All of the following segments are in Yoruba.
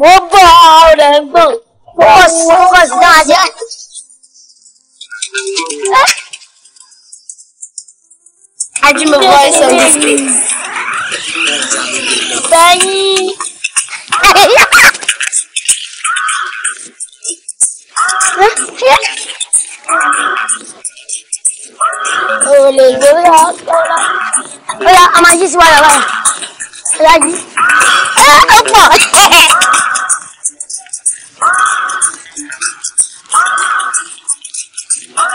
mo gbọ́ ọ̀rẹ́ ń gbọ́ fókọ̀sì fókọ̀sì náà ṣe. I dream a voice of this place. Benny. Olè gbé ó yà ọ́kọ́lá. Ó yà ọmọ yìí sí wàhálà báyìí. Ó yà jí. Ó pọ̀.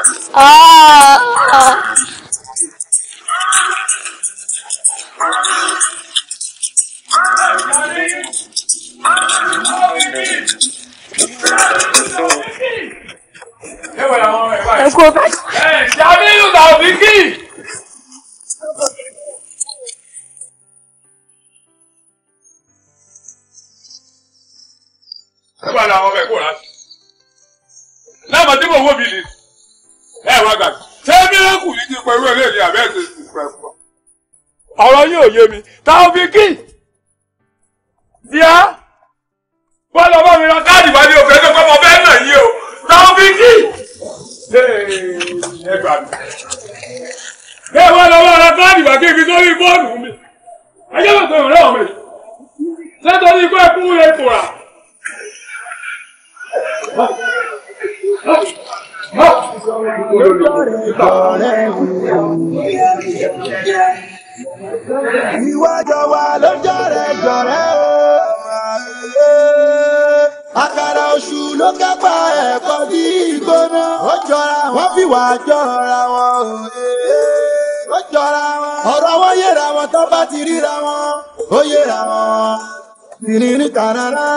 Oh. ẹ kú ọba. ẹ Jamiu Taofeek. ẹ bá la ọmọ ẹ kó rà. láàmú àti mò ń wò mí ẹ wá gbà ṣé mírẹ́kù yìí ti pẹ̀lú ẹ̀ lẹ́yìn àbẹ́ ti ti pẹ̀lú. ọ̀rọ̀ yóò yé mi Taofiki díà bọ́lá bá mi ra káàdì wá ní òfin ẹjọ́ pé mo fẹ́ nà yí o Taofiki. ẹ gbà mí ẹ wá lọ́wọ́ ra káàdì wá kébi sórí bọ́ọ̀lù mi ẹ jẹ́ bàtà ìrọ̀lẹ́ ọ̀mẹ́ ṣé torí pé kú yẹ kura. Iwájọ wa ló jọrẹ jọrẹ o. Àkàrà oṣù ló kápá ẹ̀kọ́ bí ìgbóná. Ó jọra wọ́n fi wà jọra wọn. Ó jọra wọn. Ọ̀rọ̀ wọn yẹra wọn tó bá ti ríra wọn. Ó yẹra wọn. Tìrìrì tàràrà.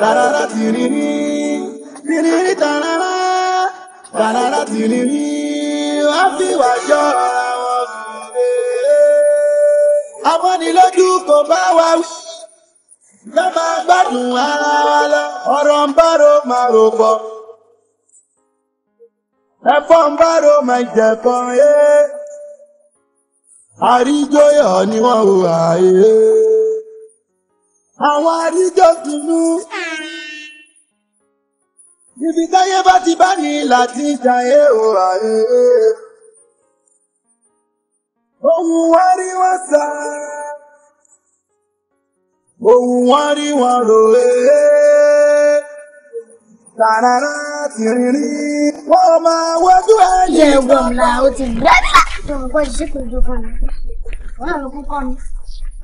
Tàràrà tìrìrì. Tìrìrì tàràrà bàrà láti rí rí wá fi wá jọ ara wọn sùn lé. amọ́nilójú kò bá wa wí lọ́mọ gbádùn ara wa lọ ọ̀rọ̀ ń bárò máa rò pọ̀. ẹ̀fọ́ ń bárò máa jẹ̀fọ́ yé àríjọyọ̀ ni wọ́n hùwà yé àwọn àríjọ tìǹbù. Ibi táyé bá ti bá ní láti ṣayé òwà rẹ̀. Ohun wá rí wọn sá. Ohun wá rí wọn rò rẹ̀. Tàràrà ti rírí. Wọ́n máa wọ́jú ẹ̀yẹ gbọ̀mùlà ó ti gbẹ́dà. Ìjọba kọ́ ṣiṣẹ́ kò jọ fún mi. Wọ́n àwọn kúkọ ni.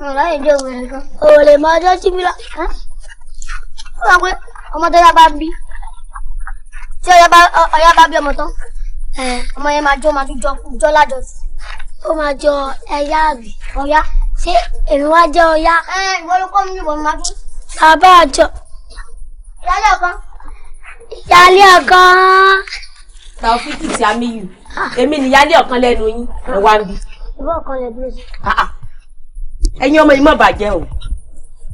Ọ̀rọ̀ ìjọ òwe nǹkan. Òòlè máa jọ́ síbí lọ. Ó sọ pé ọmọ tó yá bá bí tí ọyá bá ọyá bá bí ọmọ tán ọmọ yẹn máa jọ máa tún jọ lájọ sí. ó máa jọ ẹyá àbí ọyá ṣé èmi wá jẹ ọyá. ìwọ ló kọ́ mi níbọn máa tún. bàbá àjọ. ìyálé ọ̀kan. ìyálé ọ̀kan. Taofiki ti Amiyu ah. èmi ni ìyálé ọ̀kan lẹ́nu yín ẹ wá ń bi. ìwọ ọ̀kan lẹ dúró sí. Ah, ah. ẹ̀yin ọmọ yìí mọ̀ bàjẹ́ o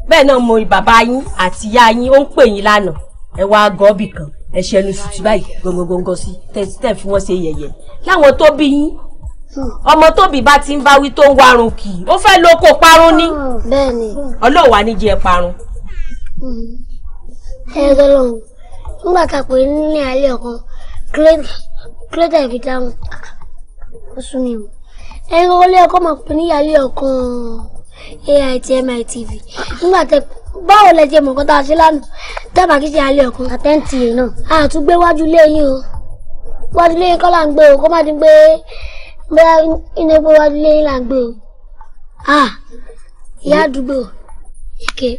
bẹ́ẹ̀ náà mo bàbá yín àti ìyá yín ó ń pè yín lánàá ẹ wá gọ́ọ̀bì kan ẹ̀ṣẹ̀ ẹnu sùtì báyìí gbọ̀ngbọ̀ngbọ̀ sí tẹ̀ fún wọn ṣe yẹ̀yẹ̀ láwọn tó bí yín ọmọ tóbi bá ti ń bá wí tó ń warun kì í ó fẹ́ lọ kó parun hmm, ní ọlọ́wà ní jẹ́ parun. Hmm. ẹ ẹ lọ́lọ́run nígbà tá a pè ní alẹ́ ọ̀kan kílódé fi dáhùn ó sún mi o ẹ ń wọlé ọkọ máa pè ní alẹ́ ọ̀kan AIT MI TV nígbà tá a pè báwo lẹ ṣe mọ̀ nǹkan tá a ṣe lánàá dábàá kí ṣe alẹ́ ọ̀kan. àtẹ́ǹtì yìí náà. a tún gbé wájú ilé yín o wájú ilé yín kọ́ là ń gbé o kó má ti gbé bóyá iná gbé wájú ilé yín là ń gbé o. a ìyá àdúgbò èké.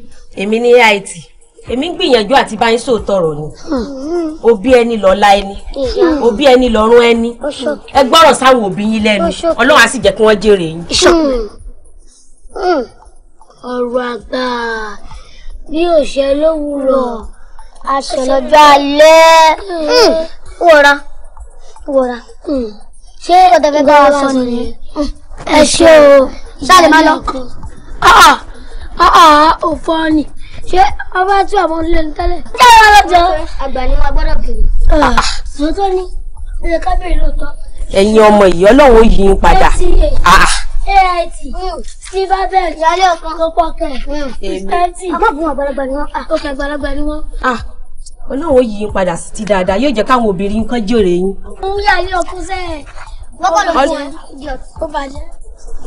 èmi ní it èmi ń gbìyànjú àti bá yín sòótọ́ ni hmm. òbí ẹni lọ́la ẹni òbí ẹni lọ́rùn ẹni ẹ gbọ́rọ̀ sáwọn òbí yín lẹ́nu ọlọ́run á sì jẹ́ kí wọ́n jèrè yín. Hmm. Hmm. ọ̀rọ̀ àgbà bí òṣè lówùúrọ̀ hmm. hmm. aṣọ lọ́jọ́ alẹ́ wòra wòra ṣé ọ̀dẹ̀fẹ́ ah, ah. ah, bá wa sọ nìyẹn ẹ ṣe o ṣáà lè má lọ òfò ni ṣé ọba tí ọmọ nílé ní tẹ́lẹ̀. jẹ́ wọn lọ́jọ́ àgbà ni wọn gbọ́dọ̀ kiri. lóòótọ́ ni ilé kábíyèsí lóòótọ́. ẹ̀yin ọmọ ìyá yìí ń padà. AIT hmm. silver bell ìyálé ọ̀kan tó pọ̀ kẹ̀ christianity hmm. àmọ́bùn àgbàlagbà ni wọ́n òkè ah, àgbàlagbà ni wọ́n. olówó ah, yìí padà sí ti dáadáa yóò jẹ́ káwọn obìnrin kan jèrè yín. òun yàlé ọkùn sẹ́ẹ̀ wọ́pọ̀ lọ́wọ́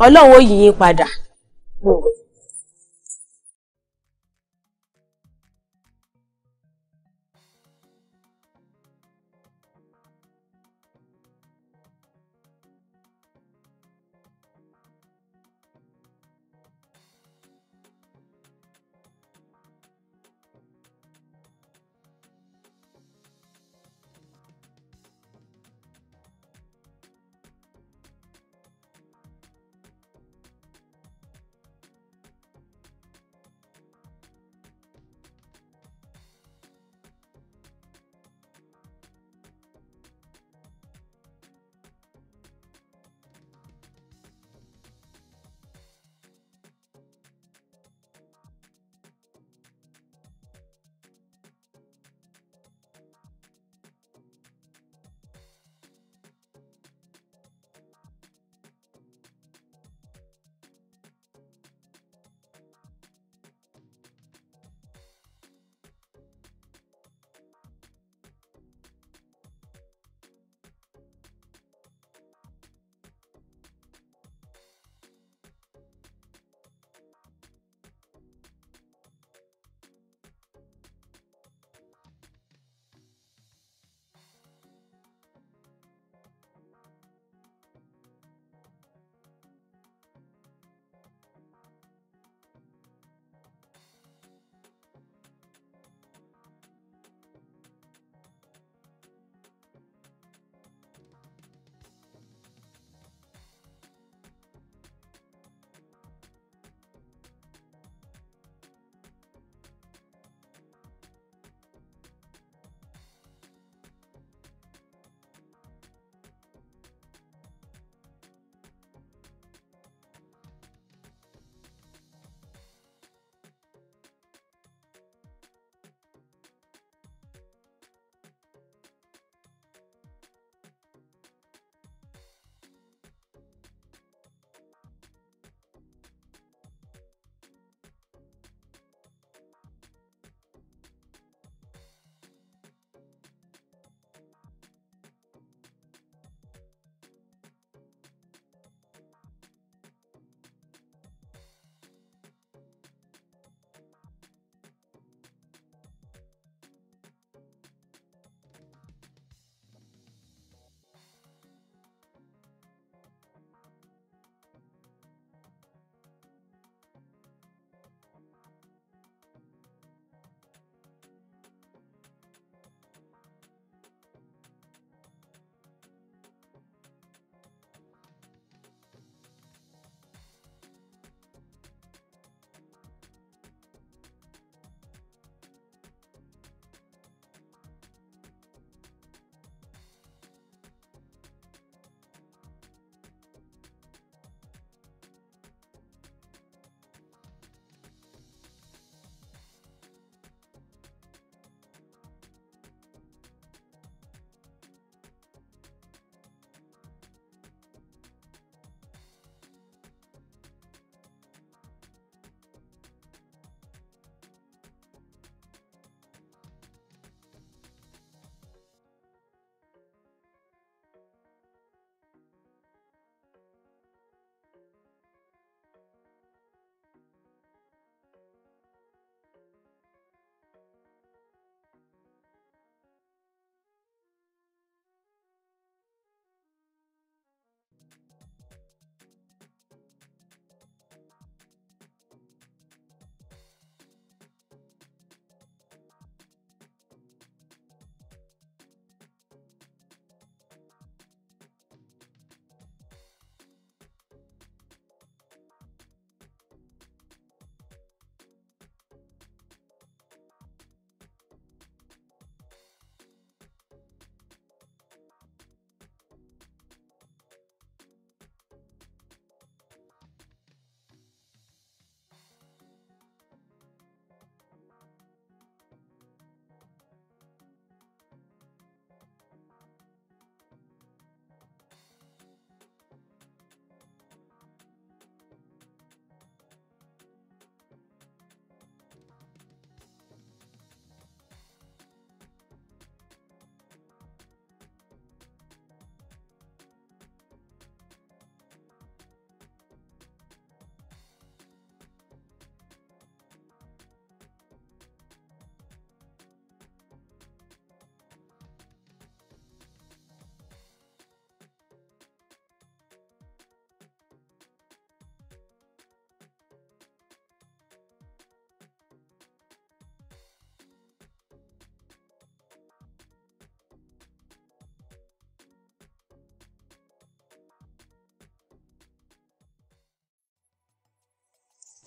ọlọ́wọ́ yìí padà.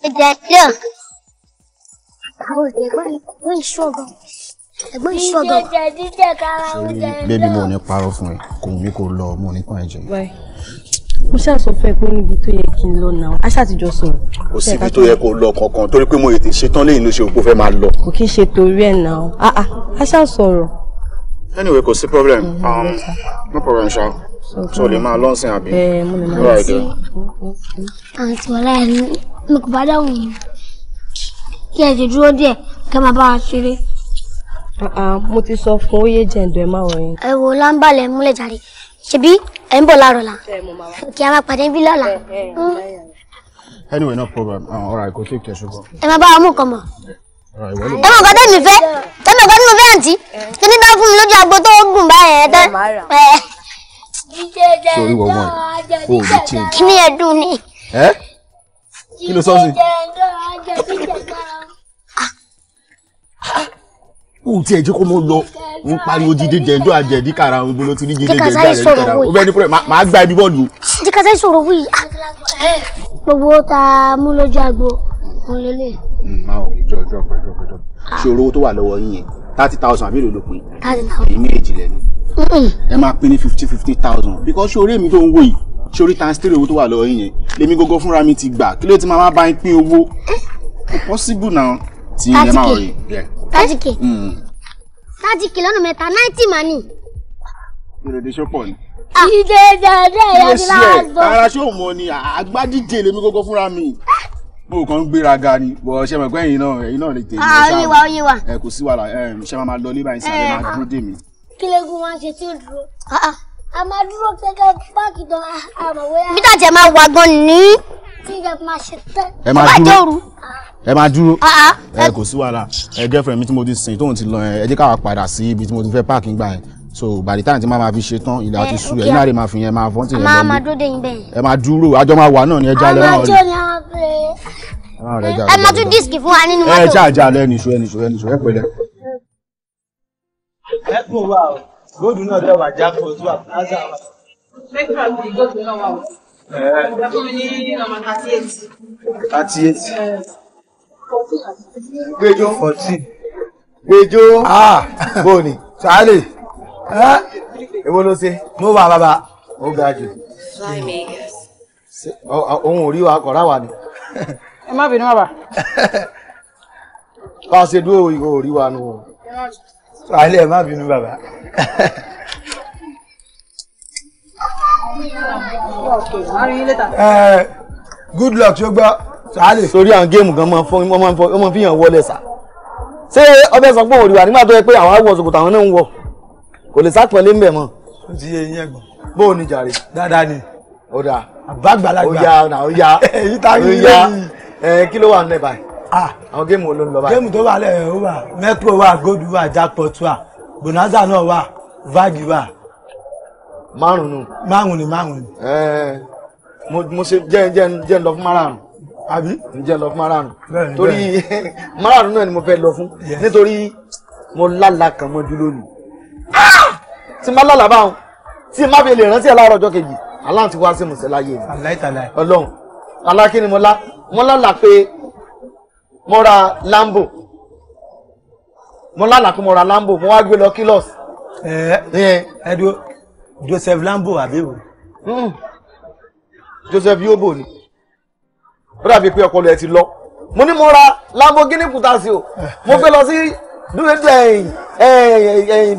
Ẹ̀jẹ̀ bébí mo ní parọ́ fún ẹ kò mí kò lọ mo ní kàn ẹ̀jẹ̀. mo ṣàṣọ fẹ́ pé níbi tó yẹ kí n lọ náà a ṣàtijọ́ sọ̀rọ̀. kò síbi tó yẹ kó lọ kankan torí pé mo ètè ṣetán lẹ́yìn ló ṣe òpó fẹ́ máa lọ. kò kí n ṣe torí ẹ̀ náà ah, ah, a ṣàṣọ̀rọ̀. anyway kò sí problem mm-hmm. um, no problem ṣá so lè máa lọ́sìn àbí. ẹ eh, mo lè máa lọ àǹtí wọlé ẹni mi kò bá dáhùn yìí kí ẹ ti dúró díẹ̀ kẹ́ máa bá wa ṣeré. mo ti sọ fún oyè jẹ̀ǹdọ̀ ẹ̀ máa wọ̀ yín. ẹ wo láǹbàlẹ̀ múlẹ̀ jáde ṣebí ẹ̀ ń bọ̀ láàrọ̀ la kí a máa pàdé bí lọ́la. anyway no problem uh, all right go take care ṣùgbọ́n. ẹ máa bá wa mú nǹkan mọ̀. ẹ mọ̀ nǹkan tẹ́mi fẹ́ tẹ́mi nǹkan tẹ́mi fẹ́ àǹtí kí ní bá fún mi lójú agbo tó gùn báyẹn tán. sori wọ wọn o ò lè change. kí ni ẹ̀dùn ni kí ló sọ sí. o tiẹ̀ jẹ́ kó mọ lọ n pariwo jíde jẹ̀ndó àjẹ̀dí kara ń bolo ti ní jíde jẹ̀ndó àjẹ̀dí kara o bẹ́ẹ̀ ni pẹ́rẹ́ máa gba ibi bọ́ọ̀lù. jíkàtà ìṣòro wí gbogbo ta mú lójú àgbo òun lélẹ̀. Mm, máa ò jọ jọ pẹ jọ pẹ jọ ṣòro owó tó wà lọ́wọ́ yín yẹn thirty thousand àbí èlò ló pin èyí méjì lẹ́nu ẹ E pín ní fifty fifty thousand because ṣòro èmi tó ń wò yìí sórí times three owó tó wà lọ́wọ́ yín yẹn lèmi gógó fúnra mi ti gbà kí ló ti máa má bá yín pín owó possible now ti yẹn máa rí. thirty k mm. thirty k lọ́nà mẹ́ta ninety mani. ìrèdè ṣó pọ̀ ni. Ah. ìdè dèdè yẹn ti lára gbọ́. ara ṣó mọ ni àgbádíje lèmi gógó fúnra mi bó kàn gbéraga ni bọ ṣe mọ̀ pé ẹ̀yin náà ẹ̀yin náà lè tèmi ah, ṣáà ọyẹ wa ọyẹ wa ẹ kò sí wàhálà ṣe máa lọ lébàá ìsàlẹ̀ máa eh, dúró dè mí. kílógún wá ṣe tí ó dúró. Ah, a máa dúró gẹ́gẹ́ páàkì tó àmọ̀wé. bí tàjẹ́ máa wà gan ni. tí ìjọba máa ṣe tán. ẹ máa dúró ẹ máa dúró ah, ah. ẹ kò sí wàhálà ẹ girlfriend mi tí mo ti sìn tóun ti lọ ẹ ẹ jẹ́ ká wá padà sí ibi tí mo ti fẹ́ páàkì gbà yẹn so by the time tí máa ma fi ṣe tán ilẹ̀ àti eh, su ẹ̀yìn àrè máa fi yẹn máa fọ́ntì yẹn lọ́lé ẹ máa dúró àjọ máa wà náà ní ẹja lẹ́wọ̀n ọ̀lẹ́. àmọ́ jọ ni àwọn bẹ̀rẹ̀. ẹ máa ah, tún díìsì fún wa nínú eh, mọ́tò. ẹ ṣáà já lẹ́nu iṣu ẹnu iṣu ẹnu ẹ pẹ̀lẹ́. ẹ kò wá o góòdù náà dẹ̀ wà já kó tó wà plaza wà. spectra bíi góòdù náà wà wọ. ìgbà fún mi ní nọ́mbà thirty eight. thirty eight. gbẹjọ fourteen. gbẹjọ. Ah, bóòní sàálè èwo ló ṣe. mo wà bàbá ó ga jù. òun ò rí wa kọ̀ọ̀rá wa ni. ẹ má bínú bàbá. bá a ṣe dúró ìwọ ò rí wa nù wàhálà ẹ má bínú bàbá. Eh, good luck ṣó gbọ́ sàálè. sórí àwọn géèmù gan máa fọ wọ́n máa fi hàn wọlé sá. ṣé ọbẹ̀ sọ pé òrìwà nígbà tó yẹ pé àwọn àwọ̀ ṣòkòtò àwọn náà ń wọ̀ kò lè sápẹ́lẹ́ ń bẹ̀ mọ́. ó ti yé yín ẹ̀gbọ́n. bó o ní jàre. dáadáa ni. ó dáa. àbá àgbàlagbà. ó yá ó yá. èyí tá a ń yé yìí. kí ló wà nílẹ̀ báyìí àwọn géèmù ló ń lọ báyìí. géèmù tó wà lẹ́yìn ó wà mẹ́pọ̀ wà góòdù wà jackpot wà bonanza náà wà vagi wà. márùn nù. márùn ni márùn ni. ẹẹ mo mo ṣe jẹ jẹ jẹ lọ fún márùn àbí. n jẹ lọ fún márùn torí márùn náà ni mo fẹ́ lọ fún nítorí mo lálàá kan mọ́jú lónìí. Ah! tí má lálàá báwọn tí má fi lè rántí ẹ láàárọ̀ ọjọ́ kejì aláǹtí wá sí mùsẹ̀ láyé mi. aláìtàlá ọlọ́run alákínni mo lá mo lálàá pé mo ra lambo mo lálàá pé mo ra lambo mo wá gbé lọ kílọ̀sì. ẹ ẹ ẹ dúró Joseph lambo àbí o. Hmm. Joseph Yobo ni ó dàbí pé ọpọlọ ẹ ti lọ mo ní mo ra Lamborghini Kutaisi o mo eh. gbé lọ sí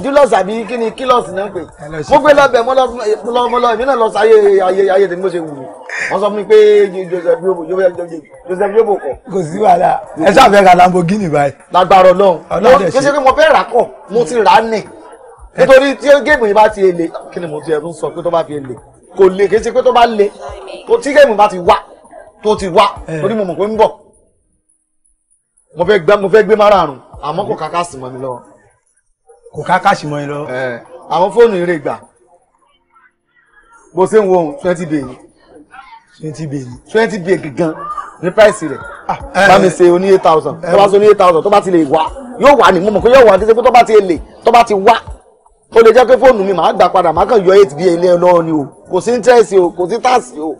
dúlọ́sì àbí kí ni kílọ́sì náà pè mo gbé lọ́bẹ̀ mọ́lọ́mọ́lọ́ èmi náà lọ sí ayé ayé ayé tèmi bó ṣe wù mí wọ́n sọ fún mi pé Joseph Yobo Joseph Yobo kọ. kò sí wàhálà ẹ ṣàfihàn ka Lamborghini báyìí. lágbára Ọlọ́run Ọlọ́run ṣe pé mo fẹ́ rà kọ̀ mo ti rà á nì nítorí tí géèmù yìí bá ti èlé kí ni mo ti ẹ̀rù ń sọ pé tó bá fi èlé kò lè kí n ṣe pé tó bá le tí géèmù bá ti wá tó ti wá torí mo mọ̀ pé ń bọ̀ mo fẹ́ gbé márààrún àmọ́ kò káká sí mọ́ mi lọ. kò káká sí mọ́ mi lọ. àwọn fóònù eré ìgbà bó ṣe ń wo twenty bay twenty bay twenty bay gan ní price rẹ̀ ah, bá mi ṣe oní eight thousand tó bá ṣe oní eight thousand tó bá ti lè wá yóò wà ní mo mọ̀ pé yóò wà ní sẹ́kú tó bá ti lè tó bá ti wá ó lè jẹ́ pé fóònù mi màá gbà padà màá kàn yọ eight bay ilé ọlọ́run ni o kò sí interest o kò sí tax o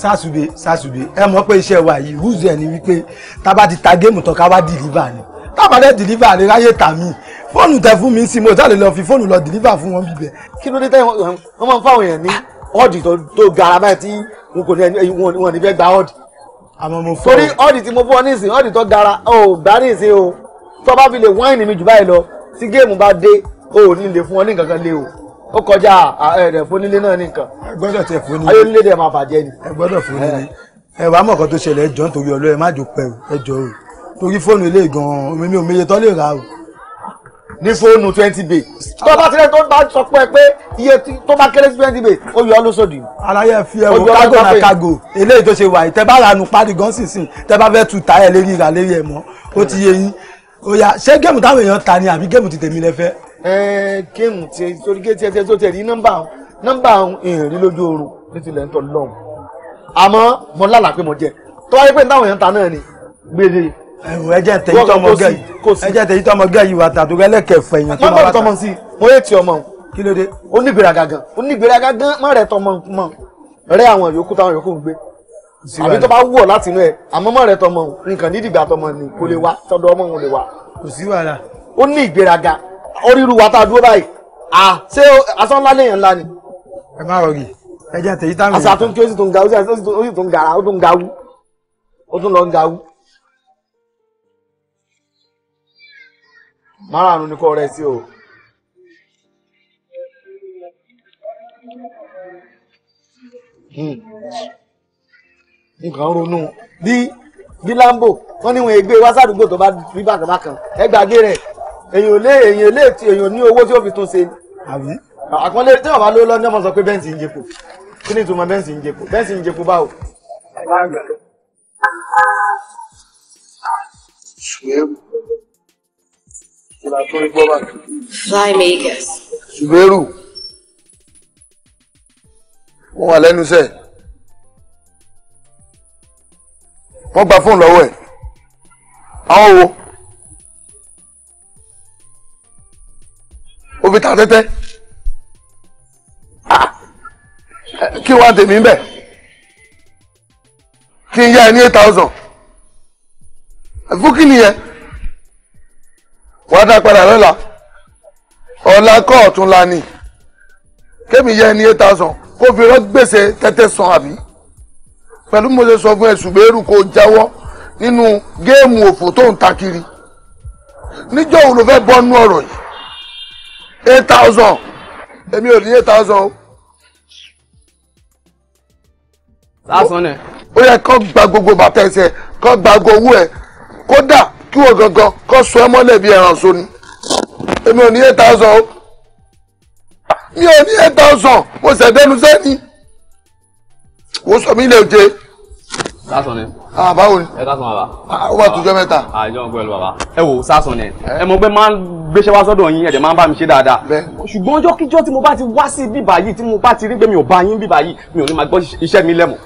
sásùbẹ sásùbẹ ẹ mọ̀ pé iṣẹ́ wa yìí rúùsù ẹ ni wípé tá a bá ti ta géèmù tán ká wá dìlíbà ni tábà dẹ́ dìlífà lè ráyè tà mí fóònù tẹ fún mi ń sinmi òtá lè lọ fi fóònù lọ dìlífà fún wọn bíbẹ. kí ló dé tẹ́ wọ́n máa ń fáwọn èèyàn ní ọ́ọ̀dì tó gara báyìí tí wọn kò ní wọn ní fẹ́ gba ọ́ọ̀dì. àmọ́ mo fọ́ torí ọ́ọ̀dì tí mo fọ́ nísìn ọ́ọ̀dì tó gara ò gbá nísìn o tó bá fi lè wáìnì mi jù báyìí lọ tí géèmù bá dé o ò ní lè fún ọ ní nǹkan kan lé o ó kọjá ẹ̀rẹ̀ fónílé náà nìkan. ẹ gbọ́dọ̀ tẹ fónílé ayélujáde ẹ máa bàjẹ́ ni. ẹ gbọ́dọ̀ fónílé ẹ wàá mọ̀ kan tó ṣẹlẹ̀ ẹ jọ̀ọ́ nítorí torí fóònù ilé gan-an omi mi ò meye tán lè ra o. ní fóònù twenty bay. tó bá tilẹ̀ tó bá sọ pé pé iye tó bá kéré sí twenty B. ó yọ lóṣòdì. aláyẹ fi ẹwọ kágò náà kágò eléyìí tó ṣe wà yìí tẹ bá ra nu pádì gan sínsìn tẹ bá fẹ́ tu táyà lérí ìrà lérí ẹ̀ mọ́ ó ti yé yín ó yá ṣé géèmù táwọn èèyàn ta ni àbí géèmù ti tèmi lẹ fẹ́. ẹ géèmù tiẹ torí géèmù tiẹ tó tẹ ní nọ́mbà nọ́mbà ìrìn lójú oorun ní tilẹ̀ ń tọ́ lọ́hùn àmọ́ mo lálàá pé mo jẹ tó wáyé pé táwọn èèyàn ta náà ni gbére ẹwọ ẹjẹ tẹyí tọmọ gẹ yìí ẹjẹ tẹyí tọmọ gẹ yìí wà tàdó gẹlẹkẹ fẹyìn tó máa wà tà. tọmọ sí mo yé ti ọmọ kí ló dé. ó ní ìgbéraga gan ó ní ìgbéraga gan má rẹ tọmọ mọ rẹ àwọn yòókù táwọn yòókù ń gbé àbí tó bá wù ọ láti inú ẹ àmọ́ mọ rẹ tọmọ nǹkan nídìí ìgbà tọmọ ni kò lè wá tọ̀dọ̀ ọmọ òun lè wá. kò sí wàhálà. ó ní ìgbéraga oríru wa tá a dúró báyìí à ṣé asán ńlá lèèyàn ńlá ni. ẹ má rọgì ẹjẹ tẹyí táwọn. àṣà tó ń kí ó sì tó ń ga ó sì tó ń gawú ó tó lọ ń gawú. márààrún ni kò rẹ sí o. Hmm. nǹkan ronú bí bí lambo wọn ní wọn ègbé wá sádùúgbò tó bá rí bàkàn bàkàn ẹ gbàgbé rẹ èyàn lé èyàn lé èyàn ní owó tí ó fi tún ṣe. àbí. àkọlé tí wọn bá ló lọ ní ọmọ sọ pé bẹ́ǹsì ń jẹpọ̀ kí ni ìtumọ̀ bẹ́ǹsì ń jẹpọ̀ bẹ́ǹsì ń jẹpọ̀ báwo. ṣùgbọ́n Flymakers. Zubairu. Wọ́n wà lẹ́nu sẹ́ẹ̀. Wọ́n gba fóònù lọ́wọ́ ẹ̀. Àwọn wo? Ó fi ta tẹ́tẹ́. Ah! Kí wọ́n á tèmi bẹ̀? Kí n yá ẹ ní eight thousand. Fún kí wàá dá padà lọ́la ọ̀la kọ́ ọ̀tún la ni kémi yẹ ní eight thousand kó fi rọ́ gbèsè tẹ́tẹ́ san àbí pẹ̀lú mo ṣe sọ fún ẹ̀ ṣùgbẹ́rù kó jáwọ́ nínú géèmù òfò tó ń ta kiri níjọ́ òun ló fẹ́ bọ́nú ọ̀rọ̀ yìí eight thousand èmi ò ní eight thousand o. lásán ni. ó yẹ kó gba gbogbo bàtà ẹsẹ̀ kó gba gbogbo owó ẹ̀ kódà kí wọ́n gangan kọ́ sọ ẹ́ mọ́lẹ̀ bí ẹran so ni èmi ò ní eight thousand o mi ò ní eight thousand mo ṣẹ̀dẹ́nu sẹ́ni wo sọ mi lè jẹ. sásán ni. ah báwo ni. ẹ sásán bàbá. ó bá tujọ́ mẹ́ta. àjọ ń pẹ̀lú bàbá. ẹ wo sásán ni ẹ mọ̀ pé máa ń gbéṣẹ́ wá sọ́dọ̀ yín ẹ̀dẹ̀ máa ń bá mi ṣe dáadáa. ṣùgbọ́n ọjọ́ kíjọ́ tí mo bá ti wá sí bíbá yìí tí mo bá ti rí pé mi ò bá yín bíbá yìí mi ò ní máa gbọ́ iṣẹ́ mi lẹ́mọ̀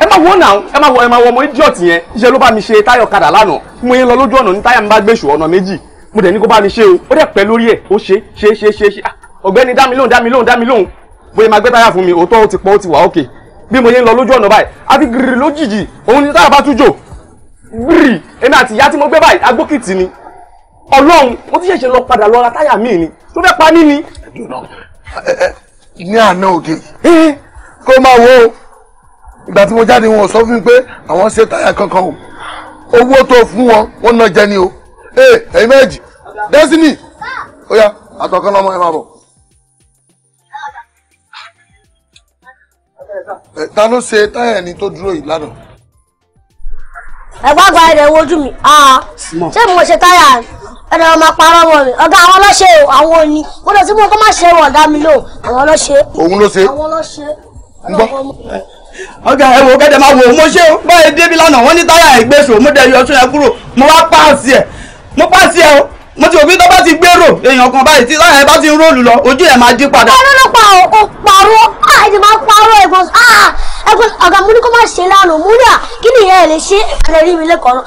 ẹ má wọ náà ẹ má wọ ẹ má wọ ọmọ idiot yẹn iṣẹ́ ló bá mi ṣe táyà ọ̀kadà lánàá mo yẹn lọ lójú ọ̀nà ní táyà mi bá gbèsù ọ̀nà méjì mo dẹ̀ ní kó bá mi ṣe o ó dẹ̀ pẹ́ lórí ẹ̀ ó ṣe ṣe ṣe ṣe ṣe ah, ọ̀gbẹ́ni dá mi lóhùn dá mi lóhùn dá mi lóhùn bóyá máa gbé táyà fún mi òótọ́ ó ti pọ̀ ó ti wà ókè bí mo yẹn lọ lójú ọ̀nà báyìí àti gírì gírì mo gbé báyìí agbókìtì ni ọlọ́run mo ti ṣẹ̀ṣẹ̀ lọ padà lọ ra táyà míì ni tó fẹ́ pa mí ni. ní àná òde kó máa wo ìgbà tí mo jáde wọn sọ fún mi pé àwọn ṣe táyà kankan o owó tó fún wọn wọn náà jẹ ni o ee ẹ̀yin méjì destiny ó yá àtọkàn lọmọ ẹ máa bọ̀. ta ló ṣe táyà ẹni tó dúró yìí lánàá. ẹ̀gbọ́n àgbà rẹ̀ wojú mi ah, ṣé mo ṣe táyà ẹni ọmọ parọ́ mọ́ mi ọ̀gá àwọn ọlọ́ṣẹ́ o àwọn òní mo lọ sí mo kọ́ máa ṣe wọ̀dá mi lò àwọn ọlọ́ṣẹ́. òun ló ṣe. àwọn ọlọ́ṣẹ́. ń gbọ́ ọ̀gá ẹ wò kẹdẹ máa wò mo ṣe o báyìí débi lánàá wọn ní táyà ìgbésò mo dẹ yọ ọṣù yẹn kúrò mo wá páàsì ẹ mo páàsì ẹ o mo ti òfin tó bá ti gbèrò èèyàn kan báyìí tí táyà ẹ bá ti ń róòlù lọ ojú ẹ máa dí padà. ọ̀rọ̀ ló pa ọ̀ pàrọ̀ àìsàn máa pàrọ̀ ẹ̀fọn ẹ̀fọn ọ̀gá mo ní kó má ṣe lánàá mo ní à kí ni ìyá ẹ̀ lè ṣe ẹ̀rẹ̀ rí mi lẹ́kọ̀ọ́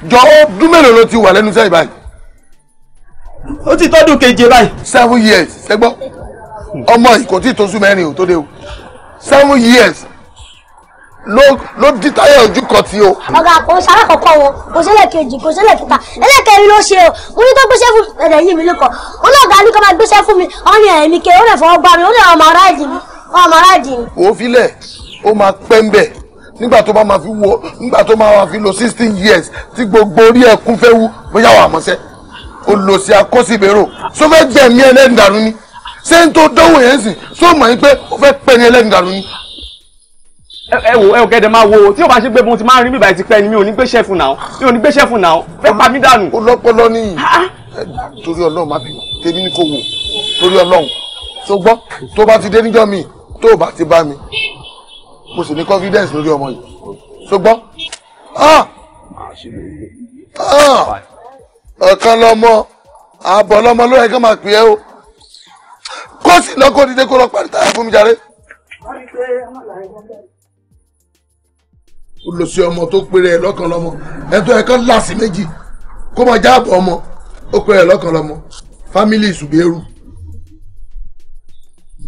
jọ ọdún mélòó ló ti wà lẹ́nu iṣẹ́ báyìí. ó ti tọ́dún keje báyìí. seven years ṣẹgbọ́ ọmọ yìí kò tí ì tóṣù mẹ́rin ò tó dé o seven years ló ló di táyà ojú kan tí o. ọ̀gá kò sára kọ̀kọ́ wọn kò sílẹ̀ kejì kò sílẹ̀ kẹta ẹlẹ́kẹrin ló ṣe o mo ní tó gbéṣẹ́ fún ẹ̀rẹ̀ yìí mi lóko ó náà ga ní kó máa gbéṣẹ́ fún mi ó ní ẹ̀mí ke ó lè fọwọ́ gbá mi ó lè ọmọ aráàdì mi ọmọ aráàdì mi. òfilẹ̀ ó máa pẹ́ ń bẹ̀ nígbà tó bá máa fi wo nígbà tó máa fi lo sixteen years tí gbogbo orí ẹkún fẹ́ wú bóyá wà mọ́sẹ́ olùsí akọ́síbèrò sọ gbẹ̀mí ẹlẹ́ǹdàrú ni ṣé n tó dánwò yẹn sìn sọ mọ̀ yín pé ó fẹ́ pẹ́ ní ẹlẹ́ǹdàrú ni. ẹ wo ẹ ò kẹ́dẹ̀ máa wo tí o bá ṣe pé mo ti máa ń rí bíbá ti pẹ́ ni mi ò ní gbé ṣẹ́fù náà mi ò ní gbé ṣẹ́fù náà fẹ́ pa mí dànù. ó lọ́pọ̀lọ́ ní torí ọlọ́run má bínú tèmi ni kò wò torí ọlọ́run tó tó bá ti dé níjọ́ mi tó bá ti bá mi mo sì ní confidence lórí ọmọ yìí so gbọ́. Ah! Ah! ọ̀kan lọ́mọ àbọ̀ lọ́mọ lórí ẹ̀kan máa pè é o kó sì lọ kó dìde kó lọ parí táyà fún mi jàre. ó lọ sí ọmọ tó péré ẹ lọ́kàn lọ́mọ ẹ̀tọ́ ẹ̀kan láàsì méjì kó máa jáàbọ̀ ọmọ ó péré ẹ lọ́kàn lọ́mọ fámìlì ìṣùgbẹ́rù.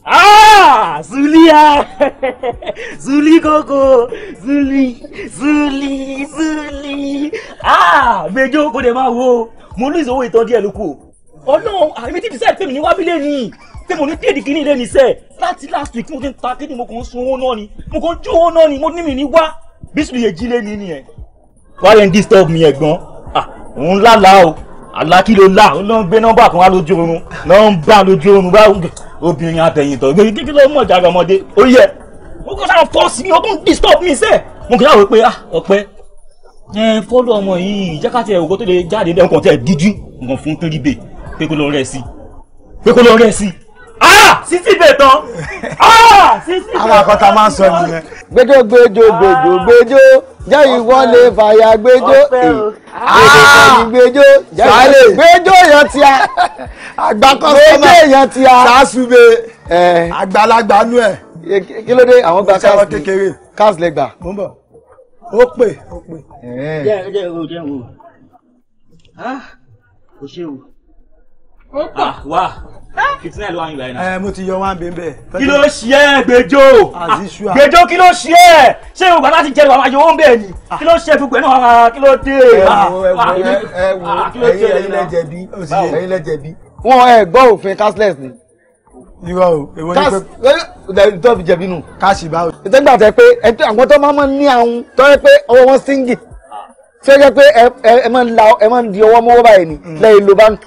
Ah, Zuli ah, Zuli koko, Zuli, Zuli, Zuli. Ah, méjì kò dé wo. Mo lose owó ìtọ́jú ẹ̀ lóko. Ọlọ́run, àmì tí bísẹ̀ ni. Tí mo ní téèdì kìíní ilé ní sẹ́ẹ̀. Láti last week mo ti ń mo kàn ń sun owó náà Mo ni, mi ní wá. Bísí yẹn jí lé ní nìyẹn. disturb mi ẹ̀gbọ́n. Ah, òun lálàá o. Àlá kí ló lá? Ó lọ ń obìnrin àtẹ̀yìntọ̀ gbé kíkí ló mọ̀ jára ọmọdé ó yẹ ó kọ́ sáà fọ́ọ̀sì mi ó tún disturb mi sẹ́ẹ̀ mo kì í láwọ̀ pé ah ọ̀pẹ ẹ fọ́lọ́ ọmọ yìí jákàtì ẹ̀ òkú tó lè jáde dẹ́ nǹkan tí ẹ díjú nǹkan fún tó rí bè pé kó lọ rẹ̀ sí pé kó lọ rẹ̀ sí. Ah! sísí bẹ̀ tán sísí bẹ̀ tán. àwọn àkọ́tà máa ń sọ nìyẹn. gbẹjọ gbẹjọ gbẹjọ gbẹjọ jẹ́ ìwọlé fàyà gbẹjọ́ gbẹjọ́ gbẹjọ́ èèyàn ti a àgbà kọ́sọ́mà gbẹjọ́ èèyàn ti a sàásùbẹ àgbàlagbà nú ẹ̀. kí ló dé àwọn gba cars lè gbà. ó pè ó pè. jẹ́ ẹ jẹ́ ẹ wo jẹ́ ó ṣe wò ó pọ̀. Ah, wá fifteen ló wà nígbà yẹn náà. mo ti yọ wọn bẹ́ẹ̀ bẹ́ẹ̀. kí ló ṣe é gbẹjọ gbẹjọ kí ló ṣe é ṣé yorùbá láti jẹ yorùbá yòówó ń bẹ́ẹ̀ ni ah. kí ló ṣe é gbogbo ẹ̀ náà wà ah, kí ló dé. ẹ wo ẹyin lẹjẹbi ẹyin lẹjẹbi. wọn ẹ gbọ́ òfin cashless ni. irọ́ o èwo ni pé. tó fi jẹ̀bi nù. káàsì báwo. ìtẹ́gbà tẹ pé àwọn tó máa ń ní àwọn tó yẹ pé ọwọ́ wọn síngì tó yẹ pé ẹ máa ń di ọwọ́ mọ́wọ́ báyìí ni hmm. lẹ́yìn lo báńkì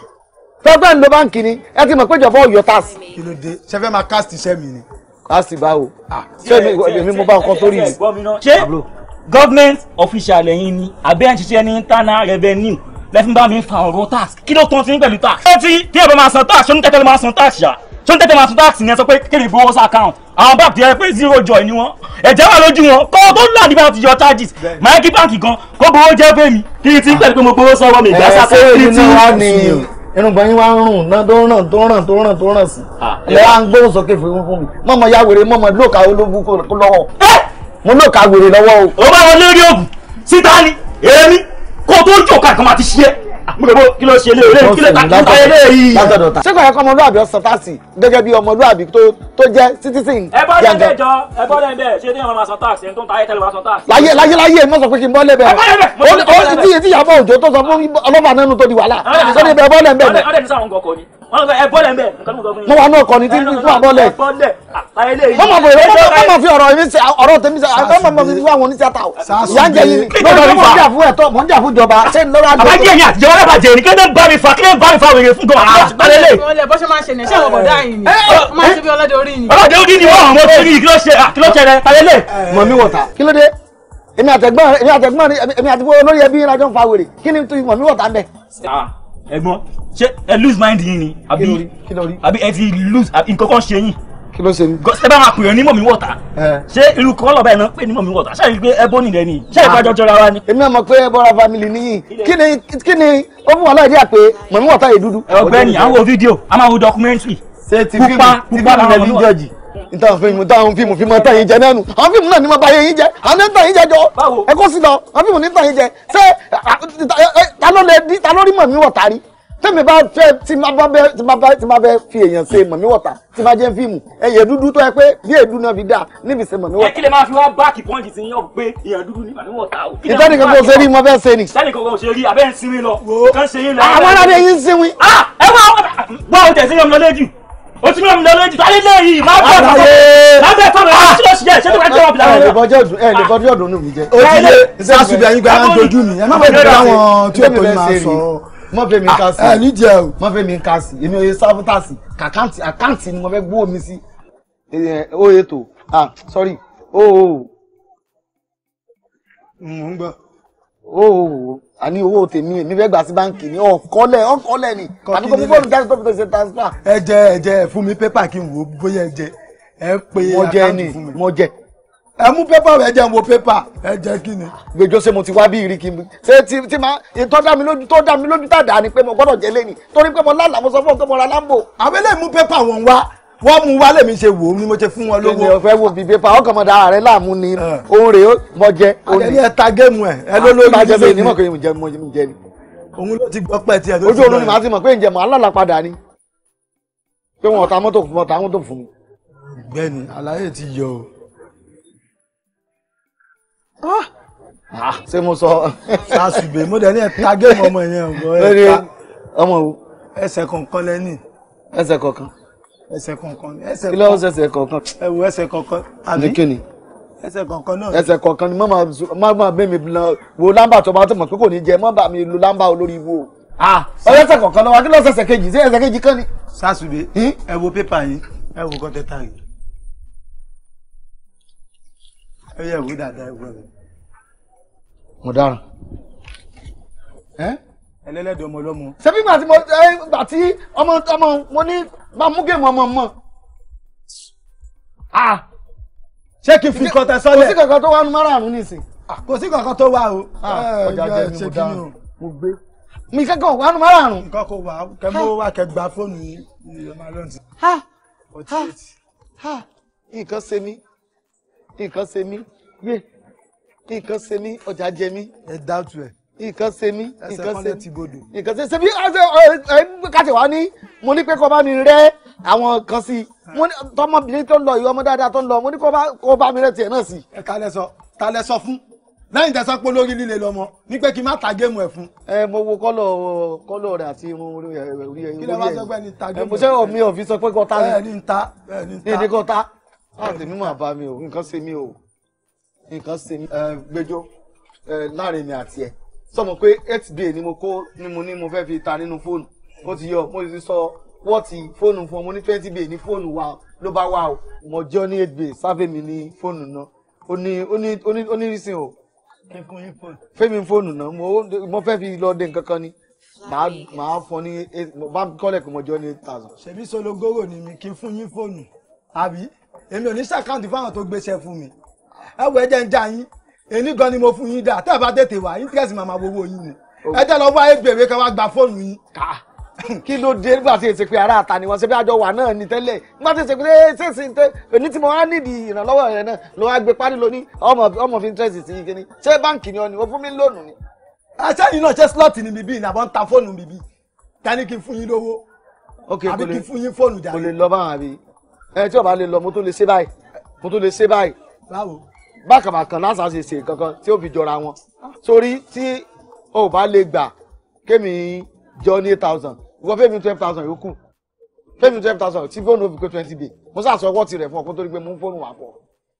tọ́gbẹ́ ń lo báǹkì ni ẹ ti mọ̀ pé ìjọba ọ̀yọ́ tas. kí ló dé ṣe fẹ́ máa cast iṣẹ́ mi ni. cast báwo ah, ṣé èmi mo bá ọkọ sórí mi. ṣé government official lẹ́yìn ni àbẹ́ ẹ̀ ń ṣiṣẹ́ ní internal revenue lẹ́fún bá mi ń fa ọ̀rọ̀ tax kí ló tán sí ní pẹ̀lú tax. ṣé tí tí ẹ bá máa san tax ṣé ní tẹ́tẹ́ máa san tax yá ṣé ní tẹ́tẹ́ máa san tax ni ẹ sọ pé kí ni account àwọn báàkì yẹn pé zero joy ni wọn ẹ̀jẹ̀ wà lójú wọn kọ́ tó ń là níbi àti yọ charges máa kí báǹkì gan kó gbowó jẹ́ fẹ́mi kí n ti pẹ̀lú pé mo gbowó sọ́wọ́ mi ìgbà sáfẹ́ kí n ti irùngbọ̀n yín wá ń rùn náà tó ràn tó ràn tó ràn tó ràn sí. Ah. ẹ wá ń gbóhùn sókè fún mi mọ̀mọ́ ya wèrè mọ̀mọ́ lóòka ológun kó lọ́wọ́ mo lóòka wèrè lọ́wọ́ o. ó bá wọn lórí òògùn síta ni èmi kó tó jòkà kan máa ti ṣe é gbogbo kí ló ṣe léèrè kí ló ta léèrè yìí. ṣé kò yẹ kó ọmọlúwàbí ọsàn táàsì gẹ́gẹ́ bí ọmọlúwàbí tó jẹ́ citizen. ẹ bọ́ lẹ́bẹ̀ jọ ẹ bọ́ lẹ́bẹ̀ ṣé ní ọmọ sọ táàsì ẹni tó ń ta ayétẹ́lẹ̀ máa sọ táàsì. láyé láyé láyé mo sọ pé kí n bọ́ lẹ́bẹ̀. ó ti ti Ìyábọ̀ Òjó tó sọ fún ọlọ́mọ wọn ẹ bọ́lẹ̀ mbẹ. wọn wà náà kọ ní tí n fún abọ́lẹ̀. wọn máa bọ̀rẹ̀ wọn máa fi ọ̀rọ̀ mi ṣe ọ̀rọ̀ tèmi ṣe àwọn máa fi fún àwọn oníṣẹ́ta o. ìyá ń jẹ yìí ni lọ́dọ̀ mi fa mọ̀ ń jà fún ìjọba ṣé ń lọ́ra jọ. àbájẹ́ yẹn àtijọ́ wọn bàjẹ́ ní kéde bá mi fa kéde bá mi fa wèrè fún gan-an. àlele. bó ṣe máa ṣe ní ṣé ọ̀bọ̀dá yìí ni ọmọ ṣe bí ọlọ́dẹ orí ni. ọlọ́dẹ orí ni wọ́n mọ̀ tí kí ló ṣe kí ló ṣe rẹ̀ àlele. mọ̀ mi wọ̀ta kí ló dé èmi àtẹ̀gbọ́n èmi àtẹ̀gbọ́n èmi àtẹ̀gbọ́n olórí ẹbí ìrìnàjò ń fa wèrè kí ni mọ̀ mi wọ̀ta ń bẹ̀ ẹ̀gbọ́n ṣé ẹ lose mind yín ni àbí àbí ẹ ti lose nǹkan kan ṣe yín kí ló ṣe ní. ṣé bá máa pè é ní mọ̀mí wọ̀tá. ṣé irú kan lọ́ba ẹ̀ náà pè ní mọ̀mí wọ̀tá ṣáà yìí pé ẹbọ nìlẹ̀ ni ṣáà yìí bájọ́ jọra wa ni. èmi náà mọ̀ pé ẹbọra family nìyí kí ni kí ni ó fún wa láì díà pé mọ̀mí wọ̀tá yìí dúdú. ọ̀gbẹ́ni àwọn wo fídíò a máa wo documentary. ṣé ti fíìmù ti fíìmù rẹ ní ìtàn fíìmù táwọn fíìmù fi máa tàn yín jẹ nẹ́nu àwọn fíìmù náà ni máa bá yín jẹ àwọn náà ń tàn yín jẹ jọ ẹ kó sí lọ àwọn fíìmù ní tàn yín jẹ ṣé ta ló lè di ta ló rí mọ̀ mí wọ̀ta rí tẹ́mi bá fẹ́ tí ma bá bẹ́ tí ma bá tí ma bẹ́ fi èèyàn ṣe mọ̀ mí wọ̀ta tí ma jẹ́ fíìmù ẹ̀yẹ dúdú tó yẹ pé bí èédú náà fi dà níbi ṣe mọ̀ mí wọ̀ta. ẹ kí lè máa fi wá báàkì pọ́ǹtì sí yàn gbé èèyàn dúdú ní o. ìtẹ́ni kankan ṣe rí mo fẹ́ yín ń o ti mẹ́rin lọ́lọ́ ìdìbò alẹ́ lẹ́yìn máa bọ̀ bọ̀ máa bẹ̀ fọ́ mi láti lọ sí jẹ́ ṣé tó bá jẹ́ wà bí láwọn. ẹ lè bọjọ ọdún ẹ lè bọjọ ọdún nù mí jẹ. o ti yé sasubi ayin gba an dojú mi ẹ má bẹ bí àwọn tí o tó yín máa sọ mọ fẹ mi ka si ah, ẹ ní jẹ o mọ fẹ mi ka si èmi oye sábútàsì kàkáǹtì àkáǹtì ni mo fẹ gbó mi sí. oye tó ah sorry ooo. mo ń gbọ́. ooo a ní owó tèmi èmi fẹ́ gbà sí báǹkì ní ọ̀kọ́lẹ̀ ọ̀kọ́lẹ̀ ni àbí kò fún bọ́ọ̀lù jáde kọ́pútà ṣe transfer. ẹ jẹ ẹ jẹ fún mi pépà kí n wò ó bóyá ẹ jẹ ẹ pé àkáǹtì fún mi. mo jẹ ẹ mú pépà rẹ jẹ wo pépà ẹ jẹ kí ni. gbẹjọ ṣé mo ti wá bí irin kí n bí ṣé ti ti máa ìtọ́ dá mi lójú tó dá mi lójú tàdá ni pé mo gbọ́dọ̀ jẹ lẹ́ni torí pé mo lálàá mo sọ fún ọ pé mo ra lámbò. àwọn eléyìí mú pépà wọn wá wọ́n mú wálé mi ṣe wò ó ni mo ṣe fún wọn lówó. ènìyàn fẹ́ wo bíbí pa ọkàn mọ̀dá rẹ̀ láàmú ni òun eh. rèé mọ̀jẹ́. àtẹ̀lé ẹ̀ ta géèmù ẹ̀ ẹ ló ah, lórí ìṣe mi. ìmọ̀ kò jẹ́ mọ̀ jẹ́ ni. òun ló ti gbọ́ pẹ́ tiẹ̀ tó ti lọ. ojú oorun ni màá ti mọ̀ pé ǹjẹ́ màá lálà padà ni pé wọn ọ̀tá mọ́tò fún ọ̀tá mọ́tò fún mi. bẹ́ẹ̀ni àlàyé ti yọ o. Ah! Ah, ṣé mo sọ. sàṣùgbè mo dẹ̀ ní ẹ̀ ta ẹsẹ̀ kọ̀ọ̀kan ni ẹsẹ̀ kọ̀ọ̀kan kí ló ń ṣẹ̀ṣẹ̀ kọ̀ọ̀kan. ẹ wo ẹsẹ̀ kọ̀ọ̀kan àbí nìkíni ẹsẹ̀ kọ̀ọ̀kan náà. ẹsẹ̀ kọ̀ọ̀kan ni má máa bẹ́ mi wo lámbà tó bá tó mọ̀ pé kò ní jẹ má bà mí lu lámbà olórí ibo. ọlọ́sẹ̀ kọ̀ọ̀kan náà wá kí ló ṣẹ̀ṣẹ̀ kejì sí ẹsẹ̀ kejì kan ni. sásùbé ẹ wo pépà yín ẹ wo kọ́ tẹ́tà yìí. ẹ yẹ wo dáadáa ẹ rẹ. mo dára ẹlẹ́lẹ́dẹ̀ ọmọ ọlọ́mọ. ṣé bí gbàtí ọmọ ọmọ mo ní bá mú géèmù ọmọ mọ́ ṣé kí n fi kọtẹ sọlẹ kò sí kankan tó wà nù márààrún nísìn kò sí kankan tó wà o ọjà jẹ ní mo dá mo gbé mi kankan wà nù márààrún. nǹkan kò wà kẹmọ wà kẹgbà fóònù yìí ìyẹn máa lọ sí. nǹkan ṣe mí nǹkan ṣe mí yé nǹkan ṣe mí ọjà jẹ mí. ẹ dáàtú ẹ nǹkan ṣe mí nǹkan ṣe nǹkan ṣe ṣe bí káṣẹ wá ní mo ní pé kó bá mi rẹ àwọn kan sí tọmọbìnrin tó ń lọ ìwọ ọmọ dáadáa tó ń lọ mo ní kó bá mi rẹ tiẹ̀ náà sí. ẹ ta lẹ sọ ta lẹ sọ fún lẹ́yìn tẹ̀sán pé olórí líle lọ́mọ ní pé kí n má ta géèmù ẹ̀ fún. ẹ mo wo kọ́lọ̀ kọ́lọ̀ rẹ̀ àti irun orí ẹ̀ orí ẹ̀. kí ló máa sọ pé ní ta géèmù. ẹ mo ṣe omi ọ̀fi sọ pé kọ́ta ni. bẹ́ẹ̀ni ta bẹ́ẹ̀ni ta. ní ìdíkọ́ ta láti mímọ̀ àbá mi o nǹkan ṣe mi o nǹkan ṣe mi. ẹ gbẹjọ láàrin mi àti ẹ sọmọ pé xba ni mo kó ni mo ní mo fẹ́ fi ta nínú fóònù ó ti yọ mo ti sọ wọ́ọ̀tì fóònù fún ọ mo ní twenty bay ní fóònù wa ló bá wà o mo jọ ní eight bay sáfẹ́ mi ní fóònù náà ó ní ó ní ó ní ó ní reason o fẹ́mi fóònù náà mo mo fẹ́ fi lọ dé nǹkan kan ni màá màá fún ní bá kọ́lẹ̀ pé mo jọ ní eight thousand. ṣèbí gogo ni mi kí n fún yín fóònù àbí èmi ò ní sàkáǹtì fáwọn tó gbéṣẹ́ fún mi ẹ wọ ẹ jẹ́ ń já yín èní gan ni mo fún yín dà tẹ́ ẹ bá tètè wá interest màmá gbogbo yín ni oh. ẹ jẹ́ lọ́wọ́ ayé gbèrè ká wá gba fóònù yín. kí ló dé nígbà tí èsì pé ara àta ni wọ́n ṣe bí àjọ wà náà ní tẹ́lẹ̀ nígbà tí èsì pé eh, ṣèṣì tẹ èní tí mo wá nídìí ìrànlọ́wọ́ rẹ náà ló wá gbé parí lóní ọmọ fi interest sí ike ni ṣé báǹkì ni ọ ni o fún mi lónìí ni. ẹṣẹ́ yìí náà ṣe slọ́ọ̀tì ni bíbí ìnàbọ̀ ń ta fóònù bíbí ta ni kí n fún yín lówó àbí kí n fún yín fóònù jàre. kò lè lọ báwọn àbí ẹ tí ò bá lè lọ mo tó lè ṣe báyìí mo tó lè ṣe báyìí. báwo bákàbàkàn lásà ṣe ṣe kankan tí ó fi jọra wọn sórí tí o bá lè gbà kémi jọ ní eight thousand ìwọ fẹmi twelve thousand yòókù fẹmi twelve thousand tí fóònù ó fi pé twenty bay mo ṣàṣọ ọwọ́ tirẹ̀ fún ọ kó tó rí pé mo ń fóònù wà pọ̀.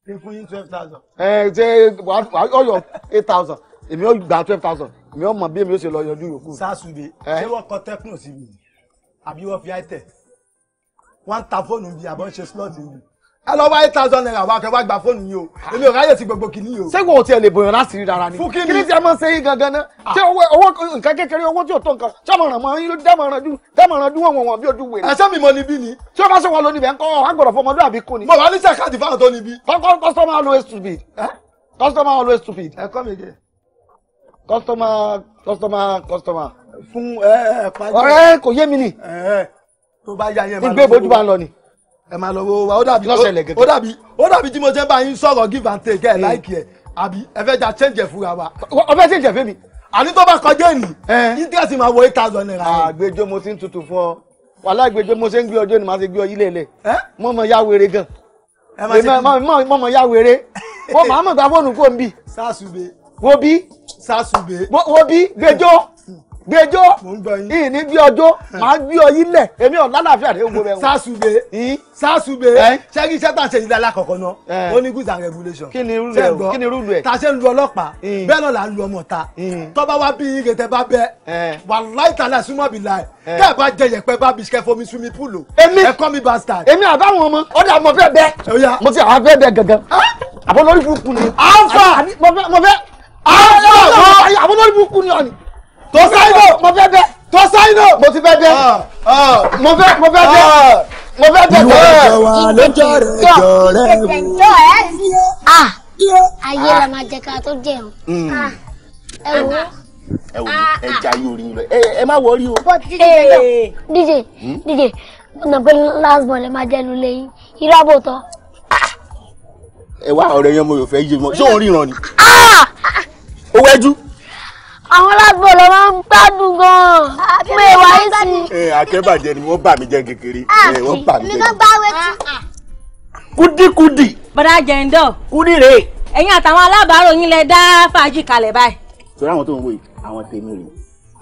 ṣe yín twelve thousand. ẹ ṣe ọyọ eight thousand èmi ó gba twelve thousand èmi ó mọ bí èmi ó ṣe lọ yọjú yòókù. sásùdé ṣé wọ́n kọ tẹkùn síbi àbí wọ́n fi àìtẹ̀ wọ́n ń ta fóònù bíi àbọ̀ ń ṣe slọ́ọ̀tì bíi ẹ lọ wá eight thousand naira wa kẹ wá gba fóònù yìí o èmi ò ráyè sí gbogbo kìíní o. ṣé wọn ò tiẹ̀ lè bòyàn láti rí dára ni. fún kí ni kí ni tí a máa ń ṣe yín gangan ná. Ah. ṣé owó owó nǹkan kékeré owó tí ò tó nǹkan ṣé ọmọràn mọ yín dámọ̀ràn dún dámọ̀ràn dún wọn wọn bí ojú wèrè. ẹsẹ mi mọ níbí ni. tí wọn bá sọ wọn lọ níbẹ̀ ńkọ́ wọn gbọ́dọ̀ fọmọdún àbí kú ni. mo wà ní sẹ́kàtì fáwọn tó níbí. customer always stupid. customer always stupid. ẹ kọ́ mi jẹ customer customer customer. fún ẹ ẹ pàjọ. ọ̀rẹ́ kò yé mi ni. ẹ ẹ tó bá yá yẹn máa lọ. ìgbé bojú bá ń lọ ni ẹ máa lọ wo wa ó dàbí ó dàbí ó dàbí tí mo ṣe bá sọ̀rọ̀ give and take ẹ̀ eh. láìkì ẹ̀ àbí ẹ fẹ́ ja change ẹ̀ fúra wa. ọ fẹ́ change ẹ̀ fẹ́ mi. àní tó bá kọjá ènì interest eh. máa wọ eight thousand naira. àgbẹjọ mo ti ń tutù fún ọ wàhálà àgbẹjọ mo ṣe ń gbé ọjọ́ ni màá ṣe gbé ọ yílẹ̀ lẹ̀ eh? mọ́ mọ́ yá wèrè gan mọ́ mọ́ yá wèrè wọ́n màá mọ̀ gba fóònù kò ń bì. sásùbẹ̀. wo bí. sásùbẹ̀. wo bí gbẹjọ gbẹjọ ìní gbé ọjọ màá gbé ọ yín lẹ èmi ọ̀n lálàáfíà rẹ gbogbo ẹ̀wọ̀n. sásùbẹ sásùbẹ ṣẹ́gi ṣẹ́ta ṣe ìdá alákọ̀ọ́kọ́ náà ó ní goods and regulations. kí ni rúlu ẹ kí ni rúlu ẹ. ta ṣe ń lu ọlọ́pàá bẹ́ẹ̀ náà là ń lu ọmọ ta tọ́ba wa bí iye tẹ bá bẹ́ẹ̀ wàláì tàlà súnmọ́ bí láì tẹ́ ẹ bá jẹ yẹpẹ bá bí ṣe fomi sunmi púlò ẹ kọ́ mi bastard. èmi àbáwọn ọmọ ọ̀dà mo fẹ́ bẹ́ẹ̀ mo ti àwọn fẹ́ bẹ́ẹ̀ gangan àbọ̀ lórí burúkú ni. alfa mo fẹ́ alfa burúkú ni tó sáyínò mo fẹ́ bẹ́ tó sáyínò mo ti fẹ́ bẹ́ ah, ah. mo fẹ́ mo fẹ́ bẹ́ ah. mo fẹ́ bẹ́ bẹ́ẹ̀. ìwọ ìjọba lójó rẹ jọ rẹ wò. ayé la máa jẹ ká tó jẹun. Mm. ẹ wò ẹ wò ẹ jayé orí lọ ẹ má wọrí o. díje díje hmm? ọ̀nà pé last ball ẹ máa jẹ́ lulẹ̀ yín ìrábò tán. ẹ wá ọ̀rẹ́ yẹn mo yóò fẹ́ yé mọ́ ṣé òun ríran ni. owó ẹjú àwọn alágbó ló máa ń gbádùn gan-an pé wà á sí. Eh, akẹ́bàjẹ́ ni wọ́n bà mí jẹ́ kékeré ah, eh, wọ́n bà mí jẹ́ kékeré. Ah, ah. kúdíkúdì. bọ́dá jẹ̀ǹdọ̀. kúdí rè. ẹ̀yin àtàwọn alábàárò yín lẹ dá fàájì kalẹ̀ báyìí. sọ́ra àwọn tó ń wò yìí àwọn tèmi rè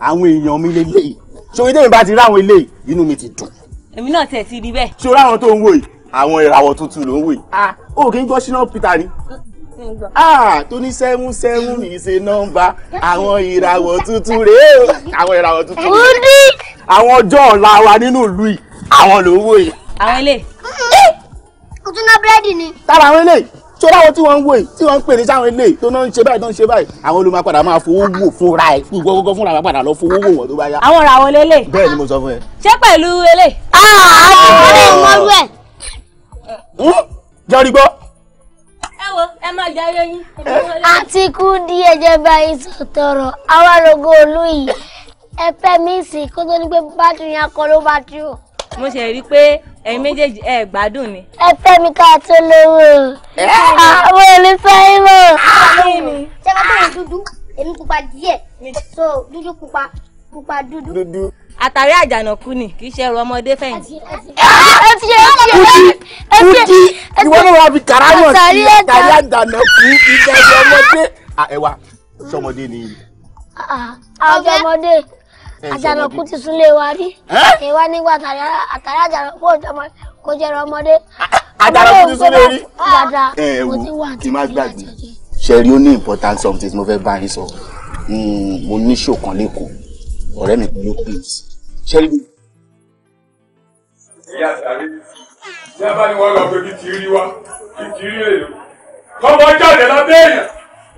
àwọn èèyàn mi lélẹ́yìí sórí tèmi bá ti rí àwọn eléyìí inú mi ti dùn. èmi náà tẹ̀ ti rí bẹ́ẹ̀. sọ́ra àwọn tó ń wò yìí àwọn ìràwọ̀ tuntun ló ń wò yìí. ó kì í gbọ́ sínú Peter ni ah tó ní seven seven yìí ṣe nọ́mbà àwọn ìràwọ̀ tuntun rèé o àwọn ìràwọ̀ tuntun rèé àwọn ọjọ́ ọ̀la wa nínú ìlú yìí àwọn ló wò yìí. àwọn ilé. kò tún ná búrẹ́dì ni. tára àwọn ilé sórí àwọn tí wọ́n ń wò yìí tí wọ́n ń pè ní sáwọn ilé tó náà ń ṣe báyìí tó ń ṣe báyìí àwọn olùmọ̀ padà máa fowó wò fúnra ẹ̀ gbogbo gbogbo fúnra ẹ̀ padà lọ fowó wò wọ́n tó bá yá. àwọn ọ̀rọ̀ àwọn lélẹ̀. bẹ́ẹ̀ ni mo sọ fún ẹ. ṣé pẹ̀lú elé. àwọn ọ̀rọ̀ àwọn ọ̀rọ̀ ẹ̀. Hm? jọ́rí gbọ́ ẹ wo ẹ máa jẹ ayé yín. àti kú díẹ̀ jẹ́ báyìí sọ̀tọ̀rọ̀ àwa rogo olú yìí ẹ fẹ́ mí sí kó tó ní pé bátìrì yẹn kọ́ ló bá tí o. mo ṣe rí i pé ẹ̀yin méjèèjì ẹ gbádùn ni. ẹ fẹ́ mi ká tó lówó àwọn olùfẹ́ yín mọ̀. ṣé ká tó dúdú èmi pupa díẹ̀ so dúdú pupa pupa dúdú àtàrí àjànàkú ni kì í ṣe ẹrù ọmọdé fẹ̀yìntì. ẹtì ẹtì ẹtì ẹtì ìwọ náà wàá fi karamọ sí àtàrí àjànàkú ìbẹ̀rù ọmọdé. ẹwà sọmọdé ni. Ah, ah, àwọn ọmọdé àjànàkú ti súnlé wa rí ìwà nígbà àtàrí àjànàkú kò jẹ́ ah, ọmọdé. àjànàkú ti súnlé rí. ẹ wo kí n má gbàgbé ṣe rí ó ní important something mo fẹ́ bá yín sọ hmm, mo ní ṣòkan lẹ́kọ̀ọ́ ọ̀rẹ́ mi pẹ̀lú please ṣẹ́rí mi. ìyá sàrí ní abáni wọn lọ pé kí ti rí wa kí ti rí èlò kọ́mọ jáde lábẹ́ èèyàn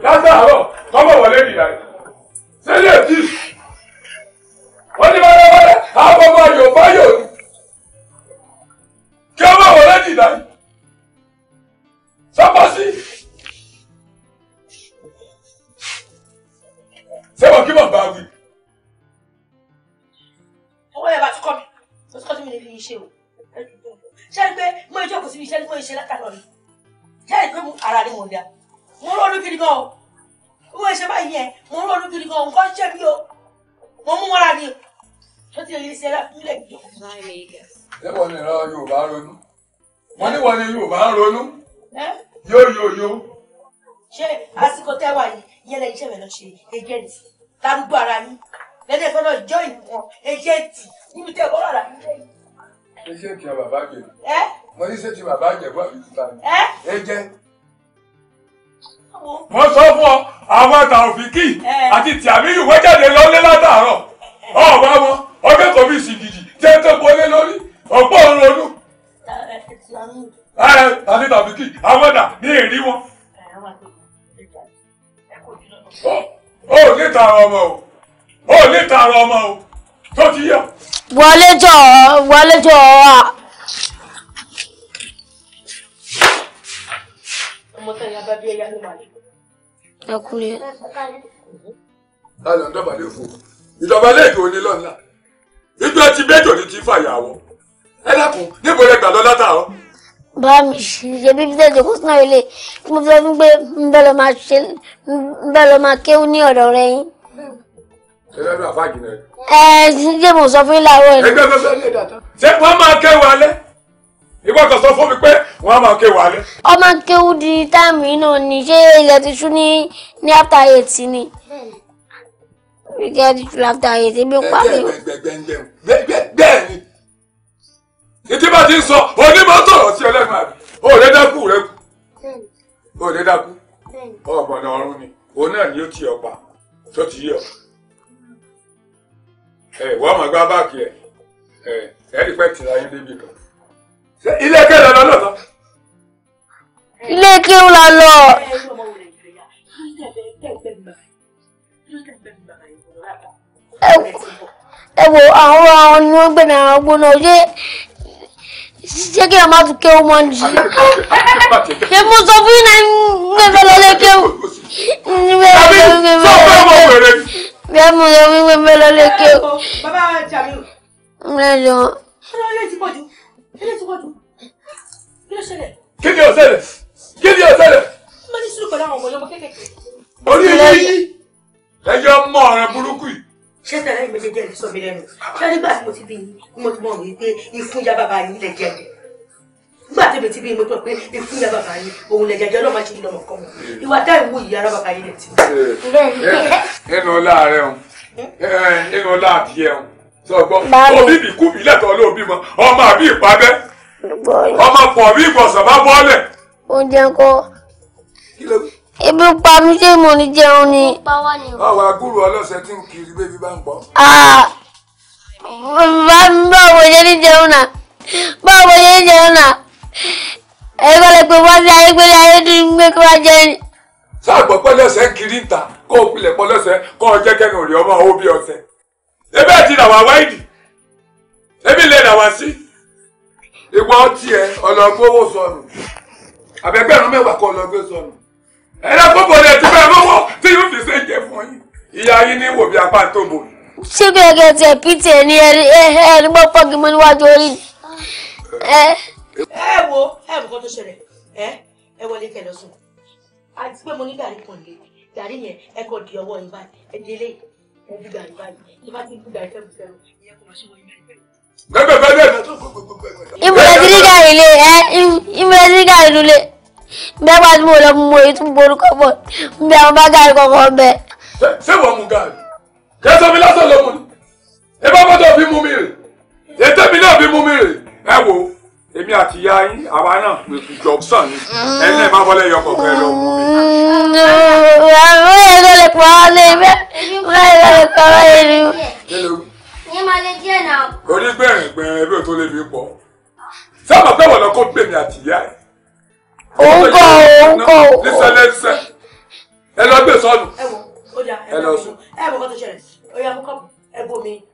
látàárọ̀ kọ́mọ wọlé nìyá rẹ̀ sílẹ̀ tí wọ́n ní wọ́n lọ́wọ́ àbọ̀bọ̀ yóò bá yóò ní kí ọmọ wọlé nìyá rẹ̀ sọ́pọ̀sí. sẹ́wọ̀n kí mọ̀ bá wí ó yẹ bá tún kọ́ mi ó tún kọ́ tí mi lè fi ṣe o ṣé ẹ pé mo ìjọ kò sí iṣẹ́ tí mo ṣe látàlọ́ mi ṣé ẹ pé ara rẹ mo dá mo rọ olú gidi gan o mo ṣe báyìí yẹn mo rọ olú gidi gan o nǹkan ṣe mí o mo mú wọn ra o ṣé ti lè ṣe lápúlẹ̀ ìjọkọ̀. ṣé wọ́n ní ìran Yorùbá ronú wọ́n ní wọ́n ní Yorùbá ronú yóò yóò yóò. ṣé àsìkò tẹ́wà yìí yẹlẹ iṣẹ́ mi lọ ṣe ẹgẹ́ntì lárúgbó ara yín lẹ́dẹ̀ẹ́fẹ́ lọ jọ́ ìwọ̀n ẹgẹ́ntì níbi tí ẹ̀kọ́ rárá. mo ṣe ti bàbá jẹ. ẹ. mo ṣe ti bàbá jẹ fún àbí títa mi. ẹ. jẹ. mo sọ fún ọ àwọn àtàwọ̀fìkì àti tìàmíyù wọ́n jáde lọ́lé látàárọ̀ ọ̀ọ́bá wọn ọgbẹ́ kò bí sìgìdì jẹ́ tó bolé lórí ọ̀pọ̀ ronú. ẹ àti tàbíkì àwọn ọ̀dà ní èrí wọn. ó ní tààrọ̀ ọmọ o ó ní tààrọ̀ ọmọ o tó ti yá. wọlé jọ wọlé jọ ọ. ẹ kúlẹ̀. láyọ̀ ń dọ̀bálẹ̀ fún un ìdọ̀bálẹ̀ èdè òní ti fàyà wọ ẹ níbo lẹ gbà lọ látàárọ̀. bá mi ṣe bí bíbélì tó kó sínú ilé mo fẹ́ gbé ń bẹ́ lọ máa kéwú ní ọ̀dọ̀ rẹ yín ẹlẹ́dọ̀ àfáàjì náà. ẹ ṣe mo sọ fún yín láàárọ̀ ẹ̀. ẹgbẹ́ gbẹ́gbẹ́ ní ẹ̀dá tán. ṣé wọ́n máa kéwù alẹ́? ìwọ kan sọ fún mi pé wọ́n á máa kéwù alẹ́. ọmọ kéwù di táìmù yìí náà ni ṣé ilẹ̀ ti ṣú ní ní after eight ni. ilẹ̀ ti ṣú after eight ebi pa mi. bẹ́ẹ̀ni ìdí bá ti ń sọ onímọ̀ sọ̀rọ̀ sí ọlẹ́nu àbí o lè dákú rẹ kù o lè dákú ọ̀gbọ̀nà ọ̀run ni òun náà ni ó ti ọ̀pá tó ti yẹ ọ̀ ẹ wọ́n mọ̀ gbá báàkì ẹ ẹ ẹ̀rí pẹ́ tìlá yín débi kan ṣé ilé kẹlẹ lọ lọ́tọ̀. ilé kí ó la lọ. ẹ wo àwọn àwọn ni wọ́n gbẹ̀mí àwọn gbóná ṣé ṣé kí ẹ má tún kéwọ́ mọ́ ní ṣe. ṣé mo sọ fún yín náà ń gbẹ̀fẹ́ lọ́lẹ́ kéwọ́. àbí sọ fẹ́ mọ̀ wẹ̀rẹ̀ bí a mú yọ wíwé mélòó lè ké o. bàbá Jamiu. ńlẹ lọ. ṣọlá ilé ti pọ̀ jù ilé ti pọ̀ jù kí ló ṣẹlẹ̀. kí ni ó ṣẹlẹ̀ kí ni ó ṣẹlẹ̀. má ti sùn pẹ̀lú àwọn ọmọ ọmọ kékèké. orí yìí ẹjọ́ mọ ọ̀rẹ́ burúkú yìí. ṣé tẹ̀lé mi méjèèjì sọ mi lẹ́nu ṣé nígbà tí mo ti bí yìí mo ti mọ̀ wípé ikú yá bàbá yìí lè jẹ́ jẹ́ nígbà tèmi ti bí mi pé ikú ya bàbá yìí òun lè jẹjẹ ọlọ́mọ ṣe lọ́mọ kọ́ mọ́ ìwà dá ìwú yìí ara bàbá yìí lè ti. ẹnu ọlá rẹ o ẹnu ọlá adìẹ o sọgbọn òbí mi kú mi lẹ́tọ̀ọ́ lóbi mọ ọmọ àbí ìpabẹ́ ọmọ pọ̀ bí ìbọ̀sán bá bọ́ọ̀lẹ̀. oúnjẹ kọ ebi pa mi ṣé mo ní jẹun ni. ọwọ́ agúrò ọlọ́sẹ̀ tí ń kiri bébí bá ń pọ̀. báwo ṣe ní jẹun náà báwo ṣe ní jẹun náà. ẹgbẹ́lẹ́ pé wọ́n fi ayé gbélé ayé ní gbẹ́kọ́ ajé ni. nta pẹ́lẹ́sẹ̀ ń kiri ta kó o pilẹ̀ pẹ́lẹ́sẹ̀ kó o jẹ́ kẹ́nu òrì ọmọ òbí ọ̀sẹ̀. ebi lè sí. ìwọ ọtí ẹ sọnù kọ sọnù. rẹ̀ ti bẹ́ẹ̀ lọ́wọ́ tí yóò fi ṣe jẹ fún yín. ìyá yín ní wò bí apá tó bò. ṣé ẹ ẹ wo ẹ mọ nǹkan tó ṣẹlẹ̀ ẹ ẹ wọlé kẹ́ lọ sùn àti pé mo ní gàrí kan lé gàrí yẹn ẹ kò di ọwọ́ yín báyìí ẹ délé ẹ bí gàrí báyìí ẹ bá ti ń bí gàrí fẹ́ mi fẹ́ mi ìyẹn kò máa ṣe wọ́n yín bẹ́ẹ̀ ìmúlẹ̀dìrí gàrí lé ẹ ìmúlẹ̀dìrí gàrí lulẹ̀ bẹ́ẹ̀ bá ti mú lọ mú èyí tún borúkọ bọ̀ bí àwọn bá gàrí kọ̀ọ̀kan bẹ́ẹ̀. ṣé wọ́n mú gàrí kẹsàn-án mi lásán lọ́mọ ni ẹ bá bọ́tọ̀ fi mú mi rè ètè mi náà fi mú mi rè ẹ wò ó èmi àti ìyá yín àwa náà jọ sàn ni ẹni náà má bọ́lẹ̀ yọkọ̀ kẹ́ lọ àwọn èèyàn lè lè pọ̀ ọ́ lé ni. ní ma lè díẹ̀ náà. onígbẹ̀rìn gbẹ̀rẹ̀ bí tó lè mi pọ̀ sábà pé wọ́n lọ kó bèmi àti ìyá ẹ̀. òun kọ òun kọ. lẹ́sẹ̀ lẹ́sẹ̀ ẹ lọ gbé sọ́ọ̀nù. ẹ lọ sùn. ẹ wọ kọ́ tó ṣẹlẹ̀ ó yá mú ẹ bò mí.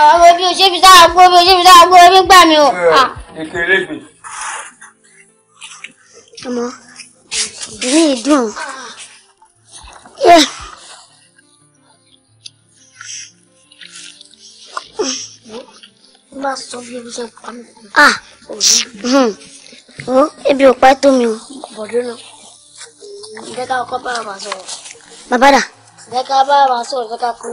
àwọn ẹbí ò ṣe fi sára gbó mi ò ṣe fi sára gbó mi gbà mí o. Ah. ike elégbè. ọmọ ìdílé ìdùn. bá sọ bí ebi ṣe pa mí. ah ọ hmm. ebi ò pa tó mi o. bọ̀dé náà ǹjẹ́ ká kọ́ bá a bá sọ̀rọ̀. bàbá dà. ǹjẹ́ ká bá a bá sọ̀rọ̀ ǹjẹ́ ká kú.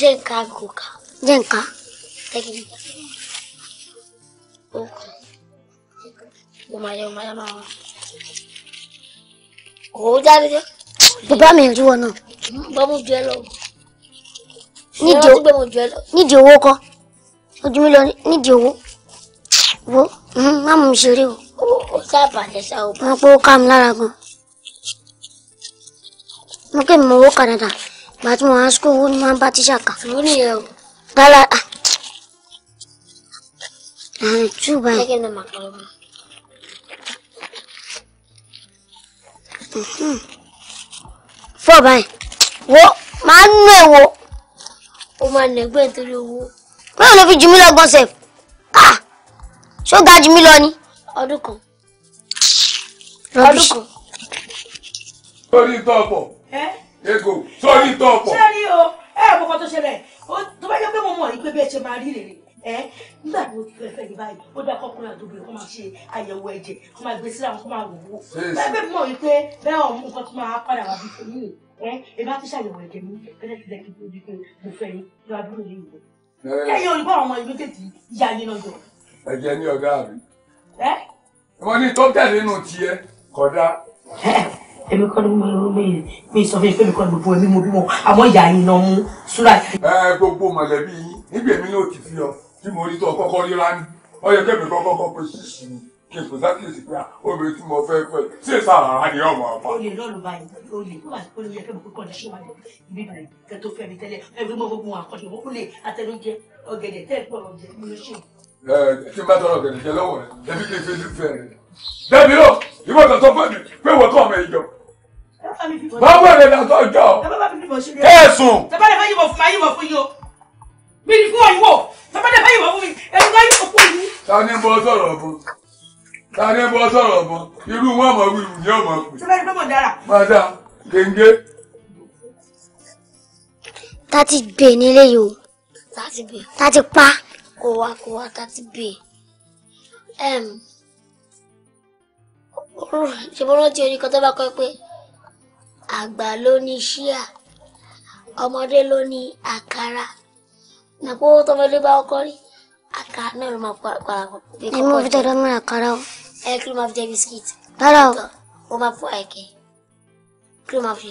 Jẹ́ nǹkan àgò ká. Jẹ́ nǹkan. Tẹ́kí. Ó kù. Mo máa yẹ ọmọ yàrá wa. Kò ó jáde jẹ́. Bàbá mi rí wọn náà. Bá mo jẹ lọ. Nídìí owó kọ́. Ojú mi lọ nídìí owó. Wo mhm, má mú mi ṣeré o. Ó sábà ṣe sá o. Wọ́n pé ó ká mi lára gan. Mo kí mi mọ owó kan ìgbà tí mo wá sukú owó ni máa ń bá tíṣà kà. sùúrù nìyẹn o. rárá tú báyìí. kẹ́kẹ́ náà máa kọ́ ọ́ fọ́ báyìí wo máa ń nù èwo. ó máa ń nẹ̀gbẹ́ nítorí owó. báwo ló fi jù mí lọ gbọ́nsẹ̀ ṣó ga jù mí lọ ni. ọdún kan. ọdún kan. lórí tọ́pọ̀. ẹ́ ego sórí tó pọ̀. ṣé rí o ẹ ẹ kọkọ tó ṣẹlẹ̀ tó bá yẹ pé mo mọ yìí pé bẹ́ẹ̀ ṣe máa rí rèé ẹ nígbà tí mo ti fẹ́ fẹ́ ní báyìí ó dá kọkùnrin àti obìnrin kó máa ṣe àyẹ̀wò ẹ̀jẹ̀ kó máa gbé síra kó máa wò ó bẹ́ẹ̀ mọ̀ wípé bẹ́ẹ̀ ọ̀hún nǹkan tó máa padà wá fífún mi ẹ èmi á ti ṣàyẹ̀wò ẹ̀jẹ̀ mi bẹ́ẹ̀ ti dẹ́kun tó di pé mo fẹ́ yín ló wá dúró yìí lọ. ẹ̀yin olùkọ́ àwọn ìlú tètè ya yín lọ́jọ́. ẹ̀jẹ̀ ní èmi kọ́ ni mo mi mi sọ fún yín pé mi kọ́ ni gbogbo ẹ̀mí mo bímọ àmọ́ ìyá yín náà mú súrà. ẹ gbogbo mọ̀lẹ́bí yín níbi èmi náà ti fi hàn tí mo rí tó kọ́kọ́ rí lánìí ó yẹ kẹ́mi kọ́kọ́ kọ́ pé ṣíṣì ni kí n kò sákìsì pé ah, obìnrin tí mo fẹ́ fẹ́ ṣé sàràrà ni ọmọ ọba. o lè lọ́ọ̀lù báyìí o lè kó wàá kó lè yẹ kẹ́mi kọ́kọ́ ṣé wàá ibi báyìí kẹ́ tó fẹ́ mi tẹ́lẹ̀ ẹgbẹ́ gbogbo àkọ́ṣe òkú lè atẹnujẹ ọ̀gẹ̀dẹ̀ tẹ́ ẹ̀kọ́ ọ̀gẹ̀dẹ̀ mi ló ṣe. ẹ tí n bá tọrọ ọ̀gẹ̀dẹ̀ jẹ lọ́wọ́ rẹ ẹbí kì í fi fẹ́ rẹ. dẹ́bi náà ìwọ wọ́n wẹ̀rẹ̀ lọ́tọ̀ ọjọ́ kẹ́sùn. tẹ́bàlẹ̀ fẹ́ yìnbọn fún mi ayíwọ̀ fún yín o mi ni fún ọ̀yìnwó tẹ́bàlẹ̀ fẹ́ yìnbọn fún mi ẹ̀rù yìnbọn fún mi. ta ni bọ́ sọ̀rọ̀ fún ta ni bọ́ sọ̀rọ̀ fún irú wọn mọ̀ wíwù ni yóò mọ̀ pé. tẹ́bàlẹ̀ fẹ́ mọ̀ dára. máa dá kéńgé. ta ti gbè e nílé yìí o ta ti gbè e. ta ti pa kò wá kò wá ta ti gbè e. ṣe mo rántí orí kan tó bá kọ pé àgbà ló ní ṣíà ọmọdé ló ní àkàrà nàpọ̀ owó tọmọdé bá ọkọ rí àkàrà náà ló máa pa parapọ̀. ẹ mọ fi tọdọ mọ àkàrà o. ẹ kí ló máa fi jẹ bisikíìtì. rárá o. ó máa fọ àìkè kí ló máa fi.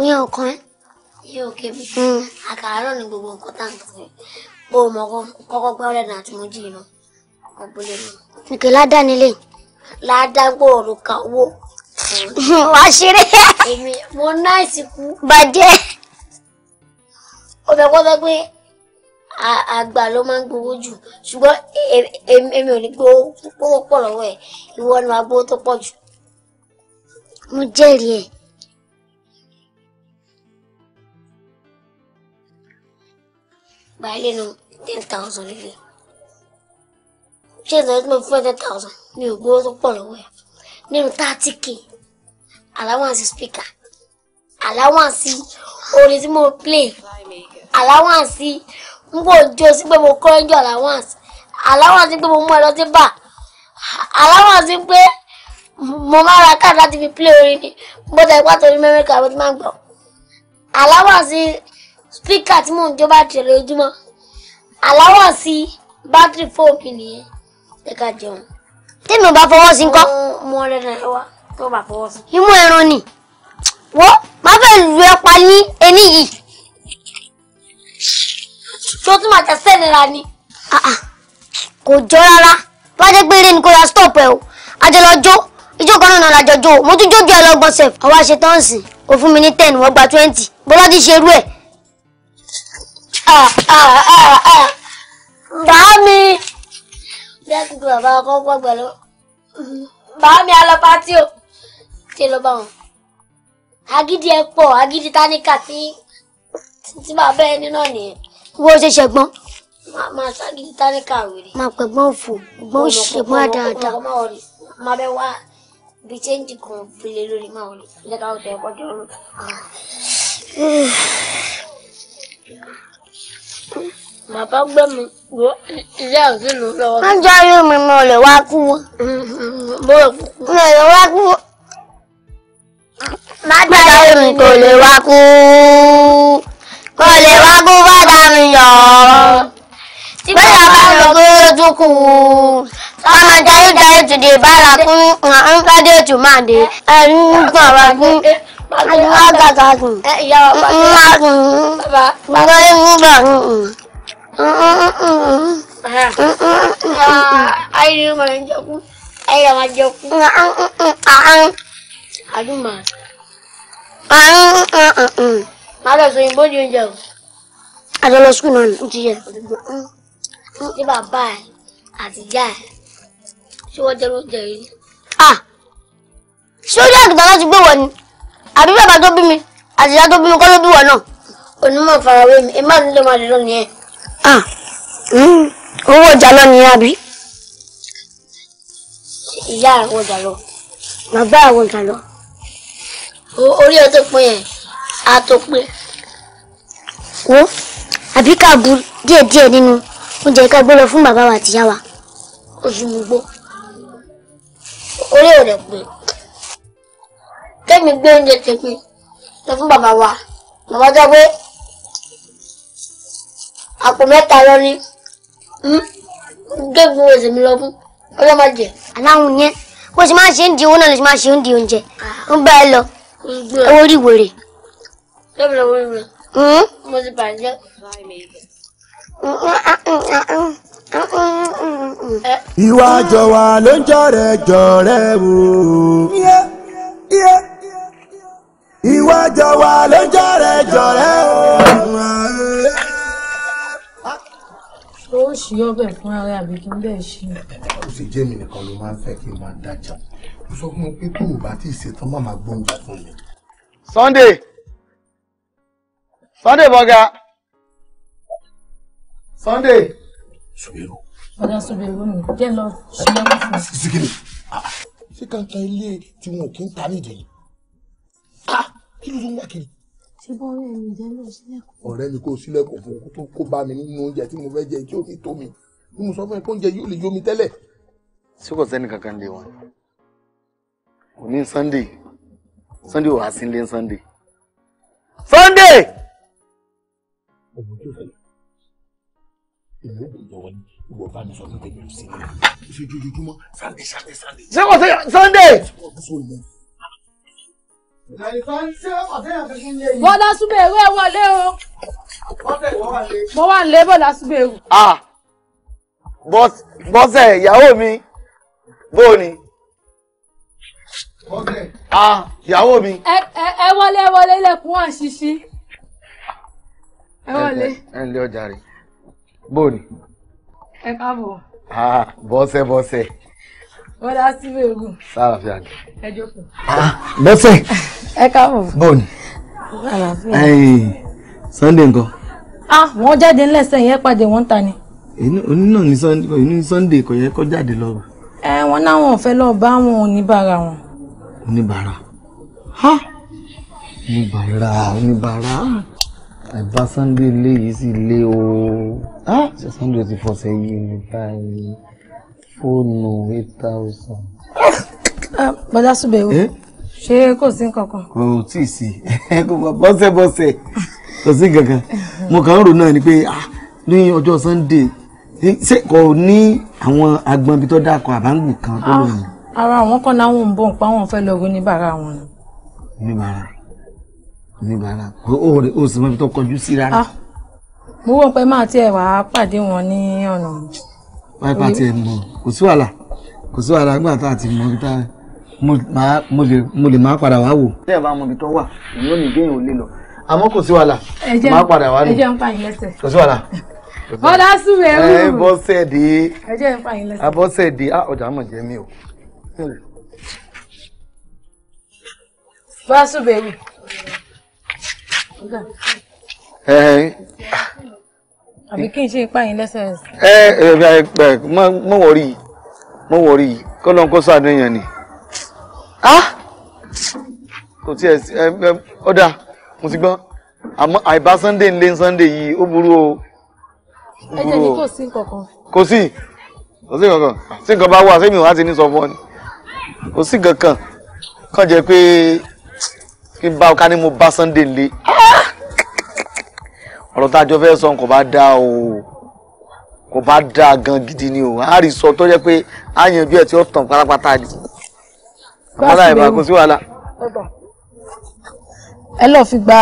oyè ọkàn ẹ. oyè òkè mi. Hmm. àkàrà náà ni gbogbo nǹkan tá à ń tọ́ ẹ bó o mọ kọ́kọ́ gbá ọ̀rẹ́ náà àti mo jì yìí náà ọ̀gbọ́n lè mọ. nìkè ládàá nílé. ládàá gbòòrò kan owó wá ṣeré. èmi mo ná ìsìnkú. bàjẹ́. ọbẹ̀ kọ́ fẹ́ pé àgbà ló máa ń gbowó jù ṣùgbọ́n e, e, e, èmi ò ní gbowó púpọ̀ pọ̀ lọ́wọ́ ẹ̀ ìwọ ni wàá gbowó tó pọ̀ jù. mo jẹ́rìí ẹ̀. báyìí lẹ́nu ten thousand lílé ṣé ìtọ́jú tó fún ẹ mi ò gbowó tó pọ̀ lọ́wọ́ ẹ̀ nínú thirty k allowance speaker allowance orin tí mo play allowance n kò jó sí pé mo kọ́ ẹ́njọ́ allowance allowance pé mo mú ẹ lọ sí bà allowance pé mo máa ra káàdì láti fi play orin ni bó ta ipá torí mẹ́ríkà bó ti máa ń gbọ́ allowance speaker tí mò ń jó bá tiẹ̀ lójúmọ́ allowance battery fóònù nìyẹn tẹ́ka jẹun tèmi ò bá fọwọ́ sí ńkọ́. mo rẹ náà wá tó bá fọwọ́ sí. imú ẹran ni wọ́n máa fẹ́ lu ẹpa ní ẹni yìí. tó tún máa tẹ sẹ́nira ni. Ah, ah. kò jọ rárá bá jẹ́ pé eré ni kò ra stop ẹ̀ o àjọlọ́jọ́ ijó kan náà lájọ jó mo tún jójú ẹ lọ́gbọ̀n sef àwa ṣe tán sí o fún mi ní ten wọ́n gba twenty bọ́lá ti ṣerú ẹ̀. bàá mi bí àkùkù bàbá ọkọ gbàgbà lọ mi alọ pátí o ṣe lọ bá wọn. agídí ẹ pọ̀ agídí táníkà tí tí bàbá ẹni náà nìyẹn. wo ṣe ṣẹgbọn. máa ṣàgídí táníkà wèrè. máa pẹ̀gbọ́n fò gbọ́n ṣègbọ́n àdáadáa. máa bẹ wá bí chẹ́ǹtì kan fìlè lórí máa wọlé lẹ́ka ọ̀tẹ̀ ẹ̀kọ́ jọ lọ. Bàbá gbẹ́ mi wo ilé àgbẹ̀ ló lọ́wọ́. Wọ́n jẹ́ ayé mi mo lè wá kú. Mo lè kú. Mo lè wá kú. Bàbá ayé mi kò lè wá kú. Kò lè wá kú bàbá mi yọ̀. Bẹ́ẹ̀ bá lọ pé ó tún kú. Sọ́nà jayé jayé tòde bára kún ń kádé tù máa dé. Ẹ̀rín ń gbọ̀n wá kún. Eh, eh, Àyùwá gàgà kún. Eh, ìyá wa pàdé. Ń máa kún. Bàbá. Bàbá yẹn ń gbà kún. Ayo ma jokun. Ayo ma jokun. Adun ma. Má lọ sọ yìnbó di oúnjẹ o. Àjọ lọ sùkúl náà ní ti yẹ. Ṣé bàbá ẹ̀ àti ìyá ẹ̀ ṣé wọ́n jẹ́ lóúnjẹ yìí? Ṣé ó yá àgbà láti gbé wọ ni? Àbí bàbá tó bí mi àti ni. Ah, hmm, owó ọjà lọ ni àbí. ìyá àwọn ọjà lọ bàbá àwọn ọjà lọ orí ẹ tó pin yẹn a tó pin. wo àbí ká bu díẹ̀díẹ̀ nínú oúnjẹ ká gbé lọ fún bàbá wa àtìyá wa oṣù gbogbo orí ọ̀rẹ́ pé kẹ́mi gbé oúnjẹ tẹ̀pin lọ fún bàbá wa bàbá jáwé àpò mẹ́ta lọ ni hmm? gbẹ́gun ẹsẹ̀ mi lọ fún ọjọ́ máa jẹ. aláwọn yẹn bó ṣe máa ṣe ń di owó náà ló ṣe máa ṣe ń di oúnjẹ ń bá ẹ lọ owó rí wèrè. lọ́bìnrin owó rí hmm? ìwà jọ̀wà ló ń jọ̀rẹ̀ jọ̀rẹ̀ wò. ìwà jọ̀wà ló ń jọ̀rẹ̀ jọ̀rẹ̀ wò ó ṣí ọbẹ̀ fún ara àbí kí n bẹ́ẹ̀ ṣí. ó sì jẹ́ mi nìkan ló máa ń fẹ́ kí n máa dájà mo sọ fún un pé tó o bá ti ṣetán má máa gbóúnjẹ fún mi. Sunday Sunday bọ́gà Sunday. Subiru. bọ́dà Subiru mi jẹ́ lọ ṣí ọbẹ̀ fún mi. sikiri ṣé kankan ah, ilé tí kì í ta nídìí ah, kí ló ń wá kiri ṣé mi kò sílẹ̀kùn fún kó tó bá mi nínú oúnjẹ tí mo fẹ́ jẹ tí ò ní tó mi bí mo sọ fún ẹ pé oúnjẹ yóò lè yó mi tẹ́lẹ̀. ṣé kankan lè wọ́n òní Sunday Sunday ò wá sí ilé Sunday Sunday. ọmọ tó fẹ́ ìlú ìjọ wọlé ìwọ bá mi sọ fún tèmi ò sí ilé ìṣèjú ojoojúmọ́ Sunday Sunday Sunday. ṣé kò sẹ́ni Sunday bọ́lá súbẹ̀rù ẹ wọlé o mo wà ń lé bọ́lá súbẹ̀rù. bọ́sẹ̀ ìyàwó mi bó ni ìyàwó mi. ẹ wọlé ẹ wọlé ilẹ̀kùn wà ṣíṣí ẹ wọlé. ẹ ń lé ọjà rẹ bó ni. ẹ káàbọ̀. bọ́sẹ̀ bọ́sẹ̀. bọ́lá súbẹ̀rù. sáà fi àgbẹ̀. ẹ jókòó. Ah, bọ́sẹ̀ ẹ káàbọ̀. bọ́ọ̀ni Sunday nǹkan. ah wọ́n jáde ńlẹ̀sẹ̀ yẹn pàdé wọ́n ta ni. òní náà ni Sunday kò ní Sunday kò yẹ kó jáde lọ. ẹ wọn náwọn ò fẹ́ lọ bá wọn oníbàárà wọn. oníbàárà ha oníbàárà oníbàárà àìbá Sunday lé yìí sì lé o ha ṣe Sunday ti fọṣẹ yìí ní báyìí fóònù eight thousand. Ah, bọ́dá súbẹ̀ wò. Eh? ṣé kò sí kankan. kò tí ì sí bọ́sẹ̀ bọ́sẹ̀ kò sí kankan mo kàn ń rò náà ni pé ní ọjọ́ Sunday ṣé kò ní àwọn agbọn ibi tó dákọ̀ àbáǹgù kan tó ah, lò ní. ara àwọn kan náà ń bọ̀ pa àwọn fẹ́ lọ rí oníbàárà wọn. oníbàárà oníbàárà o sì mọ ibi tó kọjú sí rárá. Ah, mo wọ́n pé máa tiẹ̀ wá pàdé wọn ní ọ̀nà. wáyé pàtẹ́ mọ̀ kò sí wàhálà kò sí wàhálà nígbà tá a ti mọ ibi tá a mo lè máa padà wá wò. bẹ́ẹ̀ bá mọ ibi tó wà èyí ò ní géèyàn ò lè lọ àmọ́ kò sí wàhálà máa padà wá nù kò sí wàhálà. ọ̀dà súnmọ́ ẹ̀rù. ẹ bọ́sẹ̀dé abọ́sẹ̀dé ah, ọjà mọ̀ jẹ́ mi o. bá a súnmọ́ ẹ̀rù. àbí kí n ṣe ipá yín lẹ́sẹ̀ rẹ̀. ẹ ẹ ẹ mọ wọrí mọ wọrí kọ́ńtà kó sàánú èèyàn ni. Ah! kò tí ẹ ẹ ọ̀dà mo ti gbọ́n àmọ́ àìbá Sunday ń lé Sunday yìí ó burú o. ẹ jẹ́ ní kò sí kankan. kò sí kò sí kankan tí nǹkan bá wà sẹ́mi wá ti ní sọ fún ọ ni kò sí kankan kàn jẹ́ pé kí n bá ká ní mo bá Sunday lé ọ̀rọ̀ tá a jọ fẹ́ sọ kò bá dáa o kò bá dáa gan gidi ni o a rí sọ tó jẹ́ pé a yanjú ẹ̀ tí ó tàn pátápátá ni àmọ́lá ìbá kò sí wàhálà. ẹ lọ́ọ́ fi gba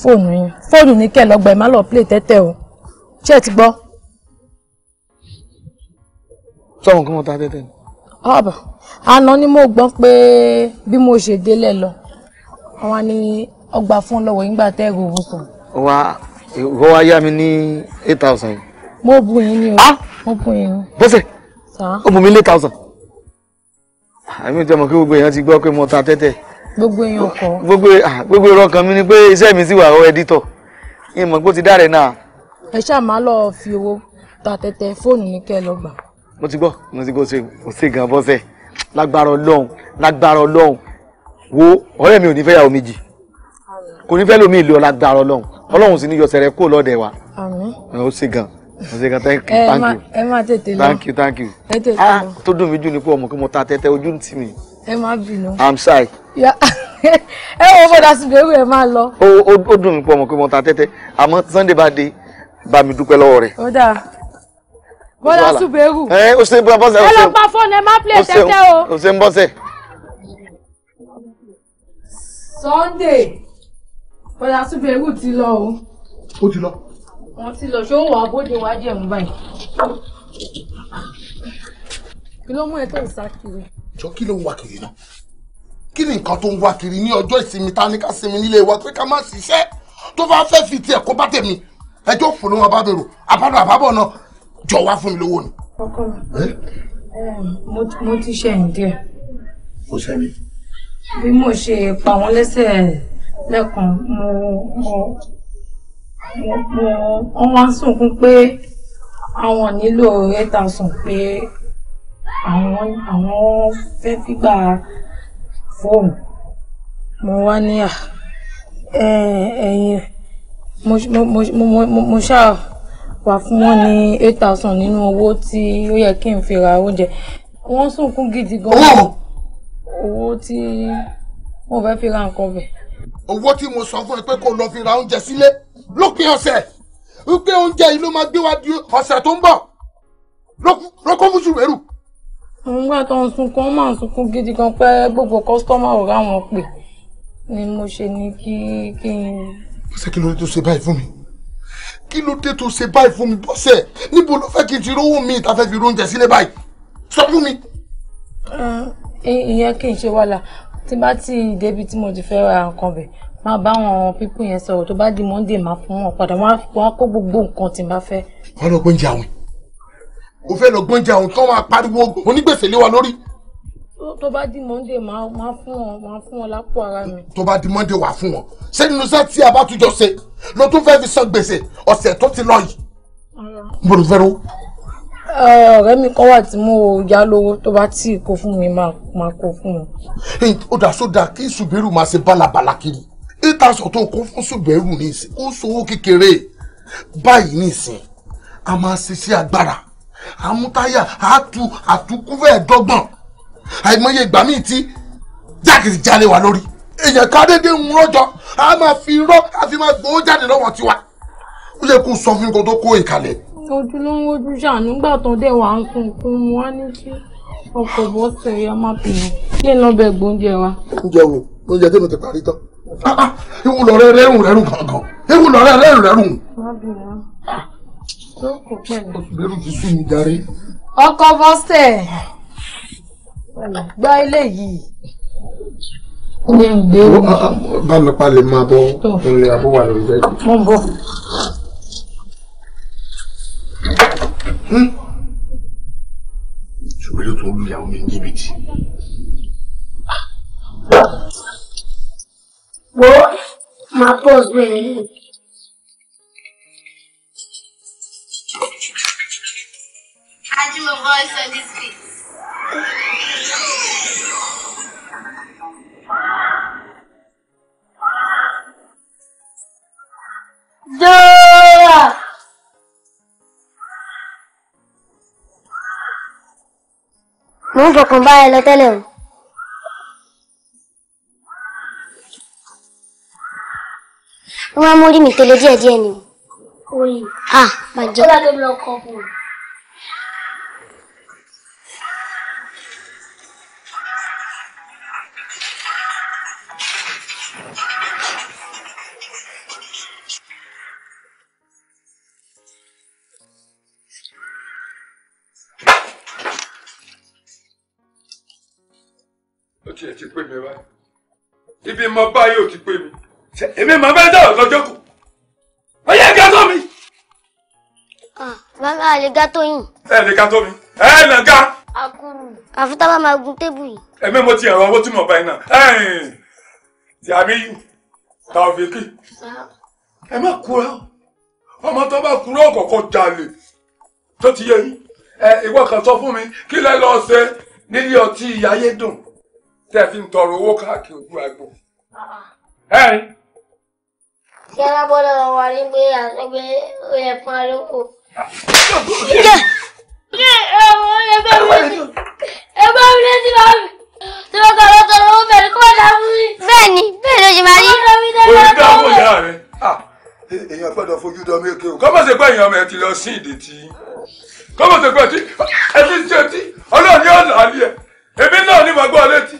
fóònù yín fóònù ní kẹ́ lọ́gbà ẹ̀ má lọ́ọ́ play tẹ́tẹ́ o ṣé ẹ ti gbọ́. sọ̀rọ̀ kí wọ́n ta tẹ́tẹ́ ni. ọ̀bà àná ni mo gbọ́ pé bí mo ṣe délẹ̀ lọ wọn ni ọgbà fún lọ́wọ́ yín gbà tẹ́ ẹ̀rọ òwò sàn. wa ìwọ wa yá mi ní eight thousand. mo bù yín ni o ah! mo bù yín. bọ́sẹ̀ ó bù mí eight thousand àmì ìjọmọ kí gbogbo èèyàn ti gbọ́ pé mo ta tẹ́tẹ́. gbogbo èèyàn kọ. gbogbo gbogbo èrò kan mi ni pé iṣẹ́ mi sì wà ọ ẹdítọ̀ ìmọ̀ pé ó ti dáre náà. ẹ ṣáà máa lọ fi owó ta tẹ́tẹ́ fóònù ní kẹ́ ẹ lọ gbà. mo ti gbọ́ mo ti gbọ́ ṣe kò sí gan bọ́sẹ̀ lágbára ọlọ́run lágbára ọlọ́run wo ọ̀rẹ́ mi ò ní fẹ́ yàwó méjì kò ní fẹ́ lómi ìlú ọ̀la gbàrọ̀ ọlọ́run ọlọ́run sì ní yọ̀sẹ̀ Nseka thank you eh, thank you. Ẹ máa tètè lọ. Thank you thank you. Ẹ tètè ah, lọ. Ah tó dùn mí jù ni pé ọmọ kí mo ta tẹ́tẹ́ ojú ń tì Ẹ má bínú. I'm sorry. Ẹ wo bọ́dà Siberu ẹ máa lọ. Ó dùn mí pé ọmọ kí mo ta tẹ́tẹ́ àmọ́ Sunday bá dé bá mi dúpẹ́ lọ́wọ́ rẹ̀. Ó dáa. Bọ́dà Siberu. Ẹ eh, o ṣe bọ́ bọ́sẹ̀. Ẹ lọ pa fóònù ẹ má play tẹ́tẹ́ o. O ṣe ń bọ́sẹ̀. Sunday bọ́dà Siberu ti lọ o. Ó ti lọ wọ́n ti lọ ṣóhùn wà bóde wá jẹun báyìí. kí ló mú ẹ tó ń sá kiri. jọ kí ló ń wá kiri náà kí ni nǹkan tó ń wá kiri ní ọjọ́ ìsinmi ta ní ká sinmi nílé wa pé ká má ṣiṣẹ́ tó bá fẹ́ fi tiẹ̀ kó bá tèmi ẹjọ́ fún lóun abábẹ̀rò àbádọ́ àbábọ̀ náà jọ wá fún mi lówó ni. ọkọ mo ti ṣe ẹ̀yìn díẹ̀. kò sẹ́mi. bí mo ṣe pa wọ́n lẹ́sẹ̀ lẹ́kan mo wọ́n wá sunkún pé àwọn nílò eight thousand pé àwọn àwọn fẹ́ fígbà fóònù mo wá ní à ẹ̀yìn mo ṣáà wà fún wọn ní eight thousand nínú owó tí ó yẹ kí n fi ra oúnjẹ wọ́n sunkún gidi gan-an owó tí mo fẹ́ fi ra nǹkan bẹ̀. owó tí mo sọ fún ẹ pé kó lọ fi ra oúnjẹ sílé. Si lópin ọ̀sẹ̀ wípé oúnjẹ yìí ló máa gbé wá di ọ̀sẹ̀ tó ń bọ̀ lókun fún ṣùgbẹ́rù. nígbà tó ń sunkún ó máa ń sunkún gidi gan pé gbogbo kọ́sítọ́mà ò ráwọn pè ni mo ṣe ní kí kí n. bọ́sẹ̀ kí ló dé tó ṣe báyìí fún mi kí ló dé tó ṣe báyìí fún mi bọ́sẹ̀ níbo ló fẹ́ kí n ti rówó mi ìta fẹ́ fi róúnjẹ sílé báyìí sọ fún mi. ìyẹn kì í ṣe wàhálà tí bá ti débi tí mo ti fẹ́ ra nǹkan bẹ̀ máa bá àwọn pípọ̀ yẹn sọ̀rọ̀ tó bá di monday máa fún wọn padà wọn á kó gbogbo nǹkan tí n bá fẹ́. wọn lọ gbọ́njẹ àwọn o fẹ́ lọ gbọ́njẹ àwọn kí wọ́n máa pariwo onígbèsè lé wa lórí. tó bá di monday máa fún wọn máa fún wọn lápò ara mi. tó bá di monday wà fún wọn ṣé nínú iṣẹ́ tí a bá tún jọ ṣe ló tún fẹ́ fi san gbèsè ọ̀sẹ̀ tó ti lọ yìí. mo lọ fẹ́ ro eh, ọ̀rẹ́ mi kan wà tí mo yá lówó tó bá tí kó fún mi máa kó fún mi eight thousand tó kún fún ṣùgbẹ́rù ní ìsìn ó sowó kékeré báyìí ní ìsìn a máa ṣiṣẹ́ agbára àmútáyà àtú àtúkúfẹ́ dọ́gbọ̀n àìmọye ìgbà míì tí jákèjì jalè wà lórí èèyàn ká dédé ń rọjọ a máa fi irọ́ a fi máa gbowó jáde lọ́wọ́ tiwa ó yẹ kó sọ fún mi kó tó kó ìkàlẹ̀. ojú ló ń wojú ṣàánú nígbà tó dé wàá ń sunkún mu wá ní kí ọkọ̀ bọ́ọ̀sì ẹ̀yà má bínú kí ẹ̀ lọ́ọ́ bẹ̀ gbóúnjẹ wa. oúnjẹ wo oúnjẹ tẹ́lẹ̀ ti parí tán ewu lọ̀rẹ́ rẹ́rùn rẹ́rùn kankan ewu lọ̀rẹ́ rẹ́rùn rẹ́rùn. ọkọ bọ́sẹ̀ gbọ́ eléyìí ah, ah, bá mi palẹ̀ máa bọ́ nílé abúwà lórí bẹ́ẹ̀. Hmm? ṣùgbọ́n yóò tún lu ìyàwó mi ní jìbìtì. Wo máa pause bẹ́ẹ̀ nínú. do your voice on this beat. Dora! Mo ń fọkàn báyẹ̀ lọ tẹ́lẹ̀ wọ́n máa mórí mi tẹ́lẹ̀ díẹ̀ díẹ̀ ni. orí ha bàjẹ́. ó bá tóbi lọ kọ́ fún un. ó tiẹ̀ ti pè mí ibi mo báyìí ó ti pè mí èmi màá fẹ́ dọ̀rọ̀ lọ́jọ́ kù ó yẹ ká tó mi. rárá a lè ga tó yìn. ẹ lè ga tó mi ẹ nà ga. akuru àfi tá a bá máa gun tébù yìí. èmi mo ti ẹ̀rọ owó tí mo bá yín náà tí a bí tàfíkì ẹ má kúra ọmọ tó bá kúra ọ̀kọ̀ọ̀kọ̀ jalè tó ti yé yín ẹ ìwọ kan sọ fún mi kí lẹ lọ ṣe nílé ọtí ayédùn tẹ fi ń tọrọ owó káàkiri ojú àgbo. Hey! ṣé alábọ́lá wa rí pé àtọ́gbé ó yẹ fún aróko. ṣé ọmọ ẹgbẹ́ mi ẹgbẹ́ mi lè ti máa mi tí wọ́n kọ́ tọrọ ó bẹ̀rẹ̀ kó dá mú mi. bẹ́ẹ̀ni bẹ́ẹ̀ ló ṣe máa rí. orí dáhùn ìyá rẹ ah, èèyàn gbọ́dọ̀ fojú dán mi kéwò kọ́mọ̀ sí pé èèyàn ọmọ ẹ ti lọ sí ìdè tí kọ́mọ̀ sí pé ẹ ti ṣe tí ọlọ́run yóò là á lé ẹ èmi náà ni màá gbọ́ létí.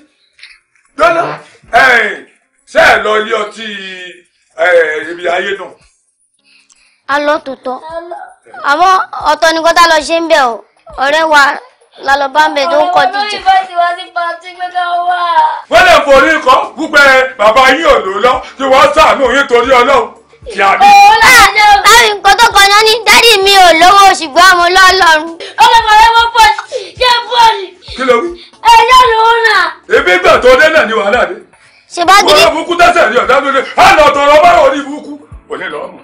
dọ́nà ẹ̀ ṣe é lọ ilé ọtí ibi ayé nù. alọ́ tòótọ́ àmọ́ ọ̀tọ̀ nìkan tá a lọ ṣe ń bẹ̀ o ọ̀rẹ́ wa la lọ bá ń bẹ̀ tó ń kọ́ jíjẹ. wọ́n lè forí kọ́ wípé bàbá yín ò lò lọ kí wọ́n ṣàánú yín torí ọlọ́run kí a bí. báyìí nǹkan tó kọ náà ni dádì mi ò lówó ṣùgbọ́n àmọ́ lọ́lọ́run. ọlọ́mọ rẹ mọ pọ́ọ̀lì jẹ́ pọ́ọ̀lì. kí ló wí. ẹ̀yọ́ lòun náà. ebi gbà tó dé náà ni wàhálà dé ṣe bá gidi. wọ́n bukú tẹ́sẹ̀ ní ọ̀dá lóde á lọ tọrọ bá wọ ní bukú kò ní lọ mọ.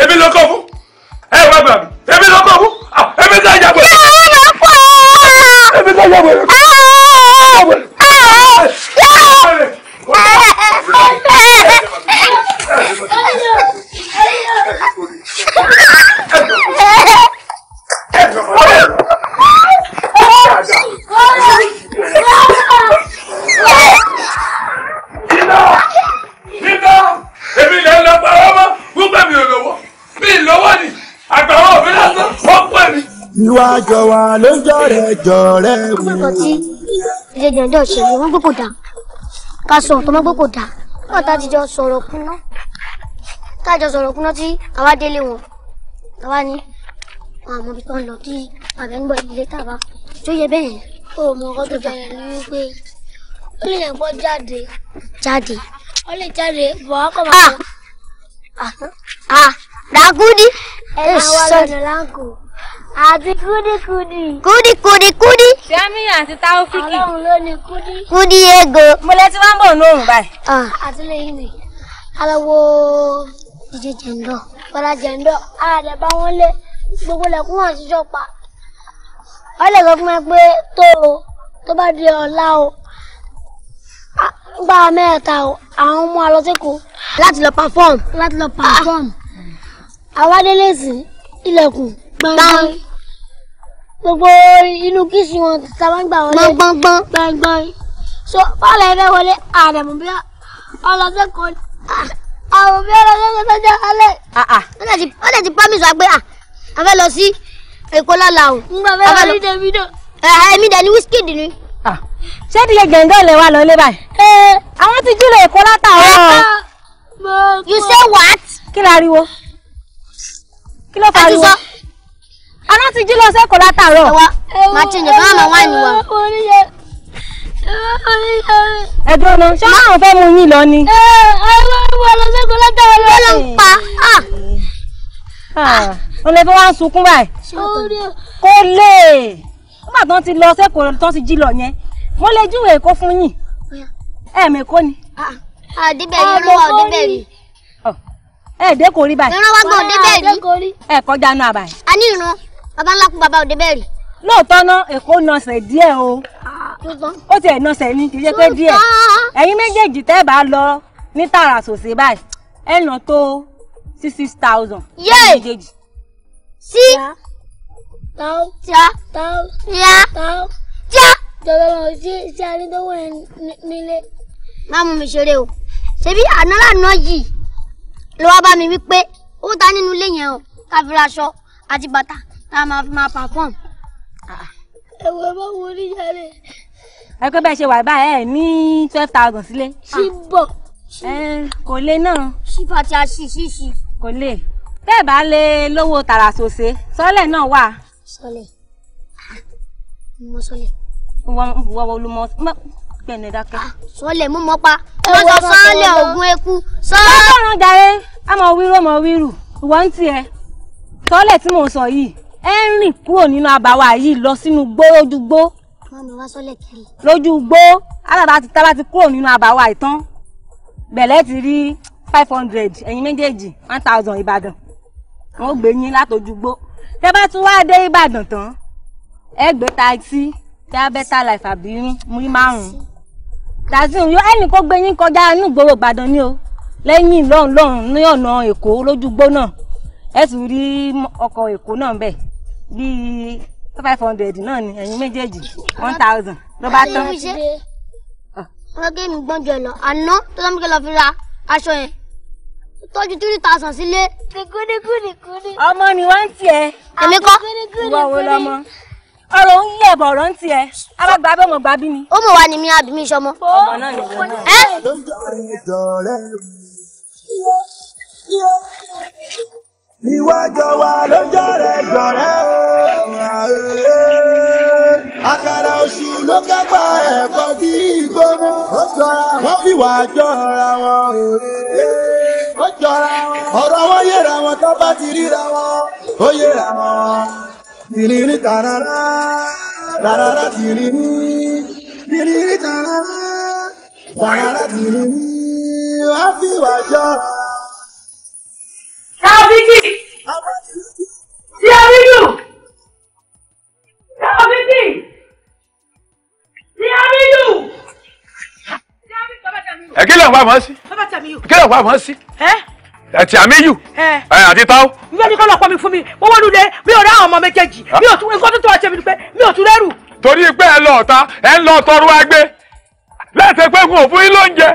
èmi ló kọ́ fún ẹ wá gbà mí èmi ló kọ́ fún èmi ká yàgbọ́. kí ló ń lọ fún ọ. èmi ká yàgbọ́. ìwà jọ̀wà ló ń jọ̀rẹ̀ jọ̀rẹ̀ wò. ọgbà kan tí ilé ìjọba òṣèlú wọn gbogbo dà ká sọ ọ̀tọ̀ wọn gbogbo dà wọn ta ti jọ sọ̀rọ̀ kúná ká jọ sọ̀rọ̀ kúná tí àwa délé wọn àwa ni wọn àmọ́ ibi tó ń lọ tí àbẹ̀ ń bọ̀ ilé tàbá tó yẹ bẹ́ẹ̀ ó mọ ọkọ tó bẹ̀rẹ̀ ní wípé ó lè yẹn bọ́ jáde. jáde. ó lè jáde bọ̀ ọ́ kọ́ máa. ah ah Ragudi. Ah! ẹ máa wá lọ́nà lágùn àti kúdíkúdí. kúdíkúdí kúdí. sẹ́mi àti táófíkì. ọlọ́run ló ní kúdí. kúdí ego. mo lẹ ti wá ń bọ̀ ní òrùn báyìí. àtìlẹyìn mi alawo ìdí jẹ̀ǹdọ̀ padà jẹ̀ǹdọ̀ àdẹ bá wọn lé gbogbo lẹ́kún wọn àtijọ́ pa. wọ́n lè sọ fún mi pé tó o tó bá di ọ̀la o gba mẹ́ta o àwọn ọmọ alọ́sẹ́kù. láti lọ perform. láti lọ perform. Ah. àwa délé sí ilẹ̀kùn gbọ̀ngbọ̀n gbogbo inú kìsì wọn ta máa ń gbà wọlé gbọ̀ngbọ̀n gbọ̀ngbọ̀n so báàlẹ̀ ẹ̀rẹ́ wọlé àdàmú bí ọlọ́sẹ̀ kan àwọn bí ọlọ́sẹ̀ kan tó jẹ́ alẹ́. Ah, ah. ó lè ti pọ́nmi sọ pé ah, a fẹ́ lọ sí Èkó lọ́la o. n gbà fẹ́ lọ sí Davido. Eh, eh, èmi dẹ̀ ni Wizkid ni. ṣé ìdílé gẹ̀ǹgẹ̀ lè wà lọ́lé báyìí. Eh. àwọn ti júlọ Èkó látàwọn. you say what? kí la ariwo kí ló fa ariwo náà ti jí lọ sẹ́kọ̀ọ́ látàárọ̀. ẹwà máa ti ǹjẹ́ báwọn wà ní wa. ẹ̀dùn ọ̀nà ṣé àwọn fẹ́ mú yín lọ ni. ẹ̀rọ ìwà lọ sẹ́kọ̀ọ́ látàárọ̀. ó lọ ń pa. ó lè fi wá ń sunkún báyìí. kó lè nígbà tó ti lọ sẹ́kọ̀ọ́ tó ti jí lọ yẹn mo lè júwe èkó fún yín ẹ̀ẹ̀mẹ̀kó ni. àdìbẹ̀ yìí ló wà ọ̀dìbẹ̀ yìí ẹ dé kò rí báyìí. ìran wa gbọ́ ah, débẹ̀ rí. ẹ kọjá náà a ní ìran bàbá ńlá kún bàbá òde bẹ́ẹ̀ rí. lóòótọ́ ná èkó nọsẹ̀ díẹ̀ o ó tiẹ̀ nọsẹ̀ ní kì í ṣe pé díẹ̀ ẹ̀yin méjèèjì tẹ́ bá lọ ní tààrà sòsè báyìí ẹ̀ nà tó six six thousand. yéè méjèèjì. sí. tíá tíá tíá. jọ̀dọ̀ lọ sí sí arídọ́wọ́ yẹn nílé. má mú mi ṣeré o ṣebí àná lànà yìí ló wá bá mi wí pé ó ta nínú ilé yẹn o ká fi ra aṣọ àti bàtà tá a máa fi máa perform. ẹ̀wọ̀n ah. ẹ̀ bá wo oníjàre. ẹ pé bẹ́ẹ̀ ṣe wà báyìí ẹ̀ ní twelve thousand sílé. ṣí bọ̀. kò lè náà. ṣí fati aṣí ṣí ṣí. kò lè tẹ́ ẹ̀ bá lè lówó tààrà sòṣe sọ́lẹ̀ náà wà. sọ́lẹ̀ mo sọ́lẹ̀. wọ́n wọ́n ló mọ gbẹ̀nẹ̀ dákẹ́. Ah, sọ́lẹ̀ mú mọ́ pa. ẹ wọ sọ́lẹ̀ ògùn eku. sọ́lẹ̀. sọ́lẹ̀ jàre a máa wíru a wíru ìwọ ń tiẹ̀ sọ́lẹ̀ tí mò sọ yìí ẹ ń rìn kúrò nínú àbáwá yìí lọ sínú gbó lójú gbó lójú gbó aládàá ti tábà ti kúrò nínú àbáwá ìtàn bẹ̀lẹ́ ti rí five hundred ẹ̀yin méjèèjì one thousand ìbàdàn wọn ò gbé yín látojú gbó tẹ bá tún wá dé ìbàdàn tán ẹ gbé taxi tẹ life àbí múrí márùn-ún dazim yóò ẹnì kó gbé yín kọjá inú ìgboro ìbàdàn ni o lẹ́yìn lọ́hùn lọ́hùn ní ọ̀nà èkó lójúgbó náà ẹ sì rí ọkọ̀ èkó náà bẹ́ẹ̀ bíi five hundred náà ni ẹ̀yin méjèèjì one thousand ló bá tán. wọ́n gé mi gbọ́njọ lọ àná tó sọ́mi kí lọ fi ra aṣọ yẹn tọ́jú three thousand sílé. ọmọ ni wọ́n ń tiẹ̀. Ah, èmi kọ́ ìwọ wo lọmọ ọ̀rọ̀ ń yẹ bọ ọ̀rọ̀ ń tiẹ̀ alágbà bẹ mọ gbà bí ni. ó mọ wa ni mi àbí mi sọmọ. ọmọ náà ni wọn náà ìwájọ wa ló jọrẹ jọrẹ o. àkàrà oṣù ló kápá ẹ̀kọ́ sí ìgbóná. ó jọra wọ́n fi wà jọra wọn. ó jọra wọn. ọ̀rọ̀ wọn yẹra wọn tó bá ti ríra wọn. ó yẹra wọn. tìrìrì tàràrà tàràrà tìrìrì tìrìrì tàràrà tàràrà tìrìrì wọ́n fi wà jọra. Tabiki! Diabidu! Tabiki! Diabidu! Ẹ kí lè wá mọ́ sí? Bàbá Tàmíyù. Kí lè wá mọ́ sí? Ẹ́. Ẹ̀tì àmíyù. Ẹ. Ẹ àti táwọ́. Mi fẹ́ ní kọ́ lọ pọ̀ mi fún mi. Mo wọ́n lulẹ̀ mi ò rá àwọn ọmọ méjèèjì. Mi ò tún nǹkan tó tó ọ̀ṣẹ́ mi pé mi ò tún rẹ́rù. Torí pé ẹ lọ ọ̀tá, ẹ ń lọ tọrọ agbé. Láti pé fún òfin lóúnjẹ,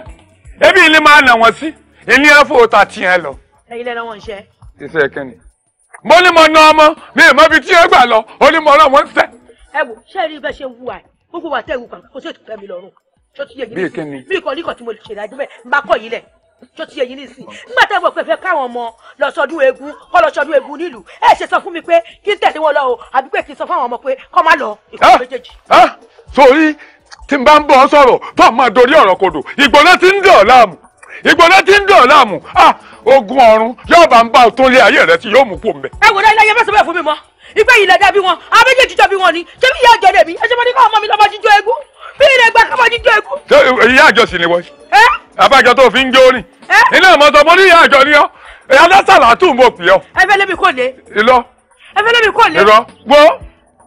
ebi ìlú máa nà wọ́n sí. Ilé ẹ̀fọ́ ta tiẹ̀ lọ ẹ̀yin lẹ́nu wọn ṣe. iṣẹ́ kẹ́ni. mo ní mo ná ọmọ mi ì mọ ibi tí ó gbà lọ ó ní mo rán wọn sẹ. ẹ wò ṣé rí bẹ́ẹ̀ ṣe wù wá gbogbo wa tẹ̀ wù kàn kó sì tẹ̀ mí lọ́rùn tó ti yẹ yín nísìnyí mi kò tí mo ṣe ìdájọ́ bẹ́ẹ̀ n bá kọ̀ yín lẹ̀ tó ti yẹ yín nísìnyí nígbà tẹ́ wọ́n pẹ̀fẹ́ káwọn ọmọ lọ sọdún eegun kọ́ lọ sọdún eegun nílùú ẹ ṣe sọ fún mi pé kí n tẹ̀lé lọ o àbí pé kí n sọ fún àwọn ọmọ pé kọ́ má lọ ìkọ́ ah! ah! tí n bá ń bọ̀ ọ́ sọ̀rọ̀ tó máa dorí ọ̀rọ̀ kodò ìgbóná ti ń dọ̀ láàmú ìgbóná ti ń dọ̀ láàmú ah! ogun ọ̀run yóò bá ń bá òtún lé ayé rẹ tí yóò mú kó mbẹ. ẹ wò láyé fẹsẹ̀ bẹ́ẹ̀ fún mi mọ́ ìgbẹ́ yìí lẹ dàbí wọn àwọn méjèèjì jọ bí wọn ni ṣé bí ìyá àjọ lèmi ẹ ṣe máa ní káwọn ọmọ mi lọ́mọ jíjọ egun bí ilẹ̀ gbà káwọn jíjọ egun. ṣé ìyá àjọ sì ni wọ́n. ẹ abájọ tó fi ń jó ni. ẹ iná ìmọ̀tọ́ mo ní ìyá àjọ ni ọ́ ìyá lẹ́sàlá tún bò pì ọ́. ẹ fẹ́ lébi kò lé. ìlọ. ẹ fẹ́ lébi kò lé. ìlọ gbọ́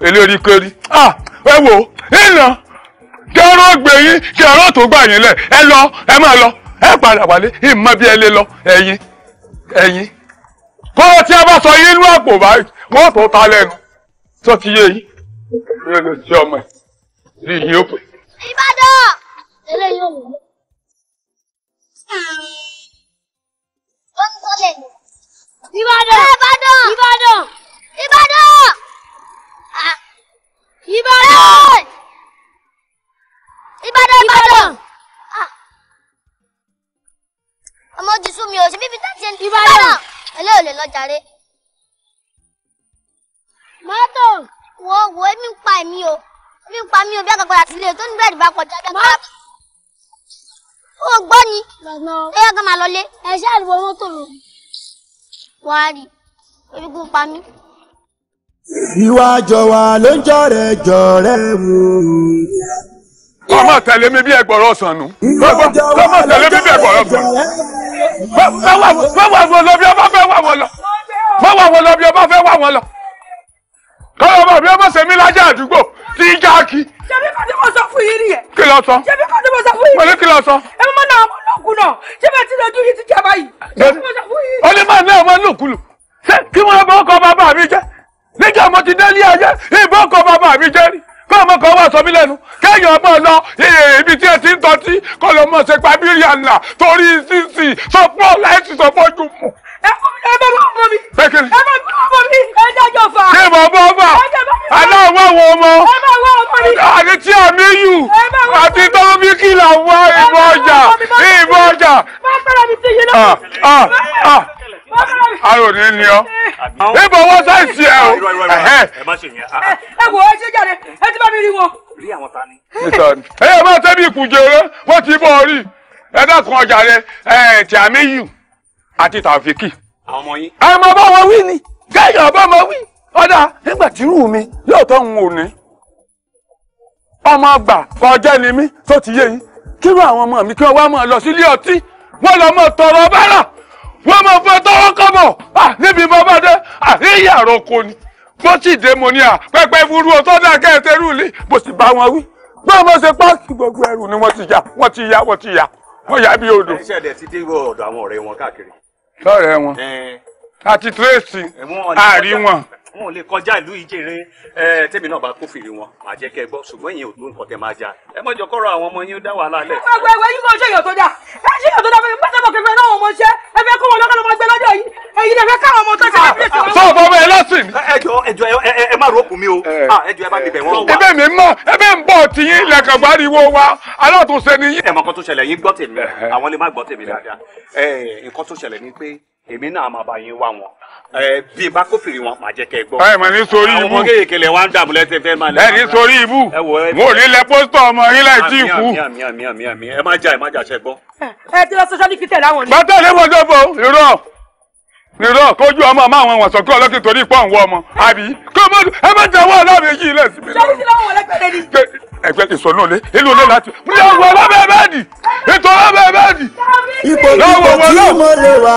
eléri kéri ah ẹ wò ìlà kẹrọ gbè yín kẹrọ tó gbà yín lẹ ẹ lọ ẹ máa lọ ẹ padà wálé ìmọ bí ẹ lé lọ ẹ̀yin ẹ̀yin kó tí a bá sọ yín inú àpò báyìí wọn tó ta lẹ́nu tó ti yé yín Ìbàdàn eléyìí ò wù. ó ń sọ lẹ́nu. Ìbàdàn Ìbàdàn Ìbàdàn Ìbàdàn. Ìbàdàn! Ìbàdàn Ìbàdàn! Ọmọ ti sún mi ò ṣe bíbi táti ẹni Ìbàdàn. Ẹlẹ́ ò lè lọ jàre. Mọ́tò. Wo wo èmi ń pa èmi o. Èmi ń pa mi o bí àgbàgbà àti ilé tó ní bẹ́ẹ̀ bá kọjá bí àgbàgbà. Ó gbọ́ ni. Ẹ yá ká máa lọlé. Ẹ ṣáà lè wọ mọ́tò lò. Wàá rí. Ebi kò pa mí ìwà jọ̀wà ló ń jọ̀rẹ̀ jọ̀rẹ̀ wò. kọ́ máa tẹ̀lé mi bí ẹgbọ̀rọ̀ ọ̀sán nu kọ́ máa tẹ̀lé mi bí ẹgbọ̀rọ̀ ọ̀sán nu má wà wọ́n lọ bí ọba fẹ́ wà wọ́n lọ má wà wọ́n lọ bí ọba fẹ́ wà wọ́n lọ kọ́lọ́ bá bí ọmọ sẹ́mi lájà àdúgbò tí í jáàkì. ṣebí kan tí mo sọ fún yín nìyẹn. kí ló sọ. ṣebí kan tí mo sọ fún yín. pẹ̀lú kí ló sọ. ẹ mọ náà ọmọ lókun náà ṣé bẹ́ẹ̀ ti lójú yìí ti jẹ báyìí. ṣebí mo sọ fún yín. ó ní máa ná ọmọ lókun lù. ṣé kí wọ́n bá ọkọ̀ bàbá mi jẹ́ níjẹ́ mo ti délé ayé ìbọn kọ bàbá mi jẹ́rìí kọ́ ọmọ kan wà sọ mí lẹ́nu kéèyàn ọmọ lọ ibi tí ẹ ti ń tọ́tí kọ́ lọ mọ̀ ṣe pàbírí àlà torí sísì sọ pé ọ̀la ẹ̀ sì sọ pé ojú mu. ẹ bá bá ọmọ mi ẹ bá bá ọmọ mi ẹ jẹjọ fà. ṣé mo bọ́ fà aláwọ̀ wo ọmọ àti tí a mi yù àti tọ́wọ́ mi kìlà wá ìbọn ọjà ìbọn ọjà. má pẹ́rẹ́ mi ti yín náà arò ní ni ọ ibò wọn sáìsì ẹ o. ẹ má ṣe yẹn. ẹ wò ó ṣe jáde ẹ ti bá mi rí wọn. rí àwọn ta ni. ẹ máa tẹ́ bí ìkùnjẹ́rẹ́ wọ́n ti bọ̀ ọ rí ẹ dákun ọjà rẹ ẹ tí a méyù àti tàfíkì. àwọn ọmọ yín. ẹ máa bá wọn wí ni gẹ́gẹ́ ọba máa wí ọ̀dà nígbà tí irú mi yóò tó ń wò ní. ọmọ àgbà ọjọ́ ni mí tó ti yé yín kírú àwọn ọmọ mi kí wọ́n wá máa lọ sílé ọtí wọ́n lọ máa tọrọ bárà wọ́n máa fẹ́ tọ́wọ́ kọ́bọ̀ níbi mo bá dé àríyá àròkọ ni bó sì dé mo ní à pẹpẹ fúru ọtọ́ náà kẹ́hìntẹ́ rúlé bó sì bá wọn wí bá wọn ṣe páàkì gbogbo ẹrù ni wọ́n ti ya wọ́n ti ya wọ́n ti ya wọ́n ya bí odò. iṣẹ́ ẹ̀dẹ̀ ti dé ọ̀dọ̀ àwọn ọ̀rẹ́ wọn káàkiri. lọ́rẹ̀ẹ́ wọn àti tírèsì àrí wọn wọn ò lè kọjá ìlú ìjèrè ẹ tèmi náà bá kófìrí wọn màá jẹ́ kẹ́ gbọ́ ṣùgbọ́n ìyẹn ò tó nǹkan tẹ́ máa jà ẹ mọ̀jọ kọ́rọ̀ àwọn ọmọ yín dá wàhálà lẹ̀. àgbà ẹ̀wẹ̀ yín kò ṣe èèyàn tó dà ẹ ṣe èèyàn tó dà fẹ́ẹ́ pàṣẹ bọ̀kẹ́fẹ́ náà wọn mọṣẹ́ ẹ fẹ́ kó wọn lọ́kọ́ lọ́mọ gbẹ lọ́jọ́ yìí ẹ̀yin lè fẹ́ káwọn ọmọ tó ṣe lẹ́pẹ̀sì wọn. sọ bọ́ bẹ́ẹ̀ lọ́sìn. ẹjọ ẹjọ ẹ má ròkùn mi o ẹjọ ah, ẹ bá mi bẹ̀ wọ́n. ebe mi mọ ebe ń bọ̀ tí yín lẹ́kàn bá wa alátùnṣe ni yín. ẹ̀mọ́ kan tó ṣẹlẹ̀ yín gbọ́ tèmi àwọn lè má gbọ́ tèmi dáadáa nǹkan tó ṣẹlẹ̀ ni pé èmi náà máa bá yín wá wọn bí n bá kófìrí wọn màá jẹ́ kẹ́ ẹ gbọ́. ẹ mọ̀ ibu. ibú àwọn ọmọ kéèké lẹ̀ wá ń dààmú lẹ́sẹ̀ fẹ́ máa lẹ́yìn. ẹ nítorí ibú mo rí lẹ pósítọ̀ ọmọ yín láì tí ì kú. ẹ má jà ẹ má jà ṣe gbọ́. ẹ ti lọ sọ́sọ́ ní fìtẹ̀ láwọn ni. bàtà lè wọ́n dọ́bọ̀ irọ́ irọ́ kójú ọmọ ọmọ àwọn wọ̀n sọ̀kọ́ ọlọ́kì torí pọ̀ ń wọ ọmọ àbí kó ẹ má jà wọ́n láàbẹ̀ yìí lẹ́sìn mi. ṣé ẹgbẹ́ ti sọ náà lé ìlú lé láti. lọ́wọ́ lábẹ́ bẹ́ẹ̀dì ètò lábẹ́ bẹ́ẹ̀dì. ipò ipò tí mo lè wà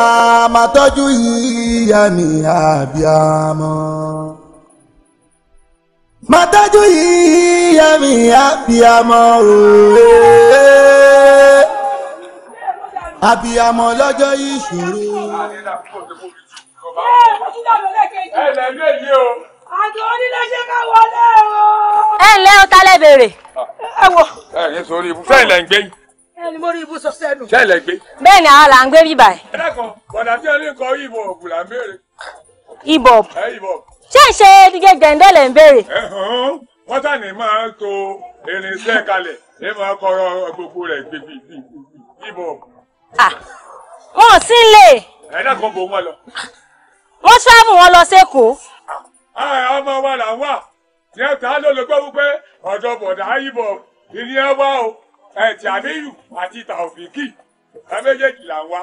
má tọ́jú ìyá mi àbíamọ. má tọ́jú ìyá mi àbíamọ òwe. àbíamọ lọ́jọ́ ìṣòro. ẹ ẹ mo ti dàgbẹ́ o. àti ẹ ǹlẹ́ o ta lẹ bèrè. Ah. ẹ wọ. ẹ ní sórí lẹ ń gbé. ẹ ní mo rí sẹ́nu. gbé. bẹ́ẹ̀ ni àwọn ẹ dẹ́kun bọ̀dà tí olú nǹkan ìbò ògùn là ń béèrè. ìbò. ẹ ìbò. ṣé máa ń to irinṣẹ́ kalẹ̀ ní máa kọ́rọ́ gbogbo rẹ̀ ìbò. wọn ò wọ́n lọ. wọ́n ọmọ wa là ń wà tí ẹ ta ló lè gbọ́ wípé ọ̀dọ̀ bọ̀dà ayíbọ̀ ìní ẹ wá o ẹ tí àmíyù àti tàòfìkì ẹ méjèèjì là ń wá.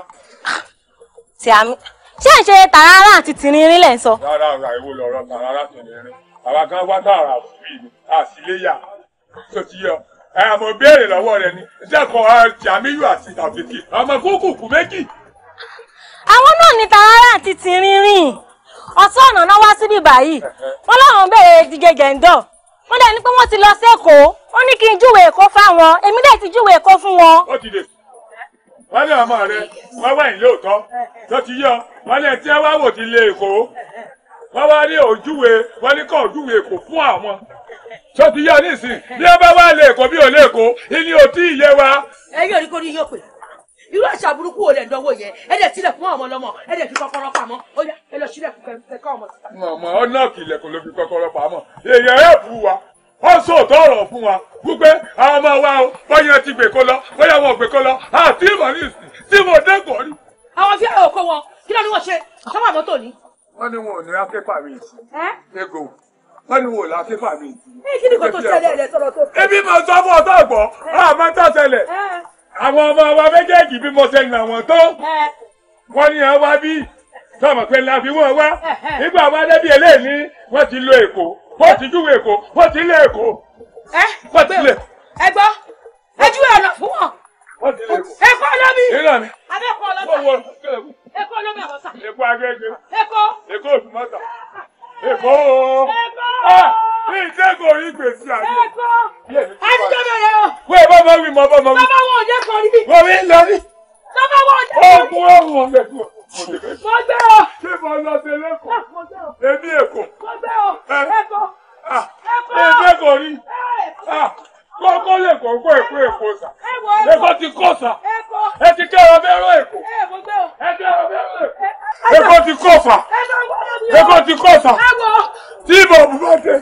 tí a ṣé ẹ ṣe tàràrà àti tìrìnrìn lẹ ń sọ. rárá rà èwo lọ̀rọ̀ tàràrà tìrìnrìn àwa kan wá tààrà òfin ni àṣìléyà tó ti yọ ẹ mo béèrè lọ́wọ́ rẹ ni dẹ́kun ẹ tí àmíyù àti tàòfìkì ọmọ kúkú kú méjì. àwọn náà ní tàràrà àti tìrìnrìn ọ̀sán ọ̀nà náà wá síbí báyìí wọ́n láwọn bẹ̀rẹ̀ dìje gẹ̀ǹdọ̀ wọ́n dẹ̀ ní pé wọ́n ti lọ sí èkó ó ní kí n júwe èkó fáwọn èmi dẹ̀ ti júwe èkó fún wọn. ó ti dè wọ́n ọmọ rẹ wọ́n wá ìlé tó ti yọ wọ́n tí wọ́n wò ti lé èkó wọ́n wá ní òjúwe wọ́n ní kọ́ òjúwe èkó fún àwọn tó ti yọ nísìn bí wọ́n bá wá lé èkó bí ò lé èkó ilé òtí ìyẹ wa. ẹ yóò rí ní yóò pè irú àṣà burúkú ò lẹ̀ lọ́wọ́ yẹn ẹ dẹ̀ tilẹ̀ fún ọmọ lọ́mọ ẹ dẹ̀ fi kọ́kọ́rọ́ pamọ́ ó yá ẹ lọ sílẹ̀ fún kẹ́kọ́ ọmọ. mọ̀mọ́ ọ̀nà kìlẹ̀kùn ló fi kọ́kọ́rọ́ pamọ́ èèyàn ẹ̀ bù wá ó sòótọ́ ọ̀rọ̀ fún wa wípé àwọn ọmọ wa o bóyá ti gbè kó lọ bóyá wọn gbè kó lọ àti ìmọ̀ ní ìsìn tí mo dẹ́kọ̀ọ́ rí. àwọn fíà ò kó wọn kí ló ní wọn ṣe sọ́wọ́ àmọ́tò ni. wọ́n ní wọn ò ní afẹ́fà mi ìsìn. ego wọ́n ní wọn ò ní afẹ́fà mi ìsìn. kí ni kò tó ṣẹlẹ̀ rẹ̀ sọ̀rọ̀ tó. ebi máa sọ fún ọ̀tọ̀ àgbọ̀ àmọ́ tó ṣẹlẹ̀ àwọn ọmọ wa méjèèjì bí mo ṣe nà wọ́n tó eh. wọ́n ní àwọn wá bí sọ̀mọ̀ pé la fi wọ́n wá eh, eh. nígbà wa débi eléyìí wọ́n ti lo èkó wọ́n ti júwe èkó wọ́n ti lé èkó. ẹ gbọ́ ẹ gbọ́ ẹ júwe ọ̀nà fún wọn. èkó lómi abẹ́kọ̀ lọ́tà èkó lómi àbọ̀sà èkó agége èkó èkó òsùnmọ́tà. Èkó o. Ah, ní ìtẹ́kọ̀ orí gbèsè àná. Èkó. Àdìjọ́ bẹ̀rẹ̀ o. Wẹ́ẹ̀ bá máa wí mọ́ bá máa wí. Bàbá wọn ò jẹ́ kọ́ níbí. Wọ́n mi ń lọ ní. Bàbá wọn ò jẹ́ kọ́ níbí. Ó kún ọ̀hún ọ̀gbẹ̀kùn. Mo gbẹ́ o. Ṣé mo lọ sí Èkó? Ah, mo gbẹ́ o. Èmi Èkó. Mo gbẹ́ o. Eh. Èkó. Ah, Èkó. Èmi Èkó rí. Eh, Èkó kọ́kọ́ lè kọ́ kó èkó èkó sà èkó ti kó sà ẹ ti kẹ́rọ bẹ́rọ èkó ẹ kẹ́rọ bẹ́rọ èkó èkó ti kó sà èkó ti kó sà tí ìbò bùbá tẹ.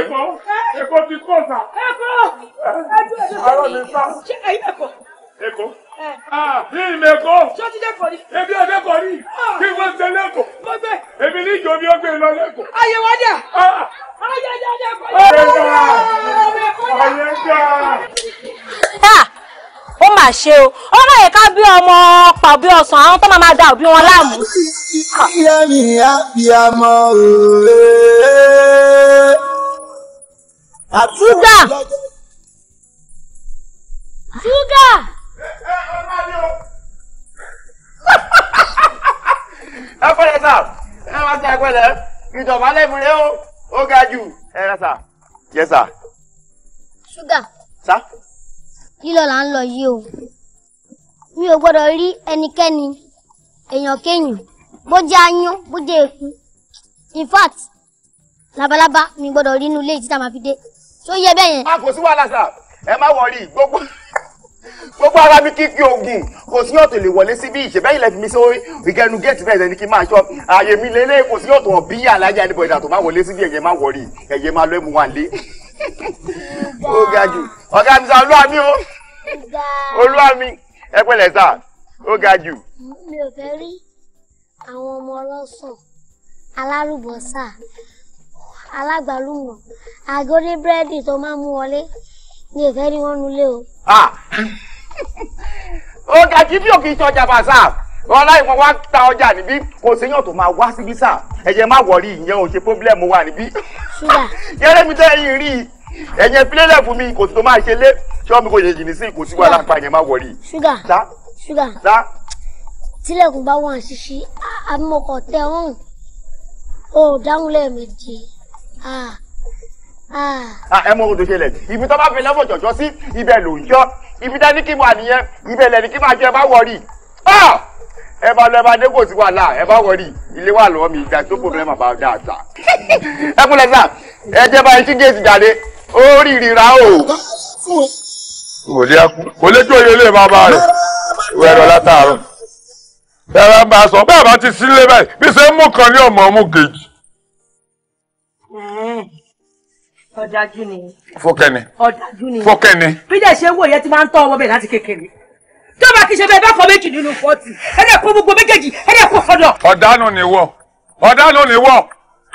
Èkó èkó ti kó sà. Àrọ̀ mi sá. Eko, Èkó. Ah, Ìmẹ̀kọ́. Ṣé o ti dẹ́kọ̀ rí? Ebi ò dẹ́kọ̀ rí. Ah. Kí wọ́n ṣe lẹ́kọ̀ọ́. Mo gbé. Èmi ní ìjọ mi ó gbé lọ lẹ́kọ̀ọ́. Ayé wa dà. Ah. Ayé dà dẹ́kọ̀ rí. Ayé dà. Ayé dà. Ó mà ṣe o, ọmọ yìí ká bí ọmọ ọ̀pá bí ọ̀sán àwọn tó máa máa da òbí wọn láàmú. Ìyá mi ẹ pẹ̀lẹ́ sà ẹ má ṣe àpẹẹlẹ ìjọba lẹ́fúnlẹ́ o ó ga jù ẹ rẹ sà yẹ sà. ṣúgà. sà. lílọ là ń lọ yìí o mi ò gbọ́dọ̀ rí ẹnikẹ́ni èèyàn kéèyàn bó jẹ́ ayán bó jẹ́ èkú in fact labalábá mi gbọ́dọ̀ rí inú ilé ìjìtá máa fi dé tó yẹ bẹ́ẹ̀ yẹn. a kò sí wàhálà sà ẹ má wọrí gbogbo gbogbo ara mi kíkí ogun kò sí ọ̀tọ̀ lè wọlé sí bí ìṣẹ̀bẹ́ ilẹ̀ fi mi sọ ìgẹnu géètì bẹ́ẹ̀ ni kí n máa ṣọ́ ààyè mi lélẹ̀ kò sí ọ̀tọ̀ bí alájà níbo ìdàtọ̀ máa wọlé sí bí ẹ̀yẹ máa wọ̀rì ẹ̀yẹ máa lọ ẹ̀mú wa lé. ó ga jù ọ̀gá mi sọ olúwa mi o olúwa mi ẹ pẹ̀lẹ́ sà ó ga jù. mi ò fẹ́ rí àwọn ọmọ ọlọ́sàn alárùbọ̀sà alágbàlùmọ̀ àgọ́dé búrẹ́dì tó máa mú wọlé mi ò fẹ́ rí wọn nulẹ̀ o. Ah! ó ga kí bí òkè ìṣọjà bá sáà wọn láì wọn wá ta ọjà níbí kò séyàn tó máa wá síbí sáà ẹ̀jẹ̀ má wọrí ìyẹn ò ṣe pọ́blẹ́mù wà níbí. yẹ́rẹ́mi tẹ́ ẹ̀yìn rí i ẹ̀yẹn pílẹ̀lẹ̀ fún mi kò tó máa ṣe lé ṣọ́ọ́ mi kò yẹ jìnnì sí kò sí wàhálà pa ẹ̀yẹn má wọrí. ṣúgà ṣúgà tílẹ̀kùn bá wọn àṣìṣe àmọ́kọ̀ tẹ̀ ọ̀hún ò dáhùn lẹ́ẹ̀mejì. Ah. Ah. Ah, ẹ mọ ohun tó ṣẹlẹ̀ ibi tó bá fi lẹ́fọ̀ jọ̀jọ́ sí ibẹ̀ ló ń yọ ibi tá ní kí wà nìyẹn ibẹ̀ lẹ́ni kí máa jẹ bá wọrí ah! ẹ bá lọ ẹ bá dé kò sí wàhálà ẹ bá wọrí ilé wà lọ́wọ́ mi ìgbà tó problem àbá dáa ta ẹ kúnlẹ̀ sà ẹ jẹ́ báyìí tí géètì jáde ó rí ìrira o. kò lè kú kò lè tó oyè lè máa bá rẹ̀ wẹ̀rọ látàárọ̀ bẹ́ẹ̀ bá sọ bẹ́ẹ̀ bá ti sílé báyìí bí ṣe ń mú kan ní ọmọ mú kejì. ọ̀dájú ni. fọkẹ́ni. ọ̀dájú ni. fọkẹ́ni. bí dẹ̀ ṣe ń wò yẹn ti máa ń tọ́ ọwọ́ bẹ̀ láti kékeré tó bá kí ṣe bẹ́ẹ̀ bá fọ méjì nínú fọ́ọ̀tì ẹ̀dẹ̀ kó gbogbo méjèèjì ẹ̀dẹ̀ kó sọ́dọ̀. ọ̀dánù ni wọ ọ̀dánù ni wọ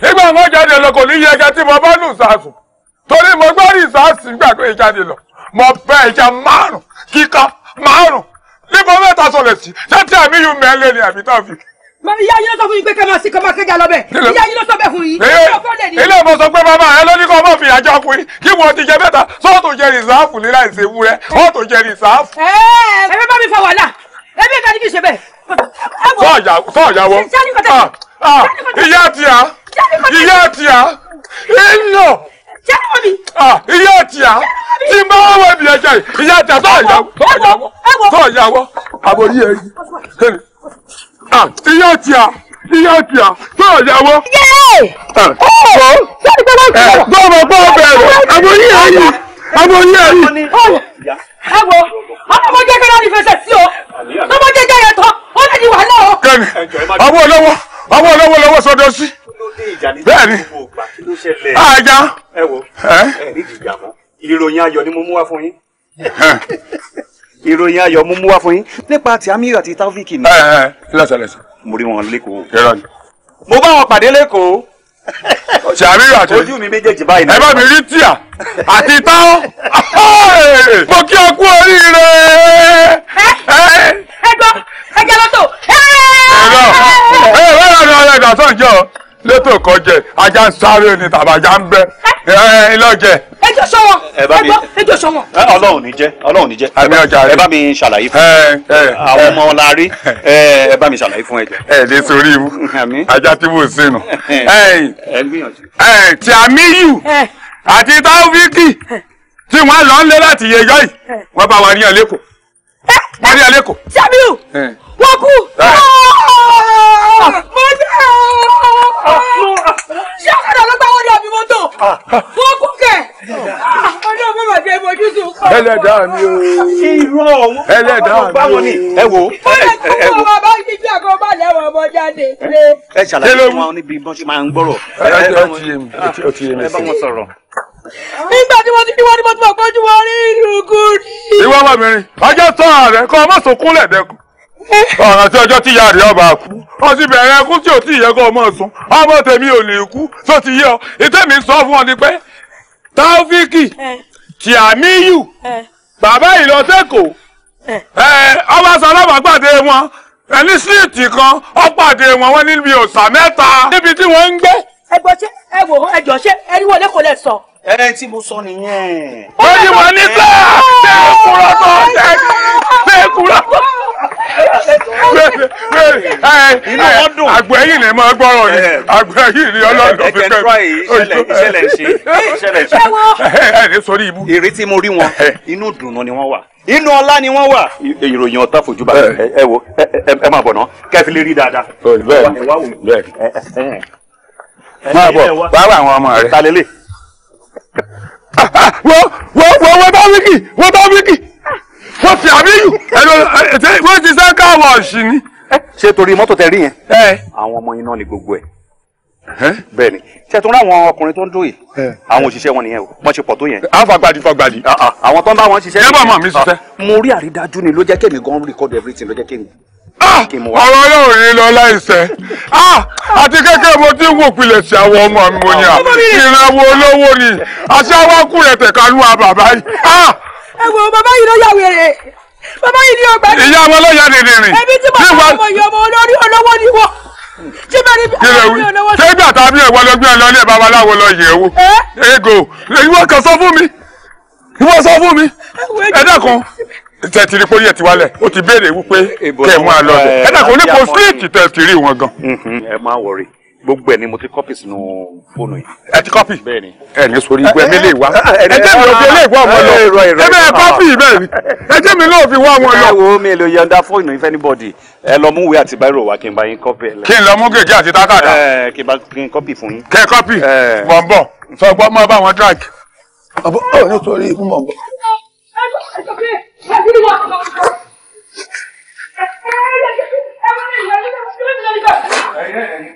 nígbà wọn jáde lọ kò ní yẹ ẹgẹ tí mo bá lù sàásù torí mo gbọ́ rí sàásù nígbà tó ìjáde lọ mo bẹ ìjà márùn kíkọ márùn níbo mẹ́ta sọlẹ̀ sí ṣé tí àmì yìí mẹ́lẹ̀ ìyá yín ló sọ fún yín pé kẹ́mọ́ sí kọ́mọ́ kẹ́jà lọ́bẹ̀ ìyá yín ló sọ bẹ́ẹ̀ fún yín. ilé ìmọ̀ sọ pé bàbá ẹ ló ní kọ́ ọmọ fìyà jẹ ọkùnrin kí wọ́n ti jẹ mẹ́ta sọ́ọ́ tó jẹ rìsáàfù ní láì ṣe wúrẹ́ ọ́ tó jẹ rìsáàfù. ẹ ẹ ẹ bá mi fa wàhálà ẹ bí ìkàdí kì í ṣe bẹ́ẹ̀. sọ ọ̀yà wọ ah, ah, ìyá tìá ìyá tìá ah, ìyá ìyá tìá tí n bá wà wọ ibi ẹja yìí ìyá tìá sọ ọ̀yà wọ sọ ọ̀yà wọ àbòrí ẹ yìí iye ọtí à iye ọtí à tó ọ̀yàwó. bọ́ọ̀mọ̀ bọ́ọ̀ bẹ̀rẹ̀ àwọn oní ẹ̀yìn àwọn oní ẹ̀yìn. ẹ wo ọmọ jẹjẹrẹ ni fẹsẹ̀ sí o ọmọ jẹjẹrẹ tán ó lè di wàhálà o. kẹ́ni àwọn olówó àwọn olówó lọ́wọ́ sọdọ sí. bẹ́ẹ̀ni àjà. ẹ wo eh? ẹ ní ìdìjà mọ́ ìròyìn ayọ̀ ni mo mú wá fún yín. Eh ìròyìn ayọ̀ mú mú wá fún yín nípa ti amíyọ̀ àti táfíìkì ni. ẹ ẹ lẹsẹlẹsẹ. mo rí wọn lẹ́kọ̀ọ́. kẹrọ ni. mo bá wọn pàdé lẹ́kọ̀ọ́. sàmírò àti. ojú mi méjèèjì báyìí. ẹ bá mi rí tíà àti táwọn. mo kí ọ kú oríire. ẹ ẹ gbọ́ ẹ jẹ́ lọ́tò. ẹ lọ ẹ ẹ lọ́dọ̀ ọ̀dọ̀ sọ̀njọ́ létò kọjẹ ajá ń sáré ni tàbí ajá ń bẹ ẹ ìlọjẹ. ẹ jọ sọ wọn ẹ bá mi ẹ jọ sọ wọn. Ọlọ́run ní jẹ Ọlọ́run ní jẹ ẹ bá mi ṣàlàyé fún àwọn ọmọ ọlárí ẹ bá mi ṣàlàyé fún ẹjẹ. ẹ lè sori ibu ajá tí mo sìn nù. ẹ tí ti mí yù àti táwíkì tí wọn lọ ń lé láti yẹyọ yìí wọn bá wa ní ọlẹkọ wọn ní ọlẹkọ. sábìù wọn kú. mo dé o ṣé ọ̀kadà ló mi o irọ́ ẹlẹ́dàá mi o báwo ni ẹ wò. ó lè tún jíjí àgọ́ bá lẹ́wọ̀n ọmọ jáde. ẹ ṣàlàyé fún wọn níbi bọ́n ṣe máa ń gbọ́rọ̀. ẹ ti yé mi nígbà tí mo ti wọ́n ní mo ti mọ̀ pé ojú wọn rí ìrùkù rí. ìwọ́n bàmí rin ajá sọ ààrẹ kọ́ ọ má sọ kúnlẹ̀ dẹ́kun ọ̀ràn tí ọjọ́ tí ìyá rẹ̀ ọba kú ó sì bẹ̀rẹ̀ ẹkún tí ò tí ìyẹ́ ọmọ sùn ọmọ tèmi ò lè kú tó ti yẹ ọ ìtẹ́mi sọ fún ọ ni pé Taofiki Tìàmíyù bàbá ìlọsẹ́kọ̀ ọba sọlọ́mà pàdé wọn ẹni síìtì kan ó pàdé wọn wọn níbi òòsà mẹ́ta níbi tí wọ́n ń gbé. ẹ gbọ́ ẹ wò ó ẹ jọ ẹ rí wọlé kò lè sọ ẹ tí mo sọ nìyẹn. ó ní wọn ní sọ àgbẹ̀yìn ni máa gbọ́rọ̀ ni àgbẹ̀yìn ni ọlọ́dún fi kẹ́ ìṣẹ̀lẹ̀ eh. ṣe ìṣẹ̀lẹ̀ ṣe ẹ̀ẹ́dẹ̀ sórí ibú. ìrètí mo rí wọn inú dùnnú ni wọ́n wà inú ọlá ni wọ́n wà. ìròyìn ọ̀tá fojúbà ẹ wo ẹ máa bọ̀ ná kẹ́fì lè rí dáadáa. máa bọ̀ wàá wà àwọn ọmọ rẹ̀. wọ́n ah, ah, wọ́n wọ́n bá wíkì wọ́n bá wíkì wọ́n fi àríyù ẹ̀rọ wọ́n ti sẹ́ káwọ̀ ọ̀sìn ni. ṣé torí mọ́tò tẹ rí yẹn. àwọn ọmọ iná ni gbogbo ẹ̀. bẹ́ẹ̀ ni ṣé tó ń ráwọn ọkùnrin tó ń dòye. àwọn òṣìṣẹ́ wọn nìyẹn o wọ́n ṣe pọ̀ tó yẹn. àfàgbàdì fàgbàdì. Ah, ah. àwọn tó ń bá wọn ṣiṣẹ́. ẹ bá mọ̀ mi ṣiṣẹ́. Ah, mo rí àrídájú ni ló jẹ́ kémi gan record everything ló jẹ́ kémi ọ̀rọ̀ yóò rí lọ láìsẹ̀ àti kékeré mo ti wò pilẹ̀ sí àwọn ọmọ mi mo ní à ìrànwọ́ olówó ni àti àwọn akúrẹ̀tẹ̀ kanú àbàbá yìí ẹ wo bàbá yìí ló yà wèrè bàbá yìí ni ọgbà ní. ìyá ọmọ lọ́yà dìde rìn. ẹbí tí mo bá ọmọ yìí ọmọ olórí olówó ni wọ́n. ṣé bá ní bí olówó ni. ṣé ìgbà tàbí ẹ̀wọ́ ló gbé ẹ lọ ní ẹ̀ babaláwo lọ yẹ̀ wò. ego ìwọ kan sọ fún mi ìwọ sọ fún mi ẹ dákun tẹ ti rí pólí ẹ ti wálẹ̀ ó ti béèrè wípé kẹ mú a lọ ẹ dákun ní kò síìtì tẹ ti rí wọn gan. Mm-hmm. ẹ má wọrí gbogbo ẹ ni mo ti kọ́pì sínú fóònù yìí. ẹ ti kọ́pì. bẹ́ẹ̀ni. ẹ ní sori igbó ẹmí lè wá. ẹ jẹ́ mi ò fi eléyìí wá wọn lọ ẹ bẹ́ẹ̀ kọ́pì bẹ́ẹ̀ ni ẹ jẹ́ mi náà fi wá wọn lọ. ẹ wo mi lè yọ̀ǹda fóònù yìí fẹ́ni bọ́ọ̀dì ẹ lọ mú ìwé àti báírò wá kí n bá yín kọ́pì ẹ lẹ. kí n lọ mú gègé àti tákàdá. ẹ kí n kọ́pì fún yín. kẹ kọ́pì bọ̀ ń bọ̀ sọ gbọ́ mọ́ bá wọn drag. ọ̀bọ̀ ọ̀ nítorí ikú mọ̀ bọ̀. Thank you.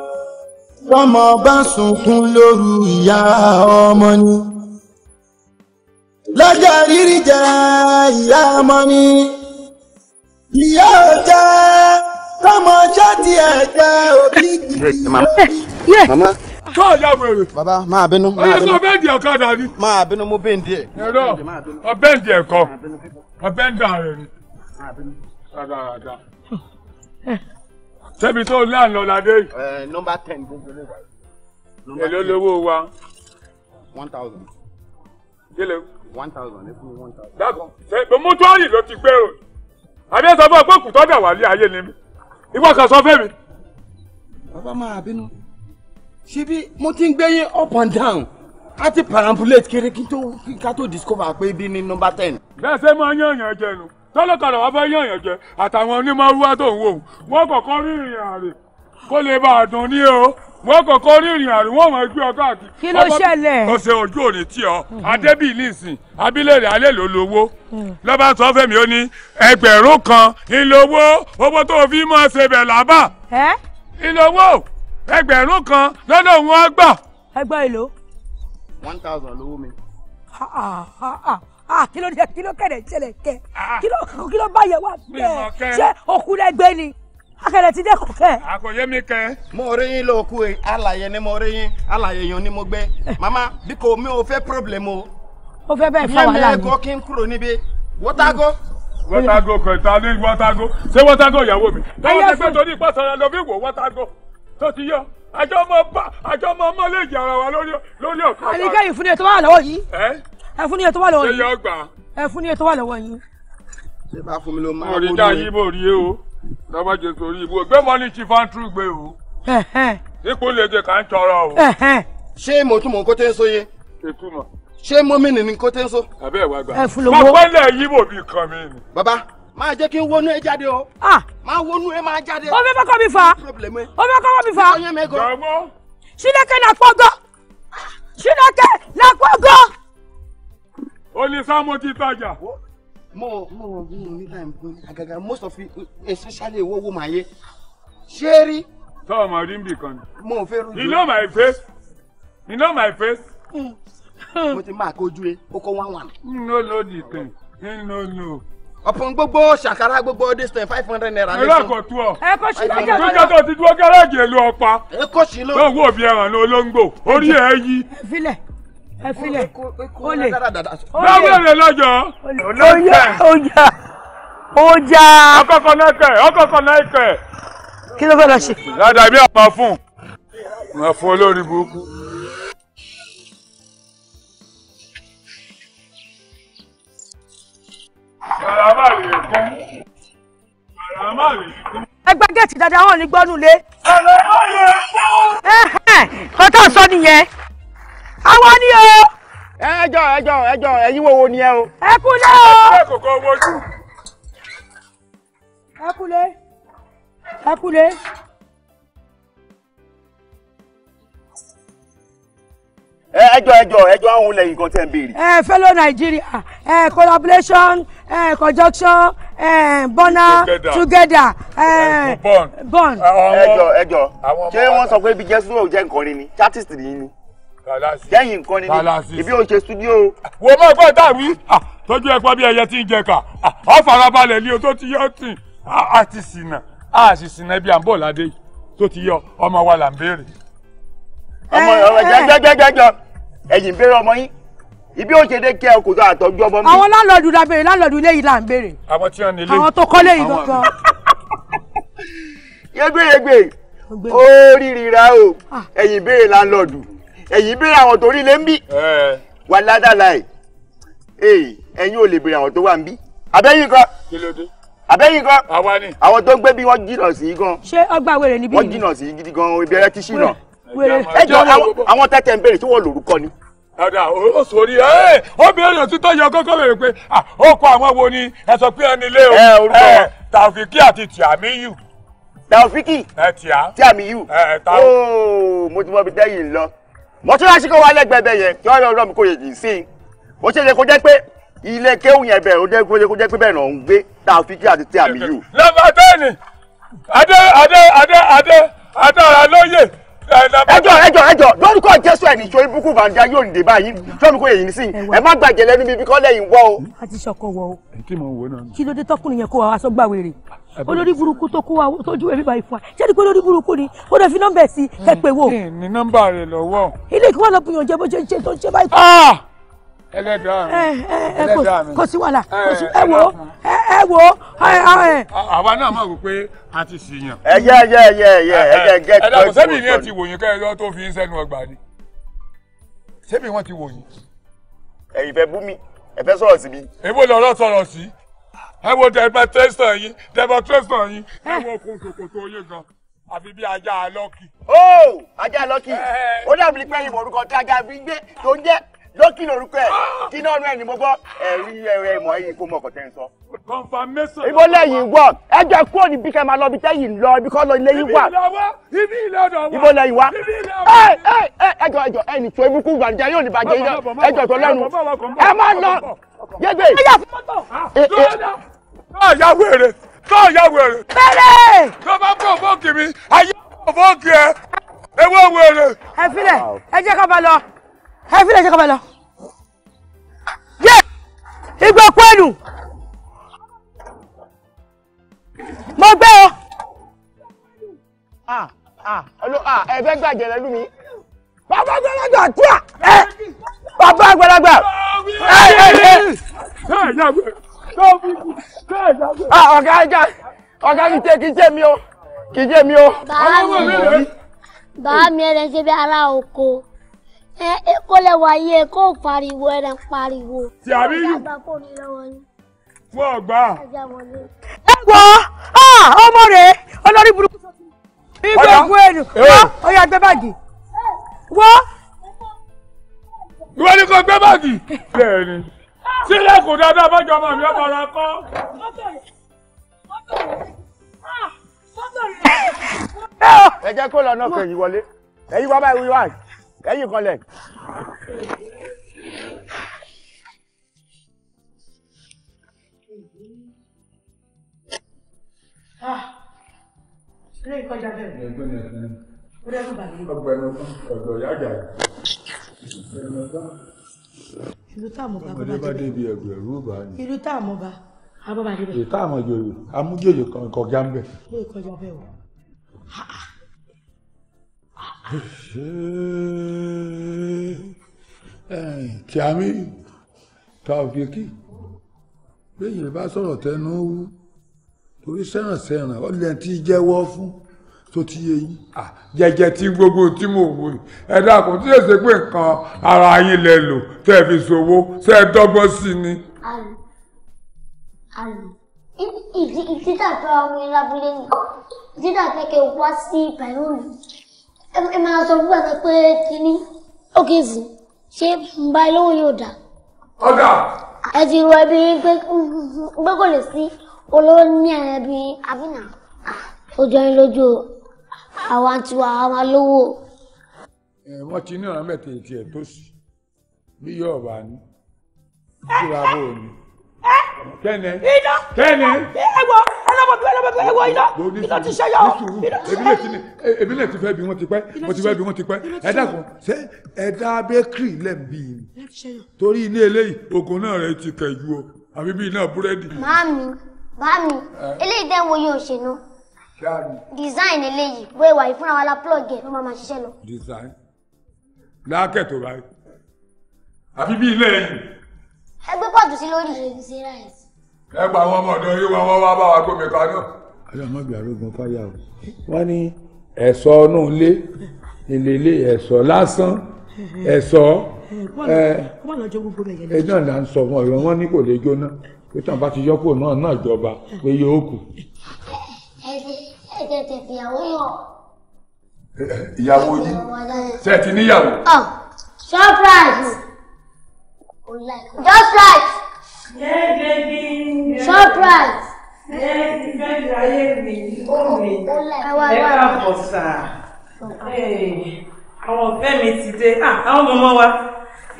tọ́mọ bá sunkún lóru ìyá ọmọ ni lọ́jọ́ rírí jẹ́ ìyá ọmọ ni ìyá ò jẹ́ tọ́mọ ṣáàtì ẹ̀ jẹ́ òbí gidi lórí káà wẹ̀rẹ̀. baba máa bínú. ọyọ sọ bẹ́ẹ̀ di ọ̀kadà ni. máa bínú mo bẹ́ẹ̀ di ẹ̀. ẹ̀rọ ọbẹ̀ ń di ẹ̀kọ́ ọbẹ̀ ń dà rẹ̀ ni ṣebí tó ní àná ládé yìí. ten gbogbo lè èlé olówó wa. one thousand. kílè. one thousand ẹ fún mi one thousand. dákun ṣe pé mọ́túárì ló ti gbé o àbí sọ fún ọ pé kùtọ́ dà wálé ayé ni mi ìwọ kan sọ fẹ́ mi. bàbá máa bínú ṣebí mo ti ń gbé yín up and down a ti parampulate kiri kí n tó discover pé ibi ni nọmba ten. bẹ́ẹ̀ ṣe máa ń yàn yàn tọ́lọ́kadà wá fẹ́ yànyàn jẹ àtàwọn onímọ̀rúwá tó ń wò wọ́n kọ̀ọ̀kan rí ìrìn àrè kó lè bá a dùn ní o wọ́n kọ̀ọ̀kan rí ìrìn àrè wọ́n máa gbé ọ káàkiri. kí ló ṣẹlẹ̀. ọ̀sẹ̀ ojú òní tí ọ adébí nísìn abílẹ̀rẹ̀ alẹ́ ló lówó hmm. lọ́ba sọ fẹ́mi ó ní ẹgbẹ̀rún kan ìlówó owó tó fi mọ́ ṣe bẹ̀ lábà ìlówó ẹgbẹ̀rún kan lọ́dọ̀ wọn gbà. ẹgbẹ́ ìlò. one thousand lówó mi. Ah, kí ló kilo kí ló kẹ̀rẹ̀ ṣẹlẹ̀ kẹ ah. kí ló kí ló bá yẹ wá bẹ́ẹ̀ ṣé òkú lẹ́gbẹ́ ni akẹ̀rẹ̀ ti dẹ́ kò kẹ́. àkòyé mi kẹ. mo rí yín lóòkù eh, alàyè ni mo rí yín alàyè yẹn ni mo gbé eh. mama bí kò mi ò fẹ́ problem o. o fẹ́ bẹ́ẹ̀ fà wàhálà mi. yẹ́n mi kọ́ kí n kúrò níbi wọ́tágó wọ́tágó kò ta ní wọ́tágó ṣé wọ́tágó ìyàwó mi lọ́wọ́ ti pé torí ìpàsọ̀rọ̀ lọ bí wò wọ́tágó tó ti yọ àjọ ọmọ ọmọ lè jẹ ara wa lórí ọ̀kan. àníkẹ́yìn fún ni ẹ tó bá wà lọ́wọ́ yìí ẹ fún ní ètò wà lọ́wọ́ yín. ṣé yọ gbà. ẹ fún ní ètò wà lọ́wọ́ yín. ṣé bá fún mi ló máa wọlé. òrìdá yìí bò rí e o lọ́mọ jẹ sórí ibú gbé mọ́ni ti fáńtúrú gbé o. ipò lè jẹ ń tọrọ o. ṣé mo tún mọ kó tẹ́ ń sóye. ètùmọ̀. ṣé mọ́mìnì ni kó tẹ́ ń só. àbẹ́ ìwà gbà. mo pẹ́ lẹ̀ yí bò bí kan mi ni. máa jẹ́ kí n wọnú ẹ jáde o. Ah! máa wọnú ẹ máa jáde. o fẹ́ kọ́kọ́ mi fà. o fẹ́ kọ́kọ́ mi fà. jọ̀wọ́. sílẹ̀kẹ̀ làpọ̀ gan. sílẹ̀kẹ̀ làpọ̀ gan o ní sáàmù ti tajà. mo mo mọ bí mo ní time àgàgà most of it, especially owó wo màá yé ṣé rí. sọ ọmọ rí nbì kan ni. mo fẹ́ rú you know my face you know my face. mo ti máa kojú e ó kọ́ wán wán. no no di ten no no ọ̀pọ̀ gbogbo ṣàkárá gbogbo this time five hundred naira. ẹ lọ́kọ̀ tó ọ. ẹ kọ́ sí lọ́jọ́ tó jẹ́ tó ti dúró gáràjì èlò ọ̀pá. ẹ kọ́ sí lọ. lọ́wọ́ òbí ẹran ló lóńgbò orí ẹ yí. filẹ̀ ẹ filẹ̀ ó lè. lọ́wọ́ èrè lọ́jọ́. oya oya oya. ọkọ̀kọ̀ náà kẹ̀ ọkọ̀kọ̀ náà kẹ̀. kí ló fẹ́ lọ ṣe. dáadáa bí àwọn fún wọn fún olórí burúkú. bàràmà rèé kún bàràmà rèé kún ẹgbẹ́ gẹ̀ẹ́tì dáadáa wọn ò ní gbọ́nú lé. ọ̀rẹ́ ọ̀yẹ́ ọ̀tọ̀ sọ nìyẹn àwọn ni o. ẹjọ ẹjọ ẹjọ ẹyin wo wo ni ẹ o. ẹ kúlẹ̀ o. ẹ kòkó owó jù. ẹ kúlẹ̀ ẹ kúlẹ̀. ẹjọ ẹjọ ẹjọ àwọn olè nǹkan tẹ́ ń béèrè. ẹ fellow Nigeria ẹ collaboration ẹ conjunction ẹ bọ́nà together ẹ bọ́n. ẹjọ ẹjọ ṣé wọ́n sọ pé bí jésù ò jẹ́ nǹkan rí ni chartist nìyí ni jẹ́yìn nǹkan ni ibi ò ṣe studio. wo máa gbọ́ dàbí tọ́jú ẹ̀pọ̀ bí ẹyẹ tí ń jẹ ká ọ farabalẹ̀ ní o tó ti yọ tì á ti ṣìnà á sì ṣìnà ibi à ń bọ̀ ládé tó ti yọ ọmọ wa là ń béèrè. ọmọ eh, ọmọ jẹjẹjẹjọ eh. ẹ̀yìn béèrè ọmọ yín ibi ó ṣe dé kí ẹ kò tó àtọ́jú ọmọ mi. àwọn lálọ́ọ̀dù la béèrè lálọ́ọ̀dù ilé yìí là ń béèrè. àwọn tí wọn nílé àwọn tó kọ́lé yìí gangan. yégbéyégbé ó rí rira o ah. ẹ̀yìn ẹ̀yin béèrè àwọn tó rí lé ń bí wà ládàlá ẹ̀ ẹ̀yin ò lè béèrè àwọn tó wà ń bí abẹ́yìn kan abẹ́yìn kan àwọn tó ń gbé bí wọ́n jìnnà sí i gan. ṣé ọgbà wèrè níbí yìí wọ́n jìnnà sí i gidi gan ibi ẹrẹ́ tíṣì náà ẹ jọ àwọn tẹ́tẹ̀ ń béèrè tí wọ́n lórúkọ ni dada o sori ẹ o béèrè òtítọ́ yẹ kọ́kọ́ béèrè pé ó kọ àwọn wo ni ẹ sọ pé ẹni lé o Taofiki àti Tiamiyu. Taofiki Tiamiyu ooo mo ti mọ ibi tẹ́yìn lọ mọ́ṣáláṣí kó wá lẹ́gbẹ̀ẹ́ yẹn kí wọ́n lọ́ọ́ mi kó yẹ jìn sí i bó ṣe lè kó jẹ́ pé ilé kéwù yẹn bẹ̀rẹ̀ ó jẹ́ kó jẹ́ kó jẹ́ pé bẹ́ẹ̀ náà ń gbé tá a fi kí àti tí àmì yù. lọ́mọ tẹ́ẹ̀nì adé adé adé adé adé ara lóye ẹjọ ẹjọ ẹjọ lórúkọ jésù ẹni ìṣòro ibùkún bàǹdà yóò dé báyìí fẹmi kò yẹyìn sí ẹ má gbàjẹ lẹ́nu mi bí kọ́ wọ o. a ti ṣọkọ wọ o kí ló dé tọkùnrin yẹn kó wa aṣọ gbà wèrè olórí burúkú tó kó wa tójú ẹbí báyìí fún wa ṣé ẹni pé olórí burúkú ni ó lè fi nọ́mbà ẹ sí ẹ pé wo. ní nọ́mbà rẹ lọ́wọ́. ilé ìkọ́wé lọ bùyànjẹ bó ṣe ń ṣe tó ń ṣe báyìí. Ah! ẹlẹ́dàá mi eh, eh, eh, ẹlẹ́dàá mi kò sí wàhálà kò sí ẹ wo ẹ wo. àwa náà máa wò pé a ti ṣìyàn. ẹ jẹ́ ẹ jẹ́ ẹ jẹ́ ẹ jẹ́ ẹ jẹ́ get close. ẹ̀dá sẹ́mi ni ẹ ti wòyìn kẹ́hìn lọ́wọ́ tó fi sẹ́nu ọgbà ni sẹ́mi wọ́n ti wòyìn. ẹ̀yin fẹ́ bú mi ẹ fẹ́ sọ̀rọ̀ sí mi. èbó lọ́rọ̀ sọ̀rọ̀ sí ẹ wo demonstration yín demonstration yín ẹ wo kò sòkòtò yín gan àfi bí ajá lọ́kì. ó oh, ajá lọ́kì ó dàbí pé ìmọ̀ orúkọ tí ajá fi gbé tó ń jẹ́ dókì lórúkọ ẹ kí náà rẹ ni mo gbọ́ ẹrí ẹrẹ ìmọ̀ yìí kó mọ ọkọ tẹ ń sọ. confirmation. ibo lẹ́yìn wọ ẹjọ́ kúrò níbi kẹ́ máa lọ ibi tẹ́yìn lọ ibi kọ́ lọ ilé yìí wà. ibi ilẹ̀ wa ibi ilẹ̀ ọ̀dọ̀ wa. ibo lẹ́yìn wa ẹ ẹ ẹ ẹjọ́ ẹjọ́ ẹni tó ibùkún gbàdúrà yóò ní bàjẹ́ yìí ẹjọ́ tó lẹ́nu ẹ má lọ yégbé. náà eh, eh. yà wèrè náà yà wèrè. bẹ́ẹ̀ tó bá bọ̀ fóònù mi ayé fóònù ẹ ewé wèrè. ẹ filẹ̀ ẹ jẹ́ ká bá lọ ẹ fi lè ṣe kọ́mọ lọ. yé igbó kwenu mo gbé o. Ah, ah, ah, ẹ fẹ́ gbàjẹ́ lẹ́nu mi. bàbá gbẹlẹgbẹ àti à bàbá gbẹlẹgbẹ ẹ ẹ ẹ. ọ̀gá ẹja ọ̀gá kìí ṣe kìí ṣe mi o kìí ṣe mi o. bàá mi bàá mi ẹ lè ṣe bí ara oko ẹ èkó lẹwà yìí èkó pariwo ẹran pariwo. ti àríyù fún ọgbà. ẹ gbọ́ ọmọ rẹ̀ olórí burúkú igbó ìgbó ẹnu ọyà gbé báàgì wọ́. ìwọ ni kò gbé báàgì. bẹ́ẹ̀ ni sílẹ̀ kò dáadáa bájọ́ ọmọ mi ọmọ rẹ kọ́. ẹ jẹ́ kó lọ náà kẹ̀yìn wọlé ẹ̀yin wá báyìí wíwáyìí ẹ̀yìn kanlẹ̀. ilé ah bẹ́ẹ̀. ẹ̀gbọ́n ni ẹ̀gbọ́n ni. ó dẹ́kun bàbá. ọgbà ẹnu tán ọ̀dọ̀ ìyá àjà ìlú tá a mọ̀ bá bọ́dé bá débi ẹgbẹ̀rún tá a mọ̀ bá a bọ́ bá débẹ̀. tá a mọ̀ jòyè amújòyè kan kọjá ń bẹ̀. ilé ìkọjá bẹ́ẹ̀ wọ̀ tí a mi ta òfin kí bẹ́ẹ̀ bá sọ̀rọ̀ tẹnu wú torí sẹ́ràn sẹ́ràn ọ̀lẹ́ tí jẹ́wọ́ fún tó ti yé yín. jẹjẹ tí gbogbo tí mo wò ẹ dákun tí yóò ṣe pé nǹkan ara yín lẹ lò tẹ fi ṣòwò ṣe é dọ́gbọ́n sí ni. àlù àlù ìdí ìdí tàbí ọmọ ìlàbílẹ̀ nìkan ìdí tàbí kẹ́ wá sí ìbẹ̀rù mi. ẹ máa sọ fún àná pé kínní ókè sí ṣé bá lówó yóò dà. ọ̀gá. ẹ ti rọ ẹbí pé kò lè sí olówó ní ẹbí abínà ó jọ lójú àwọn àti àwọn alówó. ẹ wọ́n ti ní mẹ́tẹ̀ẹ̀tì ẹ̀ tó sì bí yóò bá ní ní. kẹ́nẹ̀. iná kẹ́nẹ̀. ẹwọ ẹlọmọbi ẹlọmọbi ẹwọ iná iná ti ṣe yọ. ebi lè ti fẹ́ bí wọ́n ti pẹ́ mo ti fẹ́ bí wọ́n ti pẹ́ ẹ̀dá kan ṣé ẹ̀dá bẹ́kìrì lẹ̀ ń torí ilé eléyìí oògùn náà rẹ̀ ti kẹ̀ ju o àbí bí iná búrẹ́dì. màámi màámi eléyìí dẹ́ wo yóò ṣe ná design eléyìí bó ẹwà ìfúnra wa la plug ẹ ló máa ma ṣiṣẹ́ lọ. design láàkẹ́ tó báyìí àbí bí ilé yìí ẹ gbé pọ́ọ̀tù sí lórí. ẹ gba àwọn ọmọ ọ̀dọ́ yìí wọn wọ́n wá bá wa gbómi kaná. ọjọ́ àmọ́ ìgbà rogun fáyà o wọ́n ní ẹ̀sọ́ inú ilé ilé ilé ẹ̀sọ́ lásán ẹ̀sọ́ ẹ̀ náà là ń sọ wọn ìwọ wọn ní kò lè jóná pé tàn bá ti yọpò náà náà jọba pé yóò kù. ìyàwó yìí ṣe ti níyàwó. Oh, surprise. Just right. Yeah, baby. Just right. Ẹ̀ka fọ̀sà. Àwọn ọ̀fẹ́ mi ti dé. Àwọn ọmọ wa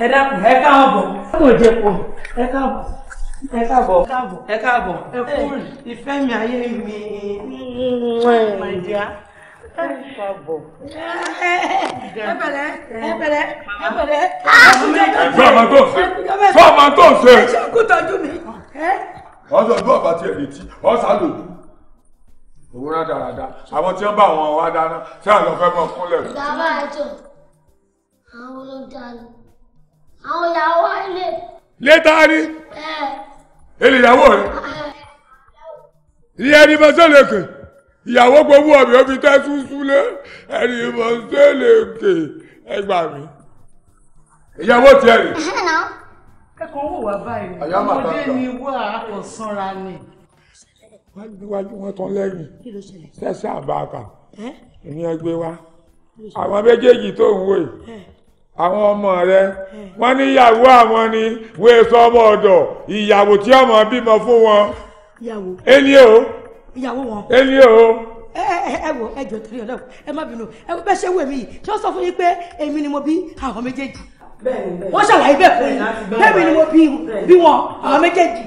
ẹ dákun ẹ káàbọ̀. Kò jẹ́ pọ̀ ẹ káàbọ̀. Ẹ káàbọ̀. Ẹ káàbọ̀. Ẹ kúrò. Ìfẹ́ mi ayé mi. Mm-hmm. My dear fọmọ tó ṣe ọsọ tó ọba tí èrè tí ọsà lò òwúrọ̀ dáradára àwọn tí wọn bá wọn wá dáná tí àlọ fẹ́ mọ kúnlẹ̀. bàbá ẹjọ àwọn olóńtàlù àwọn ìyàwó ilé. létà rí. ẹ. èlè ìyàwó rẹ. ìyẹn ni mo sọ lè kè ìyàwó gbogbo ọ̀bẹ ó fi tẹ́sú súlé ẹni ìmọ̀ sẹ́lẹ̀ òkè ẹgbà mi. ìyàwó tiẹ̀ rè. kẹ́kọ̀ọ́ wò wá báyìí ọmọdé ni wà á kò sanra ni. wọ́n gbé wájú wọn tán lẹ́yìn tẹ́sí àbáàkà èmi ẹ gbé wá àwọn méjèèjì tó ń wò yìí àwọn ọmọ rẹ wọ́n níyàwó àwọn ni wọ́n èso ọmọ ọ̀dọ̀ ìyàwó tí ọmọ bímọ fún wọn. ẹni o ìyàwó wọn. èmi o. ẹ ẹ ẹ wo ẹ jọ torí Ọlọ́run ẹ má bínú ẹ bẹ ṣe wù mí yìí ṣé ó sọ fún yín pé èmi ni mo bí àwọn méjèèjì. wọ́n ṣàlàyé bẹ́ẹ̀ fún yín bẹ́ẹ̀ mi ni mo bí wọn àwọn méjèèjì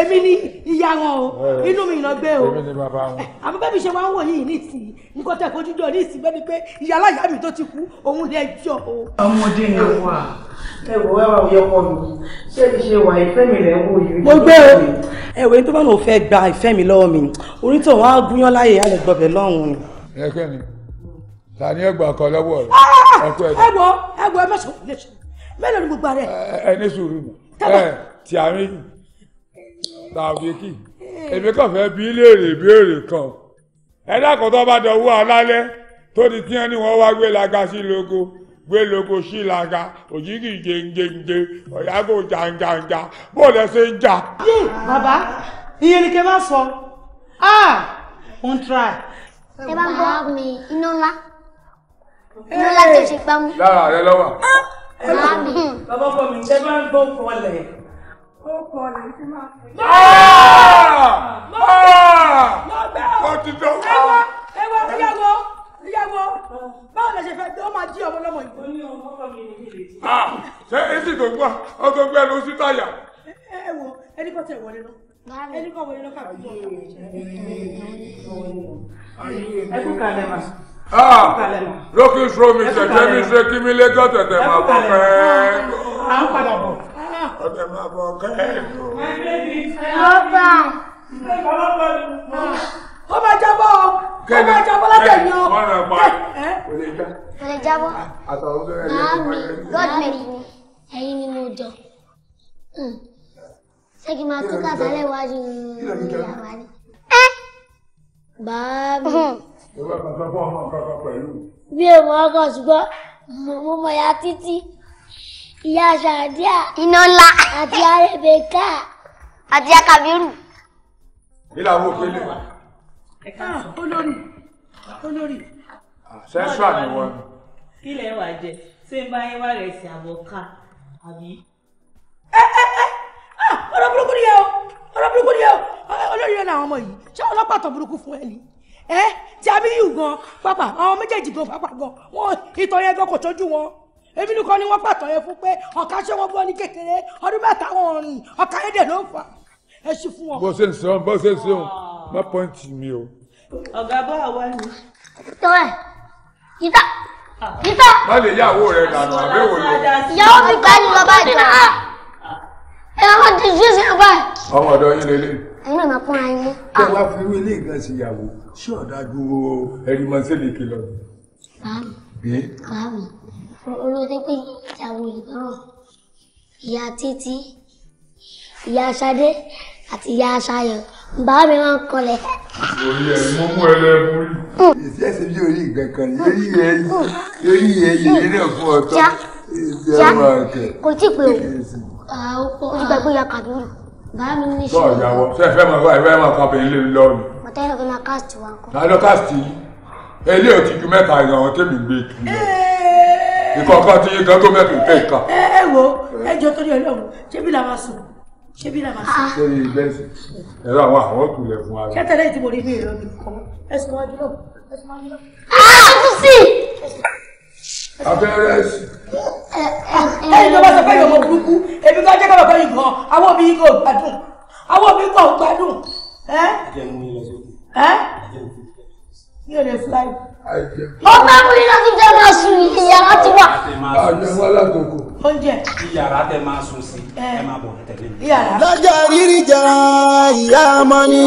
èmi ni ìyá wọn o inú mi ìran gbé o èmi ni bàbá wọn. àmọ́ bẹ́ẹ̀ mi ṣe máa ń wò yìí nísìnyí nǹkan tẹ̀ fojú jọ nísìnyí bẹ́ẹ̀ ni pé ìyá aláya mi tó ti kú òun lẹ́jọ́ o. ọmọdé ni wà ẹwọ ẹwà òye ọkọ mi ṣé kì í ṣe wà ìfẹ́ mi rẹ̀ ń wò yìí. mo gbé o ẹ̀wẹ̀ tó bá lòun fẹ́ gba ìfẹ́ mi lọ́wọ́ mi orí tó wọn á gúnyán láyè á lè gbọbẹ̀ lọ́hùn-ún ni. ẹ kẹ́ ni ta ni ẹgbà kan lọ́wọ́ rẹ. ẹgbọ ah! ẹgbọ ẹ mẹsàn án mélòó ni gbogbo rẹ. ẹ ní sùúrù mi ẹ ti àárín tàbí kì èmi kàn fẹ́ bí léèrè béèrè kan ẹ dákọ̀ tó bá dọ̀wọ́ alálẹ́ tó ti tiẹ́ ni wọ́n wá gbé lagasi lógo gbélogo sílaga òjìgì jẹnjẹnjẹ ọ̀yàgò jàǹjàǹjà bọ́ọ̀lù ẹsẹ̀ ń jà. bàbá ìyẹn ni kẹ bá sọ ó ah! ń tra. ẹ bá ń bọ́ mi iná ńlá iná ńlá tó ṣe pamọ́. lára rẹ lọ́wọ́. bàbá bọ̀ mi ẹ bá ń gbọ́ kọlẹ̀. ó kọlẹ̀ ṣe máa fẹ́. lọ́gbà lọ́gbà ó ti dọ́wọ́. Ah! Ah! ẹ wá ẹ wá fúyàwó jẹ́wọ́ báwo lẹ ṣe fẹ́ tó máa jí ọmọ lọ́mọ yìí. a ní ọmọ mi ah, tó gbọ́ ọkọ̀ gbẹ́ ló sí táyà. ẹ wo ẹni kọ́ tẹ̀ wọlé lọ ẹni kọ́ wọlé lọ káàkiri tó ọ̀tà. ẹ kú lókè ìṣòro mi ṣẹ̀ṣẹ̀ mi ṣe kí mi lẹ́jọ́ tẹ̀tẹ̀ máa bọ̀ fẹ́ẹ́. à ń padà bọ̀. Ah. tẹ̀tẹ̀ máa bọ̀ kẹ́ẹ̀. ọba. ọba ó máa jábọ́ ọ ó máa jábọ́ látẹ̀yìn ọ. kò lè já kò lè jábọ́. àtàwọn ọmọ rẹ yẹn ti máa yẹn. godmary ni ẹyin ni mo jọ hmm. ṣé kí n máa tún kàtàlẹ̀ wájú ìyàwó ni. bàbá ìwé kankan fún ọmọ kankan pẹ̀lú. bí èèmọ ọkọ ṣùgbọ́n mo mọ ya títí ìyá sàdíà iná ńlá àti arẹbẹká àti akabiru. ìlàwọ òkèlè wa. Ah, olórí olórí. sẹ́ńsà ah, ni wọ́n. kí lẹ wàá jẹ ṣé n bá yín wá rẹ̀ sí àbọ̀ ká àbí. ẹ ẹ ẹ ọ̀rọ̀ burúkú ni ẹ o ọ̀rọ̀ burúkú ni ẹ o eh, olórí rẹ̀ làwọn ọmọ yìí ṣé ọlọ́pàá tó burúkú fún ẹ ni ẹ eh, tí a bí yù gan pápá àwọn méjèèjì gan pápá gan wọn ìtọ̀ yẹn gan kò tọ́jú wọn èmi nìkan ni wọ́n pàtọ́ yẹn fún pé ọ̀ka ṣé wọ́n bọ́ ní kékeré ọdún mẹ́ta wọn rìn ọ̀ka yẹn dẹ̀ ló ń fà ẹ ṣí fún wọn. bó ń sọ bó ń sọ ah. má pọ́ǹtì mi o ọ̀gá bá àwa ni. tọ́wẹ̀ yíta yíta. má lè yàwó rẹ dànù àbẹ́ wò ló. ìyàwó mi bá ní bàbá ìjọ ẹ wọ́n ti fi ṣe bá. ọmọ ọ̀dọ̀ yín lélẹ̀. ẹ̀yin náà máa pọ́n ara yín. bí a bá fi irú ilé ìgbà sí ìyàwó ṣé ọ̀dà ju ẹ̀rí mọ́sẹ́lẹ̀kì lọ. báàmì báàmì olóde pé ìyàwó ìgbọràn ìyá títí ìyá ṣadé àti ìyá aṣáyọ bàbá mi máa ń kọlẹ̀. orí ẹ mọ mú ẹlẹ́bù rí. èsì ẹsẹ̀ bí orí nǹkan kan ní orí ẹ lórí ẹ lè rí náà fún ọtọ. já kò tí ì pé o ìgbà gbé ya kàdúrà bàbá mi ní ṣe. bọ́ọ̀ yàwọ̀ ṣe fẹ́ máa fẹ́ máa kọ́ abẹ́yìn lé lọ́ọ̀nù. mọ̀tẹ́ yóò fi máa cast wa kọ́. lálọ́ cast yìí ẹlẹ́ ò ti ju mẹ́ta ìrànwọ́ tẹ́mi gbé kiri ìkọ̀ọ̀kan ti yí gan tó mẹ́ta ìkẹ́ ìka. ẹ ẹ wo ẹ jọ torí Ọlọ́run ṣé bí làwọn sùn ṣé bí làwọn ah. ṣe. lórí bẹ́ẹ̀sì ẹ̀rọ àwọn àwọn òkùnlẹ̀ fún ara. kẹ́tẹ̀lé tí mo rí bí ìrọ̀ mi kọ́ ẹ̀sùn wájú náà ẹ̀sùn wájú náà. àtúnṣe. Ah, abẹ́rẹ́ sí. ẹ̀yin tó bá sọ pé ìyọ̀mọ̀ burúkú èmi kan jẹ́ kábàkọ́ yìí gan àwọn òbí kò gbádùn àwọn òbí kò gbádùn. mi ò lọ sí jẹ́ máa sùn ìyàrá ti wà. àjẹmọ́ alátòkò oúnjẹ. iyàrá tẹ máa sùn sí ẹ máa bọ̀ tẹ̀lé mi. lọ́jọ́ rírí jẹ ìyá ọmọ ni.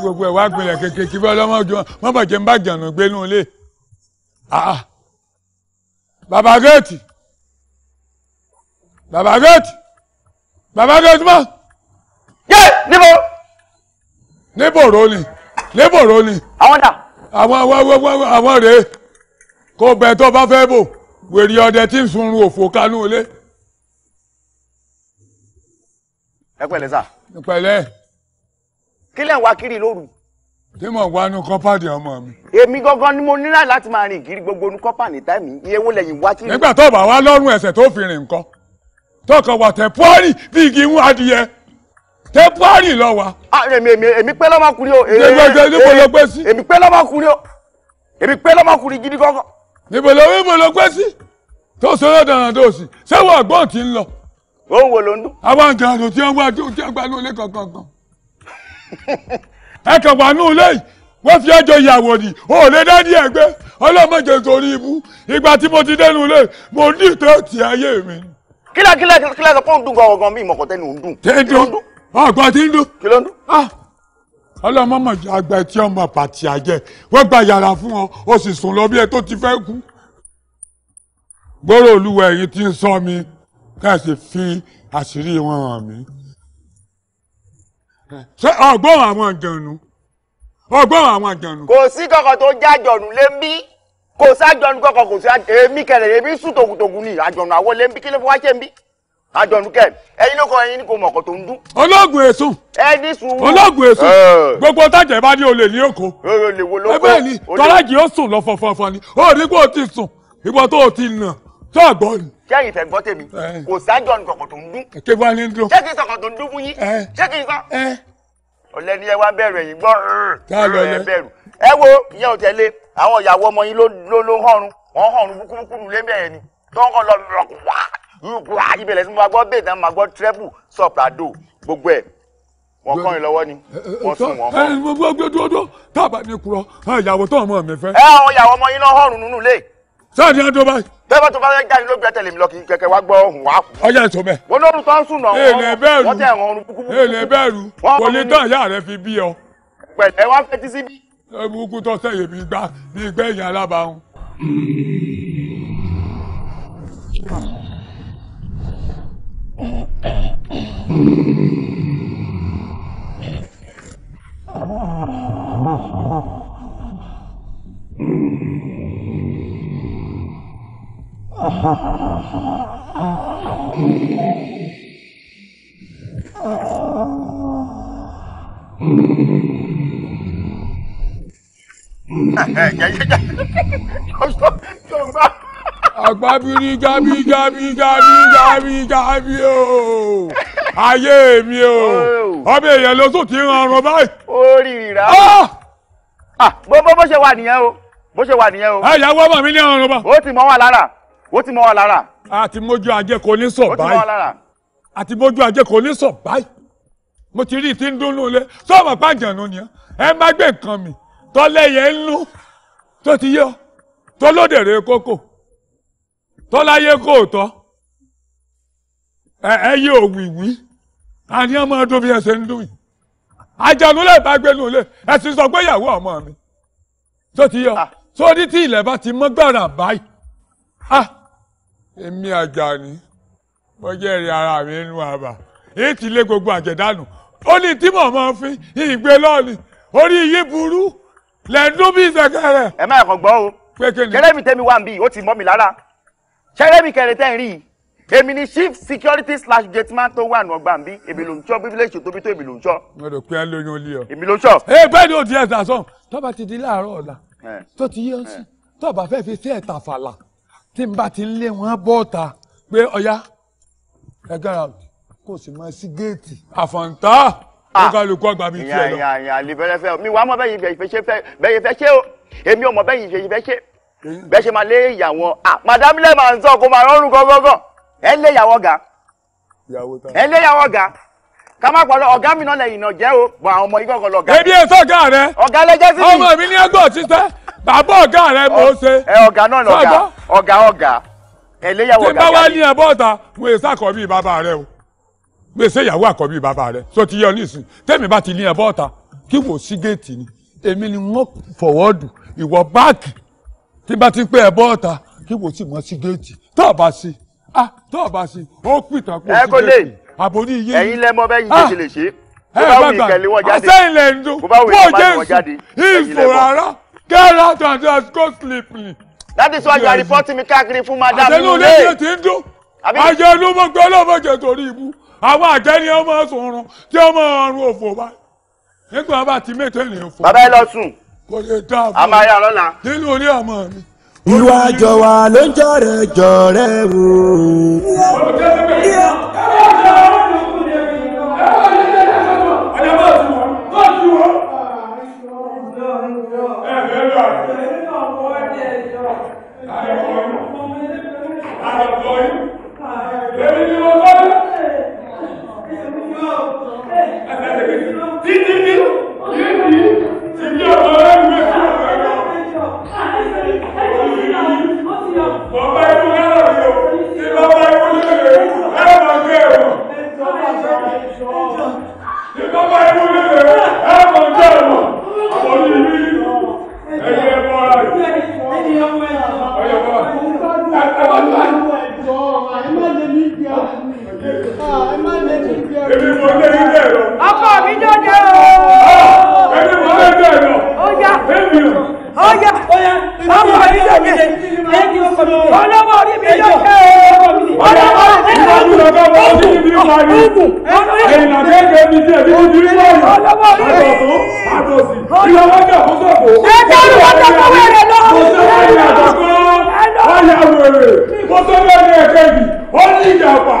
gbogbo ẹ̀ wá gbilẹ̀ kékeré kí bọ́lá ọmọ jọ mọ́ bàjẹ́ ń bá jànú gbé nù lé. Ah, ah. bàbá géètì bàbá géètì bàbá géètì mọ́. yé níbo. níbo ro ni níbo ro ni. àwọn dà. àwọn àwọn àwọn àwọn rèé kó bẹ tó bá fẹ́ bò wèrè ọdẹ tí ń sunrun òfò kánú ilé. ẹ pẹ̀lẹ́ sà. pẹ̀lẹ́. kí lẹ̀ ń wá kiri lóru. tí mò ń wá nu kọ́pàdì ọmọ mi. èmi gangan ni mo nílá láti máa rìn kiri gbogbo nu kọ́pàdì táìmì iye wo lẹ́yìn wá kiri. nígbà tó bá wá lọ́rùn ẹsẹ̀ tó fi rìn nǹkan tọkàn wà tẹ̀pọ́ọ̀rì bí igi ń adìyẹ tẹ̀pọ́ọ̀rì lọ wa. èmi pẹ́ lọ́mọkùnrin o. èmi pẹ́ lọ́mọkùnrin o. èmi pẹ́ lọ́mọkùnrin gidi gangan. níbo ló wí mo lọ gbé sí tó ṣe lọ́dọ̀ọ̀nà tó sì ṣé wọ́n gbọ́n ti ń lọ. ó ń wo ló ń dún. àwọn àjàn àdó tí wọ́n wá tó tí wọ́n gbà lólè kankan kan. ẹ kàn wà ní ilé yìí wọ́n fi ẹjọ́ ìyàwó ni ò lè dádì ẹgbẹ́ ọlọ́mọdé torí ibú ìgbà tí mo ti dẹ́nu ilé mo ní ìtọ́ ti ayé mi. kílẹ̀ kílẹ̀ kílẹ̀ sọ pé ó ń dún gan gan bí ìmọ̀kàn tẹ́nu ń dùn. tẹ́ ń dún ọgbà tí ń dún. kí ló ń dún. ọlọ́mọ mọ̀jà àgbà tí ọmọ pàtì àjẹ wọ́n gba yàrá fún ọ o sì sùn lọ bí ẹ tó ti fẹ́ kú gbọ́rọ̀ olúwa èyí tí ń sọ mi ká ṣe fi àṣírí wọn hàn mí. ṣé ọgbọ́n àwọn àjọ̀nù ọgbọ́n àwọn àjọ̀nù. kò sí kankan tó jẹ́ àjọ̀nù lé ń bí kò sí àjọ̀nù kankan kò sí èmi kẹlẹ̀ èmi sùn tògùtògù ni àjọ̀nù àwọn lé ń bí kí ló fi wá ṣe ń bí àjọ̀nù kẹ ẹyin ló kọ ẹyin ni kò mọ̀ ọ̀kọ̀ tó ń dún. ológun èso. ẹ ní sùúrù. ológun èso. gbogbo tájà ìbá ní olè ní òkò. ẹ bẹ́ẹ̀ ni tọ́lájì ó sùn lọ fọ̀fọ̀fọ̀ ni ó rí pé ó ti sùn ìgbà tó o ti nà tó gbọ́ ni. ṣé ẹ̀yin fẹ́ gbọ́ tèmi kò sájọ ní kọ̀kọ̀ tó ń dún. ṣé wàá ní dún. ṣé kì í sọ̀kọ̀ tó ń dún fún yín. ṣé kì í sọ. ọ̀lẹ́ni ẹ wá bẹ̀rù ẹ̀yìn gbọ́ ẹ bẹ̀rù. ẹ wo ìyẹn ò tẹ̀lé àwọn ìyàwó ọmọ yín ló ló hànrun wọ́n hànrun búkúbúkú lé bẹ̀rẹ̀ ni tó ń kọ́ lọ rọ̀kùwà rúkúwà ibẹ̀rẹ̀ sí ma gbọ́ bẹ́ẹ̀ náà ma gbọ́ tírẹ́pù sọ̀pàdò gbogbo ẹ̀ wọn kọrin lọ́wọ́ ni wọn sùn wọn. ẹ ẹ gbogbo gbogbo dábàá ní kúrọ ìyàwó tó ọmọ mi fẹ́. ẹ àwọn ìyàwó ọmọ yín náà hànrun nínú ilé sọ́ọ̀dì náà tó báyìí. bẹ́ẹ̀ bá tó bá jáde ló gbé tẹ̀lé mi lọ kì í kẹ̀kẹ́ wá gbọ́ ohùn wá kù. ọjà ìtò bẹ́ẹ̀. wọn lóru tó ń sùn náà wọn tẹ ẹ̀wọ̀n ọrùn kúkú. èlé bẹ́ẹ̀ rú kò ní tán ìyá rẹ fi bí ọ. pẹ̀lẹ́ wá fẹ́ tísí bí. ẹ burúkú tó sẹ́yìn bí gbá bí gbẹ́ ìyá alábàáhùn. Mm-hmm. Àgbábírí gábí gábí gábí gábí gábí o. Ayé mi o. Ọbẹ̀ èèyàn lọ sókè rọrùn báyìí. Ó rí ìrà. Ah! Ah, bó bó bó ṣe wà nìyẹn o. Bó ṣe wà nìyẹn o. Ẹ̀yà wọ́n mọ̀ mí ní ọ̀run bá. Ó ti mọ́ wà lára ó ti mọ́ wa lára. àti mójú ajé kò ní sọ báyìí ó ti mọ́ wa lára. àti mójú ajé kò ní sọ báyìí mo ti rí i ti ń dúnú lé sọ́ọ̀mù pàjánù ni ẹ má gbé nǹkan mi tọ́lẹ́yẹ ń nú tó ti yọ tọ́lódèrè kókò tọ́láyé kóòtọ́ ẹ ẹ yé òwìwí àní ọmọ ọdún bí ẹsẹ̀ ń dùn yìí àjànú lè bá gbénu lé ẹ sọ pé ìyàwó ọmọ mi tó ti yọ ah. sórí tí ilẹ̀ bá ti mọ́ gbàrà báyìí. Ah èmi àjàní mo jẹ́rìí ara mi nínú àbà èyí ti lé gbogbo àjẹ̀dánù ó ní tí mò ń mọ fín ìgbé lọ́ọ̀nì orí yìí burú lẹ́ẹ̀dún bí ìsẹ̀kẹ̀rẹ̀. ẹ má ẹ̀kọ́ gbọ́ o jẹ́rẹ́mì tẹ́mi wà ń bí ó ti mọ́ mi lára jẹ́rẹ́mì kẹrin ń rí i èmi ni chief security slash gate man tó wà ní ọgbà ń èmi ló ń sọ privilege tóbi tó èmi ló ń sọ. mo rò pé ẹ lóyún olè ọ. èmi ló ń sọ. ẹ bẹ́ẹ̀ ni ò di ẹ̀sà sàn tó bá ti di láàárọ̀ ọ̀la tó ti yẹ ọ́ sí tó bá fi sí ẹ̀ta fàlà tí n bá ti lé wọn bọ́ọ̀ta pé ọ̀yá ẹ gara kò sì máa sí géètì àfọ̀ǹtà olùkọ́ ah, àgbà mi tiẹ̀ lọ. ìyá ìyá àlìbẹ̀rẹ̀ fẹ́ mi wàá mọ bẹ́ẹ̀ yìí fẹ́ ṣe o èmi ò mọ bẹ́ẹ̀ yìí fẹ́ ṣe bẹ́ẹ̀ ṣe máa lé ìyàwó ah, madame lẹ́ẹ̀ máa ń sọ kó máa rọrùn gọ́gọ́gọ́ ẹ lé ìyàwó ga ẹ lé ìyàwó ga ká má pàdé ọ̀gá mi náà lẹ́yìn náà jẹ́ o bọ̀ àwọn ọmọ igọ́gọ́ lọ́gà. ebi èso ọ̀gá rẹ ọ̀gá lẹ́jẹ́ sí mi ọmọ mi ní ẹgbẹ́ òtítẹ́ bàbá ọ̀gá rẹ mò ń ṣe. ẹ ọ̀gá náà lọ̀gá ọ̀gá ọ̀gá ẹlẹ́yàwó ọ̀gá. tí bá wá ní ẹ bọ́ọ̀ta mo èsì àkọ́bí bàbá rẹ o mo èsì ìyàwó àkọ́bí bàbá rẹ so ti yọ nísìn tẹ́mi bá ti ní ẹ bọ́ọ̀ta kí wò sí géètì ni èmi ni wọ́n fọwọ́dù ìwọ báàkì tí bá ti pé ẹ bọ́ọ̀ta kí wò sí mọ́ sí géètì tó ah, o bá sí ah tó o bá sí ó pìtàn pé o sí géètì àbórí iye yìí ẹ̀yin lẹ́mọ bẹ́yìn lè ṣe lè ṣe bó bá wù ìkẹ́lẹ́ wọn jáde bó bá wù ìkẹ́lẹ́ wọn jáde ẹ̀yin lẹ́mọ. ìfòràrá Get out and just go sleep. That is why you are reporting me káàkiri fún madam. Àjẹnú olóyè ti ń dún. Àjẹnú mo gbọ́ lọ́mọ jẹ torí ibu. Àwọn àjẹni ọmọ sọ̀rùn tí ọmọ ọrùn òfò báyìí. Nígbà bá ti mẹ́tọ́ ènìyàn fún. Bàbá ẹ lọ sùn. Kò lè dá a fún. A máa yà lọ́la. Nínú orí ọmọ mi. Ìwà àjọwà ló ń jọ̀rẹ̀ jọ̀rẹ̀ wò. olówó orí mi yóò ṣe o olówó orí mi yóò ṣe o ogun ẹ̀yìn àgbẹ̀kẹ̀ mi jẹ́ bí ojú rí lọ́yọ̀ olówó orí mi àtọ̀tún àtọ̀sí ìyàwó jẹ́ àkóso òkú. ẹ dárú ọjọ́ kọ́ wẹ̀rẹ̀ lọ. kò sẹ́wọ́n ẹ̀yìn àtọ̀kọ́ ọ̀yà wèrè kò sẹ́wọ́n ẹ̀yìn ẹ̀kẹ́jì ó ní ìjàpá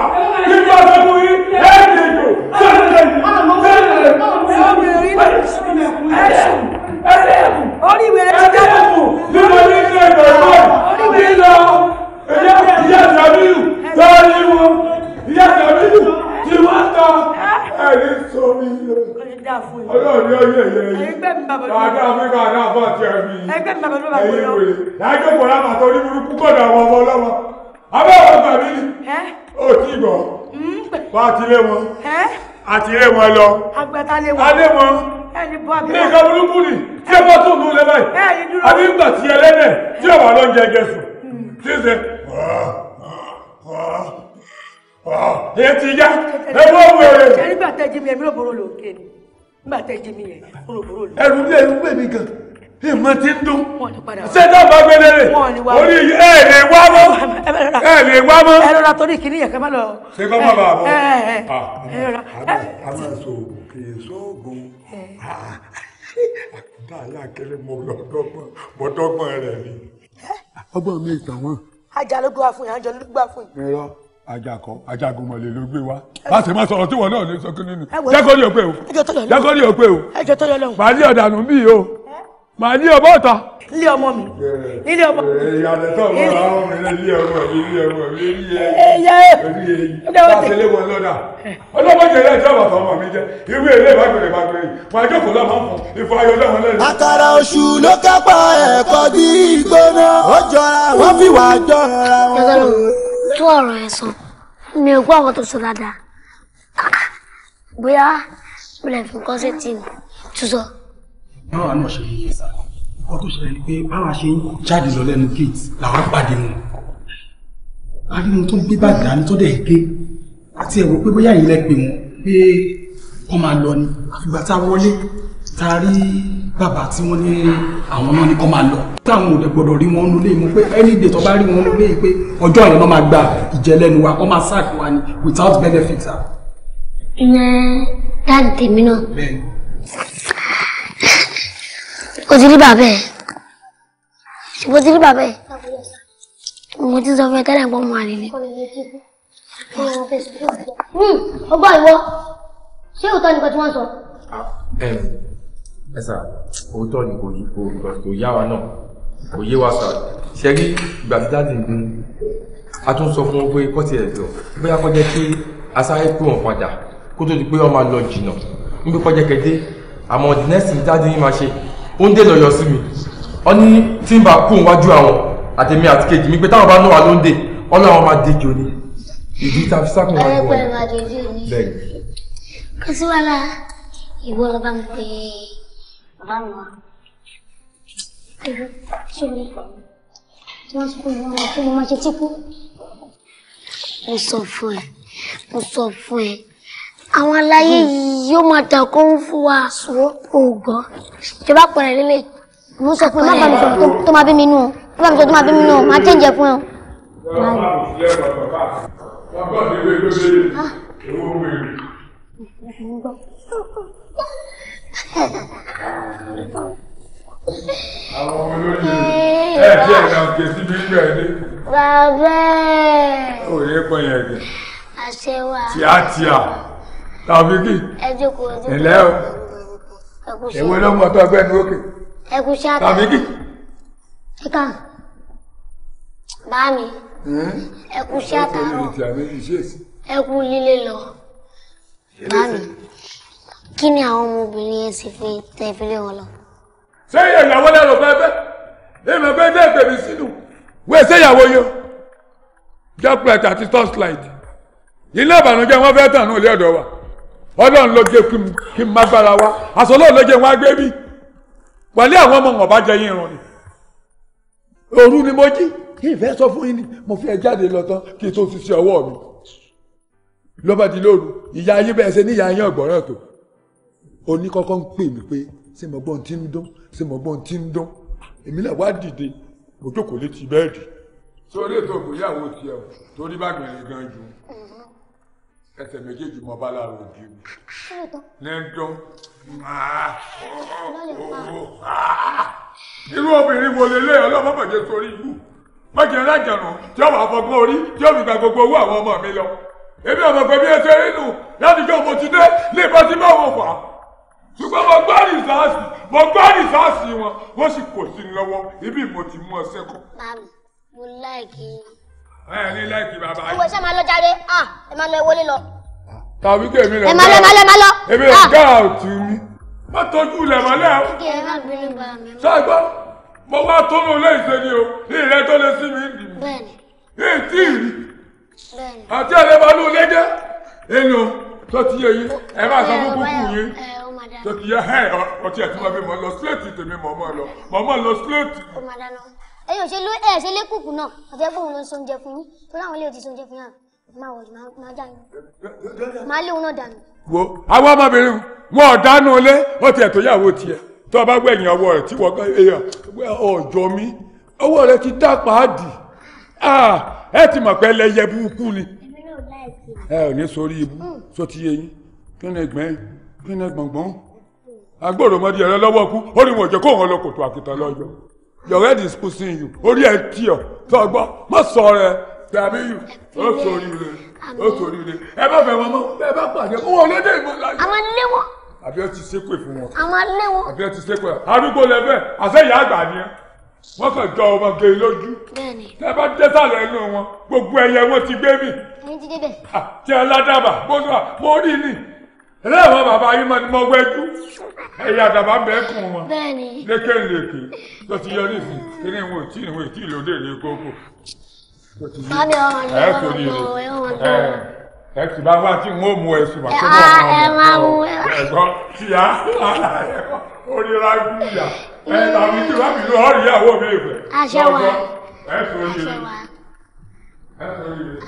nígbà tó kú yín ẹ̀ẹ́dẹ̀jọ sẹ́ẹ̀dẹ̀jọ orí wèrè ti dá mi lọ ìyá ìyá ìsàmìlù tó rí wọn ìyá ìsàmìlù tí wọ́n tọ́ ẹ̀rí sómi lọ. ọlọ́run ni ó yẹ yẹ yìí dáadáa fi ká dáa fún ọtí ẹ̀mí ẹ̀yìn wèrè láìjọ́ pọ̀lá màtọ́ ní burúkú gbọ́dọ̀ àwọn ọmọ ọlọ́mọ abẹ́wọ̀n gbàmílì ó ti bọ̀ hmm? wá tilé wọn àti ilé wọn lọ. agbẹ́ta lé wọn. alé wọn. ẹni bọ́ abẹ́rẹ́. ní nǹkan burúkú ni tí ẹ bá tó nù lẹ́ báyìí. ẹni dúró. àbí ń gbà tí ẹlẹ́dẹ̀ tí ọ̀wà ló ń jẹ gẹ̀ẹ́sù. Hmm. tí ń ṣe. ẹ ti yá ẹ bọ́ wẹ̀rẹ̀. ṣe nígbà tẹ́ jí mi ẹ̀mí òbòrò lòkè ni nígbà tẹ́ jí mi yẹn òbòrò lòkè. ẹrù bí ẹrù gbẹ̀mí gan ìmọ̀ ti ń dún ṣẹ́dá bá gbélé rẹ̀ orí ẹ̀ lè wá mọ́ ẹ̀ lè wá mọ́. ẹ lọ́la torí kìíní yẹ̀kẹ́ má lọ. ṣé kọ́ má bàa bọ̀ àwọn àṣòògùn kì í sóògùn àkùdá aláàkẹ́rẹ́ mọ lọ́dọ́gbọ̀n bọ́dọ́gbọ̀n rẹ̀ ni. ọgbọ́n mi ìtàn wọn. ajá ló gbé wa fún yàn ájọ ló gbé wa fún yàn. irọ́ ajá kọ ajagun mọ̀lẹ́ ló gbé wa bá a sì máa sọ̀rọ̀ tí wọn náà ní sọ kí nínú jẹ́kọ́ ní òpè o jẹ́kọ́ ní òpè o pàdé ọ̀dànù bíi o màá lé ọmọ ọ̀tá. ilé ọmọ mi ilé ọmọ mi. ìyàtọ̀ tó ọmọ rà ọmọ mi ilé ọmọ mi ilé ọmọ mi ilé ẹyẹ orí ẹyẹ pàṣẹlẹ wọn lọ́dà ọlọ́mọ jẹ ẹlẹ́jọ́ àbàtà ọmọ mi jẹ irú ilé ìbágbèrè ìbágbèrè wọn àjọkò lọ́mọ fún ìfọ ayọ̀ lọ́wọ́ lẹ́nu. àkàrà oṣù ló kápá ẹ̀kọ́ dí ìgbóná ó jọra wọ́n fi wà jọra wọn. tó ah, ah. tó báwa náà ṣe yẹ sá nǹkan tó ṣẹlẹ̀ ni pé báwa ṣe ń jáde lọ lẹ́nu gate làwa pàdé wọn a rí wọn tó ń gbé bàgà ní tó dẹ̀ gé àti ẹ̀wọ̀ pé bóyá ìyẹn lẹ pè wọn pé wọ́n máa lọ ni àfìgbà tá a wọlé tá a rí bàbá tí wọ́n ní àwọn náà ni kọ́ máa lọ. táwọn òde gbọ́dọ̀ rí wọn nulẹ̀ mú pé any day tó bá rí wọn nulẹ̀ pé ọjọ́ yẹn ló máa gba ìjẹ́lẹ́nu wa kọ́ máa sack wa ni without benefit. ìyẹn dáàdì tèmi náà. bẹ́ẹ̀ni o ti rí bàbá ẹ̀ ṣùgbọ́n o ti rí bàbá ẹ̀ mo ti sọ fún ẹ tẹ́lẹ̀ pọ́n mọ́ àlè ni. Hmm, ọgbọ́n ìwọ ṣé òótọ́ nìkan tí wọ́n sọ. Ah, ẹ sà òótọ́ ni kò yá wa náà kò yé wa sà ṣe rí ìgbà tí dáàdì ń gun a tún sọ fún wọn pé kọ́tì ẹ̀ lọ bóyá kọ́ jẹ́ kí asáré pé wọn padà kó tó di pé wọn máa lọ jìnnà níbi kọjá kẹdé àmọ́ the next thing dáàdì yìí máa ó ń dè lọ́yọ̀ sí mi ọ ní tí n bá kú níwájú àwọn àtẹ̀mí àti kejì mi pé táwọn bá náà wà ló ń dè ọ máa dèjì òní ìdí tá a fi sákùn wájú wọn. ayọ̀pẹ̀ máa dèjì òní. kò sí wàhálà ìwọ lọ ń pè é bàbá mi wá. mo sọ fún ẹ mo sọ fún ẹ àwọn aláyé hmm. yìí yóò máa dà kó ń fún wa sùn ògbọ́ ìjọba pẹ̀lẹ́ lélẹ̀ mo sọ pé má bàa mi sọ tó máa bí mi nù má bàa mi sọ tó máa bí mi nù máa jẹ́ǹjẹ́ fún ẹ. àwọn ọmọ lórí ẹ ẹ díẹ̀ ń bẹ̀ẹ́ dé. bàbá ẹ̀. òye pọ̀ yẹn kì. àṣẹ wa. tíátíá tàbíkì ẹ̀lẹ́ o èwo hmm? ló mọ̀ tó gbẹ́nu òkè tàbíkì. báàmì ẹkú sí àtàrọ ẹkú líle lọ báàmì kí ni àwọn ọmọbìnrin yẹn sì fi tẹ ìfilé wọn lọ. ṣé ìyàwó lẹ́rọ fẹ́fẹ́ èèmọ̀ fẹ́ dé ìbèrè sínú wẹ́ẹ́ ṣé ìyàwó yẹn jẹ́ àti torchlight ilé ìbànújẹ́ wọ́n fẹ́ tàn ní ilé ọ̀dọ́ wa ọlọ́run ló jẹ́ kí n má gbára wa àṣọ ọlọ́run ló jẹ́ wọn á gbé bí wàlẹ́ àwọn ọmọ wọn bá jẹ yín irun ni òru ni mo jí kí n fẹ́ sọ fún yín ni mo fi ẹ jáde lọ tán kí n tó ti ṣe ọwọ́ mi lọ́ba di lóru ìyá ayé bẹ́ẹ̀ ṣe ní ìyá yín ọ̀gbọ́rọ̀ tó oní kọ́kọ́ ń pè mí pé ṣé mo gbọ́n tí ń dún ṣé mo gbọ́n tí ń dún èmi náà wá dìde mo jókòó létí bẹ́ẹ̀dì sórí ètò ìgbéyàwó tiẹ̀ torí bá gbẹ̀rẹ̀ gan jù ẹsẹ̀ méjèèjì mọ bá lára ògiri ní dán ah, oh, oh, ah. irú obìnrin wo lélẹ̀ ọlọ́mọ bàjẹ́ sórí ibú mọ̀jẹ̀ lájànà tí ọmọ àfọgbọ́n orí tí ó fi gba gbogbo owó àwọn ọmọ mi lọ èmi ọmọ pẹ̀lú ẹsẹ̀ rínú láti jọ mo ti dé lè bá ti máa wọ̀ fà á ṣùgbọ́n mo gbọ́ rìsáàsì mo gbọ́ rìsáàsì wọn wọ́n sì kò sí lọ́wọ́ ibi mo ti mú ọ sẹ́kọ̀ọ́. mami mo láì kí n ẹ ní láìpì bàbá yìí. owó iṣẹ́ máa lọ jáde ẹ máa lọ ẹ wọlé lọ. tàbí kí èmi lọ. ẹ máa lọ ẹ máa lọ ẹ máa lọ. èmi ò gá àtú mi má tọ́jú ilẹ̀ mọ́lẹ̀ o. ṣáàgbọ́ mo wá tónú léèṣe ni o ní ìrẹ́ tó lé sí mi. bẹ́ẹ̀ni. ní ìtì rí. bẹ́ẹ̀ni. àti ẹ̀rẹ́bàlú lẹ́jẹ́ ẹnu tó ti yẹ yìí ẹ máa sọ fún kúkú yìí tó ti yẹ ẹ ọtí ẹ̀ tí wọ́n fi mọ̀ lọ sílẹ̀tì tèmi mọ̀ mọ̀ lọ mọ̀ mọ̀ lọ sílẹ̀tì. ó máa dáná ẹ̀yin òṣèlú ẹ̀ ṣe lékùkù náà àti ẹgbẹ́ òun ló ń so oúnjẹ fún yín torí àwọn ilé ò ti so oúnjẹ fún yín máa wọlé máa dànù máa lé òun náà dànù. wo àwọn ọmọbìnrin wọn ò dánú ilé ó tiẹ̀ tó yàwó tiẹ̀ tó o bá gbẹ̀yìn ọwọ́ rẹ̀ tí wọ́n èèyàn ọ̀jọ́ mi ọwọ́ rẹ̀ ti dá pàádì ah, ẹ ti mọ̀ pé ẹlẹ́yẹ burúkú ni ẹ ò ní sórí ibú só ti yẹ yín kí ni gbẹ̀yìn kí ni gbọ̀ngbọ̀n agbóòrò mọ́dí ẹ̀rọ lọ́wọ́ kú ó ní wọn jẹ́ kó wọn lọ kòtò àkìtàn lọ́jọ́ your head is pushing you orí ẹ tí ọ tó gbọ́ má sọ rẹ tàbí yù ó sórí rẹ ó sórí rẹ ẹ bá fẹ́ wọn mọ́ ẹ bá pàdé wọn ò lédè ìmọ̀ láyé. àwọn ilé wọn. àbí ẹ ti ṣépè fún wọn. àwọn ilé wọn. àbí ẹ ti ṣépè arúgbó lẹfẹ àṣẹyà àgbà ni ẹ wọn kàn jọ ọmọ gé e lójú. bẹ́ẹ̀ni. tẹ bá dẹsàlẹ inú wọn gbogbo ẹyẹ wọn ti gbé mi. mo ti dé bẹ. tí ẹ ládàbà bó sọ mo rí ni ẹlẹ́wọ̀n bàbá yìí máa ní mọ wẹ́jú ẹ̀yà àdàbà bẹ́ẹ̀ kùn wọn lékèlékè tó ti yọrí sí kí ni wọn ò tí ìwọ̀n ètí ìlòdè rè kókó. bámi ọ̀rọ̀ ni wọ́n ń lò ẹ̀ wọ́n ń lò. ẹ ti bá wá tí n ó mú ẹ sùn àti ọmọ ọmọ ẹ máa mú ẹ. ẹ̀gbọ́n tí a lára ẹ oríra gbìyà ẹ tàbí tí wàá fi lọ ọ̀rìyàwó mi ìfẹ́. àṣẹ wa àṣẹ wa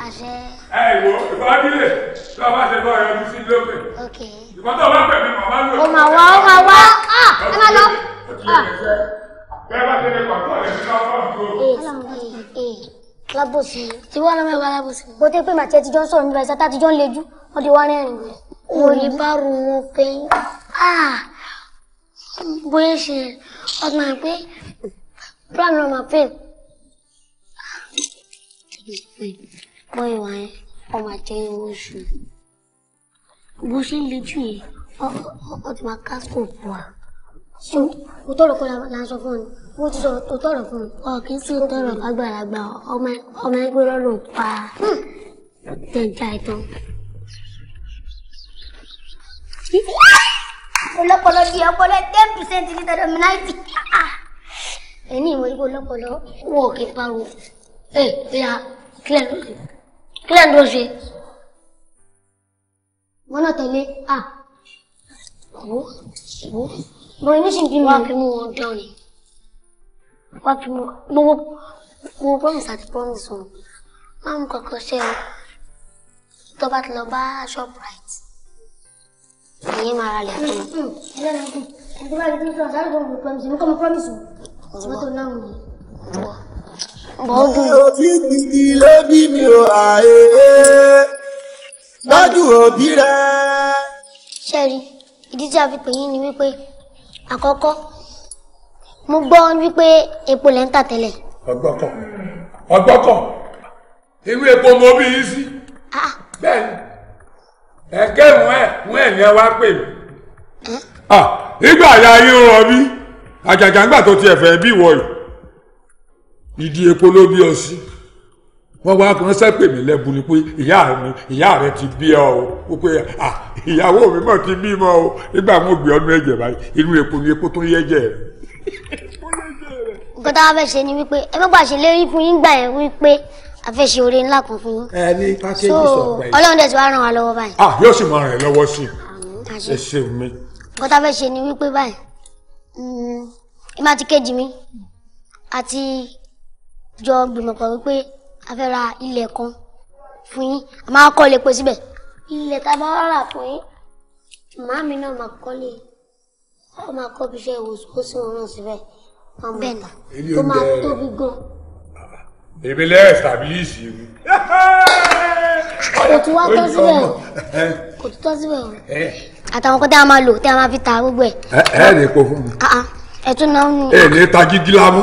àṣẹ. ẹ ìwò ìfọdílé tí wọn bá ṣe bọ ọyọ ojú sí lópin. ok ìfọdọ bá pè mí màmá lò. ó mà wá ó mà wá ah, ẹ má lọ. bẹ́ẹ̀ bá ṣe lè pàtó ọ̀rẹ́ mi lọ fún ọ̀dọ́. Eh, eh, eh, lábòsí tí wọn lọ́mọ ìwà lábòsí. bó tẹ́ pé màtí ẹ ń sọ̀rọ̀ nígbà ìsá tá a ti jọ ń lejú wọn ti wá rẹ́rìn rẹ̀. mo ní bá ro wọn pé ah, bóyá ṣe ọ̀gbìn pé plan ọmọ pé bọ́ ìwà yẹn ọ máa jẹ́ owó oṣù bó ṣe ń le jù yẹn ọ ti máa ká scope wa. so o tọrọ kọ la sọ fún mi wọn ti sọ o tọrọ fún mi. ọ kì í sí tọrọ lágbàlagbà ọmọ ẹgbẹ́ lọ́rùn pa tẹ̀jà ìtàn. ọlọpọlọ di ọpọlọ ten percent ní tọdọ mi náà ti ẹni ìmọ̀ ìgbọ́ ọlọpọlọ wọ̀ kí n pariwo ẹ̀ ẹ̀ ya kílẹ̀ ló ṣe kílẹ̀ ló ṣe Ah. náà tẹ̀lé à wò wò bọ̀ inú sì ń bí mi wá fi mú wọn dán ni wá fi mú gbogbo gbogbo promise àti promise wọn máa mú kankan ṣe o tó bá ti lọ bá shoprite ìyẹn máa ra lẹ̀ fún un. ẹlẹ́rìí ẹ̀dùn ẹ̀dùn bá yẹ kí n sọ ọ̀sán àgbọ̀n promise mi kọ́ mi promise mi. ìwọ ìwọ. Bọ́dún òbí gidi ló bí mi ò àyè. Bọ́dún òbí rẹ̀. Ṣẹ́rí, ìdí tí a fi pè yín ni wípé àkọ́kọ́ mo gbọ́ wípé epo lẹ́ ń tà tẹ́lẹ̀. Ọgbọ́kọ̀ ọgbọ́kọ̀ irú epo mo bí yín sí. Ah, ah. Bẹ́ẹ̀ni, ẹ̀kẹ́ ìwọ̀n ẹ̀ ìwọ̀n ẹ̀ yẹn wá pè mí. Ah, ìgbà ya yín rọ̀ bí àjàjà ńgbà tó tiẹ̀ fẹ́ bí ìwọ yìí ìdí epo ló bí ọ sí wọ́n wá kan sẹ́pè mí lẹ́bu ni pé ìyá mi ìyá rẹ ti bí ọ o ó pé à ìyàwó mi mọ̀ ti bímọ o nígbà mo gbé ọdún ẹ̀jẹ̀ báyìí inú epo ni epo tó ń yẹ́jẹ̀ rẹ̀. nǹkan tá a fẹ́ ṣe ni wípé ẹ má gbàṣẹ lérí fún yín gbà yẹn wípé a fẹ́ ṣe oore ńlá kan fún yín. ẹ ní pákéjì sọ̀rọ̀ yìí. ọlọ́run dẹ̀ ti wá ràn wá lọ́wọ́ báyìí. ah yóò sì máa ràn ẹ́ lọ́wọ́ sí i ẹ ṣeun mi. nǹkan tá a fẹ́ ṣe ni wípé mm, ti jọ gbìmọ̀ kan wípé a fẹ́ ra ilẹ̀ kan fún yín a máa kọ́ ilé pé síbẹ̀ ilẹ̀ tá a bá rà fún yín màá mi náà máa kọ́lé ọ máa kọ́ bí iṣẹ́ ìwòsàn wọn náà síbẹ̀ bẹ́ẹ̀ náà tó máa tóbi gan. èmi lẹ́yìn stabilisi mi. kò tún wá tán síbẹ̀ kò tún tán síbẹ̀ o àtàwọn kan tí a máa lò tí a máa fi ta gbogbo ẹ̀. ẹ ẹ lè kó fún mi. Ah, ah. ẹ tún náà ń. ẹ lè ta gígí lámú.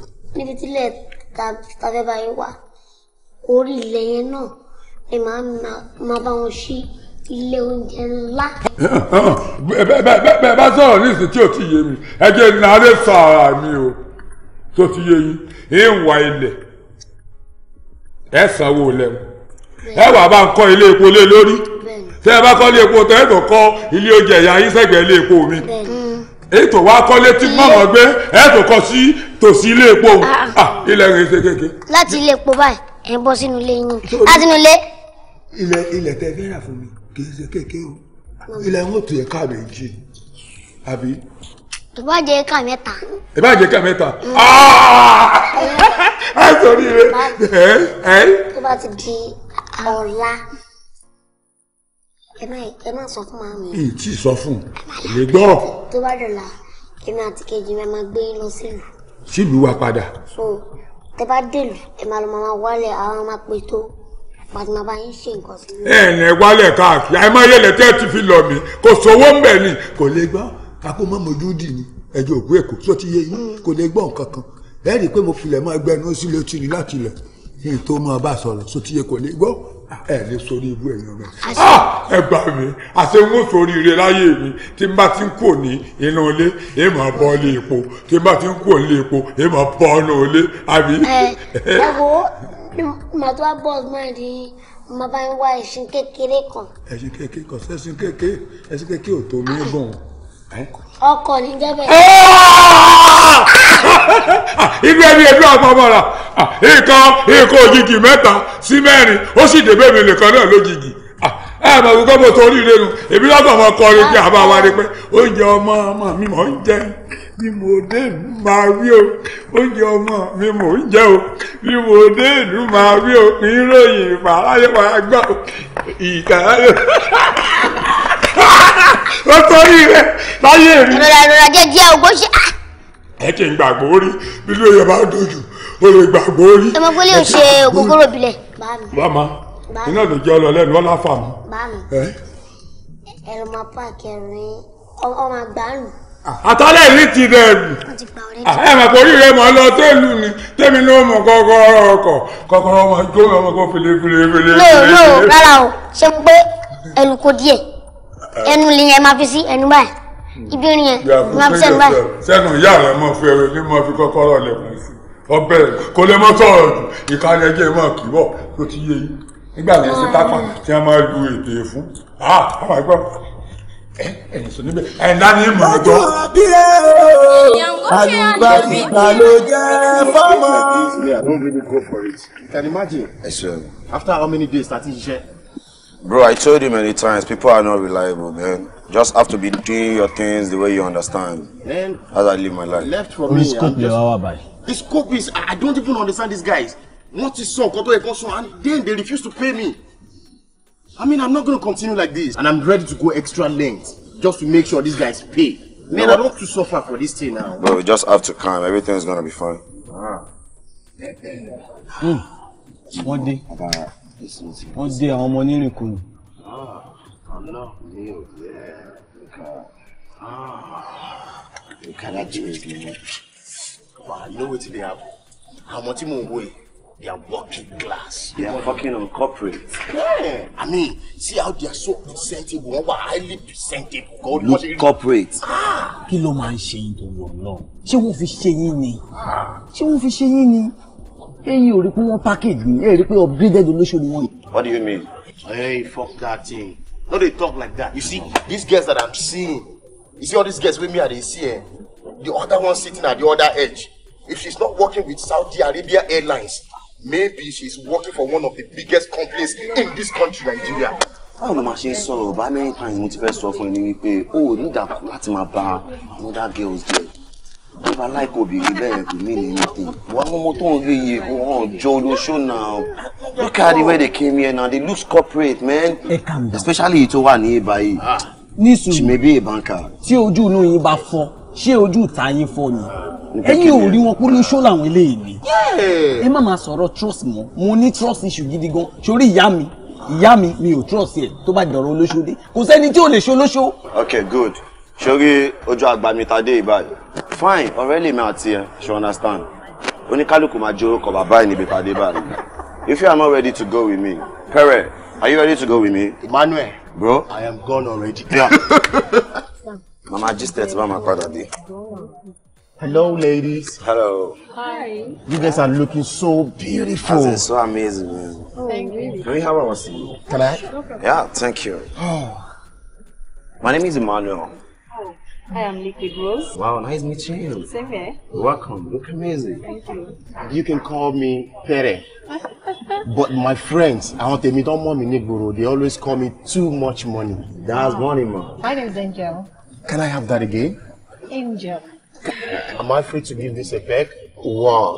níbi tílẹ̀ tàbí báyìí wà orí ilẹ̀ yẹn náà ni màá máa bá wọn ṣí ilé oúnjẹ ńlá. bẹ́ẹ̀ bá sọ̀rọ̀ ní ìsìn tí ò ti yé mi ẹ jẹ́ nàárẹ̀ sọ ara mi o tó ti yé yín ìwà ilẹ̀ ẹ sanwó lẹ́wọ̀n ẹ wà bá ń kọ́ ilé epo lé lórí tẹ́ ẹ bá kọ́ ilé epo tẹ́ ẹ tó kọ́ ilé oúnjẹ ìyá yín sẹ́gbẹ̀ẹ́ ilé epo mi èyí tó wá kọ́ létí mọ́mọ́ gbé ẹ tó kọ́ sí tòsí ilé epo ah. Ah, ilẹ̀ rẹ̀ ṣe kéke. láti ilé epo báyìí ẹ̀ ń bọ́ sínú ilé yín láti inú ilé. ilẹ̀ ilẹ̀ tẹ fẹ́ rà fún mi kì í ṣe kéke o ilẹ̀ ń tù ẹ̀ka méjì àbí. ìbàjẹ́ ẹ̀ka mẹ́ta. ìbàjẹ́ ẹ̀ka mẹ́ta ẹ mm. ah! sọrí rẹ ẹ. tó bá ti di ọ̀la ẹ má sọ fún màmí. ìtì sọ fún un lè gbọ́rọ̀. tó bá dọ̀la èmi àti kejì mi máa gbé lọ sílùú sílùú wa padà. so tẹ bá dèlù ẹ máa lọ máa wálé àwọn máa pè tó pàtó máa bá yín ṣe nǹkan sí. ẹ ẹ wálẹ̀ káàkiri àìmọye lẹ́tẹ́ ti fi lọ mí kò sówó ń bẹ̀ ni kò lè gbọ́ kakó mọ́ mojú dì ní ẹjọ́ òkú èkó tó ti yé yín mm. kò lè gbọ́ nǹkan kan ẹ rí pé mo filẹ̀ mọ́ ẹgbẹ́ inú sílé ó láti ilẹ̀ kí n tó mọ́ ọ bá sọ̀rọ̀ tó ti yé kò lè gbọ́ ẹ lè sórí ibú ẹ̀yin ọmọ ah! ẹ gbà mí àti ń wọ́n sórí ire láyé mi tí n bá ti ń kò ní inú ilé ẹ máa bọ́ ilé epo tí n bá ti ń kò ní ilé epo ẹ máa bọ́ inú ilé àbí. ẹ ẹ wo màá tó wá bọ́ọ̀sì náà rí mo bá ń wá ẹ̀sìn kékeré kan. ẹ̀sìn kékeré kan sẹ́sìn kékeré ẹ̀sìn kékeré ò tó mí gùn ọkọ ní jẹ́bẹ̀. Ah! ẹlú àpamọ́ra nǹkan nǹkan òjijì mẹ́ta sí mẹ́rin ó sì dé bẹ́ẹ̀ mi nìkan náà lójijì ẹ mọ̀ wípé mo torí lẹ́nu èmi lọ́kàn mọ kọrin pé àbá wa ni pé oúnjẹ ọmọ ọmọ mi mò ń jẹ bí mo dé ìlú máa rí o oúnjẹ ọmọ mi mò ń jẹ o bí mo dé ìlú máa rí o kì í ròyìn ìpàráyé wa gbọ́ ìkàráyé o torí rẹ láyé mi. ìrora ìrora jẹ́ díẹ̀ ogójì ẹ ti ń gbàgbọ́ rí bí ló yẹ bá dojú o lè gbàgbọ́ rí. ẹ mọ̀ pé lè ṣe ògógóró bilẹ̀. bàmá iná ló jẹ́ ọlọ́lẹ́nu ọlá fà mí. bàmí ẹ̀rọ máa pààkì ẹ̀rọ yẹn ọmọ àgbà nù. Ah, àtàlẹ́ ní ti rẹ̀ rù ah, ẹ mọ̀ pé orí rẹ̀ mọ̀ lọ tẹ́lu ni tẹ́mi ní ọmọ kọ́kọ́rọ́ ọkọ̀ kọ́kọ́rọ́ ọmọ jó ọmọ kọ́ filefilefile. lóò lóò rárá o ṣe pé ẹnu kò díẹ̀ ẹnu lè yẹn máa fi sí ẹnu báyìí. Mm. ibi yẹn máa fi sẹ́nu báyìí. sẹ́nu ìyá rẹ̀ mọ̀ fún ẹ̀rọ ní mọ̀ fi kọ́kọ́rọ́ lẹ̀kùn sí ọbẹ̀ kò lè mọ́ sọ̀rọ̀ jù ìkàlẹ̀ ẹjẹ́ mọ̀ kì í bọ̀ tó ti yé yín nígbà tí ẹ tápà mm. tí a máa lu ètò fún àwọn àgbà ẹ̀yìn sọ níbẹ̀ ẹ̀yìn dání mọ̀ ọ́ gbọ́. I don't After how many days tàti ṣiṣẹ́. Bro, I told you many times, people are not reliable, man just have to be doing your things the way you understand. Then as I live my life. Left for me. Scoop the hour by. The scope is I don't even understand these guys. Wọ́n ti sọ nǹkan tó yẹ kán sọ and then they refuse to pay me. I mean I'm not gonna continue like this and I'm ready to go extra length just to make sure these guys pay. Man, no. I don't want suffer for this thing now. But we just have to calm. Everything Everything's gonna be fine. Ah. Hmm. day? dé. day? dé àwọn ọmọ come ọlọ́run ní òbí ah, you cannot do it anymore. Wow, I know what they have. Àwọn tí mò ń they are working class. They are fucking on corporate. Yeah. I mean, see how they are so presentable. Wọ́n highly presentable. God Look what corporate. Ah. Kí ló máa ń ṣe yín torí ọ̀nà? Ṣé wọ́n fi ṣe yín ni? Ṣé wọ́n fi ṣe yín ni? package ni, ẹ̀yin rí pé upgraded olóṣèlú wọn. What do you mean? Hey, fuck that thing no dey talk like that you see these girls that i'm seeing you see all these girls with me i dey see eh the other one sitting at the other edge if she's not working with saudi arabia airlines maybe she's working for one of the biggest companies in this country nigeria. báwo ló máa ṣe ń sọ̀rọ̀ bá many times mo ti fẹ́ sọ fún yín ni wípé o ò ní ìdàkú láti máa bá girls jẹ́ if i like obìnrin bẹ́ẹ̀ kò mean anything wọ́n mú mọ́tò ń gbé yìí wọ́n jọ olóṣó náà look at the way they came here now they look corporate man especially èyí tó wà ní ìbá yìí ah. ní sùúrù she may be a banker. tí ojú inú yín bá fọ́ ṣé ojú ìta yín fọ́ ni ẹ̀yin ò rí wọn kó lóṣó làwọn eléyìí ni ẹ má máa sọ̀rọ̀ trust mọ́ mo ní trust issue gidi gan sórí ìyá mi ìyá mi mi ò trust ẹ tó bá dọ̀rọ̀ olóṣó dé kò sẹ́ni tí ò lè ṣe olóṣó. okay good sórí ojú agbamitadé ìbáyìí fine ọ̀rẹ́ lèmi àti ẹ ṣe understand oníkálukú máa jẹ́ orúkọ bàbá ẹ̀ níbi ìpàdé báyìí if you are not ready to go with me pẹ̀rẹ̀ are you ready to go with me. Emmanuel bro I am gone already. Yeah. mama gist ẹ ti bá ma padà dé. Hello, ladies. Hello. Hi. You guys are looking so beautiful. That's so amazing. Man. Oh, thank you. Can we have our seat? Can I? Yeah, thank you. Oh. My name is Emmanuel. I am Nikki Rose. Wow, nice meeting you. Same here. Welcome. Look amazing. Thank you. You can call me Pere. but my friends, àwọn tèmi tó mọ̀ mí ní gbòòrò, they always call me too much money. That's wow. Ah. money, man. My name is Angel. Can I have that again? Angel. Am I free to give this a peck? Wow.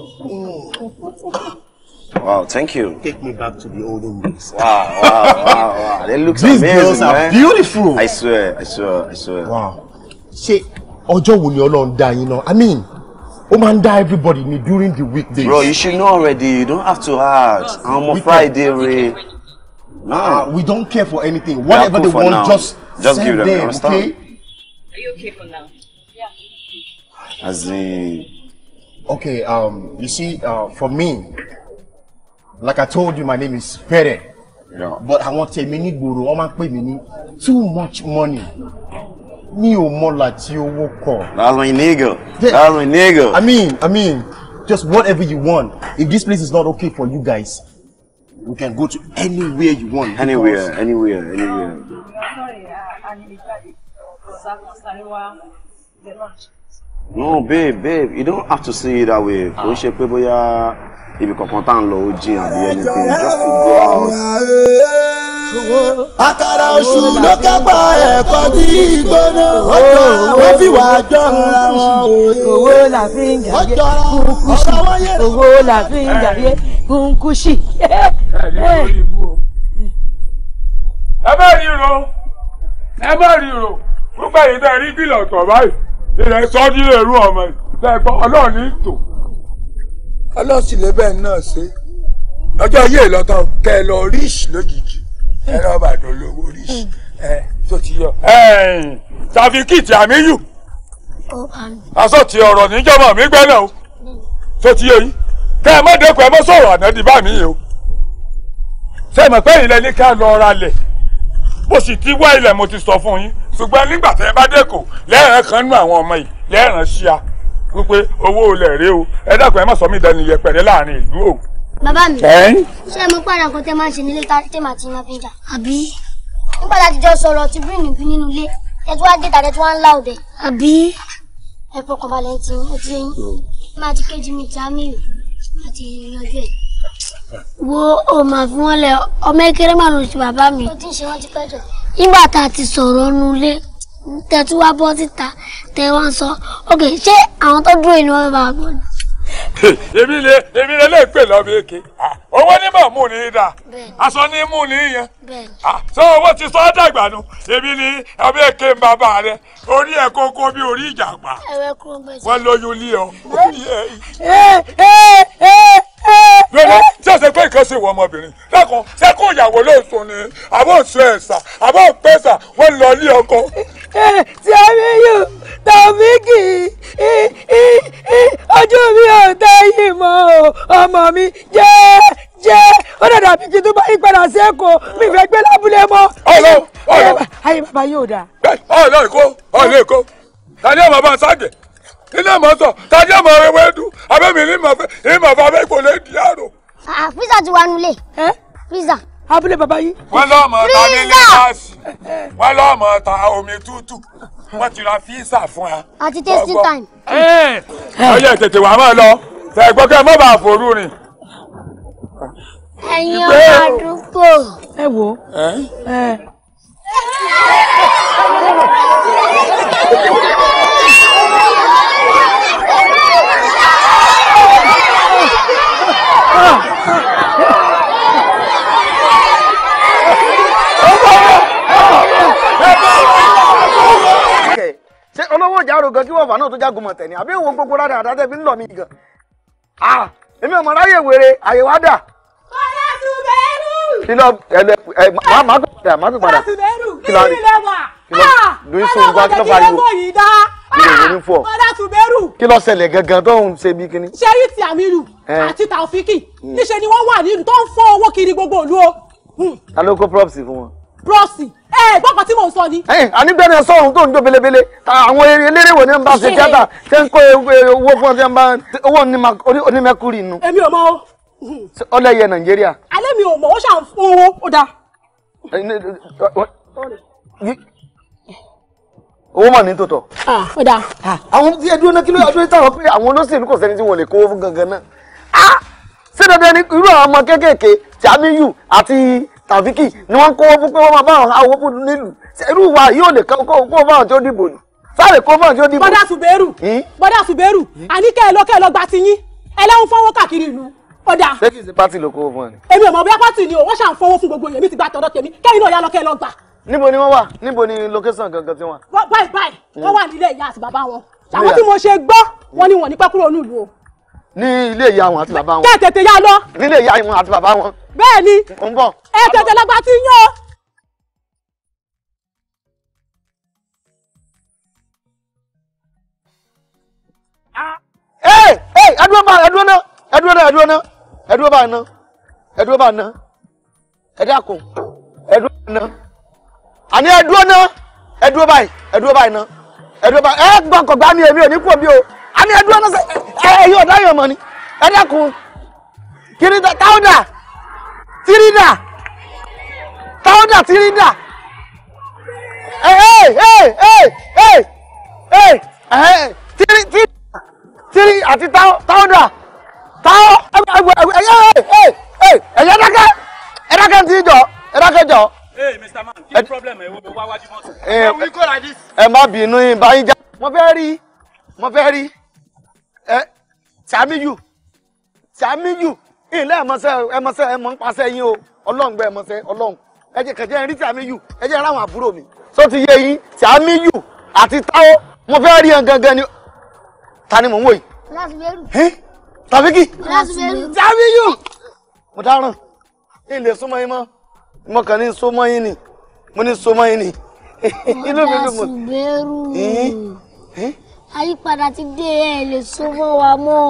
Wow, thank you. Take me back to the olden days. Wow, wow, wow, wow. They look amazing. These girls are man. beautiful. I swear, I swear, I swear. Wow ṣé ọjọ́ wo ni Ọlọ́run dá yín náà I mean ó máa ń dá everybody ni during the weekdays. bro you should know already you don't have to ask. àwọn ọmọ friday re. No. Uh, we don't care for anything whatever they want now. just, just send them, them okay. are you okay for now. Yeah. as in. okay um, you see uh, for me like I told you my name is Pere. Yeah. but àwọn tèmi nígboro wọn máa ń pè mí ní too much money mi ò mọ láti owó kọ. that's my nigga. Yeah. that's my nigga. i mean i mean just whatever you want if this place is not okay for you guys we can go to anywhere you want. anywhere because... anywhere anywhere. no babe babe you don't have to say it that way kò ń ṣe pé bóyá ibi kankan tá à ń lọ ó jìn anything just to go out. àkàrà oṣù ló kápá ẹ̀kọ́ tí gbóná ọjọ́ àwọn fi wà jọra wọn. owó la fi ń jàyé kúnkúṣì owó la fi ń jàyé kúnkúṣì. ẹ bá rí ro ẹ bá rí ro gbogbo èyí tẹ rí kìlọ̀ tọ̀ báyìí ilẹ̀ sọ́ọ́dí lè ọmọ yìí tẹ gbọ́ ọlọ́ọ̀ni tò ọlọ́sìlẹ̀ bẹ́ẹ̀ náà ṣe ọjọ́ ayé ìlọ́tọ̀ kẹ lọ ríṣ lójijì ẹ lọ́ọ́ bá dùn lówó ríṣ ẹ tó ti yọ. tàfikìtì àmíyù asọ́tì ọ̀rọ̀ níjọba mi gbẹ́ náà o tó ti yẹ yìí kẹ́ ẹ má dẹ́kun ẹ má sọ̀rọ̀ ànádì bá mi yìí o ṣé mọ̀ pé ilẹ̀ ní ká lọ ra lẹ̀ mo sì ti wá ilẹ̀ mo ti sọ fún yín ṣùgbọ́n nígbà tẹ́ ẹ bá dẹ́kun lẹ́ẹ̀rán kan nú àwọn ọmọ yìí lẹ́ẹ̀rán ṣíà wípé owó olè rèé o ẹ dákun ẹ má sọ mí dání yẹpẹrẹ láàrin ìlú o. bàbá mi ṣé mo pààrọ̀ nǹkan tẹ́ máa ń ṣe nílé tèmà tí máa fi ń jà. àbí. nígbà tá ti jọ sọ̀rọ̀ ti bírìnì bí nínú ilé ẹ tí wàá dé tàdé tí wàá àbí. ẹ fọkàn balẹ̀ ti ó ti yín máa ti kéjì mi jamiu àti yanjú ẹ̀. wo o máa fi wọn lẹ ọmọ ekele máa lọ sí bàbá mi. ó ti ń ṣe wọn ti pẹ́ jọ. nígbà tá a ti sọ̀rọ̀ nulẹ̀ tẹ tí wàá bọ́ síta tẹ wá ń sọ ok ṣé àwọn tó dúró ìlú ọ̀rẹ́ bàbá gbọ́ ni. èmi lè èmi lè lè pè lọ́ọ́ bí èké owó ní màmú ni í dà aṣọ ní mú ni í yẹn sọ owó ti sọ dàgbà nu èmi ni ọbẹ̀ èké ń bàbá rẹ orí ẹ̀ kókó bí orí ìjàpá wọ́n lóyún lé ọ. lórí tí a ṣe pé nǹkan ṣe wọ ọmọbìnrin lẹ́kọ̀ọ́ sẹ́kọ̀ọ́ ìyàwó lóòótọ́ ni àbọ̀ òṣù ẹ̀sà àbọ̀ òpẹ́sà wọ́n lọ lé ọkọ a Sẹ́míyù Tàmíkì ojú mi ò tẹ́ yìí mọ́ ọmọ mi jẹ́ jẹ́ ó dàda bí kí n tún bá yí padà sí èkó mi fẹ́ gbé lábúlé mọ́. ọ̀rọ̀ ọ̀rọ̀ ayé bàbá yóò dáa. ọ̀rọ̀ èkó ọ̀rọ̀ èkó tani ọmọ bá sáàgẹ̀ nínú ọmọ sọ tani ọmọ rẹ wẹ́ẹ́dù abẹ́mi ní ìmọ̀fẹ́ ìmọ̀fẹ́ abẹ́kọ̀ọ́ lẹ́ẹ̀dì àrò. pizza ah, ti wà nulẹ̀ pizza abúlé bàbá yìí. wọ́n lọ́mọ ta nílé gáàsì wọ́n lọ́mọ ta omi tútù wọ́n ti ra fíìsà fún wa. àti tasty time. ọyẹ eh! tètè wàá máa lọ tẹ gbọ́ kẹ́ mọ́ bá forú rìn. ẹ̀yin ọmọ àdúgbò. ẹ wo. Ah! olówó ìjà ro gan kí wọ́n fà náà tó jágun mọ̀ tẹ̀ni àbí òwò gbogbo rárá àdájẹ́ fi ń lọ mí gan. èmi ọmọ ráyè wèrè àyè wá dà. kọ́lá sùbẹ́rù. kílọ̀ ẹlẹ ẹ má má tó padà má tó padà. kọ́lá sùbẹ́rù kí ni ilé wa. lóyún sọ wá kí ló fà yìí. kọ́lá sùbẹ́rù. kí ló ṣẹlẹ̀ gangan tó ń ṣe bí kíní. sẹ́rí ti Amiru àti Taofiki hmm. níṣẹ́ ni wọ́n wà nílùú tó ń fọ́ owó kiri gbogbo ìlú o. Hmm. ta ló kó props fún wọn. props ẹ eh, gbọ́kàn tí mò ń sọ ni. Eh, ẹ àníbẹ̀rẹ̀ sọ̀rùn tó ń jó belebele àwọn eléré wo ni bá ṣe tíátà ṣe ń kó owó fún ọ bá owó onímẹ̀kúrì nù. èmi ò mọ o. ọlẹ́yẹ nàìjíríà. alẹ́ mi ò mọ̀ ó ṣàn owó ó dáa. fún gangan náà. ṣé dandan ni irú àwọn ọmọ kéékèèké tàbíkì ni wọ́n kó fún pé wọ́n máa bá àwọn awo fún nílùú irú wa yóò lè kó fún àwọn tó dìbò ni sáré kó fún àwọn tó dìbò. bọ́dà sùbẹ́rù bọ́dà sùbẹ́rù àní kẹ́ ẹ lọ kẹ́ ẹ lọ gba ti yín ẹlẹ́hùn fọwọ́ káàkiri ìlú ọ̀dà. ṣé kì í ṣe pátì ló kó fún ẹ. èmi ò mọ̀ bóyá pátì ni o wọ́n ṣàǹfọwọ́ fún gbogbo yèmí ti gba tọ̀dọ̀ tèmi kẹ́yìn náà yá lọ kẹ́ ẹ lọ gbà níbo ni wọ́n wà níbo ni location gangan tí wọ́n. báyìí báyìí wọ́n wà nílé ìyá àti bàbá wọn àwọn tí mo ṣe gbọ́ wọn ni wọn ní pẹ́ kúrò nílùú o. ní ilé ìyá wọn àti bàbá wọn. kẹ́ ẹ̀ tètè yá lọ. nílé ìyá wọn àti bàbá wọn. bẹ́ẹ̀ ni. ń bọ̀ ẹ tètè lọ́gbà tí yán. ẹ ẹ ẹdúró bá ẹdúró náà ẹdúró náà ẹdúró náà ẹdúró bá ná ẹdúró bá ná ẹ dákun ẹdúró bá ná àní ẹdúró náà ẹdúró báyìí ẹdúró báyìí náà ẹdúró báyìí ẹ gbọ́kọ̀ gbá mi èmi ò ní kú òbí o àní ẹdúró náà ẹ ẹ yóò dáyọ̀ mọ́ ni ẹ dákun kiri táwọn dà káwọ́dà ti rí dà tírí àti táwọ́dà táwọ́ ẹ̀yẹ́ dákẹ́ ẹ̀dákẹ́ ti jọ ẹ̀dákẹ́ jọ. Hey, Mr. Man, kí problem ẹ̀ wo wá wájú mọ́tò? Ẹ má bínú yín bá yín já. Mo fẹ́ rí mo fẹ́ rí ẹ Sàmíyù Sàmíyù ilé ẹ̀mọ́sẹ́ ẹ̀mọ́sẹ́ ẹ̀mọ́ ń pàṣẹ yín o ọlọ́run gbẹ ẹ̀mọ́sẹ́ ọlọ́run ẹ jẹ́ kẹ̀jẹ́ rí Tìámíyù ẹ jẹ́ ráwọn àbúrò mi tó ti yé yín Tìámíyù àti Táwọ́ mo fẹ́ rí yan gangan ni ta ni mò ń wò yìí. Tàbíkì Tìámíyù mo dáràn ilé súnmọ́ yín mọ́ mo kàn ní súnmọ́ yín ni mo ní súnmọ́ yín ni inú mi ló mọ̀. àyípadà ti dé ẹ̀ lè súnmọ́ wa mọ́.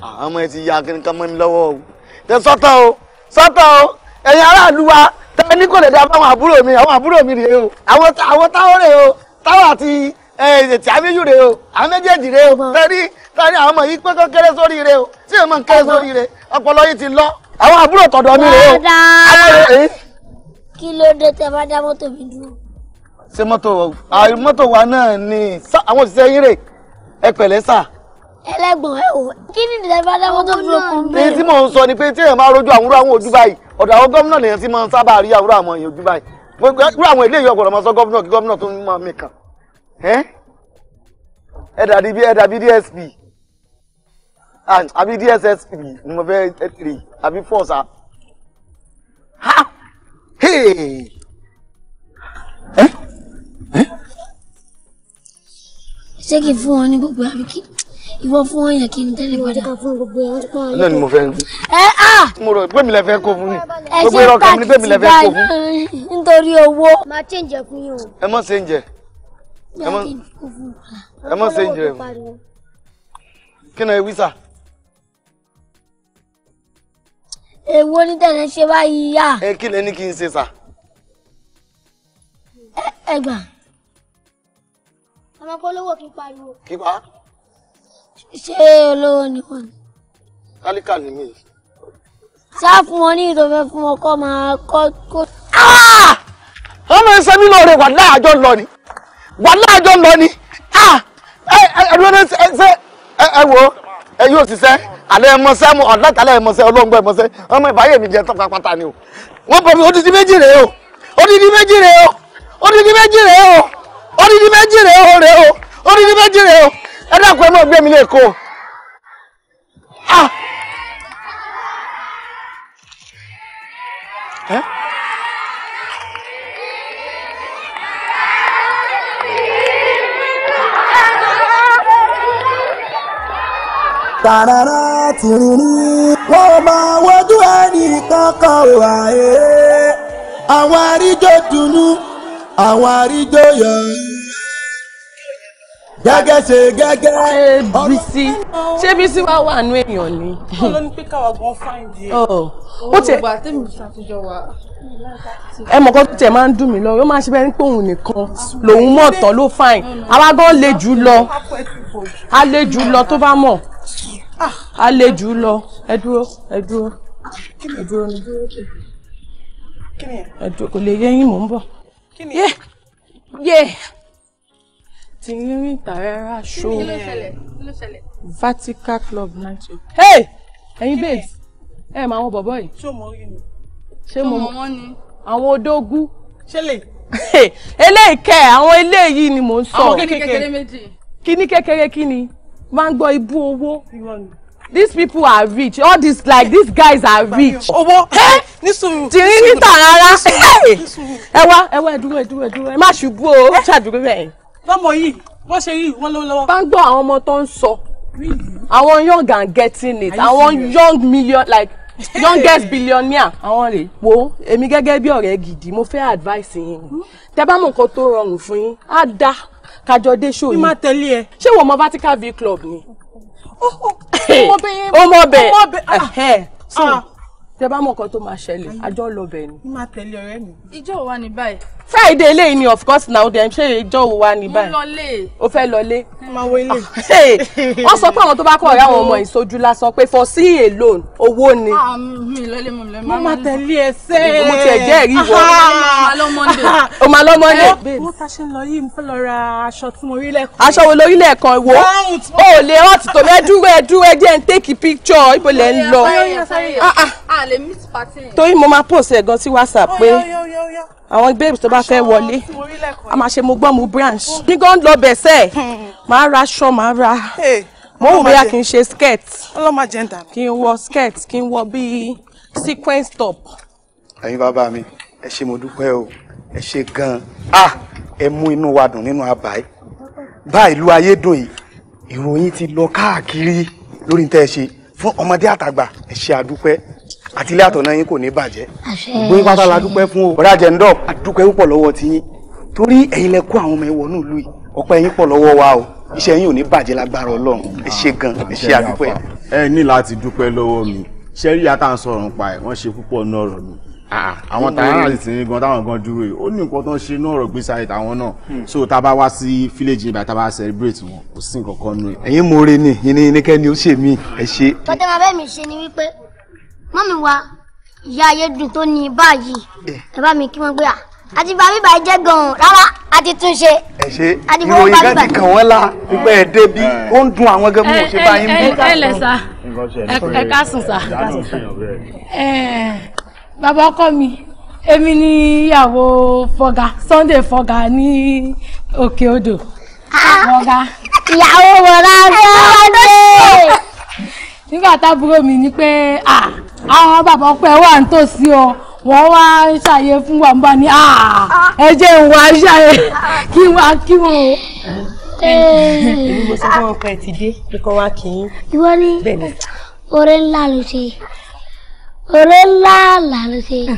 àwọn ọmọ ẹ ti ya kíni kan mọ́ mi lọ́wọ́ o tẹ sọ́tọ̀ o sọ́tọ̀ o ẹ̀yin aráàlú wa tẹ ní kò lè dá fáwọn àbúrò mi àwọn àbúrò mi rèé o àwọn táwọn rèé o táwọn àti ètì àbíyù rèé o àwọn méjèèjì rèé o tẹ́rí tẹ́rí àwọn ọmọ yìí pé kó kéré sórí rèé o tí èèmọ̀ ń kéré sórí rèé ọpọlọ yìí ti lọ àwọn àbúrò tọ̀dọ̀ mi rèé o. kí ló dé tẹ bá dá mọ́tò mi dúró. ṣé mọ́tò mọ́tò wa náà ni àwọn òṣìṣẹ́ yín rè é pẹ̀lẹ́ sáà ẹlẹ́gbọ̀n ẹ wò kí ni ìdẹ́fà dáwọ́ tó fi okun bẹ́ẹ̀. èyí tí mò ń sọ ni pé tí èèyàn máa rojú àwúrò àwọn ojú báyìí ọ̀dọ̀ àwọn gómìnà nìyẹn ti máa ń sábà rí àwúrò àwọn èèyàn ojú báyìí irú àwọn eléyìí ọ̀gọ̀rọ̀ máa sọ gómìnà kí gómìnà tó máa mi kàn ẹ dàbí ẹ dàbí DSP àbí DSSP ni mo fẹ́ ẹ tiri àbí fọ́ọ̀sà ha hey ṣé kí n fún ọ ní gbogbo àbíkí ìwọ fún ọyàn kí ni tẹ́lẹ̀ padà. náà ni mo fẹ́ rí. ẹ á. mo rò pé mi lè fẹ́ kó fún mi. gbogbo irọ́ kan ní pé mi lè fẹ́ kó fún. nítorí owó. máa ṣe ń jẹ fún yín o. ẹ mọ̀ ṣe ń jẹ. ẹ mọ̀ ṣe ń jẹ. kí ni ewì sà. èwo ní tẹ̀lé ṣe báyìí yá. ẹ kí lẹni kí n ṣe sà. ẹ gbà. ọmọ polówó kí n pariwo. kí pa. ṣé ni kálíkà ni mí. sá fún wọn ní ìtọ́fẹ́ fún wọn kọ́ máa kọ́ kó. ọmọ ẹ sẹ́mi náà rẹ̀ wà láàjọ lọ ni wà láàjọ ni ah! ẹ wo ẹ yóò ẹ mu ọ̀dọ́ta ẹ mọṣẹ́ ọlọ́ngbọ́n ẹ mọṣẹ́ ọmọ ìbáyé mi o wọ́n mi odidi méjì o odidi méjì rèé o odidi méjì rèé o odidi méjì rèé o rèé o odidi méjì rèé o. ẹ dákun ẹ mọ̀ gbé mi lẹ́kọ̀ọ́. tàràrà tìrìrì wọn máa wojú ẹnì kankan wà é àwọn àríjó dùnú àwọn àríjó gẹ́gẹ́ ṣe gẹ́gẹ́. ṣé bísí ṣé bísí wá wà nú èèyàn ni. ó ló ní pé káwa gan fáìndì. Oh, ó tiẹ̀ ó tẹ̀ ẹ mọ̀ kan tó tiẹ̀ máa ń dùn mí lọ yóò máa ṣe bẹ́ẹ̀ ní pé òun nìkan lòun mọ̀ tán ló fáìn àwa gan le jù lọ a le jù lọ tó bá mọ̀ a le jù lọ ẹ dúró ẹ dúró ẹ dúró ni ẹ dúró kò lè yẹ yín mò ń bọ̀ yé yé ti rírìn tàrẹ́rà ṣó Vatican Club night Hey, ẹ̀yin babes ẹ mọ àwọn bọ̀bọ̀ yìí. ṣé mo rí ni. ṣé mo mọ wọn ni. àwọn odógú. ṣé lè. eléyìí kẹ àwọn eléyìí ni mò ń sọ. àwọn kíní kékeré méjì. kíní kékeré kíni máa ń gbọ́ ibú owó. these people are rich all these like these guys are rich. owó ní sùúrù tìrín níta rárá ẹ wá ẹ wá ẹ dúró ẹ dúró ẹ dúró ẹ má ṣubú o ṣàdúró bẹ́ẹ̀ lọ́mọ yìí wọ́n ṣe yìí wọ́n lọ́wọ́ lọ́wọ́. bá ń gbọ́ àwọn ọmọ tó ń sọ àwọn young and getting it àwọn young million like youngest billionaire àwọn rè wo èmi gẹ́gẹ́ bí ọ̀rẹ́ gidi mo fẹ́ advice yín tẹ́ bá mọ̀ nǹkan tó rọrùn fún yín á dá kájọ dé show yìí. mi máa tẹ̀lé ẹ. ṣé wọ́n mọ vertical v club ni. Oh, oh. ọmọ bẹ́ẹ̀ ọmọ bẹ́ẹ̀ ah. eh, eh. so ah. tẹ́ bá mọ̀ nǹkan tó máa ṣẹlẹ̀ àjọ lọ bẹ́ẹ̀ ni. mi máa tẹ̀lé ọ̀rẹ́ mi. ìjọ wa ni báyìí friday eléyìí ni of course now dem ṣe ìjọ wo wa ní báyìí mo lọ lé o fẹ́ lọ lé máa wo ilé wọ́n sọ pé àwọn tó bá kọ ọ̀rẹ́ àwọn ọmọ ìsojú lásán pé for see alone owó ni ah, ah, mo máa tẹ̀lé ẹsẹ̀ mo tiẹ̀ jẹ́ ẹ̀rí ìwọ ah, o máa lọ monday. mo ta ṣe ń lọ yìí mo fẹ́ lọ ra aṣọ tí mo rí lẹ́ẹ̀kan. aṣọ wo lórí lẹ́ẹ̀kan wo o ò lè hot tó bẹ́ẹ̀ dúró ẹ dúró ẹ jẹ́ ń take picture ibo lẹ́ ń lọ torí mo máa post ẹ̀ gan sí whatsapp pé àwọn babes tó bá fẹ́ wọlé a máa ṣe mo gbọ́ mu branch oh. mi gan lọ bẹ̀sẹ̀ hmm. máa ra aṣọ máa ra mo wù bóyá kí n ṣe skirt kí n wọ skirt kí n wọ bíi sequence top. ẹ̀yin bàbá mi ẹ ṣé mo dúpẹ́ o ẹ ṣé gan-an ah ẹ mú inú wa dùn nínú àbá yìí bá ìlú ayé dùn yìí ìròyìn ti lọ káàkiri lórí tẹ́ ẹ ṣe fún ọmọdé àtàgbà ẹ ṣé àdúpẹ́ àti ilé àtọ̀nà yín kò ní bàjẹ́ gbé pátá la dúpẹ́ fún o ọ̀rẹ́ àjẹndọ́ àdúpẹ́ púpọ̀ lọ́wọ́ ti yín torí ẹ̀yin lẹ kó àwọn ọmọ ẹ̀wọ̀ náà lù yìí ọpẹ́ yín pọ̀ lọ́wọ́ wa o iṣẹ́ yín ò ní bàjẹ́ lágbára ọlọ́run ẹ ṣe gan ẹ ṣe àdúpẹ́. ẹ ní láti dúpẹ́ lọ́wọ́ mi ṣé rí ata ń sọ̀rọ̀ pa ẹ̀ wọ́n ṣe púpọ̀ náà mi àwọn tàyàrà ti sìn gan táwọn gan dúró yìí ó ní nǹkan tó ń ṣe náà ọ̀rọ̀ gbèsè àyè táwọn náà so tá a bá wá sí fílẹ̀jì ibà tá a bá celebrate wọn kò sí nǹkan kan nù. ẹ̀yin mo re ni ìní ìníkẹ́ni ó ṣèmí ẹ ṣe. kọ́tẹ́ máa bẹ́ẹ̀ mi ṣe ni wípé mọ́mí wa ìyá ayédùn tó ní báyìí eh. ẹ bá mi kí wọ́n gbé à àti bá bíbá jẹ́ gan-an rárá a ti tún ṣe. ẹ ṣe ìròyìn kan ti kàn wọ́n la wípé ẹ débi ó ń dun àwọn gẹ́gẹ́ bí mo ṣe bá yín mú. ẹ lẹ sá ẹ ká sùn sá bàbá ọkọ mi èmi ni ìyàwó fọgà Sunday fọgà ní òkè odò fọgà. ìyàwó wọ̀ra fọ́ọ̀dé. nígbà tábúrò mi ni pé ah àwọn bàbá ọpẹ́ wà nítòsí o wọ́n wá ṣàyè fún wa bá ní ẹ jẹ́ ìwà ṣàyè kí wọ́n kí wọ́n o. èmi ah. fún ọpẹ ti dé pé wá kì í. ìwọ ni oore ńlá ló ṣe oore ńlá là ló ṣe hmm.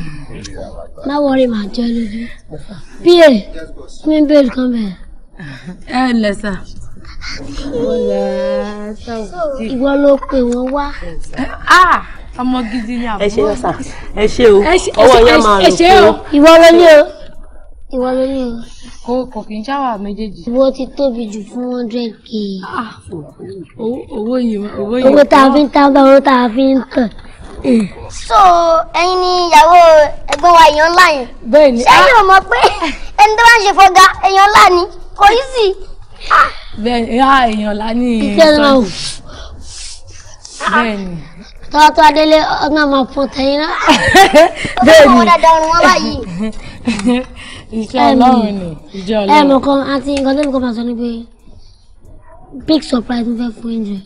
má wọrí màá jẹ lójú bí mi bẹ́ẹ̀ kan bẹ́ẹ̀. ẹ ǹlẹ́ sà ìwọ ló pè wọ́n wá. Ah! ọmọ gidi ni àbúrò ẹ ṣe ọsà ẹ ṣe o ọwọ́ yẹn máa lò fún o. ìwọ ló ní o ìwọ ló ní o. kò kò kì í ṣàwà méjèèjì. ìwọ ti tóbi jù fún hundred k. Ah, owó yìí owó yìí. owó tá a fi ń tán bá owó tá a fi ń tàn. Eh. so ẹ̀yin ni ìyàwó ẹ̀gbọ́n wa èèyàn ńlá yẹn. bẹ́ẹ̀ni ṣé yóò mọ̀ pé ẹni tó bá ń ṣe fọgá èèyàn ńlá ni kò yí sí. Ah. bẹ́ẹ̀ni ah, èèyàn ńlá ni. bẹ́ẹ̀ni tọ́wọ́ tó adélé ọ̀nà máa pọ̀ tẹ̀yìn náà. bẹ́ẹ̀ ni ọ̀dà dọ̀rùn wọn báyìí. iṣẹ́ ọlọ́run ni iṣẹ́ ọlọ́run. ẹ mọ̀ kan àti nǹkan tó ń kọ́ máa sọ ni pé big surprise ń fẹ́ fún ẹ̀jẹ̀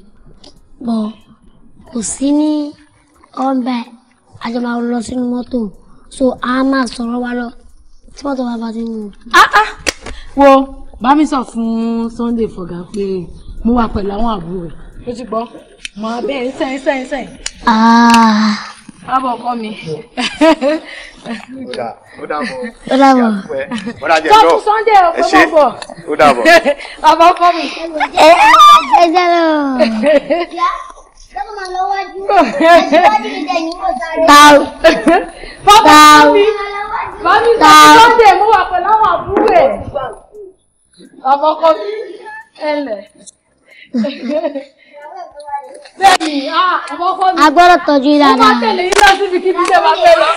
bọ̀ kò sí ní ọ̀nbẹ àjọ máa lọ sínú mọ́tò so a máa sọ̀rọ̀ wa lọ tí mọ́tò wa bá ti wù. wo bá mi sọ fún Sunday fọgá pé mo wà pẹ̀lú àwọn àbúrò rẹ̀ ó ti gbọ́ mọ abẹ́ ń sẹ́yìn sẹ́yìn sẹ́yìn. Ah. bábọ̀ kọ́ mi. ó dàbọ̀ ó dàbọ̀ ó dàjẹ́ lọ sọ́kù sunday ọkọ mọ̀ bọ̀ ó dàbọ̀ bàbá kọ́ mi. ẹ ẹ jẹ́ lọ. Báwo báwo mami sọ́kù sunday mú wa pẹ̀lú àwọn àbúrò ẹ̀ bàbá kọ́ mi. Ẹlẹ̀ bẹ́ẹ̀ni àkọ́kọ́ mi. a gbọ́dọ̀ tọ́jú yín dáadáa. wọ́n máa yín lọ síbi kíbi tẹ́ máa fẹ́ lọ.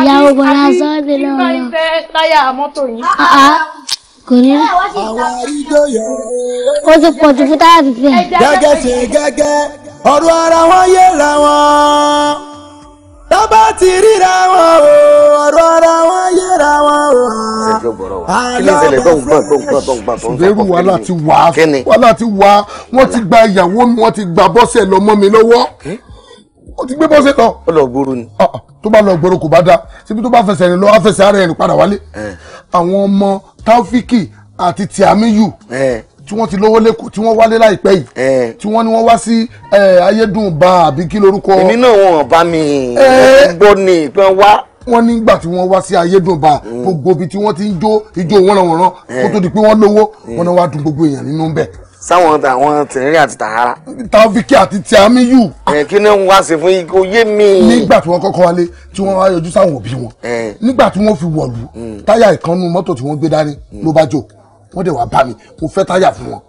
ìyàwó bọ̀dá sọ́ọ́dẹ̀ náà lọ. ìgbà ìfẹ́ láyà mọ́tò yìí ah, ah. kò ní. àwọn ìjòyè. ó ti pọ̀ jù fún táyà fífẹ́. gẹ́gẹ́ sí gẹ́gẹ́ ọ̀rọ̀ ara wọn yé ra tọ́ba ti ríra wọn o ọ̀rọ̀ ara wọn yẹra wọn o. ìbẹ̀rù wàhálà ti wà wàhálà ti wà wọ́n ti gba ìyàwó mi wọ́n ti gba bọ́sẹ̀ lọ́mọ mi lọ́wọ́ hm? ó ti gbé bọ́sẹ̀ lọ. ó lọ gbòòrò ni. Ah, ah, tó bá lọ gbòòrò kò bá da síbi tó bá fẹsẹ̀ rìn lọ á fẹsẹ̀ ara ẹ̀ rìn padà wálé. àwọn ọmọ Taofiki àti Tiamiyu tí wọ́n ti lówó lẹ́kọ̀ọ́ tí wọ́n wálé láìpẹ́ yìí tí wọ́n ní wọ́n wá sí ayédùnba àbí kí lorúkọ. èmi náà wọn bá mi gbọ́ ni pé wá. wọ́n nígbà tí wọ́n wá sí ayédùnba gbogbo ibi tí wọ́n ti ń jó ijó wọ́nranwọ̀nran kó tó di pé wọ́n lówó wọn náà wá dùn gbogbo èèyàn nínú bẹ́ẹ̀ sáwọn àwọn tìrìrì àti tàhárà. tàfíkì àti tìámíyù. ẹ kí ni wọn wá sí fún ikú yé mi. nígbà tí wọn kọ́kọ́ wálé tí wọn wá yọjú sáwọn òbí wọn nígbà tí wọn fi wọlú táyà ìkànnù mọ́tò tí wọn gbé dání ló bá jò wọ́n dẹ̀ wá bá mi mo fẹ́ táyà fún wọn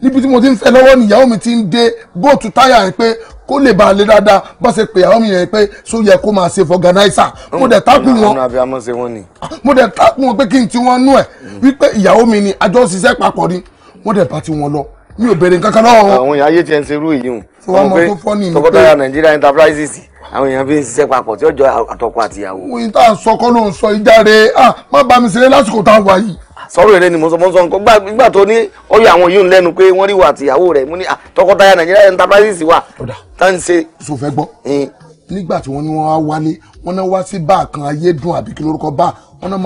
níbi tí mo ti ń fẹ́ lọ́wọ́ ni ìyàwó mi ti ń dé bóòtù táyà yẹn pé kó lè bá a lé dáadáa bá ṣe pé ìyàwó mi yẹn pé so yẹ kó máa ṣe fọgànáísà mo dẹ̀ tákùn wọn mo dẹ̀ tákùn wọn pé kí n ti wọn nú ẹ̀ wípé ìyàwó mi ni àjọ ṣiṣẹ́ papọ̀ ni wọ́n dẹ̀ bá ti wọn lọ mi ò béèrè nǹkan kan lọ́wọ́ wọn. àwọn èèyàn ayé tiẹ̀ ń ṣerú èyí hùn. tọkọtaya Nigeria enterprises àwọn èèyàn fi ń ṣiṣẹ́ papọ̀ tí ó jọ àtọkọ àtìyàwó. òyìn tá a sọ kọ́ ló ń sọ ìjà rẹ̀ ah má bá mi ṣeré lásìkò tá a wà yìí sọ̀rọ̀ èrè ni mo sọ mo sọ nǹkan gbà tó ní ọyọ àwọn yìí ń lẹ́nu pé wọ́n rí wa àtìyàwó rẹ̀ mo ní tọkọtaya Nàìjíríà enterprises wa tá n ṣe. so fẹ́ gbọ́ nígbà tí wọ́n ní wọ́n wá wálé wọ́n náà wá sí báà kan ayédùn àbí kí lórúkọ báà wọ́n náà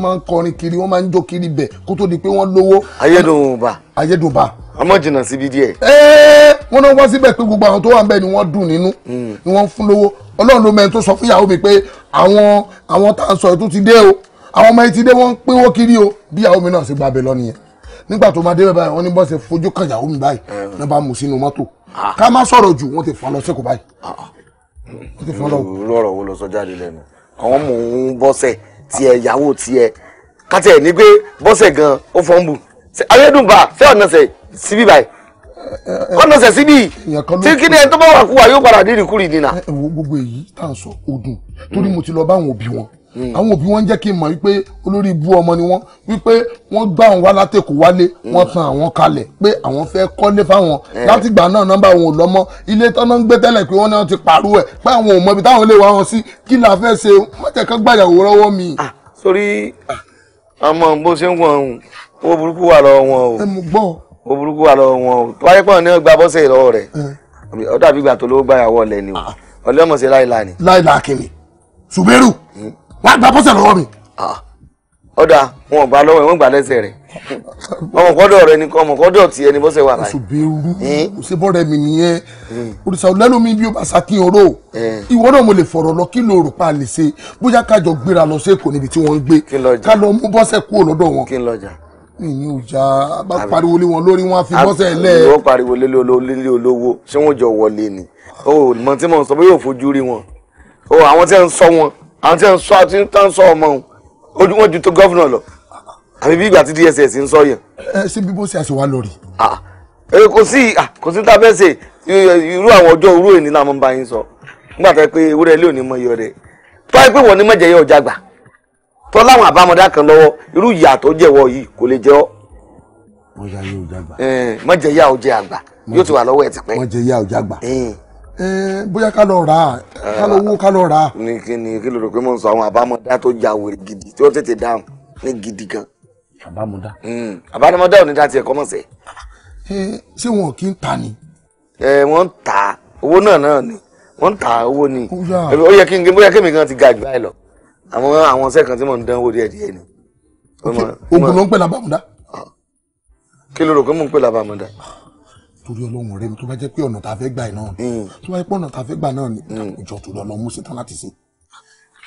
máa ń kọrin kiri wọ́n máa ń jó kiri bẹ̀ kó tó di pé wọ́n lówó. ayédùn bá. ayédùn bá. a mọ̀ jìnnà síbi díẹ̀. ẹ́ẹ́ wọ́n náà wá síbẹ̀ pé gbogbo àwọn tó wà ń bẹ̀ ni wọ́n dùn nínú hmm. ni wọ́n fún lówó ọlọ́run ló mẹ́rin tó sọ fún ìyàwó mi pé àwọn àwọn tá à ń sọ ètò ti dé o àwọn ọmọ etí dé wọ́n ń pínwó kiri o bí ìyàwó mi náà ṣe gba abẹ lọ nìyẹn nígbà tó máa dé bẹ́ẹ̀ báyìí wọ́n ní bọ́sẹ̀ fojú kan ìyàwó mi báyìí náà bá mú sínú mọ́tò ah. ká má sọ̀rọ̀ jù wọ́n ti fọ́n lọ sẹ́kọ̀ọ́ báyìí. Ah, ah. wọ́n ti fọ́n lọ. lọ́rọ̀ wo lọ sọ jáde lẹ́nu àwọn mò ń bọ́sẹ̀ tiẹ̀ ìyàwó tiẹ̀ kátẹ̀ ní pé bọ́sẹ̀ gan ó fọ́n bù ayédùnbà fẹ́ ọ̀nà sẹ̀ síbí báyìí ọ̀nà sẹ̀ síbí tí kí ni ẹni tó bá wà kú wa yóò padà dé ìrìkúrì nínà. gbogbo èyí tá à ń sọ odùn torí mo ti lọ báwọn òbí wọn Hmm. àwọn òbí wọn jẹ́ kí n mọ̀ wípé olórí ibú ọmọ ni wọ́n wípé wọ́n gbá àwọn wá látẹ̀kọ̀ wálé hmm. wọ́n tan àwọn kalẹ̀ pé àwọn fẹ́ kọ́lé fáwọn hmm. látìgbà náà nọ́mbà àwọn ò lọ́mọ ilé tọ́nà ń gbé tẹ́lẹ̀ pé wọ́n náà ti pàrọ̀ ẹ̀ pé àwọn ò mọ ibi táwọn lè wá wọn sí kí la fẹ́ ṣe mọ́tẹ̀kọ́ gbàyàwó lọ́wọ́ mi. Ah, sórí ah, ọmọ bó ṣe ń wọ̀n owó burúkú wà lọ́wọ́ wọn o. ẹ mú gbọ́. owó burúkú wà lọ́wọ́ wọn o tó wáyé pọ̀ ní ọgbà bọ́sẹ̀ ìlọ́wọ́ rẹ̀ ọdọ àbígbà tó lówó gbàyàwó ọ̀lẹ́ ni o ah. ọlẹ́ ọmọ ṣe láìláà ni. láìláà kìnnì ṣùgbẹ́rù wàá gba bọ́sẹ̀ lọ́wọ́ mi. ọ̀dà wọn ò gbà lọ́wọ́ ẹ̀ wọ́n gbà lẹ́sẹ̀ rẹ̀ ọmọ kọ́dọ̀ rẹ ni ọmọ kọ́dọ̀ tiẹ̀ ni bọ́sẹ̀ wà láyé. òṣùbẹ̀rù òṣèbọ̀rẹ̀ mi nìyẹn òrìṣà olẹ́lómi bí ó bá ṣàkíyàn rò ìwọ náà mo lè fọ̀rọ̀ lọ kí ló rò pa lè ṣe bóyá kájọ gbéra lọ sí èkó níbi tí wọ́n ń gbé ká lọ mú bọ́sẹ̀ kúrò lọ́dọ̀ wọn. kí n lọ jà ìní ọjà bá pariwo lé wọn lórí wọn á fi bọ́sẹ̀ lẹ̀. wọ́n pariwo lé lé olówó ṣé wọ́n jọ wọlé ni o mọ̀ tí mo sọ pé yóò fojú rí wọn o àwọn tí wọ́n ń sọ wọn àti ẹ̀ ń sọ àti tá ń sọ ọmọ òun ojú wọn ju tó gọ́vùnà lọ àbí bí ìgbà tí DSS ń sọ yẹn. ẹ ṣé bí bó ṣe àṣewà lọ rí. kò sí kò sí tá a fẹ́ ṣe irú àwọn ọjọ́ òru èní náà mo ń bá yín sọ nígbà tó yẹ pé ewúrẹ́ ilé òní mọ iyọ̀ rẹ̀ tó yẹ pé wọ́n ní mọ̀jẹ̀ yẹ ọjà gbà tó láwọn àbámọ̀dá kan lọ́wọ́ irú ìyà tó jẹ̀wọ́ yìí kò lè jẹ́ ọ́. mọ̀jẹ̀ yẹ ọjà gbà. mọ̀jẹ̀ yà ọjà gbà yóò ti wà lọ́wọ́ ẹ̀ tipẹ́. mọ̀jẹ̀ yà ọjà gbà. Eh, bóyá ká lọ rà á eh, ká lọ wó ká lọ rà á. ní kí ni kí ló rò pé mo ń sọ àwọn àbámọ̀dá tó ja wèrè gidi tí ó tètè dáhùn ní gidi gan. àbámọ̀dá. Hmm, àbámọ̀dá ò ní dá tiẹ̀ kọ́mọ̀sẹ̀. Eh, ṣé wọn kì í ta ni. ẹ wọ́n ń ta owó náà náà ni wọ́n ń ta owó ni ó yẹ kí n bóyá kí mi gan ti ga jù báyìí lọ àwọn àwọn ọ̀sẹ̀ kan tí mò ń dánwò díẹ̀ díẹ̀ ni. oògùn ló ń pè lábàmọ̀dá. Ah, kí ló rò pé mò ń pè lábàmọ̀dá torí ọlọ́run rẹ mi tó bá jẹ́ pé ọ̀nà tá a fẹ́ gbà náà ni tó bá jẹ́ pé ọ̀nà tá a fẹ́ gbà náà ni ìjọ hmm. tó lọ mú ṣetán láti ṣe.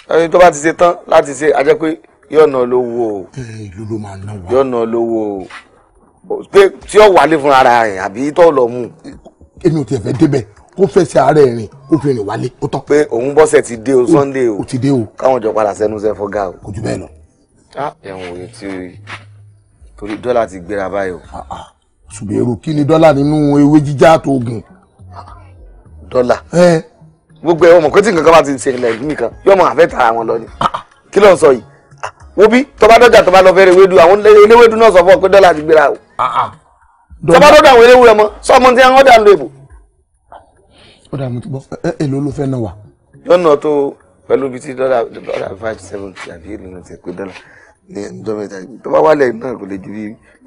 ẹni tó bá ti ṣetán láti ṣe a yọ̀nà lówó o ìlú ló máa ná wa yọ̀nà lówó o pé tí ó wálé fúnra rẹ̀ àbí tó lọ mú. èmi ò tiẹ̀ fẹ́ débẹ̀ kó fẹsẹ̀ àárẹ̀ rìn kó fi rìn wálé ó tán. pé òun bọ́sẹ̀ ti dé o sunday o ti dé o káwọn jọ padà sẹ́nu sẹ́ fọ́gá o. kò jù bẹ́ẹ̀ lọ. Ah, ẹ̀wọ̀n òye tí torí dọ́là ṣùgbẹ́rù kí ni dọ́là nínú ewé jíjá tó gùn. dọ́là gbogbo ẹ̀ ọmọ kò tí nǹkan kan bá ti ṣẹlẹ̀ nìkan yóò mọ àfẹ́ tara wọn lọ ni ah, ah. kí ló ń sọ yìí ah, wo bí tọba dọjà tọba lọ fẹ́rẹ̀ ewédú àwọn eléwédú náà sọ fún ọ pé dọ́là ti gbéra o tọba dọjà àwọn eléwú rẹ mọ sọmọ tí wọn dà ń lo èbò. ó dà mí tó bọ́ èlò ló fẹ́ náà wà. yọ̀nà tó pẹ̀lú bíi ti dọ́là dọ́là five seven àbí èlò náà ti pé dọ́là ní ọjọ́ mẹ́ta tó wálẹ̀ náà kò lè ju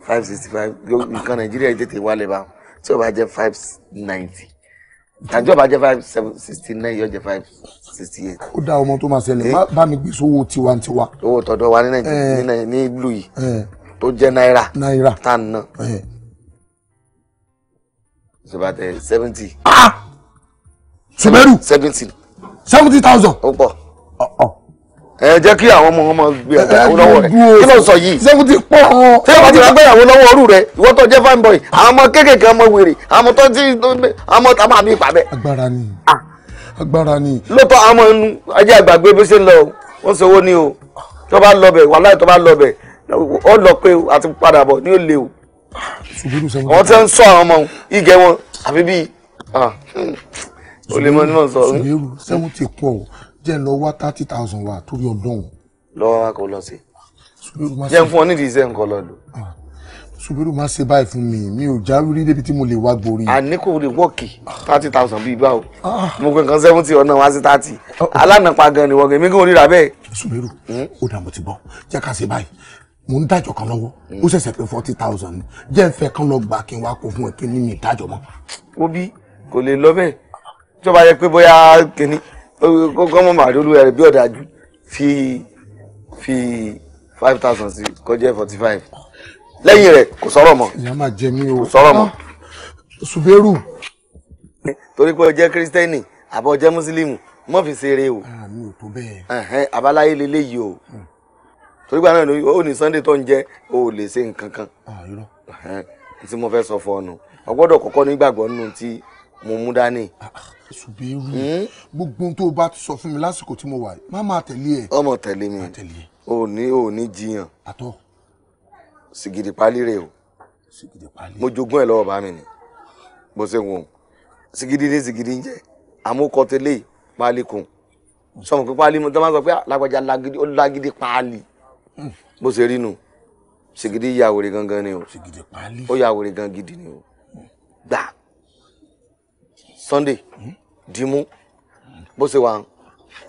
five sixty five nǹkan nàìjíríà yìí tètè wálé bá wọn tí ó bá jẹ́ five ninety tàbí ó bá jẹ́ five sixty nine yóò jẹ́ five sixty eight. ó dá ọmọ tó máa ṣẹlẹ̀ bá mi gbèsè owó tiwantiwa. owó tọ̀dọ̀ wa ní nàìjíríà eh. ní ìlú yìí eh. tó jẹ́ náírà náírà tá a ná sèbàtẹ eh. seventy. Ah! sèbẹ́rù seventy. seventy thousand. ó pọ̀. ọ̀ oh, oh ẹ jẹ́ kí àwọn ọmọ ọmọ gbé àgbàyàwó lọ́wọ́ rẹ̀ kí ló sọ yìí. sẹ́kù ti pọ̀ wọn. tí wọ́n ti gbàgbéyàwó lọ́wọ́ òru rẹ̀ ìwọ tó jẹ́ fine boy àwọn ọmọ kéékèèké ọmọ wèrè àwọn ọmọ tó ti àwọn ọmọ tá máa mi pàbẹ. agbára ni agbára ni. lóòótọ́ àwọn ẹnu ajé àgbàgbé bó ṣe ń lọ wọ́n sọ owó ni o tó bá lọ bẹ̀ wàláì tó bá lọ bẹ̀ ó lọ pé àti padà bọ̀ ni ó o. àwọn tí wọ́n sọ àwọn ọmọ ìgẹ wọn àfi bíi olè mọ́ ni wọ́n sọ. o jẹ́ lọ wá thirty thousand wa torí ọdún. lọ́wọ́ wa kò lọ sí. jẹ́ fún ọ nídìí iṣẹ́ nǹkan lọ lò. Subiru ah, máa ṣe báyìí fún mi mi ò já lórí débi tí mo lè wá gborí. àní kò lè wọ́ọ̀kì thirty thousand bíi báwo ah. mo pe nǹkan seventy ọ̀nà wá sí thirty alánàpá gan ni wọ́n gan èmi kò ríra bẹ́ẹ̀. Subiru hmm? ó dà mo ti bọ́ jẹ́ ká ṣe báyìí mo ń dájọ́ kan lọ́wọ́ ó ṣẹ̀ṣẹ̀ pé forty thousand jẹ́ ń fẹ́ kán lọ gbà kí n wá kó fún ẹ kí n ní mi ìdájọ́ mọ́. obi kò lè lọ bẹ́ẹ̀ tí ó bá yẹ pé bóyá kìnnì kọ́kọ́ mọ̀ màdó olúwa bí ọ̀dájú fi fi five thousand sí kọjá forty five lẹ́yìn rẹ̀ kò sọ̀rọ̀ mọ́ kò sọ̀rọ̀ mọ́. ṣùgbẹ́rù. torí pé o jẹ́ kírísítẹ́nì àbọ̀ jẹ́ mùsùlùmí mọ́ fi ṣeré o. àmì ah, ò tó bẹ́ẹ̀. àbáláyé leléyìí o hmm. torí gbà náà ó ní Sunday tó ń jẹ́ o ò lè ṣe nǹkan kan ah, tí mo fẹ́ sọ fún ọ nù o gbọ́dọ̀ kọ́kọ́ nígbàgbọ́ nù tí mo mú dání. Ah, ṣùgbẹ́rù gbogbo tó o bá sọ fún mi lásìkò tí mo wà má máa tẹ̀lé ẹ. ọmọ tẹ̀lé mi ò ní ò ní jiyàn. sìgìdì pálí rè o mo jogún ẹ lọ́wọ́ bá mi ni bó ṣe wò ó sìgìdì ní sìgìdì ń jẹ àmúkọ tẹ́lẹ̀ pálí kùn sọmọ pé pálí mo tó máa sọ pé alágbájá ah, lágídí ó lágídí pálí hmm. bó ṣe rí nu sìgìdì yà wèrè gangan ni o sìgìdì pálí ó yà wèrè gan ni o gbà. Mm Sunday hmm? dimu bó ṣe wà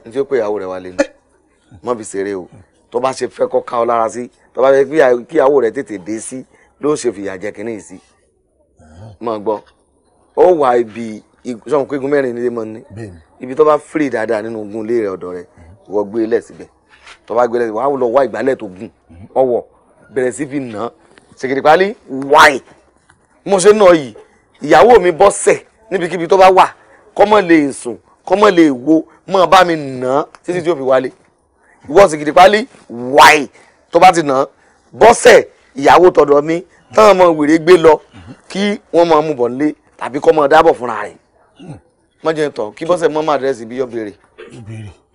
ní tí ó pè ìyàwó rẹ̀ wálé ni mọ́ fi ṣeré o tó bá ṣe fẹ́ kọ́ ká ọ lára sí tó bá fẹ́ kí ìyàwó rẹ̀ tètè dé sí ló ṣe fìyà jẹ kínní yìí sí mọ́ hmm. gbọ́ ó wà ibi sọmọ pé mẹ́rin nílé mọ́ ni ibi tó bá free dáadáa nínú ogun ilé rẹ̀ ọ̀dọ̀ rẹ̀ hmm. wọ́n gbé e lẹ̀ síbẹ̀ tó bá gbé e lẹ̀ síbẹ̀ wàá lọ wá ìgbálẹ̀ tó gùn ọwọ́ bẹ̀rẹ̀ sí fi nà ṣèkìdìpálí wáì mo ṣe nà yìí ìyàwó mi bọ́ sẹ̀ níbikíbi tó bá wà kọ́mọ lè sùn kọ́mọ lè wo mọ́ bá mi nà án títí tí ó fi wálé ìwọ sì gidi pálí wáì tó bá ti nà án bọ́sẹ̀ ìyàwó tọ̀dọ̀ mi táwọn ọmọ wèrè gbé lọ kí wọ́n máa mú bọ̀ nílé tàbí kọ́mọ dábọ̀ fúnra rẹ̀ mọ́jẹ́ tọ̀ kí bọ́sẹ̀ mọ́ máa dẹ́sì bí yóò béèrè.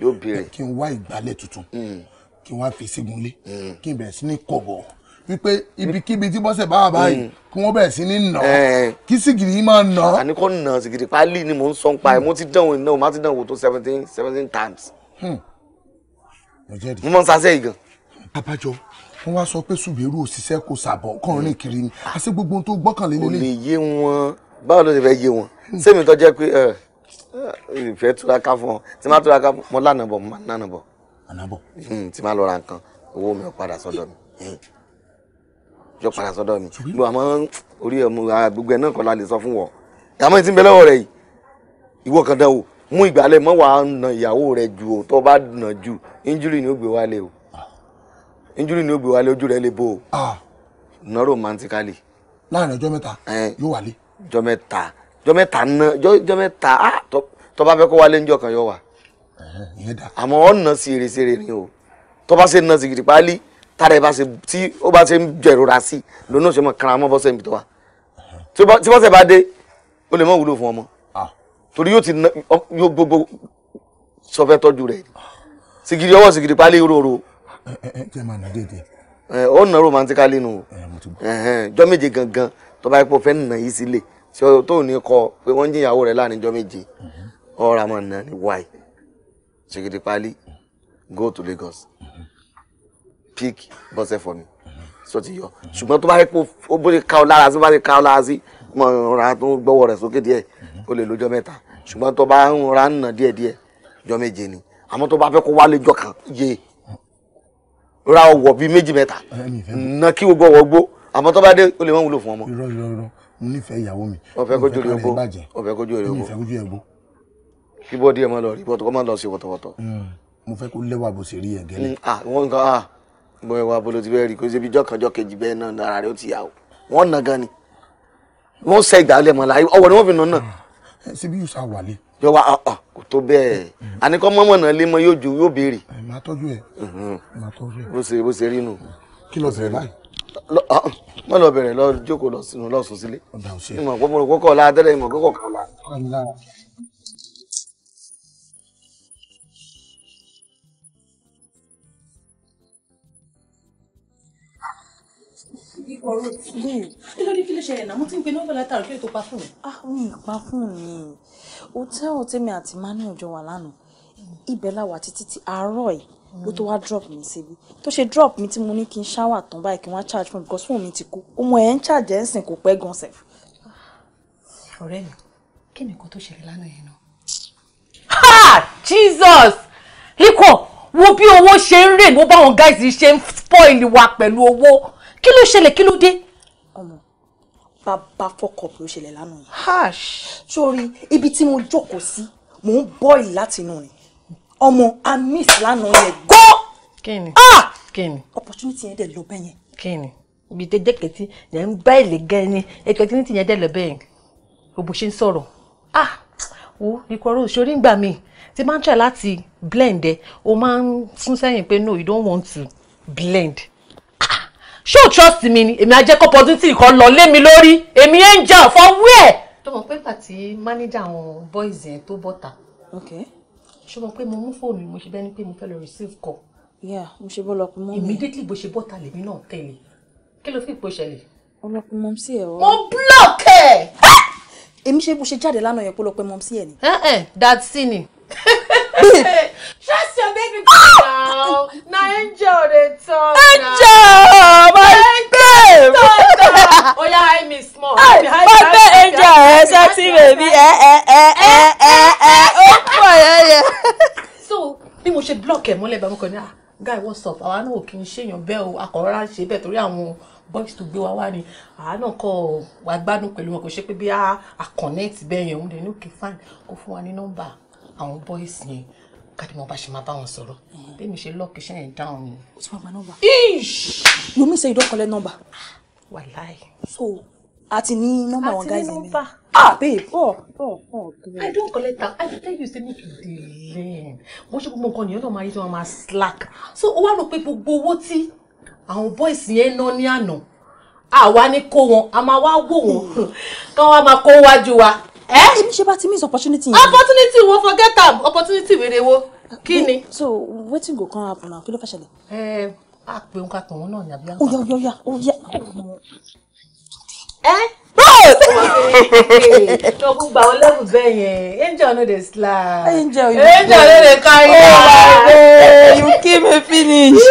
yóò béèrè kí n wá ìgbálẹ̀ tuntun hmm. kí n wá fi sígun hmm. kí n bẹ̀rẹ̀ sí ní kọ̀bọ̀ wípé ibikíbi tí bọ́sẹ̀ bá wà báyìí mm. kí wọ́n bẹ̀rẹ̀ sí ní nà án eh. kí sìgìrì yìí máa nà án. àní kò nà sìgìrì pálí ni mò ń sọ pa ẹ̀ mo ti dánwò ìnáwó má ti dánwò tó seventeen seventeen times. Hmm. mo máa ń sasẹ́ ìgàn. abájọ wọn wá sọ pé ṣùgbẹ́rù òṣìṣẹ́ kò sàbọ̀ kàn rìn kiri ni àṣé gbogbo ohun tó gbọ́kànlé lélẹ̀. kò lè yé wọn báwo ló ti fẹ́ yé wọn sẹ́mi hmm. tó jẹ́ pé eh, eh, ìfẹ́ túraká fún ọ tí má túraká mọ́ lánàá bọ̀ mọ́ lánàá hmm, tí má lọ nǹkan owó mi ò padà sọ́dọ̀ mi yọ padà sọ́dọ̀ mi gbogbo àmọ́ orí ọmọ gbogbo ẹ̀ náà kọ́ la lè sọ fún wọ àmọ́ ìtì ń bẹ rẹ yìí ìwọ kan dán o mú ìgbàlẹ̀ mọ́ wàá nà ìyàwó rẹ jù o tó bá nà jù injúrì ni ó gbé wálé o ah. injúrì ni ó gbé wálé ojú rẹ lè bó o ah. nà romantically. láàrin ọjọ́ mẹ́ta yóò wálé. ọjọ́ mẹ́ta ọjọ́ mẹ́ta ná ọjọ́ mẹ́ta ah, tó bá fẹ́ kó wálé ńjọ́ kan yóò wá àmọ́ ọ̀nà sí eré sí eré ni o tó bá ṣe ná sí gidi pálí tára ẹ bá ṣe tí ó bá ṣe ń jẹrora sí lónà ṣe mọ kanra mọ bọ́sẹ̀ níbi tó wà tí bọ́sẹ̀ bá dé ó lè mọ wúlò fún ọmọ ah. torí yóò ti yóò gbogbo sọ fẹ́ tọ́jú rẹ̀ sìgìrì ọwọ́ sìgìrì pálí róró. ẹ ẹ jẹ́ màá nà dédé. ẹ ọ nà romantically nù jọ méje gangan tó bá yẹ kó fẹ́ nà yìí sílẹ̀ tí ó tó ní kọ pé wọ́n ń jìyàwó rẹ̀ láàrin jọ méje mhm. ọ̀rọ̀ àmọ́ nà ní wáì sìgìrì pálí go to Lagos. Mm -hmm pick bọ́sẹ̀ fọ mi sọ ti yọ ṣùgbọ́n tó bá yẹ kó o bó lè ka ọ lára sí bá lè ka ọ lára sí mọ ra tó gbọ́wọ́ rẹ̀ sókè díẹ̀ ó lè lọ́jọ́ mẹ́ta ṣùgbọ́n tó bá ń ra ń nà díẹ̀ díẹ̀ jọ méje ni àmọ́ tó bá fẹ́ kó wálé jọ kan yé ra ọwọ́ bíi méjì mẹ́ta nà kí gbogbo ọwọ́ gbó àmọ́ tó bá dé ó lè wọ́n wúlò fún ọmọ. irọ́ irọ́ irọ́ mo nífẹ̀ẹ́ ìyàwó mi. ó fẹ́ kójú rẹ̀ gbó ó fẹ́ kójú rẹ̀ gbó hmm. mo nífẹ̀ẹ́ kójú rí bọ́ọ̀tù bọ́ ẹ wá bolo ti bẹ́ẹ̀ rí kó ṣebi jọ́kànjọ́ kejì bẹ́ẹ̀ náà lára rẹ̀ ó ti yà ó wọ́n nà gan ni wọ́n sẹ́ ìgbàlẹ̀ mọ́ láyé ọwọ́ ni wọ́n fi nà náà. síbi yóò sá wàlé. yọ wa ah, ah, kò tó bẹ́ẹ̀ mm-hmm. àníkọ́ mọ́mọ́ náà lé mọ́ yóò ju yóò béèrè. màá tọ́jú ẹ̀ màá mm-hmm. tọ́jú ẹ̀. bó ṣe bó ṣe rí nù. kí ló bẹ̀rẹ̀ báyìí. Ah, mọ́ lọ bẹ̀rẹ̀ lọ jókòó lọ sínú lọ́sùn sílé. ọ̀dà òṣèlú. ìmọ̀ kókó kókó ọ̀la adẹ́rẹ́ ìmọ̀ kókó kọ̀ọ̀la. ọ̀rọ̀ tìlú. kí ló dé kí ló ṣẹlẹ̀ náà mo ti ń pe nọ́mbà látàrí kí ló tó pa fóònù. ah mi ì pa fóònù mi hòtẹ́ẹ̀lì tèmi àti manu ọjọ́ wà lánàá ibẹ̀ la wà títí tí àárọ̀ yìí ló tó wá drop mi síbi tó ṣe drop mi tí mo ní kí n ṣáwà tán báyìí kí n wá charge phone because phone mi ti kú ọmọ ẹ̀ ń charge ẹ̀ ń sìn kò pẹ́ gan sef. ọ̀rẹ́ mi kí ni nǹkan tó ṣẹlẹ̀ lánàá yẹn náà. ha Jesus líkọ̀ wo bí owó ṣe ń rè ló báwọn guys ṣe ń spoil wa pẹ̀lú owó kí ló ṣẹlẹ̀ kí ló dé. ọmọ bàbá fọkọọpù ló ṣẹlẹ̀ lánàá yìí. harsh. sórí ibi tí mo jókòó sí mò ń bọ́ọ̀lì láti inú rẹ̀ ọmọ amis lánàá yẹn gọ́. kí ni ah! kí opportunity yẹn dẹ̀ lọ bẹ́ẹ̀ yẹn. kí ni ibi tẹ jẹ́ kẹ́tí yẹn ń bá èlé gan ni opportunity yẹn dẹ̀ lọ bẹ́ẹ̀ òbò ṣe ń sọ̀rọ̀ ah wo ìkọ̀rọ̀ òṣèré ń gbà mí ti máa ń try láti blend ẹ o máa ń sún sẹ́yìn pé no you don't want to blend ṣé o trust me. ni èmi á positive. kó opportunity kan lọ lé mi lórí èmi angel for where. tó mọ̀ pé pàtí mánéjà àwọn boys yẹn tó bọ́ta ṣé mo pé mo mú fóònù mo ṣe bẹ́ẹ̀ ni pé mo fẹ́ lọ receive call. mo ṣe bọ́ lọ pé mọ́ mi. immediately bó ṣe bọ́ta lèmi náà tẹ̀lé kí ló fi pò ṣẹlẹ̀. ọlọpàá mọ̀ sí ẹ̀ o. mo block ẹ̀. èmi ṣe bó ṣe jáde lánàá yẹn pé lọ́pẹ́ mọ̀ sí ẹ̀ ni. that's it ni Trust your baby girl now. Na angel dey talk Angel, my babe. Oh yeah, I miss more. me, hide me, Angel, ẹ eh, sexy baby, ẹ ẹ ẹ ẹ ẹ ẹ ó pọ̀ yẹ́yẹ́. So bí mo ṣe block ẹ̀ mọ́lẹ̀ bàbá kan ní ah guy what's up àwa náà kì í ṣèyàn bẹ́ẹ̀ o akọ̀rọ̀ra ń ṣe bẹ́ẹ̀ torí àwọn boys tó gbé wa wá ni àwa náà kọ́ wa gbádùn pẹ̀lú wọn kò ṣe pé bí a connect bẹ́ẹ̀ yẹn òun dẹ̀ ní òkè fine kò fún wa ní nọ́mbà àwọn boys yẹn káàdì mo bá ṣe máa bá wọn sọ̀rọ̀ bí mi ṣe lọ́ọ̀kì iṣẹ́ yẹn dáhùn ni. o ti wá gba yomi say you don collect number. wàláì. so a ti ní nọ́mbà wọn guys mi. ah babe oh oh oh. i don collect am i tell you say make you dey learn wọ́n ṣe gbogbo nǹkan nìyẹn náà máa yí tí wọ́n máa slack so ó wá rò pé gbogbo owó tí àwọn boys yẹn ná ní àná àwa ní kó wọn a máa wá wò wọn káwọn á máa kó wájú wa èmi eh? ṣe bá ti miss opportunity yẹn. opportunity wo forget am opportunity wèrè wo kí ni. so wetin go come happen now kí ló fẹ́ ṣẹlẹ̀. ẹ á pe òun ká pè wọn náà ní àbí àǹfààní. ó yá ó yá ó yá. ẹ Ogun gba wọn lẹ́bùn bẹ́ẹ̀ yẹn. Angel no dey slack. Angel you Angel no dey carry you. Oh my God, you kill me finish.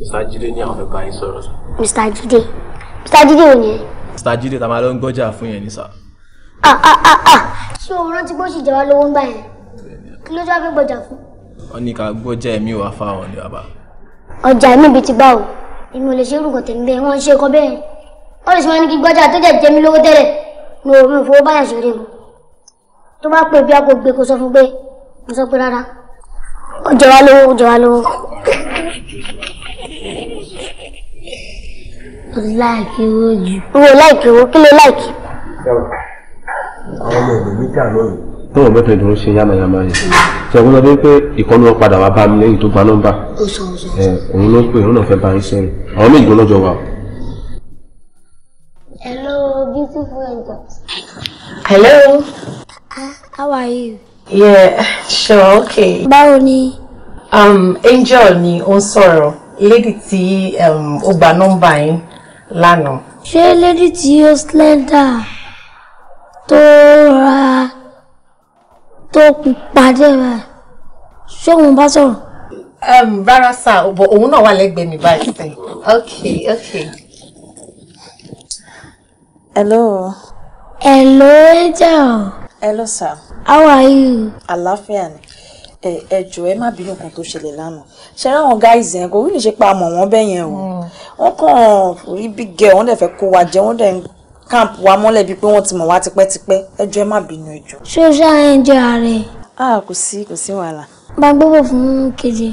Mr. Jide ní àwọn fẹ́ bá yín sọ̀rọ̀. Mr. Jide. Sajide ò ni. Sajide ta máa lọ ń gbọ́jà fún ah ah ah, Ṣé ah. o rántí bó ṣì jẹ wá lówó ń gbà yẹn? Kí ló ṣáà fi gbọ́jà fún? Wọ́n ní ká gbọ́jà ẹ̀mí wá fáwọn ní bàbá. Ọjà mi ibi ti bá o. Èmi ò lè ṣe irú nǹkan tèmi bẹ́ẹ̀, wọ́n ń ṣe nǹkan bẹ́ẹ̀. Wọ́n lè ṣe wọn ní kí gbọ́jà tó jẹ́ jẹ mí Mo ò mi fowó báyà ṣeré mu. Tó bá pè bí a kò gbé kó sọ fún pé mo sọ pé rárá. Ó jẹ wá lówó, ó jẹ mo láìkì owó jù. mo láìkì owó kí ló láìkì. àwọn ọmọ ìlú mi jà lóyún. tó wọn ìdúró ṣe yánnayànna yìí sọ wọn lọ pé ìkọlù wọn padà wá bá mi lẹ́yìn tó gba nọ́mbà òun ló pè òun náà fẹ́ bá yín sẹ́yìn hello beautiful angels. hello. Uh, how are you. yeah sure okay. báwo ni. um angel ni ó ń sọ̀rọ̀ lady tí um, ó gba nọ́mbà yín lánàá. ṣé lady tí slender tó ra tó pàdé rẹ ṣé òun bá sọ̀rọ̀. rárá sá òun náà wà lẹ́gbẹ̀ẹ́ mi báyìí sẹ́yìn. ok ok. hello. hello angel. hello sir. how are you. àlàáfíà ni ẹ ẹ jọ ẹ má bínú kan tó ṣẹlẹ̀ lánàá ṣe ráwọn guys yẹn kò wílì ṣe pa àmọ̀ wọn bẹ́ẹ̀ yẹn o hmm. wọ́n kàn rí big girl wọ́n dẹ̀ fẹ́ kó wa jẹ wọ́n dẹ̀ ń camp wa mọ́lẹ̀ bíi pé wọ́n ti mọ̀ wá tipẹ́tipẹ́ ẹ jọ ẹ má bínú ẹ jọ. ṣé jẹ ààrẹ. ah kò sí kò sí wàhálà. bá gbogbo fún keje.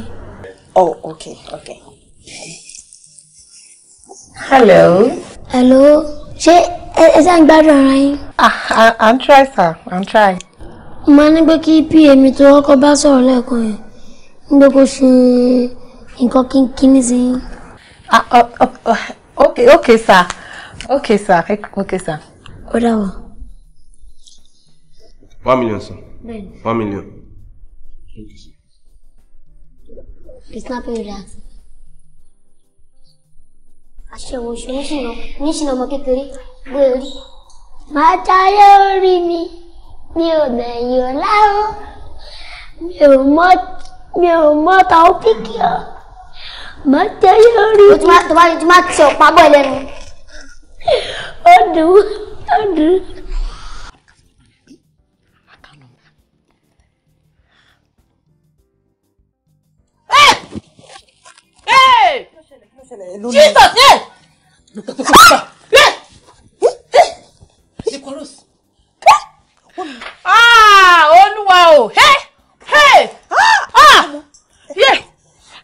oh ok ok hello. hello ṣé ẹ ẹ sáà ń gbádùn ara yín. ah i i'm try sir i'm try mo ní pé kí pa mi tó kọ́kọ́ bá sọ̀rọ̀ lẹ́ẹ̀kan yẹn nígbà kó ṣe nǹkan kíní sí i. Ah, ok ok sir ok sir ok sir. ó dàbọ̀. one million sir. one million. it's not very relax. aṣẹ́wó ṣe ń ṣìnà ń ṣìnà ọmọ kékeré gbé orí. màá tayé orí mi mi ò nẹ̀yìn láàrọ̀ mi ò mọ mi ò mọ tàófíìkì ọ mọ tẹ lórí. o ti máa tó bá ti máa ti ọ̀pá bọ̀ lẹ́nu. ó dùn ó dùn. Jesus! Yeah! Nicolas! Ah, olúwa o ah,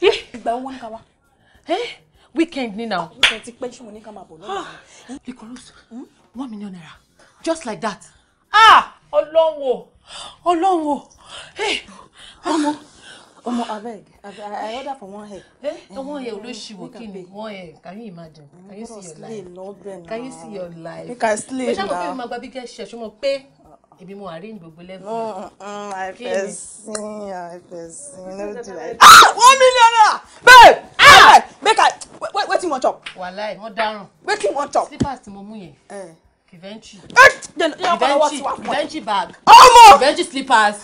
ìgbà owó ní ká wá. Eh, weekend ni now. Ah, weekend ti pẹ́ ṣé mo ní ká máa bọ̀ lọ́wọ́ mi. Hmm? one million naira just like that. ọlọ́run o ọlọ́run o ọmọ ọmọ abeg i order for one hair. Eh, one hair olóṣìwò kí ni one hair can you imagine can you see your life can you see your life. make i slay na. ṣé mo fi gba bí kẹ́ ṣe ṣe mo pé èmi mo àrí gbogbo lẹ́fọ̀ọ́. àìfẹ̀sìn àìfẹ̀sìn no do like. Ah! one million naira babe ah! babe make i wetin wan chop. wàláì wọn dáràn. wetin wan chop. slippers tí mo mú yẹn. kìvẹ́ǹtì. kìvẹ́ǹtì kìvẹ́ǹtì bag. ọmọ kìvẹ́ǹtì slippers.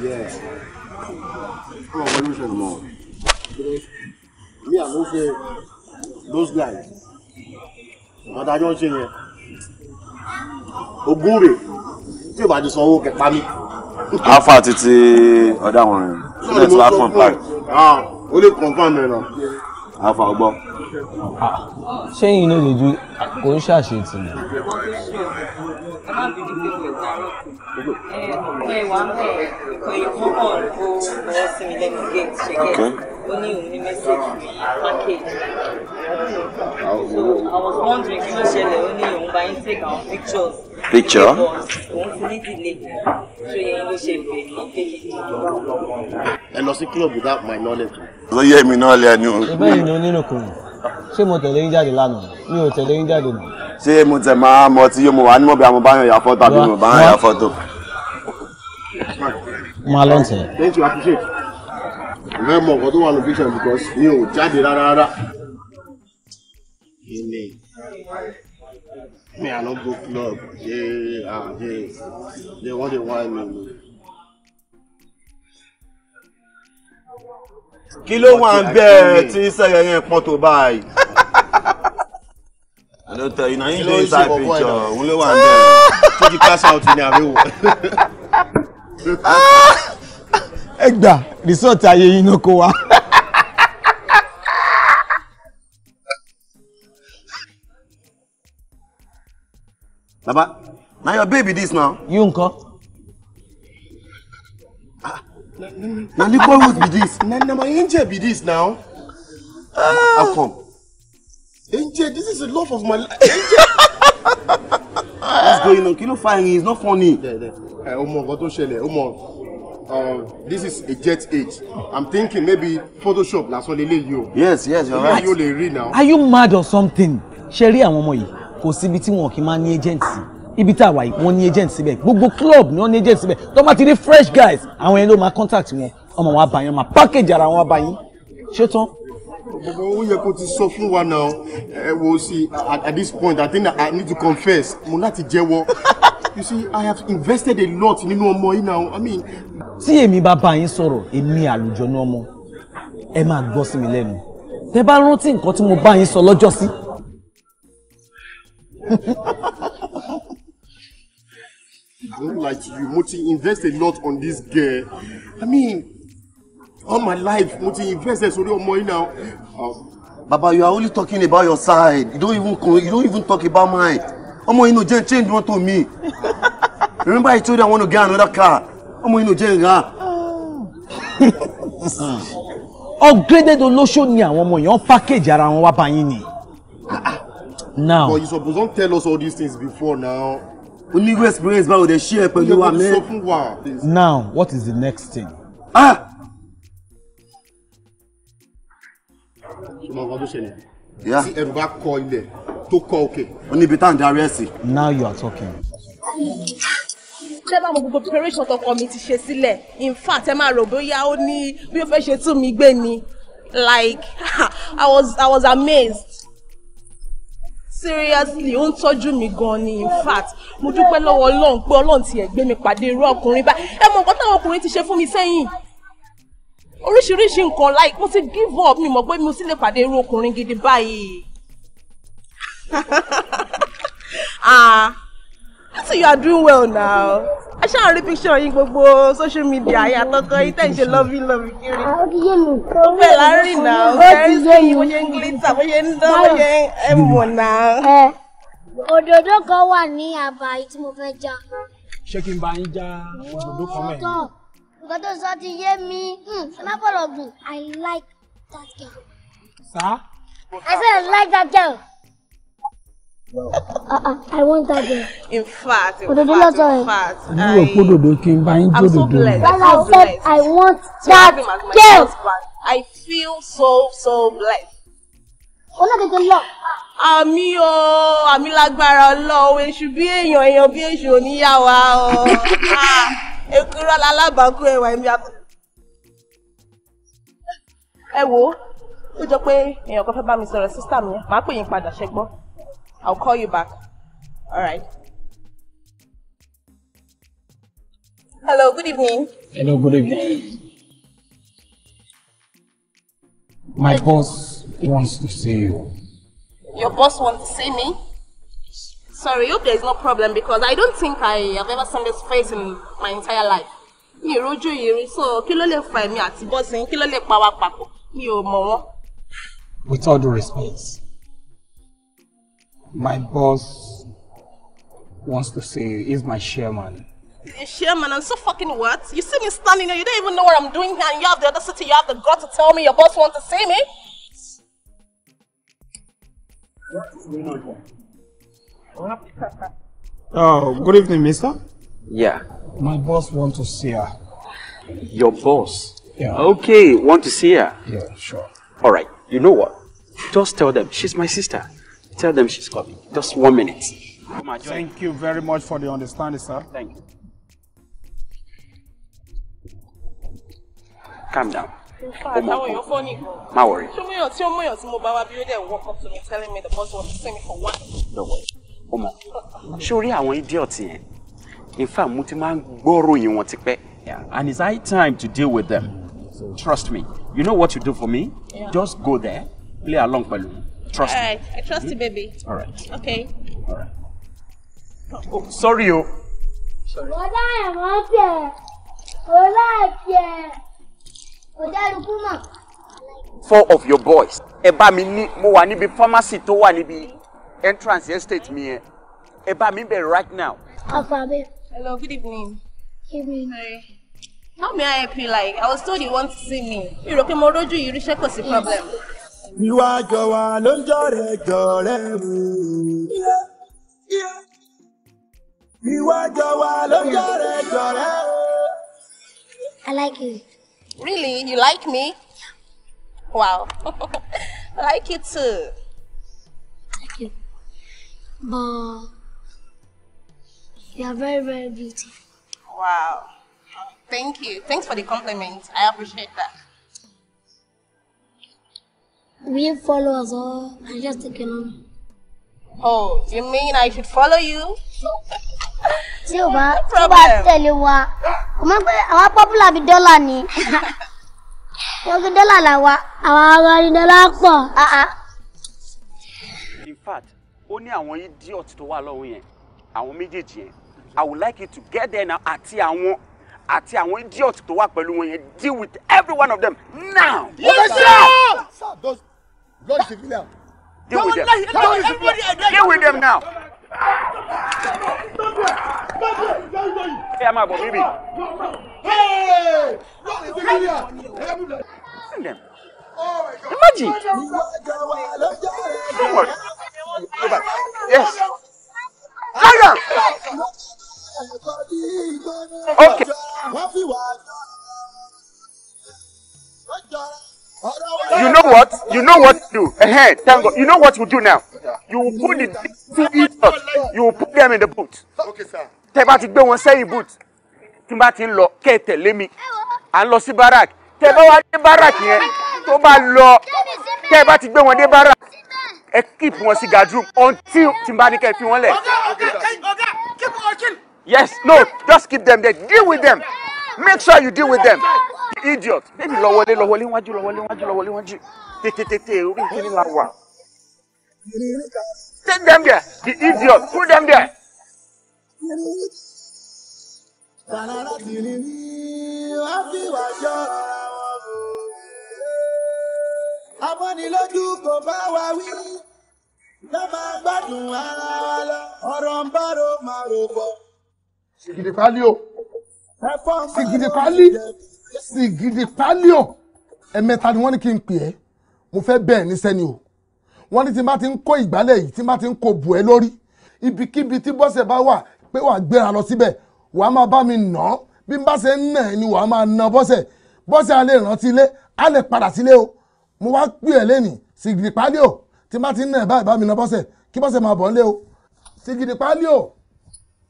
Yes. Come on, what do you say tomorrow? Me, I go say those guys. But I don't say yẹn. Ogún rè tí o bá ti sanwó kẹpa mi. Let's títí ọ̀dà àwọn Ah, Ṣé ti wá confam? O lè confam Ah. náà. you know Ṣé yìí ló lè ju kò to me? ọ̀rẹ́ wa mẹ́ẹ̀ pé mọ́kọ̀ ló lọ́wọ́ sí mi lẹ́nu gate ṣe gẹ́ ó ah, oh, oh, oh. I was wondering kí ló ṣẹlẹ̀ ó ní òun take àwọn pictures picture òun ti ní delay without my knowledge. ló yẹ mi náà lẹ́nu. ìbéèrè ni onírùnkùn ṣé mo tẹ̀lé yín jáde lánàá mi ò tẹ̀lé yín jáde nù. ṣé mo tẹ̀ máa mọ tí yóò mo wà ní mọ̀ bí àwọn bá yàn yà fọ́tò àbí mo bá yàn máa lọ́n tẹ̀. thank you appreciate ọ̀rẹ́ mọ ọ̀gọ́ tó wà ní picture because mi ò jáde rárá rárá. ilé mi àná go club ṣé àṣe ṣé wọ́n ti wá mi mi. kí ló wà ń bẹ́ ẹ tí sẹ́yẹ yẹn pọ́n tó báyìí. I don't tell you, na him dey inside picture, òun ló wà ń bẹ̀ Tó di cash out ni àbí wò. Ah! ẹ gbà rìsọ́ọ̀tì ayé yín náà kó wa. baba na your baby dis now. you nkan. Ah, na nipple root be dis. na na my angel be dis now. Ah! how come. angel this is the love of my life. what's going on kí ló fa it's not funny. ẹ o eh, mọ nǹkan tó ṣẹlẹ̀ o um, this is a jet age i'm thinking maybe photoshop lásán lè little you. yes yes you're right. yóò lè now. are you mad or something? ṣe and àwọn ọmọ yìí kò síbi tí wọn kì í máa ní agent sí ibi tá a wà yìí agent síbẹ̀ gbogbo club ni wọn ní agent síbẹ̀ tó bá ti fresh guys àwọn yẹn ló máa contact wọn ọmọ wọn abayọ máa package ara wọn abayọ ṣé tán Gbogbo ó yẹ kó ti sọ fún wa náà. Ẹ at this point I think I need to confess. Mo láti jẹ́wọ́. You see I have invested a lot nínú ọmọ yìí now. I mean. Tí èmi bá bá yín sọ̀rọ̀, èmi àlùjọ ní ọmọ, ẹ máa gbọ́ sí mi lẹ́nu. Tẹ bá rántí nǹkan tí mo bá yín sọ lọ́jọ́ sí. I don't like you. Mo ti invest a lot on this girl. I mean all my life mo ti invest sórí ọmọ yìí náà. Oh. baba you are only talking about your side you don't even you don't even talk about mine ọmọ yìí no jẹ́ change one to me remember i told you i want to get another car ọmọ yìí no jẹ́ nra. upgraded olóṣó ni àwọn ọmọ yẹn package ara wọn wá báyìí ni. now but you suppose don tell us all these things before now. onígbèsè experience báwo dey share pẹ̀lú wa mẹ́. now what is the next thing. ah Yeah. mọ ẹrù bá kọ ilẹ̀ tó kọ òkè. ó níbi tá à ń darí ẹ̀ sí. now you are talking. ṣé mo gbogbo preparation tọkọ mi ti ṣe sílẹ̀ in fact ẹ máa rò bóyá ó ní bí ó fẹ́ ṣe tún mi gbé ni like i was i was amazed seriously ó ń tọ́jú mi gan ni in fact mo dúpẹ́ lọ́wọ́ ọlọ́run pé ọlọ́run ti ẹ̀ gbé mi pàdé irú ọkùnrin báyìí ẹ mọ nǹkan táwọn ọkùnrin ti ṣe fún mi sẹ́yìn oríṣiríṣi nǹkan like mo ti give up mi mọ̀ pé mo sì lè pàdé irú ọkùnrin gidi báyìí. ah so you are doing well now. ẹ ṣáà rí picture yín gbogbo social media ayé àtọkọ yín tẹ̀ ń ṣe lọ́bí lọ́bí kiri. ó fẹ́ láàrin náà ó fẹ́ sí bó ṣe ń glita bó ṣe ń dán bó ṣe ń mọ̀ náà. òdòdó kan wà ní àbá yìí tí mo fẹ́ já. ṣé kí n bá yín já òdòdó kan mẹ́rin? nǹkan tó sọ ti yé mi hmm, ẹ má fọ̀rọ̀ gùn i like that girl. sá. i say i like that girl. uh, uh, I want that girl. In fact, in Ododo fact, in fact, I, I'm so blessed. I'm so blessed. I want that girl. I feel so, so blessed. Olódodo lọ. Àmì o, àmì lágbára Ọlọ́run, èṣù bí èèyàn, èèyàn bí èṣù oníyàwó o. Ah èkúrọ́ lálábàákú ẹwà ẹ̀mí àpò. ẹ wo ó jọ pé èèyàn kan fẹ́ bá mi sọ̀rọ̀ sísá mi màá pè yín padà ṣe gbọ́ I'll call you back all hello good evening. hello good evening. my boss wants to see you. your boss wants to see me. Sorry, hope there is no problem because I don't think I have ever seen this face in my entire life. Mi rojú ìrì so kí ló lè fa èmi àti bọ́sìn kí ló lè pa wá papọ̀ mi ò mọ̀ wọ́n. With all due respect, my boss wants to say he's my chairman. Chairman, and so fucking what? You see me standing here, you don't even know what I'm doing here, and you have the other city, you have the guts to tell me your boss wants to see me? What is going on here? Oh, good evening, mister. Yeah. My boss wants to see her. Your boss? Yeah. Okay, want to see her? Yeah, sure. All right, you know what? Just tell them she's my sister. Tell them she's coming. Just one minute. Come on, Thank you very much for the understanding, sir. Thank you. Calm down. In fact, how are your phone? worry. Show me your, show me your, mobile. me your, show me your, show me your, me your, show me your, show me your, show me your, show me your, ó mọ̀ ṣé orí àwọn idiot yẹn in fact mo ti máa ń gbọ́rò yín wọn tipẹ́. and it's high time to deal with them trust me you know what you do for me yeah. just go there play along pẹ̀lú trust me. right. I trust you hmm? baby. All right. okay. All right. Oh, sorry o. bọ́lá ẹ̀wọ̀n tẹ̀ bọ́lá tẹ̀ ọ̀dàlùkú mọ̀. four of your boys ẹ bá mi ní mo wà níbi pharmacy tó wà níbi entrance estate mi yẹn ẹ bá mi bẹ̀ right now. hello good evening. good evening. how may I help you like I was told you want to see me You look more mo You yìí ríṣẹ́ kò problem. ìwà jọ̀wà ló ń jọ̀rẹ̀ jọ̀rẹ̀ wù. ìwà jọ̀wà ló ń jọ̀rẹ̀ I like you. Really? You like me? Wow. I like you too. But you are very, very beautiful. Wow. Thank you. Thanks for the compliment. I appreciate that. Will you follow us all? I just take your number? Oh, you mean I should follow you? Tí o bá tí o bá tẹ̀lé wa, kò mọ̀ pé àwa pọ́pùlà bíi ni. Wọ́n gbé dọ́là làwa, Our wá rí dọ́là pọ̀. Ah, ah ó ní àwọn idiot tó wà lọ́wọ́ yẹn àwọn méjèèjì yẹn i would like you to get there now àti àwọn àti àwọn idiot tó wà pẹ̀lú wọn yẹn deal with every one of them now. yes sir. sir those blood civilian. deal with them deal with them now. ẹ máa bọ̀ bíbí. Listen them. Imagine. Don't worry. Go back. Yes. Lion. Okay. You know what? You know what to do. Ahead, eh, uh-huh. thank God. You know what you do now. You will put the two idiots. You will put them in the boot. Okay, sir. Tẹ́ bá ti gbé wọn sẹ́yìn boot. Tí n bá ti ń lọ, kẹ́ mi. À ń lọ barak. Tẹ́ bá wá dé barak yẹn tó bá lọ tẹ́ ẹ bá ti gbé wọn dé bára ẹ keep wọn sí gadroom until tí n bá ní kẹ́ ẹ fi wọn lẹ̀. yes no just keep them there deal with them make sure you deal with them idiot bébì lọ wọlé wájú lọ wájú lọ wájú tètè orí ìdílé la wà. take them there the idiot put them there. Tàlàlà tìrìrì, wá fi wá jọra wọn amọ́nilójú kò bá wa wí lọ́ máa gbádùn ara wa lọ ọ̀rọ̀ ń bárò máa rò bọ̀. sìgìdì pálí o sìgìdì pálí sìgìdì pálí o ẹ̀mẹ́ta ni wọ́n ní kí n pè ẹ́ mo fẹ́ bẹ́ẹ̀ ní sẹ́ni o wọ́n ní tí n bá ti ń kó ìgbálẹ̀ yìí tí n bá ti ń kó bù ẹ́ lórí ibikíbi tí bọ́sẹ̀ bá wà pé wàá gbéra lọ síbẹ̀ wàá máa bá mi nà án bí n bá ṣe ń nà ẹ́ ni wàá máa nà bọ́sẹ̀ bọ́sẹ̀ a lè ilé a padà sílé o mo wá pè ẹ́ lẹ́nìí sìgìdì pálí o tí má ti ń nà ẹ̀ báyìí bá mi nà bọ́sẹ̀ kí bọ́sẹ̀ máa bọ̀ ń lé o sìgìdì pálí o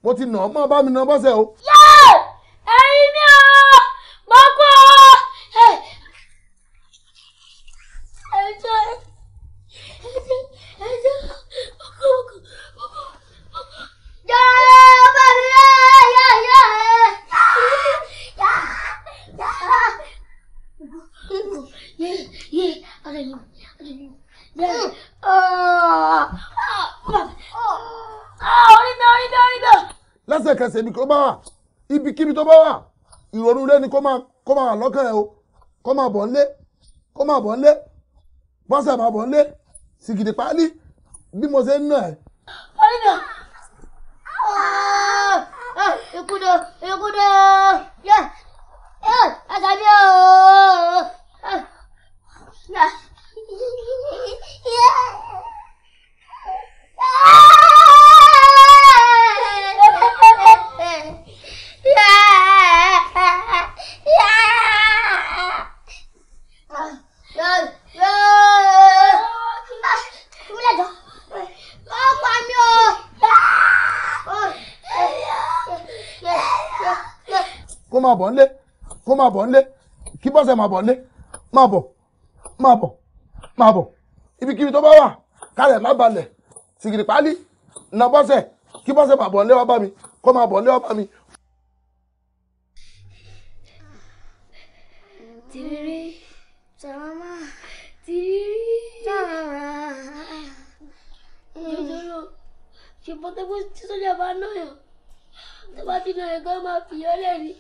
mo ti nà ọ́ mọ́ bá mi nà bọ́sẹ̀ o. ẹsẹ̀ ibi tó bá wà ibikíbi tó bá wà ìrònú ilé ni kó máa kó máa wà lọ́kàn ẹ̀ o kó máa bọ̀ ńlé kó máa bọ̀ ńlé bọ́sẹ̀ máa bọ̀ ńlé sìgìdì páálí bí mo ṣe ń nà ẹ́. ọ̀rẹ́dà ìkúdó ìkúdó yẹ ẹ àtàbí ooo yẹ yẹ. Ah! ah kó máa bọ̀ ńlé kó máa bọ̀ ńlé kí bọ́sẹ̀ máa bọ̀ ńlé máa bọ̀ máa bọ̀ máa bọ̀ ibikíbi tó bá wà kárẹ̀ má balẹ̀ sìgìrì pálí nà bọ́sẹ̀ kí bọ́sẹ̀ máa bọ̀ ńlé wá bá mi kó máa bọ̀ lé ọba mi. tìrírí tàràmà tìrírí tàràmà jòjòló ṣùgbọ́n tẹ́gbẹ́ tí sójà bá náà yàn tó bá dínà ẹ̀ gan máa fìyọ́ lẹ́ni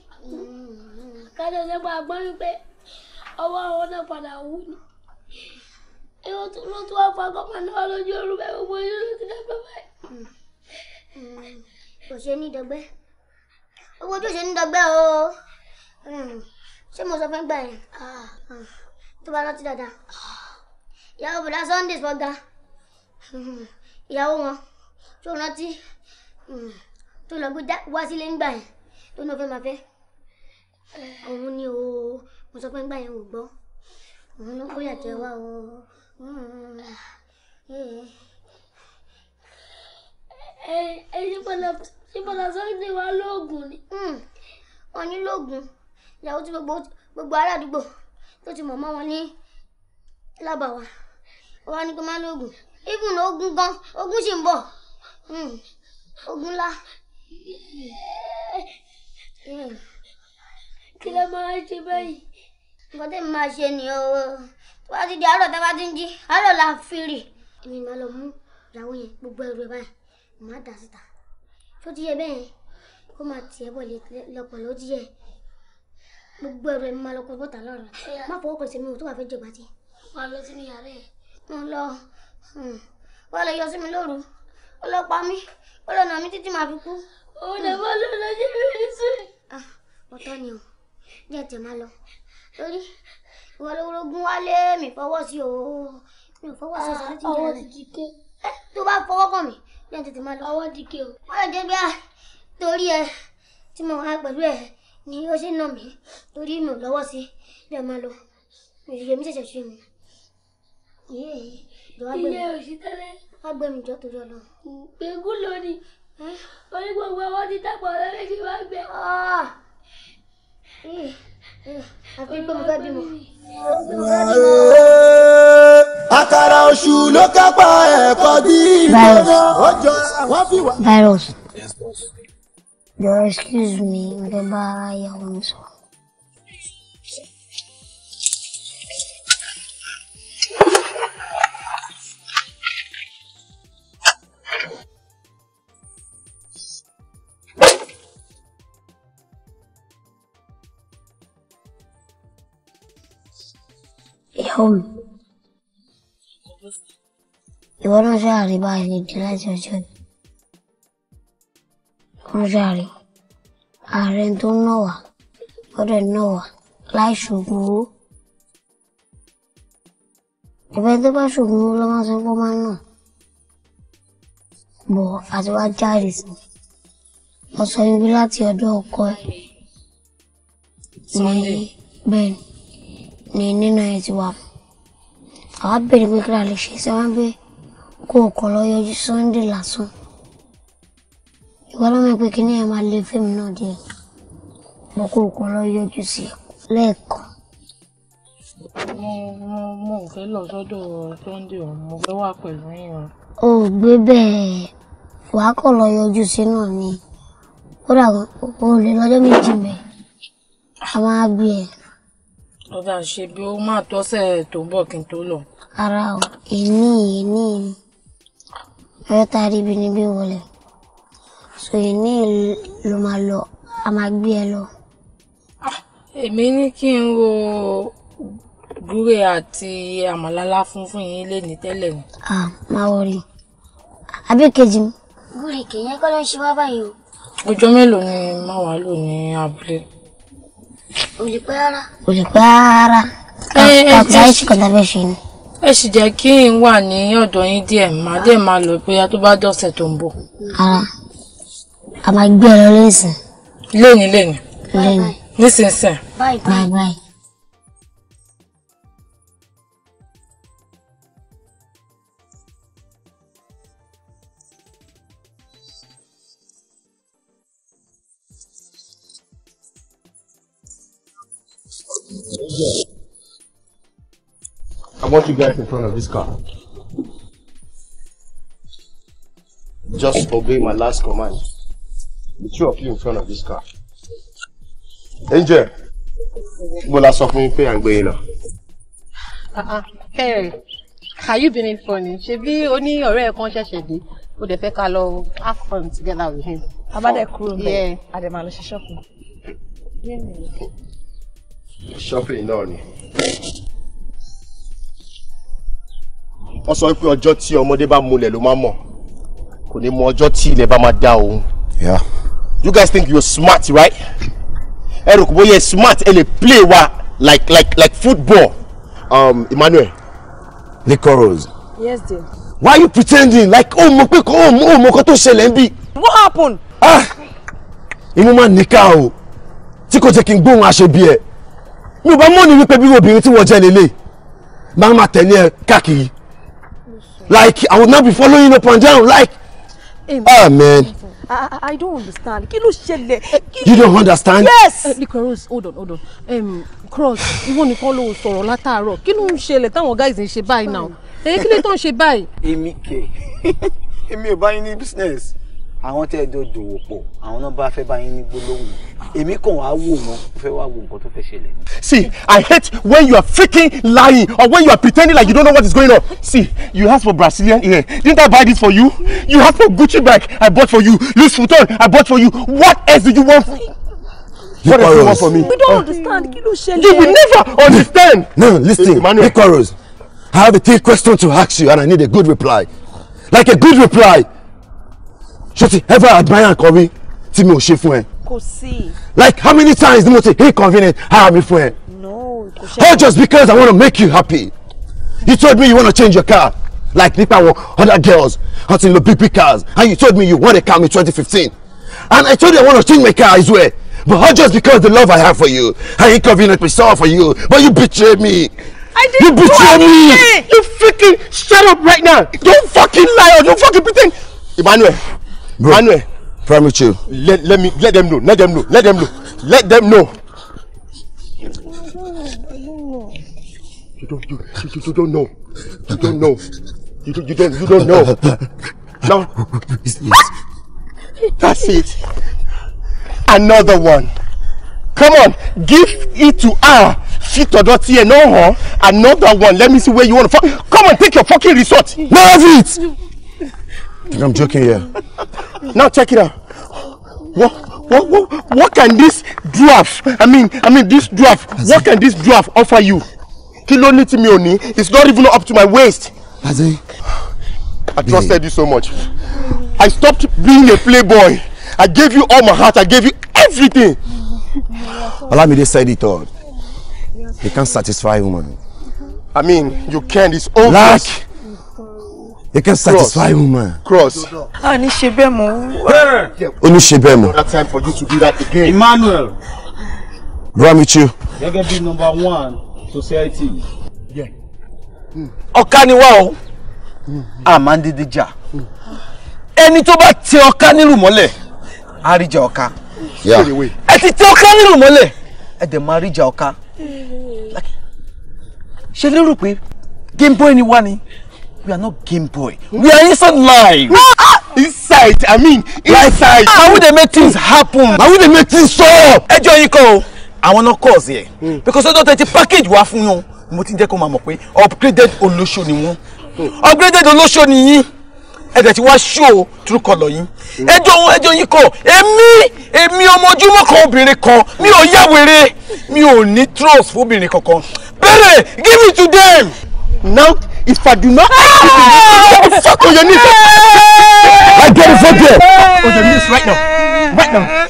kájọ nípa àgbọ́n wípé ọwọ́ àwọn náà padà wú ni èèyàn tó ló tún wá pa gọ́mà náà lójú orúkọ gbogbo ìlú ti dá bàbá yìí kò ṣe ní dọgbẹ́ owó tó ṣe ní dọgbẹ́ o hmm. ṣé mo sọ fún gbà yẹn ah, hmm. tó bá rántí dáadáa ah. ìyàwó bùdá Sunday sọgá hmm. ìyàwó wọn tó rántí tó lọ gbé wá sílé ńgbà yẹn tó ní o fẹ́ máa fẹ́ òun ni o mo sọ pé ńgbà yẹn ò gbọ́ òun ló kó yàtọ̀ wá o ṣíbọ̀lá sọ́ńdé wa lóògùn ni. Hmm. wọ́n ní lóògùn ìyàwó tí gbogbo ará àdúgbò tó ti mọ̀ mọ́ wọn ní lábàwá wọn ní kí wọ́n máa lóògùn even ogun gan ogun sì ń bọ̀ hmm. ogun ńlá. Hmm. kí ló máa ṣe báyìí. nǹkan tí mo máa ṣe nìyẹn o tó bá ti di àárọ̀ tó bá ti ń jí àárọ̀ la fi rì èmi máa lọ mú ìyàwó yẹn gbogbo ẹrù ẹ̀ báyìí má dà síta tó ti yẹ bẹ́ẹ̀ kó máa tiẹ̀ bọ̀ lọ́pọ̀ ló ti yẹ gbogbo ẹrù ẹ̀ máa lọ kó bọ́ta lọ́rọ̀ má fọwọ́ kàn sí mi tó wà fẹ́ jẹ̀gbá tí. wà lọ sínú yàrá ẹ̀. mo lọ wà hmm, lọ yọ sí mi lóru ó lọ pa mí ó lọ nà mí títí màá fi kú. òun lè má lọ lọ jẹ́ mi sí. Ah, ọ̀tọ̀ ni o jẹ́ tẹ̀ má lọ torí ìwọ lórógún wálé mi fọwọ́ sí o mi ò fọwọ́ sí ah, ọ̀sán tí jẹ́ rẹ̀ eh, tó bá fọwọ́ kàn mí ní ẹ̀ tètè máa lọ. ọwọ́ di kí o. wọ́n lè jẹ́ bí a torí ẹ tí mo wá pẹ̀lú ẹ ni ó ṣe nà mí torí mi ò lọ́wọ́ sí bí ẹ máa lọ ìrìnlẹ̀ mi ṣẹ̀ṣẹ̀ ṣe mi. ilé òsì tẹ́lẹ̀. wá gbé mi jọ torí ọlọ. gbẹ̀gú lónìí orí gbogbo ọwọ́ ti dàpọ̀ lọ́wọ́ kí wọ́n gbẹ. Ah! àfi pé mo fẹ́ bímọ àkàrà oṣù ló kápá ẹ̀kọ́ bí ìgbóná ó jọ àwọn fìwà. virus jọ excuse me n fẹ́ bá ìyàwó mi sọ. ìyàwó ìwọ náà ṣàrí bá ṣe di láti ọjọ́ ni wọ́n ṣàrí ààrẹ tó ń nà wá gbọ́dọ̀ nà wá láì ṣògùn owó ìfẹ́ tó bá ṣògùn owó ló máa sọ pé ó máa nà bọ̀ àti wá jáde sí wọ́n sọ ibi láti ọ̀dọ̀ ọkọ ẹ̀ ní bẹ́ẹ̀ ni nínú ẹ̀ ti wà fún àwa bèrè pé kí la lè ṣe sẹ́wọ́n bẹ́ẹ̀ kó o kàn lọ yọjú Sunday lásán ìwọ lọ́mọ pé kíní ẹ̀ máa lé fíìmù náà díẹ̀ mo kó o kàn lọ yọjú sí lẹ́ẹ̀kan. mo mo mo ò fẹ́ lọ sọ́dọ̀ Sunday o mo fẹ́ wà pẹ̀lú yín o. o ò gbé bẹ́ẹ̀ wàá kàn lọ yọjú sí náà ni kódà o lè lọ́jọ́ méjì bẹ́ẹ̀ a máa gbé ẹ̀. E. ọ̀gá ṣe bí ó máa tọ́sẹ̀ tó ń bọ̀ kí n tó lọ. ara ò èmi èmi eré tá a rí ibi níbí wọlé sòyè ní ló máa lọ a máa gbé ẹ lọ. Ah, èmi ní kí n ro gúrè àti àmàlálá funfun yìí lè ní tẹ́lẹ̀ ni. máa wọ rí mi. gúrè kìíní kọ́ ló ń ṣe wá báyìí o. ọjọ́ mélòó ni máa wà lò ní abúlé. ò lè pẹ́ rárá. ò lè pẹ́ rárá. ká ká tí a ṣe kọ́ta bẹ́ẹ̀ ṣe ni ẹ sì jẹ́ kí n wà ní ọ̀dọ̀ yín díẹ̀ má dẹ̀ máa lọ bóyá tó bá dọ̀sẹ̀ tó ń bọ̀. a máa gbé ẹ lọ lẹ́sìn. lẹ́yìn lẹ́yìn. lẹ́yìn. bye bye. bye. Yeah. I want you guys in front of this car. Just obey my last command. The two of you in front of this car. Angel, will I suffer in pay and going now? Uh-uh. Hey, have you been being funny? Ṣebí o ní ọ̀rẹ́ kan conscious she be. dẹ̀ fẹ́ fake lọ have fun together with him. About Abade kúrò ńbẹ̀. Adema lọ ṣe shopping. Shopping náà wọ́n sọ pé ọjọ́ tí ọmọdé bá múlẹ̀ ló máa mọ̀ kò ní mọ ọjọ́ tí ilẹ̀ bá máa dá òun. you guys think you're smart right? ẹ rò kò bóyá smart ẹ lè play wa like like like football. Um, Emmanuel. Nicole Rose. yes dear. why are you pretending like o mọ̀ pé kò o mọ̀ o mọ̀ kó tó ṣẹlẹ̀ ń what happened. ah imu máa nìka o tí kò jẹ́ kí n gbóhùn aṣọ bí ẹ mi ò bá mọ̀ ní wípé bí obìnrin tí wọ́n jẹ́ lélẹ̀ máa ma tẹ̀lé ẹ káàkiri. Like, I will not be following up and down. Like, Amen. Ah, Amen. I, I don't understand. Kilo ló ṣẹlẹ̀? You don't understand? Yes. Uh, Nico Rose, hold on, hold on. Um, Cross, You nìkan ló sọ̀rọ̀ látàárọ̀. Kí ló ń ṣẹlẹ̀ táwọn guys ń ṣe báyìí now? Eh? Kilo lè tán ṣe Emi Èmi kẹ̀, èmi ò bá business. Àwọn tẹ́ ẹ do dòwò pọ̀, àwọn náà bá fẹ́ bá yín ní èmi kàn wá wò wọn mo fẹ́ wá wo nǹkan tó fẹ́ ṣẹlẹ̀. see i hate when you are freaking lying or when you are pretending like you don't know what is going on see you ask for brazilian ear didn't i buy this for you you ask for gucci bag i bought for you loose futon i bought for you what else do you want. What else do you want for me? We don't uh, understand. Kí ló You will never understand. No, listen, Emmanuel. Icarus, I have a three question to ask you and I need a good reply. Like a good reply. Ṣé ti ever admire nǹkan mi tí mi ò ṣe kò sí. like how many times ni mo ti convenient? ara mi fún ẹ. no kò ṣe. all oh, just because i wanna make you happy you told me you wanna change your car like Nipa àwọn other girls àti lo bp cars and you told me you want a car in 2015 and i told you i wanna change my car as well but all just because the love i have for you i inconvenient myself for you but you betray me. I didn't you betray me. You freaking shut up right now. Don't fucking lie or don't fucking pretend. Emmanuel. Bro. Emmanuel. Promise you. Let, let me let them know. Let them know. Let them know. Let them know. You don't know. I don't You don't you, you, you don't know. You don't know. You, you don't you don't know. No. yes. That's it. Another one. Come on, give it to her. Fit or dirty and no, huh? Another one. Let me see where you want to. Come on, take your fucking resort. That's it. I'm joking here. Yeah. now check it out. What, what, what, what can this dwarf? I mean, I mean this draft, what can this dwarf offer you? Kí ló ní tí it's not even up to my waist. Aze. I trusted you so much. I stopped being a playboy. I gave you all my heart. I gave you everything. Olamide said it all. You can't satisfy woman. I mean, you can. It's obvious. Like, You can satisfy woman. Cross. Ah, ní ṣe bẹ́ẹ̀ mọ́. Ó time for you to do that again. Emmanuel. Bramichu. Gẹ́gẹ́ be number one society. Yeah. Okani hmm. wá o. Àmàndídé hmm. jà. Eni tó bá tẹ ọ̀ká nílùú mọ́lẹ̀, á rí jà ọ̀ká. ti Okani ọ̀ká nílùú mọ́lẹ̀, ẹ dẹ̀ máa rí jà ọ̀ká. Ṣé lérò pé Géńbó ẹni wá ni? We are not Game Boy. We are inside live. Ah! inside, I mean, inside. How would they make things happen? How would they make things show up? Ẹ jọ̀ọ́ yín kọ́ o, àwọn náà kọ̀ ọ̀sẹ̀ ẹ̀. Hmm. Because ọdún tẹ̀ ti package wá fún yín, mo ti ń jẹ́ kó máa mọ̀ pé upgraded olóṣò ni wọ́n. Hmm. Upgraded olóṣò ni and that ti wá show true colour yín. Hmm. Ẹ jọ̀ọ́ ẹ jọ̀ọ́ yín kọ́, èmi èmi ọmọjúmọ́ kan obìnrin kan, mi ò yá wèrè, mi ò ní trust fún obìnrin kankan. Bẹ́rẹ̀, give it to them. Now If I do not fuck ah! on oh, your knees. I get it from there. On oh, your knees right now. Right now.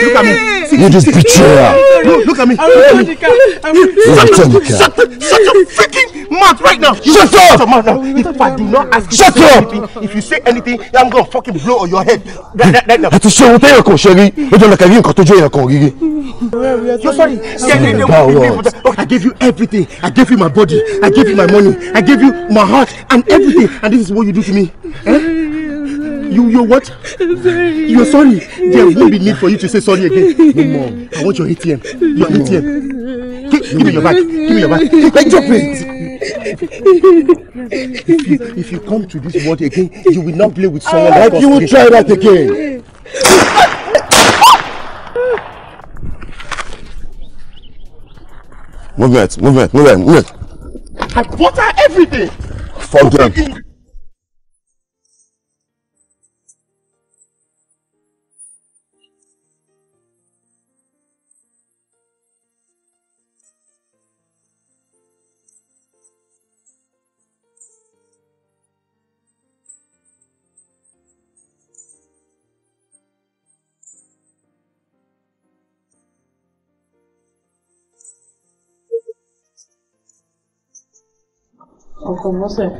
Look at me. See, you just betrayer. look at me. I'm shut, your, shut, shut your freaking mouth right now. You shut up. Shut your mouth now. If I do not ask you shut to up. anything, if you say anything, I'm going to fucking blow on your head. Right, right, right now. Àti ṣe ohun téèyàn kan ṣe rí, ó jẹ́ lọ́kàn rí You're sorry. I gave you everything. I gave you my body. I gave you my money. I gave you my heart and everything. And this is what you do to me. Eh? You, you're what? You're sorry. There won't be need for you to say sorry again. No more. I want your ATM. Your no ATM. Give, give me your bag. Give me your bag. Hey, drop it. If you, if you come to this world again, you will not play with someone like us. You will try that again. Move it, move it, move it, move it. I bought her For them. o con otro.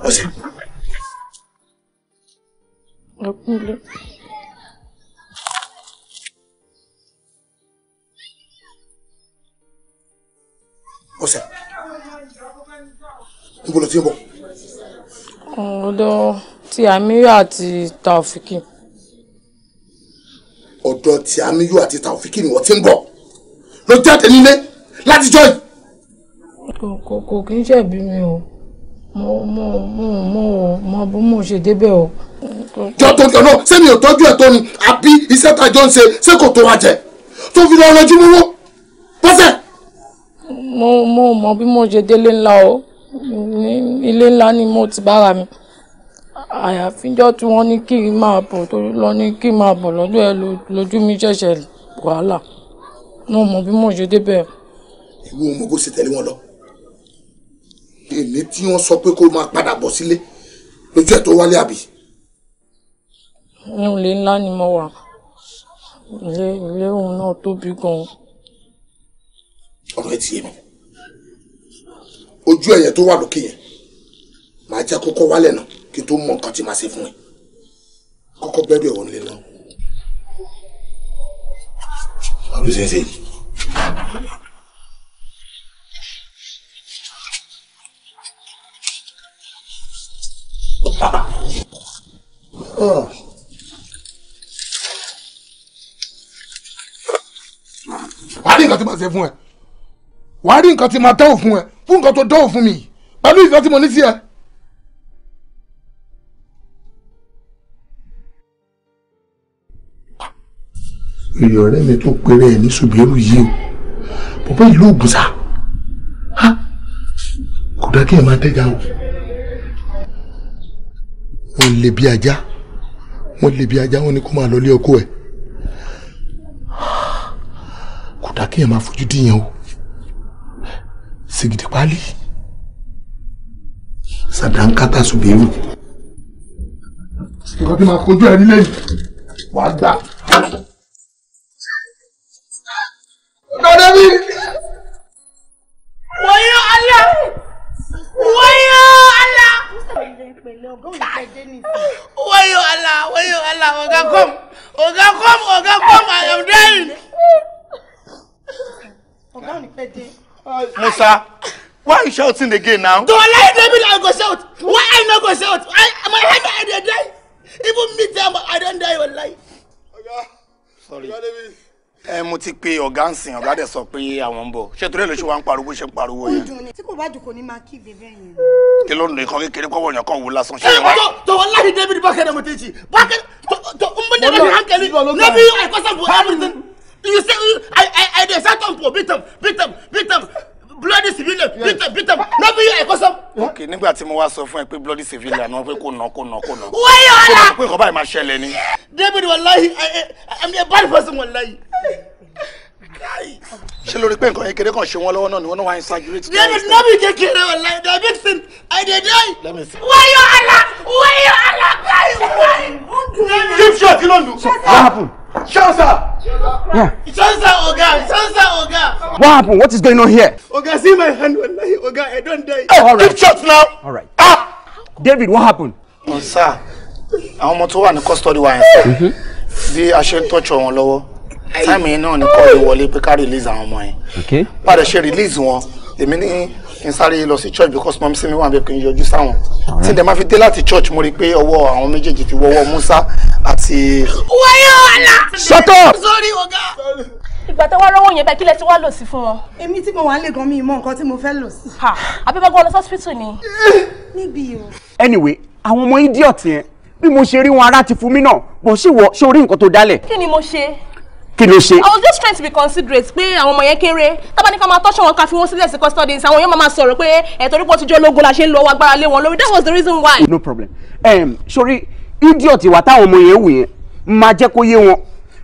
O sea, lo cumple. O sea, ọ̀dọ̀ mm, ti àmíyọ àti taofiki. ọ̀dọ̀ ti àmíyọ àti taofiki ni wọ́n ti ń bọ̀ ló jáde nílé látijọ́ yìí. kò kò kì í ṣẹ̀bi mi o mo mo mo mo mo bó mo ṣe débẹ̀ o. jọ tó jọ náà sẹ́mi ò tọ́jú ẹ̀ tó ni àbí iṣẹ́ tajọ́ ń ṣe ṣé kò tó wa jẹ tó fi lọ́ọ́ rọjú mọ́wọ́ bọ́sẹ̀. mo mo mọ bí mo ṣe délé ńlá o ilé ńlá ni mo ti bára mi àyàfíjọ́ tí wọ́n ní kí n máa bọ̀ torí lọ ní kí n máa bọ̀ lọ́dọ̀ ẹ lójú mi ṣẹ̀ṣẹ̀ wàhálà náà mọ bí mo ṣe débẹ̀. ìwé ọmọ bó ṣe tẹ̀lé wọn lọ èmi tí wọ́n sọ pé kó máa padà bọ̀ sílé lójú ẹ̀ tó wálé àbí. inú ilé ńlá ni mo wà ilé ilé òun náà tóbi gan-an. ọ̀rọ̀ ẹ ti yé mi ojú ẹ̀yẹ tó wà lókè yẹn màá jẹ́ kókó wálẹ̀ náà kí n tó mọ nǹkan tí màá ṣe fún ẹ kọ́kọ́ bẹ́ẹ̀rù ẹ̀wọ̀n nílé náà. wàá lù sẹ́sẹ́ yìí. Oh. wàá rí nǹkan tí màá ṣe fún ẹ wàá rí nǹkan tí màá tẹ́wọ̀ fún ẹ fún nǹkan tó dánwò fún mi pẹ̀lú ìfẹ́ tí mo ní sí ẹ. oyè ọ̀rẹ́ mi tó péré ẹ̀ ní ṣùgbẹ́rù yìí o bàbá ìlú ògùnsà kò dá kí ẹ máa tẹ́jà o. wọ́n lè bí ajá wọ́n lè bí ajá wọ́n ní kó máa lọ lé ọkọ ẹ̀ kò dá kí máa fojú dìyàn o. Sigidi Pali, Sadankata Subiru. Ìwọ́n ti máa kojú ẹ̀rí lẹ́yìn, wà á gbà. Ọ̀gá mi! Wọ́yọ̀ Allah! Wọ́yọ̀ Allah! Wọ́yọ̀ Allah! Wọ́yọ̀ Allah! Ọ̀gá come! Ọ̀gá come! Ọ̀gá come! I am dying! Ọ̀gá ò ní dé. Musa, why you shouting again now? To lie the middle, I go shout. Why I no go shout? I my hand I don't die. Even me time I don't die your life. Oga. Sorry. Ẹ mo ti pe ọ̀gá ń sìn ọ̀gá dẹ̀ sọ pé àwọn ń bọ̀. Ṣé torí ẹ̀ ló ṣe wá ń pariwo ṣe ń pariwo yẹn? Ó dùn ní tí kò bá jù kò ní máa kígbe bẹ́ẹ̀ yẹn. Kí ló ń lo ìkan kékeré kọ́wọ́ yẹn kọ́ wo lásán ṣe wá? Tọ̀wọ́ láti David Bákẹ́rẹ́ mo ti jì. Bákẹ́rẹ́ tó ń bọ́ David Hankali. Nabi I cause am for everything. You say I, I, I dey shout am beat am beat am beat am bloody civilian beat am beat am no be your ẹ̀kọ́ sọ. ok nígbà tí mo wá sọ fún ẹ bloody civilian náà pé kò nà kò nà kò nà. wáyé ọ̀la. pé nǹkan báyìí máa ṣẹlẹ̀ ni. David wàláhi I I I'm a bad person wàláhi. ṣé lórí pé nǹkan kékeré kan ṣe wọ́n lọ́wọ́ náà ni wọ́n náà wá ń exaggerate. David no be kékeré wàláhi the big thing I dey die. wáyé ọ̀la wáyé ọ̀la báyìí wáyé. keep short kí ló ń lu. what happened? Shansa! Yeah. Shansa, Oga! Shansa, Oga! What happened? What is going on here? Oga, see my hand, wallahi. Oga, I don't die. Oh, all right. Keep shots now! All right. Ah! David, what happened? Oh, sir. Àwọn ọmọ tó wà ní custody wa yẹn. Mm-hmm. Bí a ṣe ń tọ́jú wọn lọ́wọ́. Táìmì yẹn náà ni kọ́ ìwọlé pé ká release àwọn ọmọ yẹn. Padà ṣe release one èmi ní kí n sáré lọ sí church because mọ́mí sí mi wà bẹ́ẹ̀ kí n yọjú sáwọn tí dẹ̀ máa fi dé láti church mo rí i pé ọwọ́ àwọn méjèèjì ti wọ́wọ́ Musa àti. wáyé ọ̀la. shut up. sorry ọ̀gá. ìgbà tó wá lọ́wọ́ yẹn bẹ́ẹ̀ kí lẹ ti wá lò sí fún wọn. èmi tí mo wà lè gan mi mọ nǹkan tí mo fẹ́ lò sí. àbí bá gbọ́ lọ sọ́sìpítù ni. níbi o. anyway àwọn ọmọ idiot yẹn bí mo ṣe rí wọn ara ti fún mi náà bó ṣì wọ ṣe orí nǹkan tó dálẹ̀. kí ni mo ṣe kí ló ṣe. I was just trying to be considerate pé àwọn ọmọ yẹn kéré tábà ní ká máa tọ́ṣọ̀ wọn ká fi wọn sílẹ̀ sí custody àwọn yẹn máa máa sọ̀rọ̀ pé ẹ̀ torí pé ó ti jẹ́ ológun la ṣe ń lọ wá gbára lé wọn lórí that was the reason why. no problem um, sorry idiot ìwà táwọn ọmọ yẹn wù yẹn máa jẹ́ kó yé wọn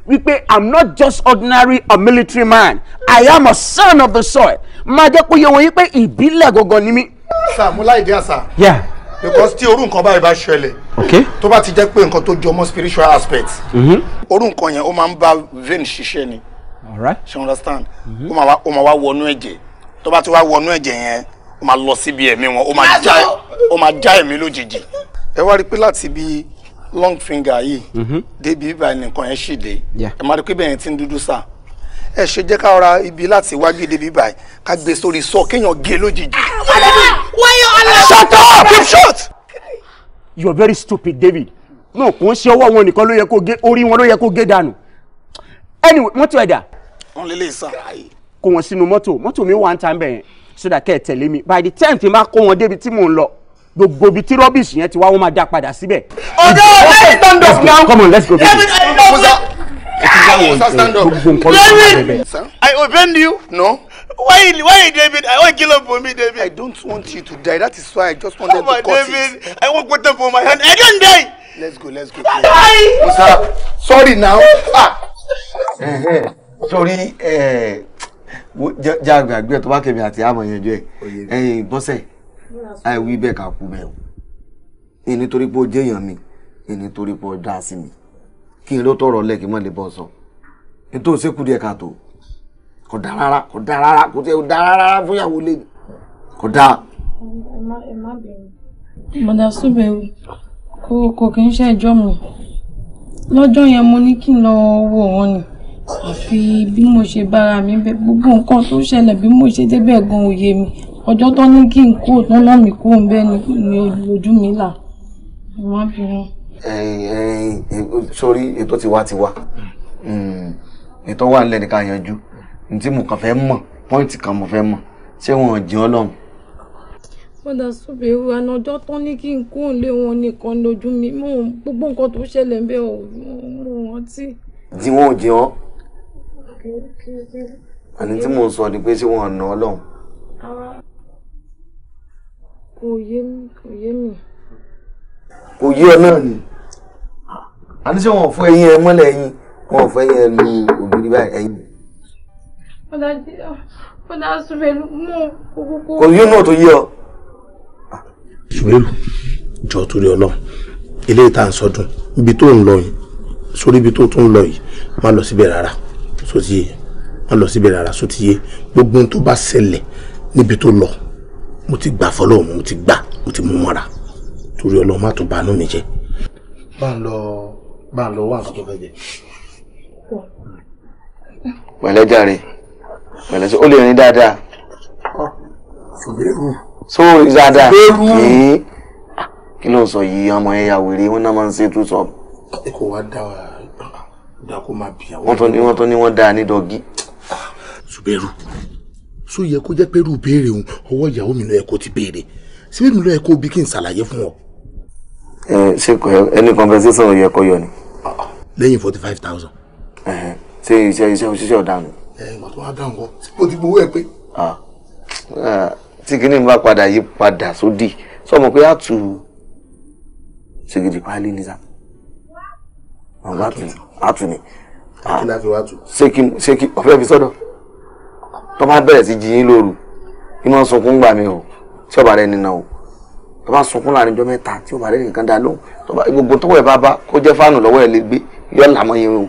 wípé i'm not just ordinary or military man i am a son of the soil máa jẹ́ kó yé wọn yí pé ìbílẹ̀ gangan ni mí. sàmúlá ìdí àṣà. yeah because tí orú nǹkan báyìí bá ṣẹlẹ̀ tó bá ti jẹ́ pé nǹkan tó jọmọ́ spiritual aspect mhm. orú nǹkan yẹn ó máa ń bá vein ṣiṣẹ́ ni ṣe understand mhm. ó máa wá wọnú ẹ̀jẹ̀ tó bá ti wá wọnú ẹ̀jẹ̀ yẹn ó máa lọ síbi ẹ̀mí wọn ó máa já ẹ̀mí lójijì ẹ wá rí i pé láti bí long finger yìí mhm. débi ibà nìkan yẹn ṣì dé ẹ máa rí i pé bẹ́ẹ̀ yẹn ti ń dúdú sáà ẹ ṣe jẹ́ ká ra ibi láti wájú débi báyìí ká gbé sórí sọ kéèyàn gé lójijì. Ah, wọ́n Shut up! Keep shut! You are very stupid, David. No, kò ń ṣe one, wọn nìkan ló yẹ kó gé orí wọn ló yẹ kó gé dànù. Anyway, mọ́tò ẹ̀dà. Only lè lè sá. Kó wọn sínú mọ́tò. Mọ́tò mi wà ń ta ń bẹ̀yẹn. Sódà kẹ́ ẹ̀ tẹ̀lé mi. By the time tí n bá kó wọn débi tí mò ń lọ, gbogbo ibi tí rọ́bìsì yẹn ti wá wọ́n máa dá padà síbẹ̀. Ọ̀gá ọ̀gá stand up now. Come on, let's go. David, I don't know. Stand up. Gbogbo nǹkan ló wà bẹ̀bẹ̀. I offend you? No. Why, why David? I want to kill him for me, David. I don't want you to die. That is why I just wanted oh, to cut David, it. I want water for my hand. I don't die. Let's go, let's go. Please. Musa, sorry now. Ah. Sorry, eh, já gbàgbé tó bá kẹ́mi àti àmọ̀ yanjú ẹ̀. Ẹyin bọ́sẹ̀, àì wí bẹ́ẹ̀ kà kú bẹ́ẹ̀ o. Ìní torí pé o jẹ́yàn mi, ìní torí pé o dá sí mi. Kí n ló tọrọ lẹ́kì mọ́ lè bọ́ sọ. Ètò òṣèkú díẹ̀ kò dáa rárá kò dáa rárá kò tẹ kò dáa rárá fún ìyàwó lé ni kò dáa. ẹ má ẹ má bẹ̀rù. bọ̀dà súbẹ̀wì kò kò kì í ṣe ẹjọ́ mi lọ́jọ́ yẹn mo ní kí n lọ wo wọn ni àfi bí mo ṣe bára mi bẹ gbogbo nǹkan tó ṣẹlẹ̀ bí mo ṣe débẹ̀ gan òye mi ọjọ́ tó ní kí n kú òtún náà mi kú òun bẹ́ẹ̀ ni ojú mi là má bínú. sórí ètò tiwa tiwa hmm, ètò wà nílẹ̀ ní ká yanjú n tí mo kàn fẹ́ mọ̀ pọ́ìntì kan mo fẹ́ mọ̀ ṣé wọn jìn ọ́ lọ́hùn. padà sóbì ewu àná ọjọ́ tán ní kí n kó lé wọn nìkan lójú mi mò ń gbogbo nǹkan tó ṣẹlẹ̀ ń bẹ́ ò mò ń rántí. tí wọn ò jìn ọ́ àní tí mò ń sọ ni pé ṣé wọn nà ọ́ lọ́hùn. kò yé mi kò yé mi. kò yé ọ náà ni àní ṣé wọn ò fún eyín ẹ mọ́lẹ̀ ẹyin wọn ò fún eyín ẹ lu ògiri báyìí ẹyin. Bọ́dá Sùrẹ́lù mú kókókó. Kò yí mọ̀ tó yé ọ. Sùrẹ́lù jọ torí ọlọ́run ilé ìta ń sọdún ibi tó ń lọ yìí sórí ibi tó tún ń lọ yìí má lọ síbẹ̀ rárá só ti yé má lọ síbẹ̀ rárá só ti yé gbogbo ohun tó bá ṣẹlẹ̀ níbi tó lọ mo ti gbà fọlọ́ mo ti gbà mo ti mú mọ́ra torí ọlọ́run má tún bàánú mi jẹ́. bá ń lọ bá ń lọ wá nǹkan tó fẹ́ jẹ. pẹ̀lẹ́ jàre pẹ̀lẹ́ sí o lè rìn dáadáa. ṣùgbẹ́rù. Ah, so dáadáa ee ah, kí ló ń sọ yìí ọmọ ẹ̀yà wèrè wọn náà máa ń ṣe tún sọ. kò wá dá wa dá kó máa bì àwọn. wọ́n tún ní wọ́n dáa ní dọ́gí. Ah, ṣùgbẹ́rù so yẹ kó jẹ́ pẹ́rù béèrè òun ọwọ́ ìyàwó mi lọ́yẹ kó ti béèrè síbí mi lọ́yẹ kó bí kí n ṣàlàyé fún ọ. ẹ ṣe ẹni compensation yẹ kó yọ ni. lẹ́yìn forty five thousand. ṣé iṣẹ́ iṣẹ́ òṣìṣẹ́ ọ̀daràn ẹ ìgbà tó wá dá nǹkan tí mo ti gbowó ẹ pé. Ah. Ah, tí kinní bá padà yí padà sódì sọmọ pé á tù sìgìdì páálí níta àwọn á tù ní. kí náà fi wá tù. ṣé kí ọ̀fẹ́ fi sọ́dọ̀ tó bá bẹ̀rẹ̀ sí jiyín lóru ní máa ń sunkún gbà mí o tí ọba rẹ nìna o tó bá sunkún láàrin ọjọ́ mẹ́ta tí ọba rẹ nìkan dá lóhùn gbogbo tọwọ́ ẹ̀ bá bá kó jẹ́ fáànù lọ́wọ́ ẹ̀ lè gbé yọ̀ọ́ làmọ́ yẹn o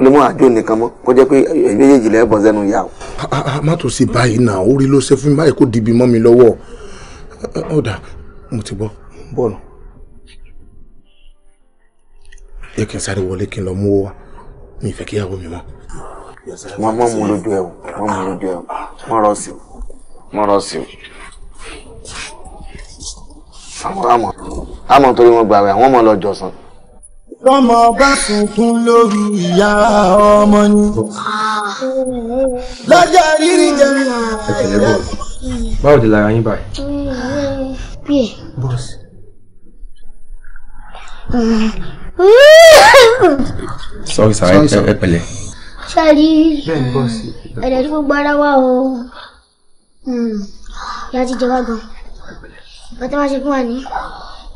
ló mú àjò nìkan mọ́ kó jẹ́ pé ẹ̀yìn méjèèjì lẹ́ẹ̀bọ̀ sẹ́nu yà o. Ah, má tó ṣe báyìí náà orí ló ṣe fún mi báyìí kó dìbì mọ́ mi lọ́wọ́ ọ̀dà mo ti bọ́ bọ́ọ̀lù. yẹ kí n sáré wọlé kí n lọ mú wa mi ìfẹ́ kíyàwó mi mọ́. wọ́n mọ̀ mú lójú ẹ̀ o wọ́n mú lójú ẹ̀ o wọ́n rọ̀ sí o wọ́n rọ̀ sí o. àwọn àmọ̀ àmọ̀ torí wọn gbàwé àwọn ọmọ lọ jọ̀sán kọ́mọ bá sunkún lórí ìyá ọmọ ni. lọ́jọ́ rírí jẹ́ ìyá. báwo di lára yín báyìí. bíi. bọ́ọ̀sì. sọ́ọ̀rì sàrẹ́ ẹ pẹ̀lẹ́. sáré ẹ̀rẹ̀ tó gbogbo ara wa o hmm. ìyá ti jẹ wá gan bàtà wá ṣe fún wa ní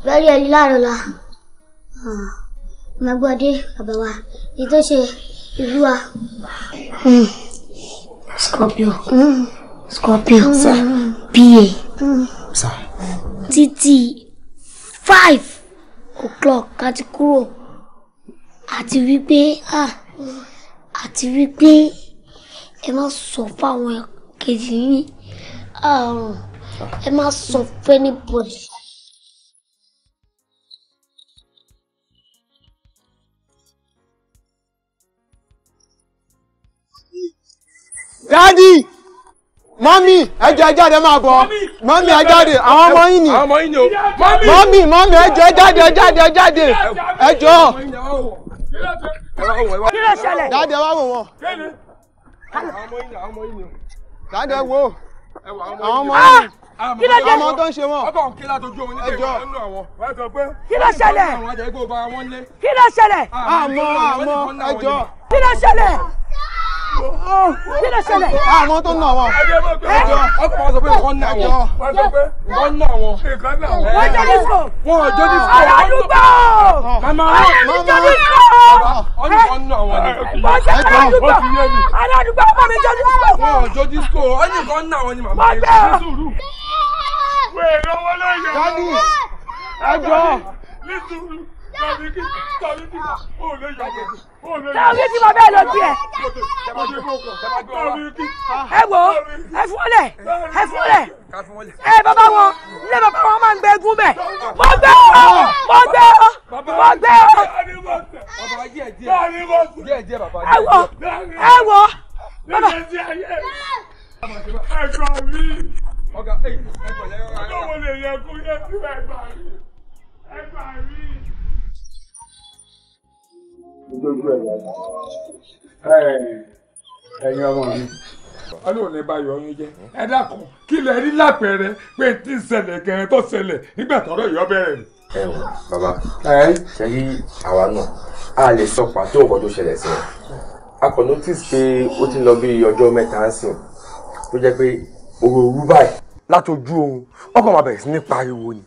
bẹ́ẹ̀ rí ní láàárọ̀ la. Hmm ọ̀nàgbọ́dé àbẹ̀wà èyí tó ṣe ìlú wa. Hmm. scorpio hmm. scorpio hmm. sir pa sir. títí five o'clock láti kúrò àti wípé ah, àti wípé ẹ má sọ fáwọn kejì yín ah, ẹ má sọ fẹ́ ní bọ̀dì. dáàdì mọ́mí ẹjọ́ ẹ jáde máa bọ̀ mọ́mí ẹ jáde àwọn ọmọ yín ni mọ́mí mọ́mí ẹjọ́ ẹ jáde ẹ jáde ẹ jáde ẹjọ́ kí ló ṣẹlẹ̀ dáàdì ẹ wá wò wọn dáàdì ẹ wò àwọn ọmọ yín ah! kí ló dé ọmọ tó ń ṣe wọn. ọkọ kí ló dojú òun nígbà yẹn nínú àwọn. kí ló ṣẹlẹ̀ ah, kí ló ṣẹlẹ̀. àmọ́ àmọ́ ẹjọ́. kí ló ṣẹlẹ̀ kí ló ṣẹlẹ̀. Ah, àmọ́ tó nà wọn. ọjọ́ ọkọ̀ wọn sọ pé wọ́n nà wọn. wọ́n sọ pé wọ́n nà wọn. wọ́n jọ disco. wọ́n jọ disco. àdúgbò. mama mama jọ disco. ọdún kan nà wọn ni. wọ́n jọ àdúgbò. àdúgbò ọmọ mi jọ disco. wọ́n jọ disco. ọdún kan nà wọn ni màmá. wọ́n bẹ̀rẹ̀. wẹ̀rẹ̀ wọlé yẹn. dadi ẹjọ́ tàbí kí tàbí kí ó lè yà bẹ̀ ó lè yà bẹ̀. tàbí kí mo bẹ́ẹ̀ lọ tiẹ̀. ẹ wo ẹ fún ọlẹ ẹ fún ọlẹ ẹ bàbá wọn ilé bàbá wọn máa ń gbẹ egun bẹ mo gbẹ ọ mo gbẹ ọ mo gbẹ ọ. ẹ wo ẹ bàbá. ẹ gbà ẹ gbà yẹn. ọ̀gá ẹ gbà mí ẹ gbà mí lójú ẹ̀yà ẹ̀yin ọmọ mi ọlọ́run ní bá yọ ọyún jẹ ẹ dákun kí lẹ rí lápẹẹrẹ pé tí ń ṣẹlẹ̀ gẹ̀rẹ́ tó ṣẹlẹ̀ nígbà tọ́rọ̀ yọ bẹ̀rẹ̀ ni. ẹ wò bàbá ṣe yí àwa náà a lè sọ pàtó ọkọ tó ṣẹlẹ̀ sí ẹ a kò notice pé ó ti lọ bí ọjọ́ mẹ́ta ń sìn tó jẹ́ pé òróró báyìí látojú oorun ọkọ máa bẹ̀rẹ̀ sí ní pariwo ni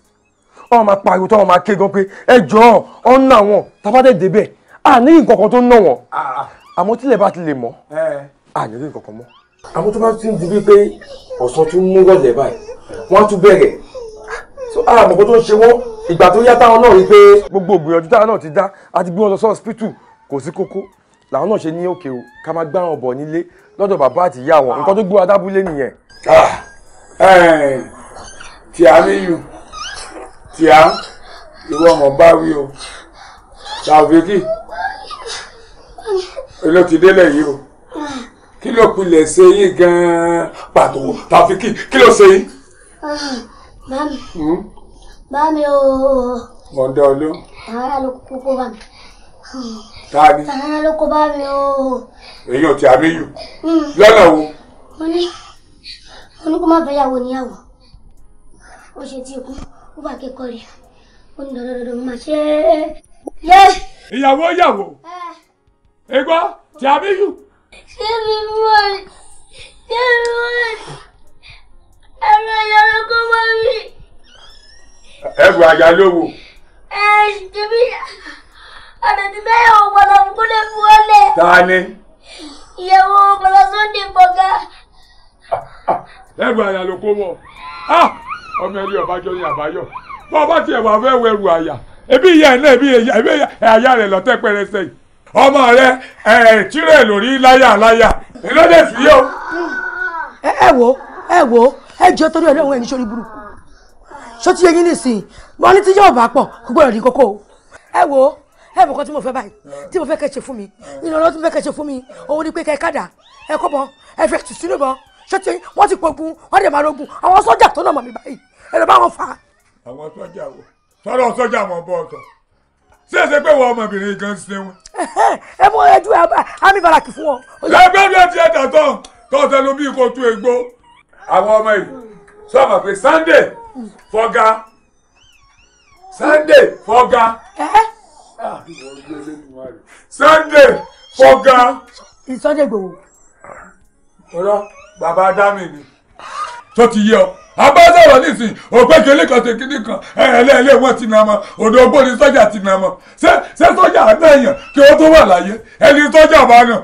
ọmọ máa pariwo tó ọmọ máa ké gan pé ẹ jọ̀ọ́ ọ̀nà àwọn tábàdé débẹ̀ àní nǹkankan tó ń nà wọ́n ah, ah. àmọ́ tílẹ̀ bá ti lè mọ́ àní eh. rí nǹkankan mọ́. àmọ́ tó bá ti ń di wípé ọ̀sán tún mú rọ̀lẹ́ báyìí wọ́n á tún bẹ̀rẹ̀ àmọ́ kó tó ń ṣe wọ́n ìgbà tó yá táwọn náà rí pé gbogbo ògbìyànjú táwọn náà ti dá àti gbé wọn lọ sí hospital kò sí kókó làwọn náà ṣe ní òkè o ká máa gbá wọn bọ̀ nílé lọ́dọ̀ bàbá àti ìyá wọn ah. nǹkan tó gbé wa dábúlé nìyẹn. Eh, tí a ní yù tí a ìwọ ọmọ bá wí o ṣàfikì ló ti délẹ̀ yìí o kí ló pilẹ̀ ṣe yín gan-an pàtó tàbí kí ló ṣe yín. bámi ah, bámi hmm? o. ọ̀dọ́ ló. tààrà ló kókó bá mi. tààrí. tààrà ló kó bá mi o. èyí ò ti àríyù hmm. lọ́nà wo. mo ní mo ní kó má bẹ́yàwó níyàwó ó ṣe tí ikú ó bá kékọ́ rẹ̀ ní dandan dandan mo ṣe é. ìyàwó yàwó. ẹ. Ah. Ẹgbọ́ ti Abiyu. Ṣé mi mú ọ ni? Ṣé mi mú ọ ni? Ẹ̀rọ ìyára kó mọ́ mi. Ẹ̀rù àyà lówó. Ẹ ṣèbí àdàtí bẹ́ẹ̀ ò gbọ́dọ̀ kó lè fi wọlé. Ta ni? Ìyàwó bọ̀dọ̀ sóde bọ̀gá. Ẹ̀rù àyà ló kó wọ̀. Ah, ọmọ ẹni ọ̀bájọ́ ni àbáyọ̀. Bọ́ ọba tiẹ̀ wà fẹ́ wẹ̀rù àyà. Ebi ìyá ẹ̀ náà ebi àyà rẹ̀ lọ́tẹ́ pẹrẹsẹ̀ yìí ọmọ rẹ ẹ tirẹ̀ lórí láyà láyà ìlọdẹ fi yó. ẹ wo ẹ wo ẹ jọ torí Ọlọ́run ẹni sórí burúkú ṣó ti yẹyin nísìnyí wọn ní tí yóò bá pọ̀ kó gbọ́dọ̀ di kókó o ẹ wo ẹ bọ̀ kan tí mo fẹ́ báyìí tí mo fẹ́ kẹ́ ṣe fún mi ìrànlọ́wọ́ tí mo fẹ́ kẹ́ ṣe fún mi òun ni pé kẹ́ kádà ẹ kọ́ bọ́ ẹ fẹ́ tùtù níbọn ṣé tí wọ́n ti pogun wọ́n dẹ̀ máa rogun àwọn sọ́jà tó náà mọ̀ mí báyìí ẹ lọ bá wọn fà á. àwọn sọ́jà wo sọ́dọ̀ sọ́jà mọ̀ bọ́ ọ̀tọ̀ ṣé ẹ ṣe pé wọ ọmọbìnrin kan ṣe wọn. ẹ mú ẹjú àmì bàràkì fún ọ. lẹ́gbẹ́ bí ẹ ti ẹ̀ dàtọ̀ tọ́tẹ́ ló bí kò tún egbò àwọn ọmọ yìí sọ́ọ̀mà pé Sunday fọ́gá Sunday fọ́gá Sunday fọ́gá. ìsọdẹ̀gbò. ọ̀rọ̀ bàbá dami ni tó ti yé ọ abájáwọ̀ nísìn ògbẹ́kẹ̀lé kan ṣe kíní kan ẹ̀ẹ́lẹ́ẹ̀lẹ́ wọ́n ti nà mọ́ odò ogbó ni sọ́jà ti nà mọ́ ṣé ṣé sọ́jà àdáyàn kí ó tó wà láyé ẹni sọ́jà bá nà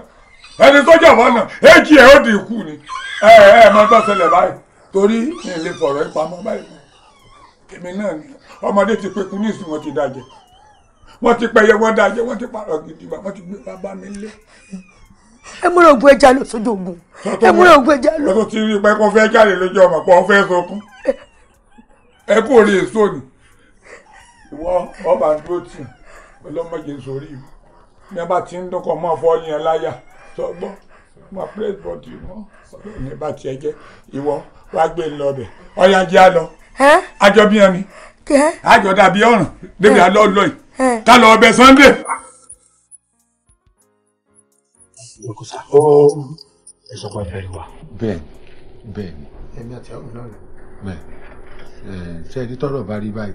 ẹni sọ́jà bá nà èjì ẹ̀ ó di ikú ni ẹ ẹ máa tọ́ ṣẹlẹ̀ báyìí torí mi lè fọ̀rọ̀ ìpamọ́ báyìí èmi náà ni ọmọdé ti pekun ní ìsìn wọn ti dájẹ wọn ti pẹyẹ wọn dájẹ wọn ti pààrọ̀ gidi wọn ti gbé bàbá mi lé ẹ múra ògùn ẹja lọ sójú ogun ẹ múra ògùn ẹja lọ. ọtún ti rí pé kò fẹ́ jáde lójú ọmọ pé ọ fẹ́ sọkún ẹ kò rí èso ni ìwọ ọba ń dúró tì ọlọmọdé sórí ìwọ ní a bá ti ń dọkọ mọ fọ yẹn láyà sọgbọ mọ praise god ìwọ ní bá tiẹ̀ jẹ ìwọ wàá gbé lọ bẹ ọyà jẹ àlọ àjọ bíyan ni àjọ dàbí ọ̀ràn débi àlọ lọ ká lọ ọbẹ sunday lókùsà ó ẹ sọ pé bẹ́ẹ̀ wà. bẹ́ẹ̀ bẹ́ẹ̀ ni. èmi àti àwọn náà ni. bẹ́ẹ̀ ẹ ṣe é títọ́rọ̀ bá rí báyìí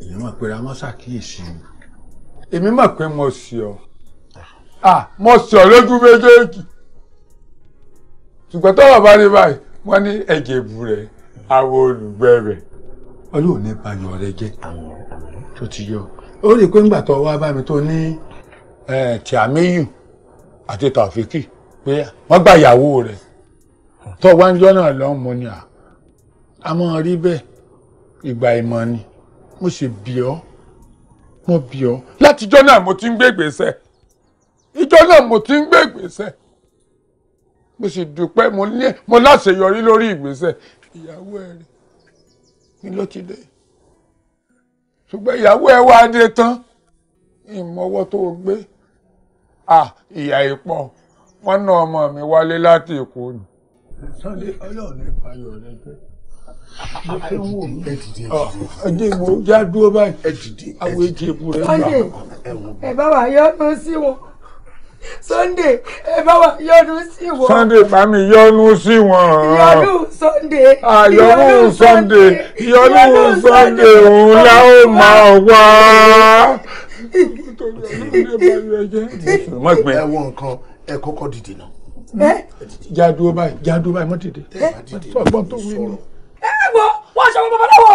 èmi mọ̀ pé ra wọn ṣàkíyèsí mi. èmi mọ̀ pé mo sì ọ́ mo sì ọ́ lójú méjèèjì ṣùgbọ́n tọ́rọ̀ bá rí báyìí wọ́n ní ẹ̀jẹ̀ bù rẹ̀ àwọn olùgbẹ̀rẹ̀ ọlọ́run ní bayọ̀ rẹ jẹ́ tó ti yọ ó rí i pé ńgbà tó wá bá àti tàfíkì pé wọ́n gba ìyàwó rẹ̀ tó wá ń jọ́ náà lọ́hùn a máa rí bẹ́ẹ̀ ìgbà ìmọ̀ ni mo sì bì ọ́ mo bì ọ́ látijọ́ náà mo ti ń gbé ìgbésẹ̀ ìjọ́ náà mo ti ń gbé ìgbésẹ̀ mo sì dúpẹ́ mo ní mo láṣeyọrí lórí ìgbésẹ̀ ìyàwó ẹ rẹ̀ ni ló ti dé ṣùgbọ́n ìyàwó ẹ wá dé tán ìmọ̀wọ́ tó o gbé. Ah, ìyá ìpọ̀ wọ́n ná ọmọ mi wálé láti èkó ni. sunday ọlọ́run ní payọ̀ rẹ jẹ́ ẹjẹ ah, wo já dúró báyìí àwọn èjì èkó rẹ gbà. sunday ẹ bá wa yọnu sí wọn sunday ẹ bá wa yọnu sí wọn. sunday bá mi yọnu sí wọn. yọnu sunday. àyọnu sunday yọnu sunday òun la ó máa wá nítorí Ọlọ́run lè bá rẹ jẹ́. má pẹ́. ẹ wọ nǹkan ẹ kọ́kọ́ dìde náà. ẹ jáduó báyìí jáduó báyìí má dìde. ẹ sọgbọn tó wí ni. ẹ wọ wọn sọ wọn babaláwo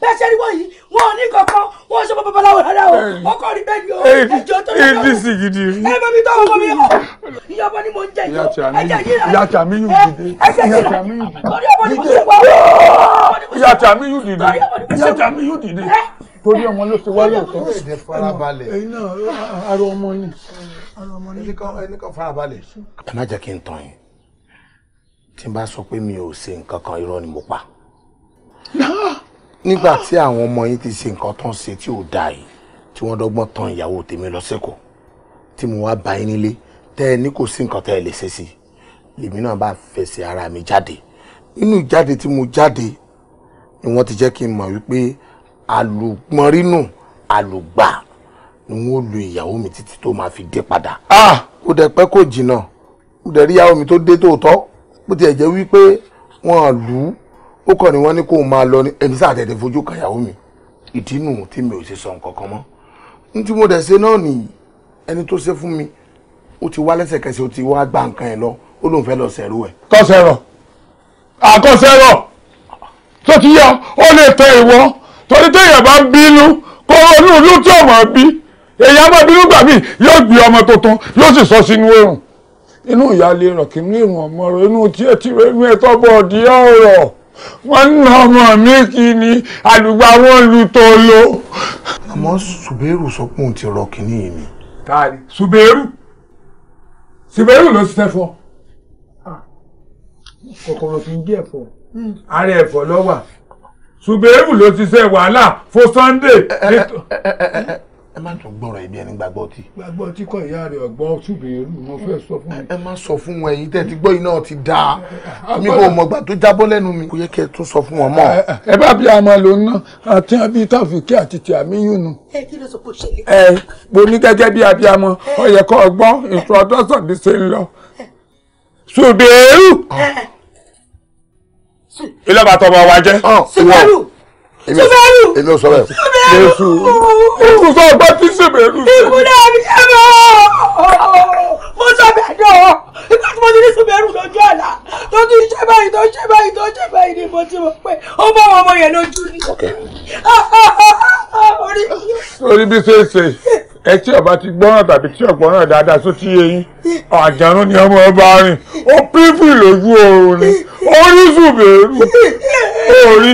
bẹ́ẹ̀ ṣe rí wọn yìí wọn ò ní kankan wọn sọ wọn babaláwo rárá o ọkọ rí bẹ́ẹ̀ ni o ẹjọ́ tó yẹ kọ ẹ bá mi tọ ọkọ mi họ ìyàbọ ni mo ń jẹ yìí o ẹjẹ yìí rẹ yàtà mi yù dìde yàtà mi yù dìde yàtà mi yù dìde yàtà mi yù dìde torí ọmọ ló ṣe wáyà tó èdè farabalẹ̀ ẹ̀yin náà ara ọmọ ni ara ọmọ ni ẹni kan farabalẹ̀. ẹ má jẹ́ kí n tàn yín tí n bá sọ pé mi ò ṣe nǹkan kan irọ́ ni mo pa nígbà tí àwọn ọmọ yín ti ṣe nǹkan tán ṣe tí ò dáa yìí tí wọ́n dọ́gbọ́n tan ìyàwó tèmi lọ sẹ́kọ̀ọ́ tí mo wá bá yín nílé tẹ́ ẹ ní kò sí nǹkan tẹ́ ẹ lè ṣe sí lèmi náà bá fẹsẹ̀ ara mi jáde nínú ìjáde tí mo jáde ni wọ́n ti jẹ́ kí n mọ̀ wípé àlùpọ̀nrínù àlùgbà ni wọ́n lu ìyàwó mi títí tó máa fi dé padà. kò ah! dẹ̀ pẹ́ kò jìnnà kò dẹ̀ rí ìyàwó mi tó dé tòótọ́ bó tiẹ̀ jẹ́ wípé wọ́n lù ú ó kàn ní wọ́n ní kó máa lọ ní ẹ̀mí sáà tẹ̀tẹ̀ fojú kan ìyàwó mi ìdí nù tí mi ò ṣe sọ nǹkan kan mọ́ n tí mo dẹ̀ ṣe náà nìyí ẹni tó ṣe fún mi ó ti wá lẹ́sẹ̀kẹsẹ̀ ó ti wá gba nǹkan ẹ̀ lọ ó lóun fẹ́ lọ sẹ̀rú ẹ̀. kọ́sẹ̀rọ̀ àkọ́sẹ̀rọ̀ tó ti yá ó lè tẹ ìwọ torí téèyàn bá ń bínú kó ronú ìlú tí ọmọ bí èèyàn bá bínú gbà mí yóò gbé ọmọ tuntun yóò sì sọ sínú oòrùn inú ìyáálé rẹ̀ kì í rìn ọmọ rẹ̀ inú tí ẹ ti rẹ̀ inú ẹ tọ́ bọ̀ ọ̀dí ọ̀rọ̀ wọ́n ń na ọmọ mi kì í ní àlùgbà wọn lu tó lo. àmọ́ ṣùbẹ́rù sọ ti rọ kínní yìí ni. káàdì ṣùbẹ́rù ṣùbẹ́rù ló ti tẹ́ fọ. Ah, kòkòrò kì í jẹ́ ẹ̀fọ́ hmm. ara ẹ̀fọ́ ló ṣùgbẹ́rù ló ti ṣe wàhálà fún Sunday. ẹ má tún gbọ́rọ̀ ibi ẹni gbàgbọ́ tí. gbàgbọ́ tí kò ìyá rẹ̀ ọ̀gbọ́n ṣùgbẹ́rù mo fẹ́ sọ fún mi. ẹ má sọ fún wọn èyí tẹ́ ti gbọ́ iná ti da mi kò mọ̀gbà tó jábọ́ lẹ́nu mi. kò yẹ kẹ́ ẹ tún sọ fún wọn mọ́. ẹ bá bí àmọ́ ló ń ná àti àbí tàfíkì àti tí àmì yùn nù. ẹ kí ló sọ pé ó ṣẹlẹ̀. ẹ mo ní gẹ́gẹ́ bí abiyamọ ó yẹ kó ọgbọ́n ìṣòro ọdọ́sàn ilé bàtà ọmọ wa jẹ́. Ah, Sumeru Sumeru èmi ò sọ bẹ́ẹ̀ Jésù ikú sọ ọgbà tí Sumeru. ikú náà ni ẹ bọ̀ mo sọ bẹ́ẹ̀ jọ nígbà tí mo ti ní Sumeru lójú àlá tó ti ṣe báyìí tó ṣe báyìí tó ṣe báyìí ni mo ti mọ̀ pé ó bá ọmọ yẹn lójú ni. orí bí ṣe ń ṣe ẹ tí ọba ti gbọ́ràn tàbí tí ọ̀gbọ́n náà dáadáa só tí eyín àjàrún ni ọmọ ọba rìn ó pínfì lójú oorun ni ó rí ṣùgbẹ́rù ó rí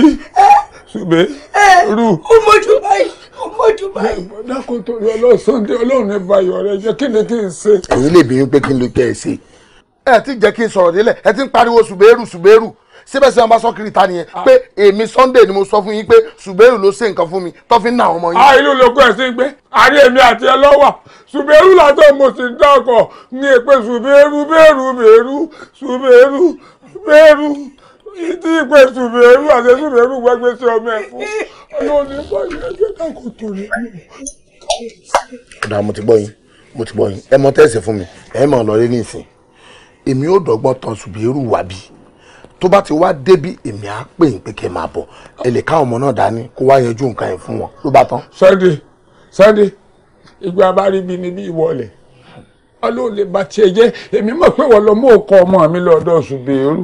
ṣùgbẹ́rù. ó mọ̀jú báyìí ó mọ̀jú báyìí. dákun torí ọlọ́sàn dé ọlọ́run ní bayọ̀ rẹ jẹ́ kí ni kí n ṣe. èyí lè bí pé kí n lo kẹ́ ẹ ṣe. ẹ ti jẹ́ kí n sọ̀rọ̀ délẹ̀ ẹ ti ń pariwo ṣùgbẹ́rù ṣùgbẹ́rù síbẹ̀ sí ọba sọ́kiri ta nìyẹn ah. pé èmi Sunday ni mo sọ fún yín pé Suberu ló ṣe nǹkan fún mi tó fi ń nà ọmọ yín. a ah, ìlú lóko ẹ̀ sí ń gbé àrí èmi àti ẹ lọ́wọ́ Suberu látọ̀ mo sì dákọ̀ ní èpè Suberu bẹ́ẹ̀rù bẹ́ẹ̀rù Suberu bẹ́ẹ̀rù ìdí ìpè Suberu àti Suberu gbẹgbẹ sí ọmọ ẹ fún ọlọ́ọ̀ni bọ́ọ̀lù ẹgbẹ́ náà kò tó rí ọ̀dà mo ti gbọ́ yín mo ti gbọ́ yín ẹ mọ tẹ́sí fún mi ẹ mọ̀ lọ́lé nísìn èmi ò dọ́gbọ́n tán Suberu wàbí tó bá ti wá débi èmi á pè yín pé kẹ́ máa bọ̀ ẹ lè káwọn ọmọ náà dání kó wá yanjú nǹkan yẹn fún wọn ló bá tán. Sunday Sunday ìgbà abáríbi ni bí ìwọlẹ̀ ọlọ́run lè bá tiẹ̀ jẹ́ èmi mọ̀ pé wọ́n lọ mú ọkọ ọmọ mi lọ́dọ̀ ṣùgbẹ́rù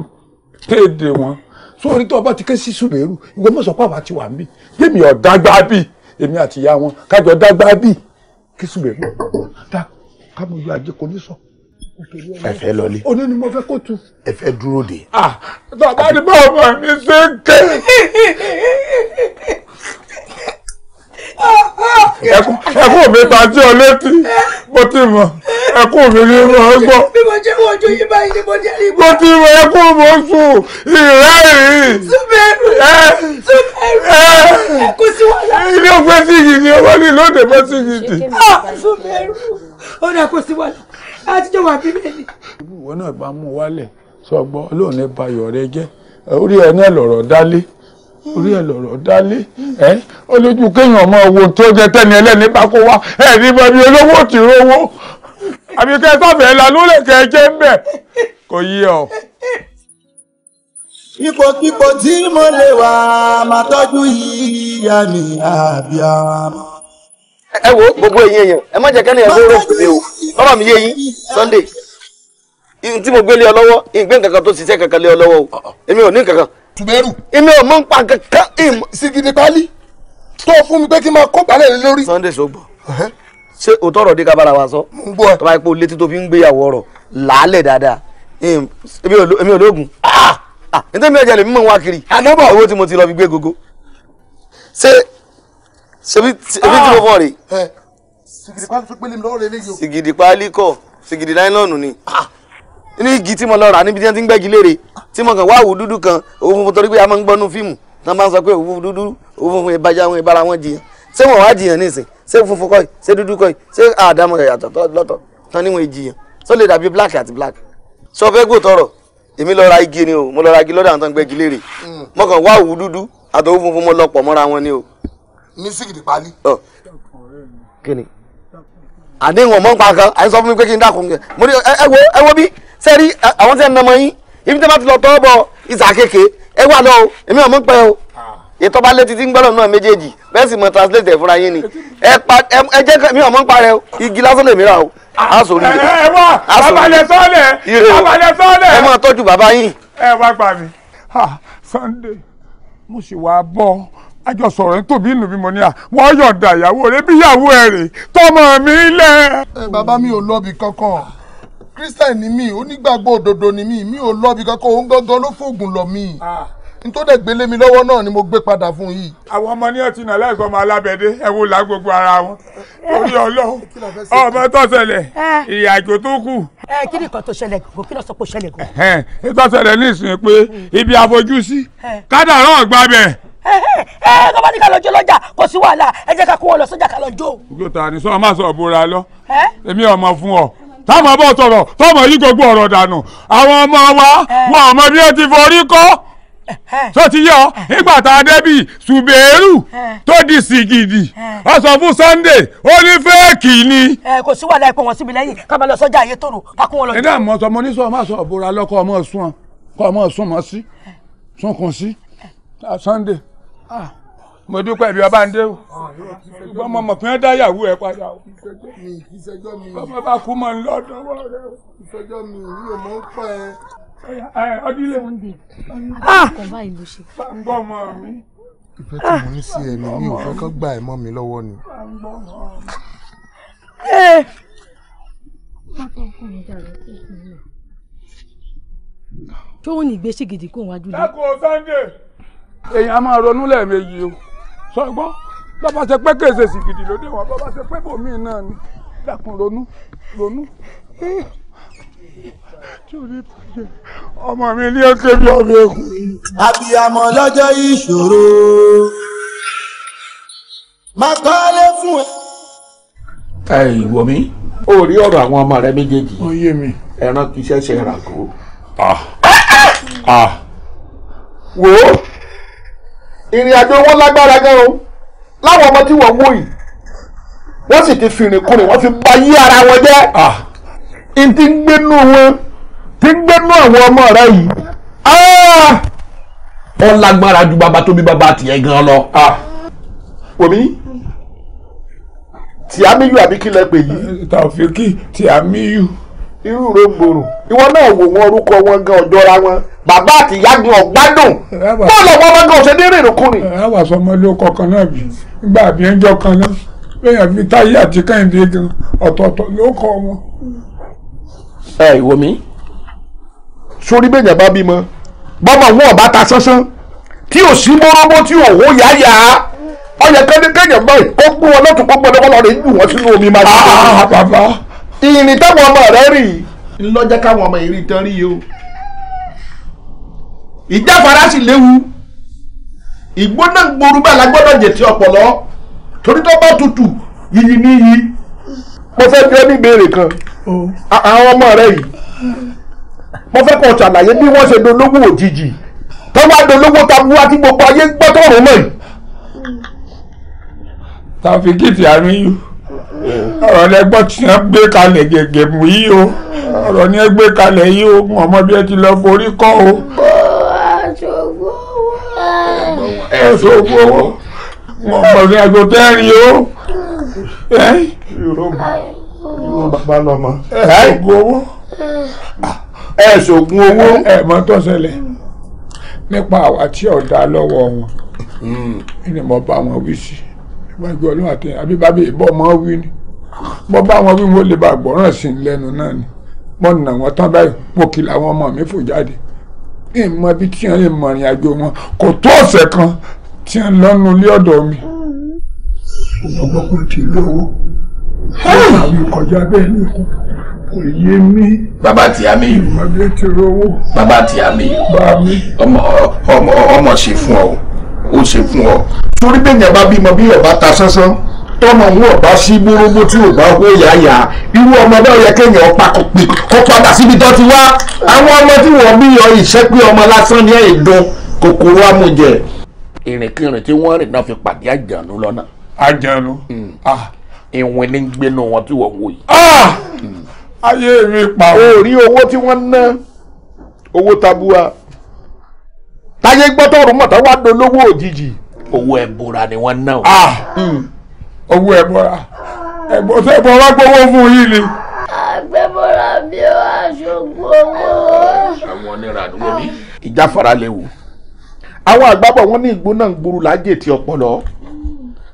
téèdè wọn sórí tó o bá ti ké sí ṣùgbẹ́rù ìwọ mọ̀ sọ pé àwa ti wà ń bì èmi ọ̀dágbá bì èmi àti ìyá wọn kájọ dágbá bì kí ṣùgbẹ́rù ká mo yọ ajé ní sọ ẹ fẹ́ lọlé. òní ni mo fẹ́ kó tu. ẹ fẹ́ dúró de. Ah, bàbá ni bá ọmọ mi ṣe ń ké. ẹkún mi ta tí ọ létí mo ti mọ ẹkún mi ni mo ń gbọ́. bí mo jẹ́ wọ́n ojú yín báyìí ni mo jẹ́ rí. mo ti mọ ẹkún mo ń sùn ìrẹ́ yìí. súnmẹ́rù súnmẹ́rù ẹkún sí wàhálà. ilé ọgbẹ́ sí yìí ni ọwọ́ ní lóde bọ́ sí yìí. súnmẹ́rù ó dà kó sí wàhálà àtijọ́ wà bíbẹ̀ ni. ìwọ náà bá mú wálẹ̀ sọgbọ́ olóòrùn ní bayọ̀ rẹ jẹ́ orí ẹ náà lọ̀rọ̀ dálé orí ẹ lọ̀rọ̀ dálé ẹ ó lójú kéèyàn ọmọ owó tó jẹ tẹ́ni ẹlẹ́ni bá kó wá ẹ ní bọ́bí olówó ti rówó àbí kẹ́ ẹ sábẹ̀ la lólè kẹ́ ẹ jẹ́ ń bẹ̀ kò yí ọ. ipòkípò tí mo lè wà máa tọ́jú yíyá mi àbí àmọ́. ẹwọ gbogbo èyí èèyàn ẹ má jẹ́ kẹ́ni ẹ̀ o bàbá mi yé yín Sunday tí mo gbélé ọ lọ́wọ́ ìgbé nǹkan kan tó ṣiṣẹ́ kankan lé ọ o èmi ò ní nǹkan kan. tùbẹ́rù èmi ò pa kankan. sigidi pali tó fún mi pé kí n máa kó balẹ̀ lé lórí. Sunday sọgbọ ṣé o tọrọ wa sọ. o létí tó fi ń gbéyàwó ọ̀rọ̀ làálẹ̀ dáadáa èmi ò lóògùn ah! Ah! mi ò jẹ́ ti lọ fi gbé gogo. ṣebí ṣebí tí mo fọ rè. Ah! Eh, sìgìdì pálí tó pélé mi lọ́wọ́ rẹ léyìí o. sìgìdì pálí kọ sìgìdì láìlọ́ọ̀nù ni ah! ní igi tí mo lọ rà níbi tí wọ́n ti ń gbẹ́gi léèrè tí mo kàn wá àwò dúdú kan òwò funfun torí pé a máa ń gbọ́nú fíìmù náà máa ń sọ pé òwò dúdú òwò funfun ìbájá wọn ìbára wọn jiyàn ṣé wọn wá jiyàn nísìn ṣé funfun kọ́ ṣé dúdú kọ́ ṣé àdámọ̀ rẹ̀ yàtọ̀ lọ́tọ̀ tán níwọ̀n ìjiyàn tó lè dàbí black àti black. sọ fẹ́ gbò tọrọ èmi lọ ra igi ni o mo lọ ra igi lọ́dọ̀ àwọn tó ń gbẹ́gi léèrè hmm. mo kàn wá àwò dúdú àtòwò funfun mo lọ pọ̀ mọ́ra wọn ni o ní sìgìdì pálí. kí ni àdéhùn ọmọ nǹkan kan àyìn sọ fún mi pé kí n dákun kẹ mo ní ẹ wo ẹ wo bí sẹ́ẹ̀rí àwọn tẹ́ ẹ̀ nàmọ yín ibi tẹ́ bá ti lọ tọ́ bọ ìsà kéèké ẹ wà lọ o èmi ò mọ̀ pẹ́ o ah. ètò létí tí ń gbọ́dọ̀ náà méjèèjì bẹ́ẹ̀ sì mọ̀ translate ẹ̀ fúnra yín ni ẹ pa ẹ jẹ́ mi ò mọ̀ parẹ́ o igi lásán lè mìíràn o a sòrí rẹ ah. ẹ wá abalẹ̀ sọ́ọ̀lẹ̀ abalẹ̀ sọ́ọ̀lẹ̀ ẹ máa tọ́jú bàbá yín. ẹ wá Sunday mo sì àjọ sọ̀rọ̀ ní tòbí ìlú mi mo ní à wọ́n yọ̀ǹda ìyàwó rẹ bí ìyàwó ẹ rè tọmọ mi lẹ. ẹ bàbá mi ò lọ́ọ̀bì kankan christian ni mí onígbàgbọ́ òdodo ni mí mi ò lọ́ọ̀bì kankan òun gangan ló fòògùn lọ mí nítorí gbélé mi lọ́wọ́ náà ni mo gbé padà fún yìí. àwọn ọmọ ní ọtí náà lẹ́ẹ̀kan ọmọ alábẹ́dé ẹ wo la gbogbo ara wọn torí ọlọ́run ọmọ tó ṣẹlẹ̀ ìrìnàjò tó kù. ẹ kí ni nǹkan tó ṣẹlẹ̀ gbogbo kí ni sọ pé ṣẹlẹ̀ gbogbo. ẹ tó ṣẹlẹ̀ ní ìsìn pé mm. ibi àfojúsí kádàrá ọ̀gbà bẹ̀ ẹ eh, eh, eh, tó bá ní ká lọ jó lọ́jà kò sí wàhálà ẹ jẹ́ ká kó wọn lọ sọ́jà ká lọ jó. gbogbo ta ni sọ́ọ́ máa sọ bóra lọ èmi ọmọ fún ọ táwọn ọmọ tọrọ tọmọ yí gbogbo ọ̀rọ̀ dànù àwọn ọmọ wa wọn ọmọ bí ó ti forí kọ́ tó ti yọ nígbà tá a débi ṣùgbẹ́rù tó di sìgìdì ó sọ fún Sunday ó ní fẹ́ẹ̀kì ni. ẹ kò sí wàhálà ẹ pọ̀ wọ́n síbi lẹ́yìn ká máa lọ sọ́jà ayé tòrò ká kó wọn lọ. ẹ náà mọ̀ sọ mo ní sọ ma sọ bóra lọ́kọ́ ọmọ sún ọ kọ́ ọmọ sún mọ́ sí sunkún sí ah, Sunday Ah, mo dúpẹ́ bí ọba ń dé o ṣùgbọ́n mo mọ̀ pé ẹ dáyàwó ẹ padà o bọ́mọ bá kú mọ́ lọ́dọ̀ wọ́ rẹ o. mi mi ò mọ̀ ń pẹ́ ẹ. ọdílé ah! gbọ́ ọmọ mi. ìfẹ́ tí mo ní sí ẹni mi ò fẹ́ kó gbà ẹ̀ mọ́ mi lọ́wọ́ ni. tó ń eh! ní ìgbésí gidi kó wájú lọ. dákò Sunday èèyàn máa ronú lẹ́ẹ̀mejì o sọgbọ́n bàbá ṣe pé kèsè sìgìdì lóde wọn bàbá ṣe pé bòmí náà ni dàkún ronú ronú ọmọ mi ní òkè bí ọmọ èkó. abiyamọ lọ́jọ́ ìṣòro máa kọ́lé fún ẹ. ẹ ìwọ mi ó rí ọ̀rọ̀ àwọn ọmọ rẹ méjèèjì ẹran kì í ṣẹ̀ṣẹ̀ ràgó. Ah. Ah. Ah. wo ìrìn àjò wọn lágbára gan o láwọn ọmọ tí wọ́n wò yìí wọ́n sì ti fìrìn kùnrin wọ́n fi ba yí ara wọn jẹ́ n ti gbénú wọn ti gbénú àwọn ọmọ rẹ yìí ó lágbára ju bàbá tó bí bàbá tiẹ̀ gan lọ. wòmí tìámíyù àbí kí lẹ pè yìí. tàfíkì tìámíyù. irú rògbòrò ìwọ náà wò wọn orúkọ wọn gan ọjọra wọn bàbá àti ìyá gan ọgbádùn bọ́ọ̀lù ọmọ wọn gan ọ̀sẹ̀ dérè sọ ọkọ kan náà bí igba àbí kan náà lẹ́yìn àbí táyé àti kẹ́hìndé gan ọ̀tọ̀ọ̀tọ̀ ló kọ́ wọn. ẹ ìwọ mi sórí bá bímọ wọn sánsán tí o tí yáyà báyìí ìrìn táwọn ọmọ rẹ rì ńlọjẹ káwọn ọmọ ìrìn tán rí o ìjáfara sì léwu ìgbóná gborúbà la gbọ́dọ̀ jètì ọpọlọ torí tó bá tutù yìnyín ní yìí mo fẹ́ bí ẹni béèrè kan àwọn ọmọ rẹ yìí mo fẹ́ kọ́ ṣàlàyé bí wọ́n ṣe dolówó òjijì tó wá dolówó tabuwa tí gbogbo ayé gbọ́tọ̀rọ̀ mọ́ yìí. tàfikìtì àríyù ọ̀rọ̀ ni ẹgbọ́n tí wọ́n gbé kalẹ̀ gègé mú yí o ọ̀rọ̀ ni ẹ gbé kalẹ̀ yí o ọmọ bí ẹ ti lọ forí kọ́ o. ẹ̀sọ́gbó owó wọn mọ̀ ní aago tẹ́rin o. yòrò bàbá lọmọ. ẹ̀sọ́gbó owó ẹ̀sọ́gbó owó. tó ṣẹlẹ̀ nípa àwa tí ọ̀dà lọ́wọ́ wọn ni mo bá wọn wí sí i gbàgbé ọlọ́run àtẹ̀yìn àbí bábí ìbọn ọmọ wí ni bọ́ bá wọn wí wọ́n lè bá gbọ́ràn sí lẹ́nu náà ni wọ́n nà wọ́n tán báyìí mo kì làwọn ọmọ mi fò jáde ní ìmọ̀ bí tí wọ́n lè mọ ìrìn àjò wọn kò tó ọ̀sẹ̀ kan tí wọ́n lọ́nu ilé ọ̀dọ̀ mi. ọgbọ́n ti lówó àwọn ìkọjá bẹ́ẹ̀ ni kò yé mi. bàbá tí a mi yìí. ọmọdé ti rówó. bàbá tí a mi yìí. bá mi. ọmọ ọmọ ọmọ ṣe fún ọ ó ṣe fún ọ torí bẹ́ẹ̀ yẹn bá bímọ bí ọba ta sánsán tọmọ òun ọba sí gbórógbó tí ọba ó yáyà irú ọmọ bá yẹ kéèyàn pa kó padà síbi tó ti wá àwọn ọmọ tí wọ́n bí yọ ìṣẹ́pẹ́ ọmọ lásán ní ẹ̀ẹ́dùn kòkòrò amújẹ. ìrìnkìrìn tí wọ́n rìn náà fi pàdé àjànú lọ́nà. àjànú hmm. ah. ìwìn ní gbénu wọn tí wọ́n wò yìí. Ah! Hmm. ayé mi pa. orí owó tí wọ́n ná owó tabua táyé gbọ́tọ̀rún mọ̀tọ́ wá dolówó òjijì. owó ẹ̀bùra ni wọ́n ná o. Hmm. owó ẹ̀bùra ẹ̀bùn tẹ́ bọ́ wá gbowó fún yín ni. agbẹ́bọ̀rà mi ò aṣogun owó. àwọn onírà dúró ní. ìjáfara lè wò. àwọn àgbàbọ̀ wọn ní ìgbóná ń gburu lájè tí ọpọlọ.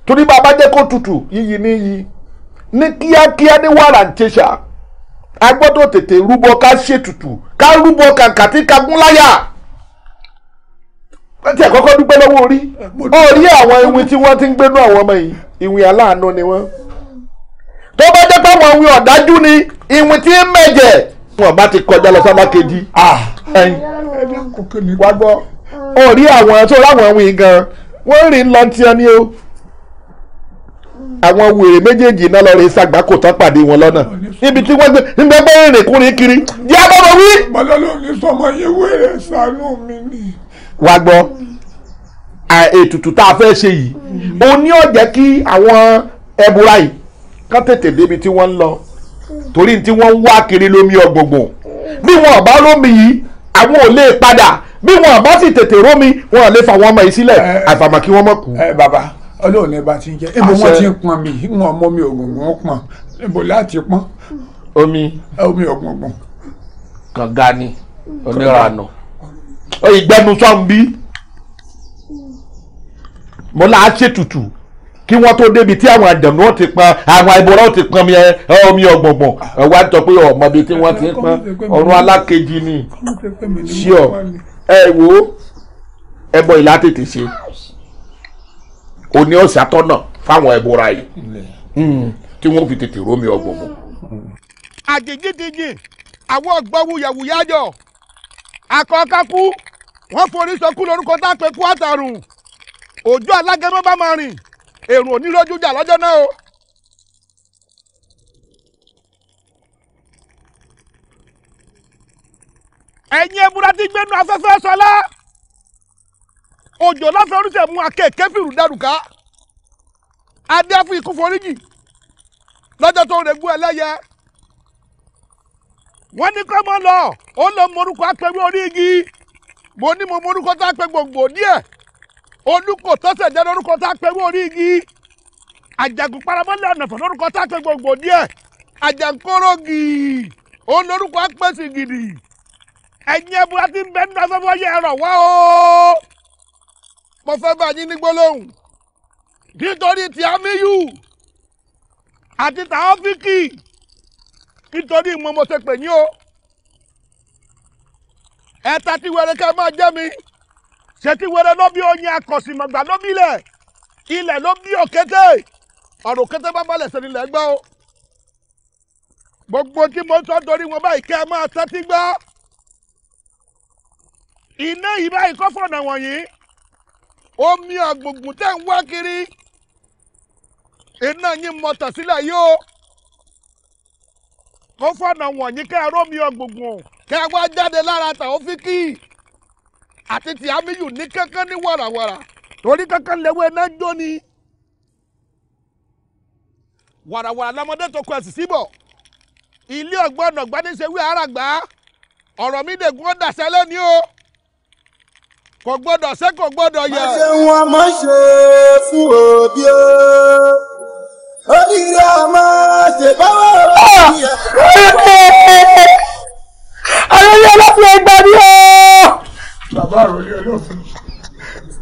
torí bá a bá jẹ́ kó tutù yíyí ní yí ní kíákíá ní wàrà ń tẹ̀sà a gbọ́dọ̀ tètè rúbọ ká ṣètùtù ká rúbọ kàǹkà tí kagúnláyà tí ẹ kọ́kọ́ dúpẹ́ lọ́wọ́ orí orí iwin tí wọ́n ti ń gbénú àwọn ọmọ iwin aláàánú ni wọ́n tó bá jẹ́ pé àwọn iwin ọ̀dájú ni iwin tí ń mẹ̀jẹ̀ wọn bá ti kọjá lọ sábà kejì wá gbọ́ orí àwọn tó ráwọn iwin gan wọ́n rìn lọ tiẹ̀ ni o àwọn wèrè méjèèjì náà lọ rè sàgbà kò tán pàdé wọn lọ́nà níbi tí wọ́n gbé nígbà bá rìnrìn kúrin kiri yá bọ́ bọ́ wí. bọ́lá ló ní sọmọ yẹn wẹ̀rẹ̀ sànú mi ni wa gbọ́ ètùtù tá a fẹ́ ṣe yìí mm. ó ní ó jẹ́ kí àwọn ẹbúra yìí kán tètè débi tí wọ́n ń lọ mm. torí tí wọ́n ń wá kiri lómi ọgbọ̀ngbọ̀n bí wọn ò bá lómi yìí àwọn ò lè padà bí wọn ò bá sì tètè rómi wọn ò lè fa wọn ọmọ yìí sílẹ̀ eh, eh, àfàmà kí wọ́n mọ̀ kú. ẹ eh, bàbá ọlọ́run ẹ bá ti ń jẹ ibo wọn ti ń pọn mi wọn mọ mi ògùngùn pọn ibo láti pọn. omi omi ògùngùn. kànga onírànà ìgbẹnusọ ń bí mo là á ṣètùtù kí wọ́n tó débi tí àwọn àjànú ó ti pọn àwọn àìbọ̀rọ̀ ó ti pọn mi omi ọ̀gbọ̀ngbọ̀n wá jọ pé ọ̀mọbi tí wọ́n ti ń pọn ọ̀run alákejì ni ṣíọ ẹ wo ẹbọ ìlà tètè ṣe òní ọ̀sàtọ́nà fáwọn ẹ̀bùra yìí hmm, tí wọ́n fi tètè rómi ọ̀gbọ̀ngbọ̀n. àgègègègè àwọn ọgbọ́n wuyàwuyà yọ àkọ́kákú wọ́n forí sọkú lórúkọ tá a pè kú àtàrùn òjò alágẹmọ bá máa rìn èrò onílójú jà lọ́jọ́ náà o. ẹ̀yin ewúrẹ́ ti gbénu afẹ́fẹ́ sọlá òjò lọ́fẹ́ oríṣẹ́ mú akẹ́kẹ́ fìrù dárúkà adé fún ikú foríjì lọ́jọ́ tó rẹ̀ gbú ẹlẹ́yẹ wọ́n ní kọ́ mọ́ lọ ó lọ morúkọ apẹ̀wé orí igi mo ní mo morúkọ tá a pẹ gbòǹgbò díẹ̀ olùkọ́ tọ́sẹ̀ jẹ́ lórúkọ tá a pẹ̀wé orí igi àjàgùn paramọ́lẹ̀ ọ̀nàfọ̀ lórúkọ tá a pẹ gbòǹgbò díẹ̀ àjàǹkóró gìí ó lórúkọ apẹ̀sì gidi ẹ̀yin ẹ̀bùrà ti ń bẹ nínú afẹ́fẹ́ yẹ ẹ̀rọ wá o mo fẹ́ bá yín ní gbólóhùn nítorí ti amíyù àti tàọ́fíkì nítorí mo mo ṣe pè ní o ẹ̀ta tí wẹrẹ ká máa jẹ́ mi ṣe tí wẹrẹ ló bí oyin akọ̀sìmọ̀gbà ló bí ilẹ̀ ilẹ̀ ló bí òkété ọ̀rọ̀ òkété bá balẹ̀ sẹ́ni lẹ́ gbọ́ o gbogbo tí mo ń sọ torí wọn báyìí kẹ́ ẹ máa tẹ́tí gbọ́ iná yìí báyìí kọ́ fọ̀nà wọ̀nyí omi àgbògùn tẹ̀ ń wá kiri iná yìí mọ̀tà sílẹ̀ yìí o kó fọ̀nà wọ̀nyí kẹ́ ẹ rómi ọ̀gbùngbùn kẹ́ ẹ wá jáde lára Taofiki àti ti Amiyu ní kankan ní wàràwàrà torí kankan lẹ́wọ́ iná jó ni wàràwàrà lọmọdé tó kọ ẹ̀sì síbọ̀ ilé ọ̀gbọ́n ọ̀gbáníṣẹ́wé àràgbá ọ̀rọ̀ mi dègún ó dàṣẹ́ lẹ́ni o kò gbọ́dọ̀ ṣe kò yẹ. má ṣe wọn má ṣe fún òbí o oríire ọmọ ṣèbáwọ̀ rẹ̀ àròyé ọlọ́fin ẹgbà ni ó. bàbá àròyé ọlọ́fin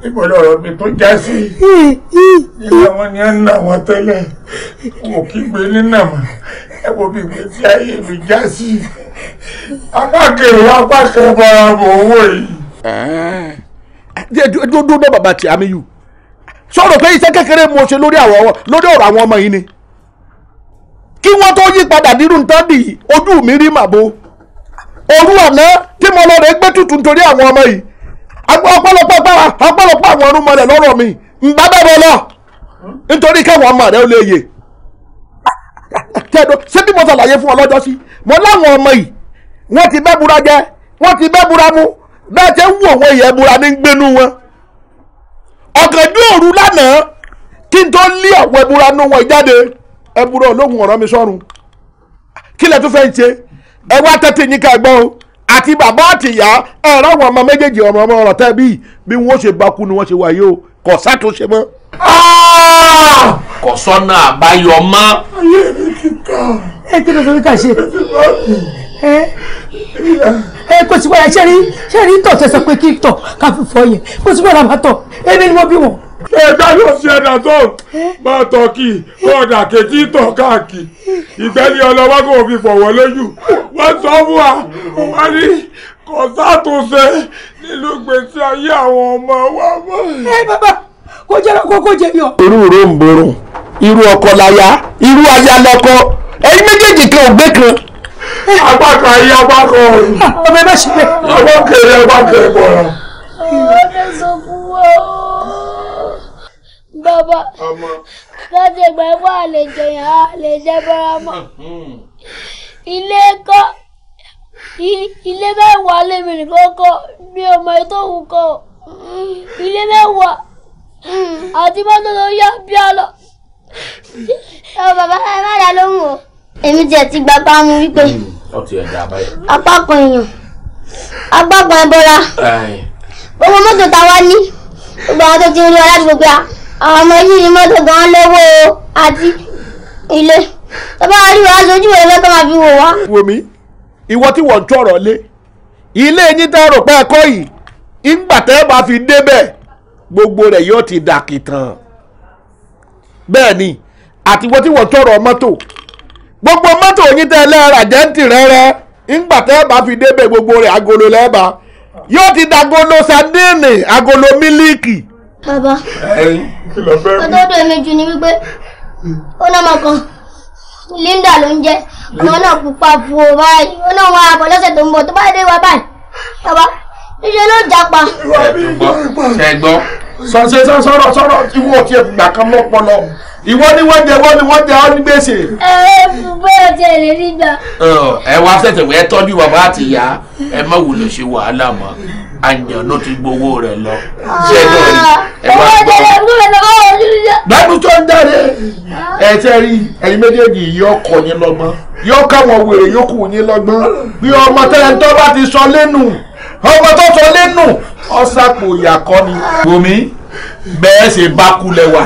níbo lọ̀rọ̀ mi tó já sí nígbà wọn ni à ń nà wọn tẹ́lẹ̀ mo kí gbé nínà mọ́ ẹ wo bí gbé tí ayé mi já sí apá kèrè apá kẹrẹ bọ́ra bò owó yìí. ẹ ẹ dúró dúró bàbá tí a mi yù. sọ̀rọ̀ pé iṣẹ́ kékeré mo ṣe lórí ọ̀rọ̀ àwọn ọmọ yìí ni kí wọ́n tó yí padà nínú ntọ́dì ojú mi rí màbo òru àná tí mo lọ rẹ̀ gbé tutù nítorí àwọn ọmọ yìí ọ̀pọ̀lọpọ̀ ọ̀pọ̀lọpọ̀ àwọn ọrùn mọ̀rẹ̀ mi nbá bẹ̀rẹ̀ lọ nítorí káwọn ọmọ rẹ̀ ó lè yè ṣé bí mo ṣàlàyé fún ọ lọ́jọ́ mo láwọn ọmọ yìí wọ́n ti bẹ́ bura jẹ ti bẹ́ bura mu bẹ́ẹ̀ ń ọ̀gànjú òru lánàá kí n tó lé ọ̀pọ̀ ẹ̀bùra nù wọn jáde ẹ̀bùra ológun ọ̀rọ̀ mi sọ́run kí lẹ tún fẹ́ ṣe ẹ wá tẹ́tí yín ká gbọ́ o àti bàbá àtìyá ẹ̀rọ àwọn ọmọ méjèèjì ọmọ ọmọ ọ̀rọ̀ tẹ́ bí bí wọ́n ṣe bá kú ni wọ́n ṣe wáyé o kò sátúnṣe mọ́. Ah! kò sọ́nà ayé mi ti kàn. ẹ ẹ kò sí wáyà ṣẹ́rí ṣẹ́rí tọ̀ tẹ̀sán pé kí tọ̀ ká fi fọ yẹn kò sí wáyà máa tọ̀ ẹbí ni mo bí wọn. ẹ̀dá yóò ṣe ẹ̀dá tó máa tọ̀ kí ọ̀dà kejì tọ̀ káàkiri ìgbẹ́ni ọlọ́wọ́ kò fi fọ̀wọ́ lójú wọ́n sọ fún wa wọ́n ní kò sátúnṣe nínú gbèsè ayé àwọn ọmọ wa mọ́. ẹ bàbá kò jẹ́ lọ́kọ́ kò jẹ́ yọ. irú ìró ń borun irú ọkọ láya irú aya lọ́kọ ẹ̀yin méjèèjì apákan ayé apákan ọ̀run ọmọ ẹgbẹ́ ṣe apákan eré apákan ìbọ̀ràn. ọ̀rẹ́ sọ fún wa bàbá láti ìgbà ẹ̀fọ́ àlè jẹ̀yàn àlè jẹ́ báramọ́ ilé kọ́ ilé mẹ́wàá lèmi nìkan kọ́ mi ò mọ ètò òun kọ́ ilé mẹ́wàá àti mọ́tò tó yá bíálọ̀. bàbá ẹ má dá lóhùn o èmi tiẹ̀ ti gbapá mu wípé apá kan èèyàn apá kan ẹbọra gbogbo mọ́tò tá a wá ní gbogbo àwọn tó ti ń rí ọ láti gbogbo àwọn ọmọ yìí ní mọ́tò gan lówó àti ilé bàbá wa rí wa aṣojú rẹ fẹ́ kọ́ máa fi wò wá. wo mi ìwọ tí wọ́n ń tọrọ lé ilé yín tẹ́ rò pé ẹ̀kọ́ yìí ìgbà tẹ́ bá fi débẹ̀ gbogbo rẹ̀ yóò ti dàkìtàn bẹ́ẹ̀ àtiwọ́ tí wọ́n tọrọ mọ́tò gbogbo mọ́tò yín tẹ́ lẹ́ẹ̀rà jẹ́ ń tì rẹ́rẹ́ fi débẹ̀ gbogbo rẹ̀ agolo lẹ́ẹ̀bà yóò ti dagolo sadíìnì agolo miliki. bàbá ọdọọdọ ìmẹjù ni wípé ó náà máa kan Linda ló ń jẹ ọmọ náà pupa fún ọ báyìí ó náà wà bọ̀ lọ́sẹ̀ tó ń bọ̀ tó bá dé wá báyìí bàbá sọ̀sẹ̀ sọ̀rọ̀ sọ̀rọ̀ ìwọ ò tiẹ̀ gbà kan lọ́pọlọ ìwọ ni wọ́n jẹ wọ́n ni wọ́n jẹ ọ́ ní gbèsè. ẹ ẹ bóyá tiẹ̀ lè rí gbà. ẹ wá tètè wẹ́ tọ́jú bàbá àti ìyá ẹ má wulẹ̀ ṣe wàhálà mọ́ àyàn ló ti gbowó rẹ lọ. ṣé ẹ náà rí ẹ wá gbọ́. gbẹ́nu tó ń jáde ẹ tẹ́ rí ẹ̀yin méjèèjì yóò kọ́ yín lọ́gbọ́n yóò káwọn wèrè yókù yín lọ́gbọ́n bí ọmọ tẹ́lẹ̀ tó bá ti sọ lẹ́nu ọmọ tó sọ lẹ́nu ọ̀sàpò ìyàkọ́ ni bomi bẹ́ẹ̀ ṣe bá kulẹ̀ wà.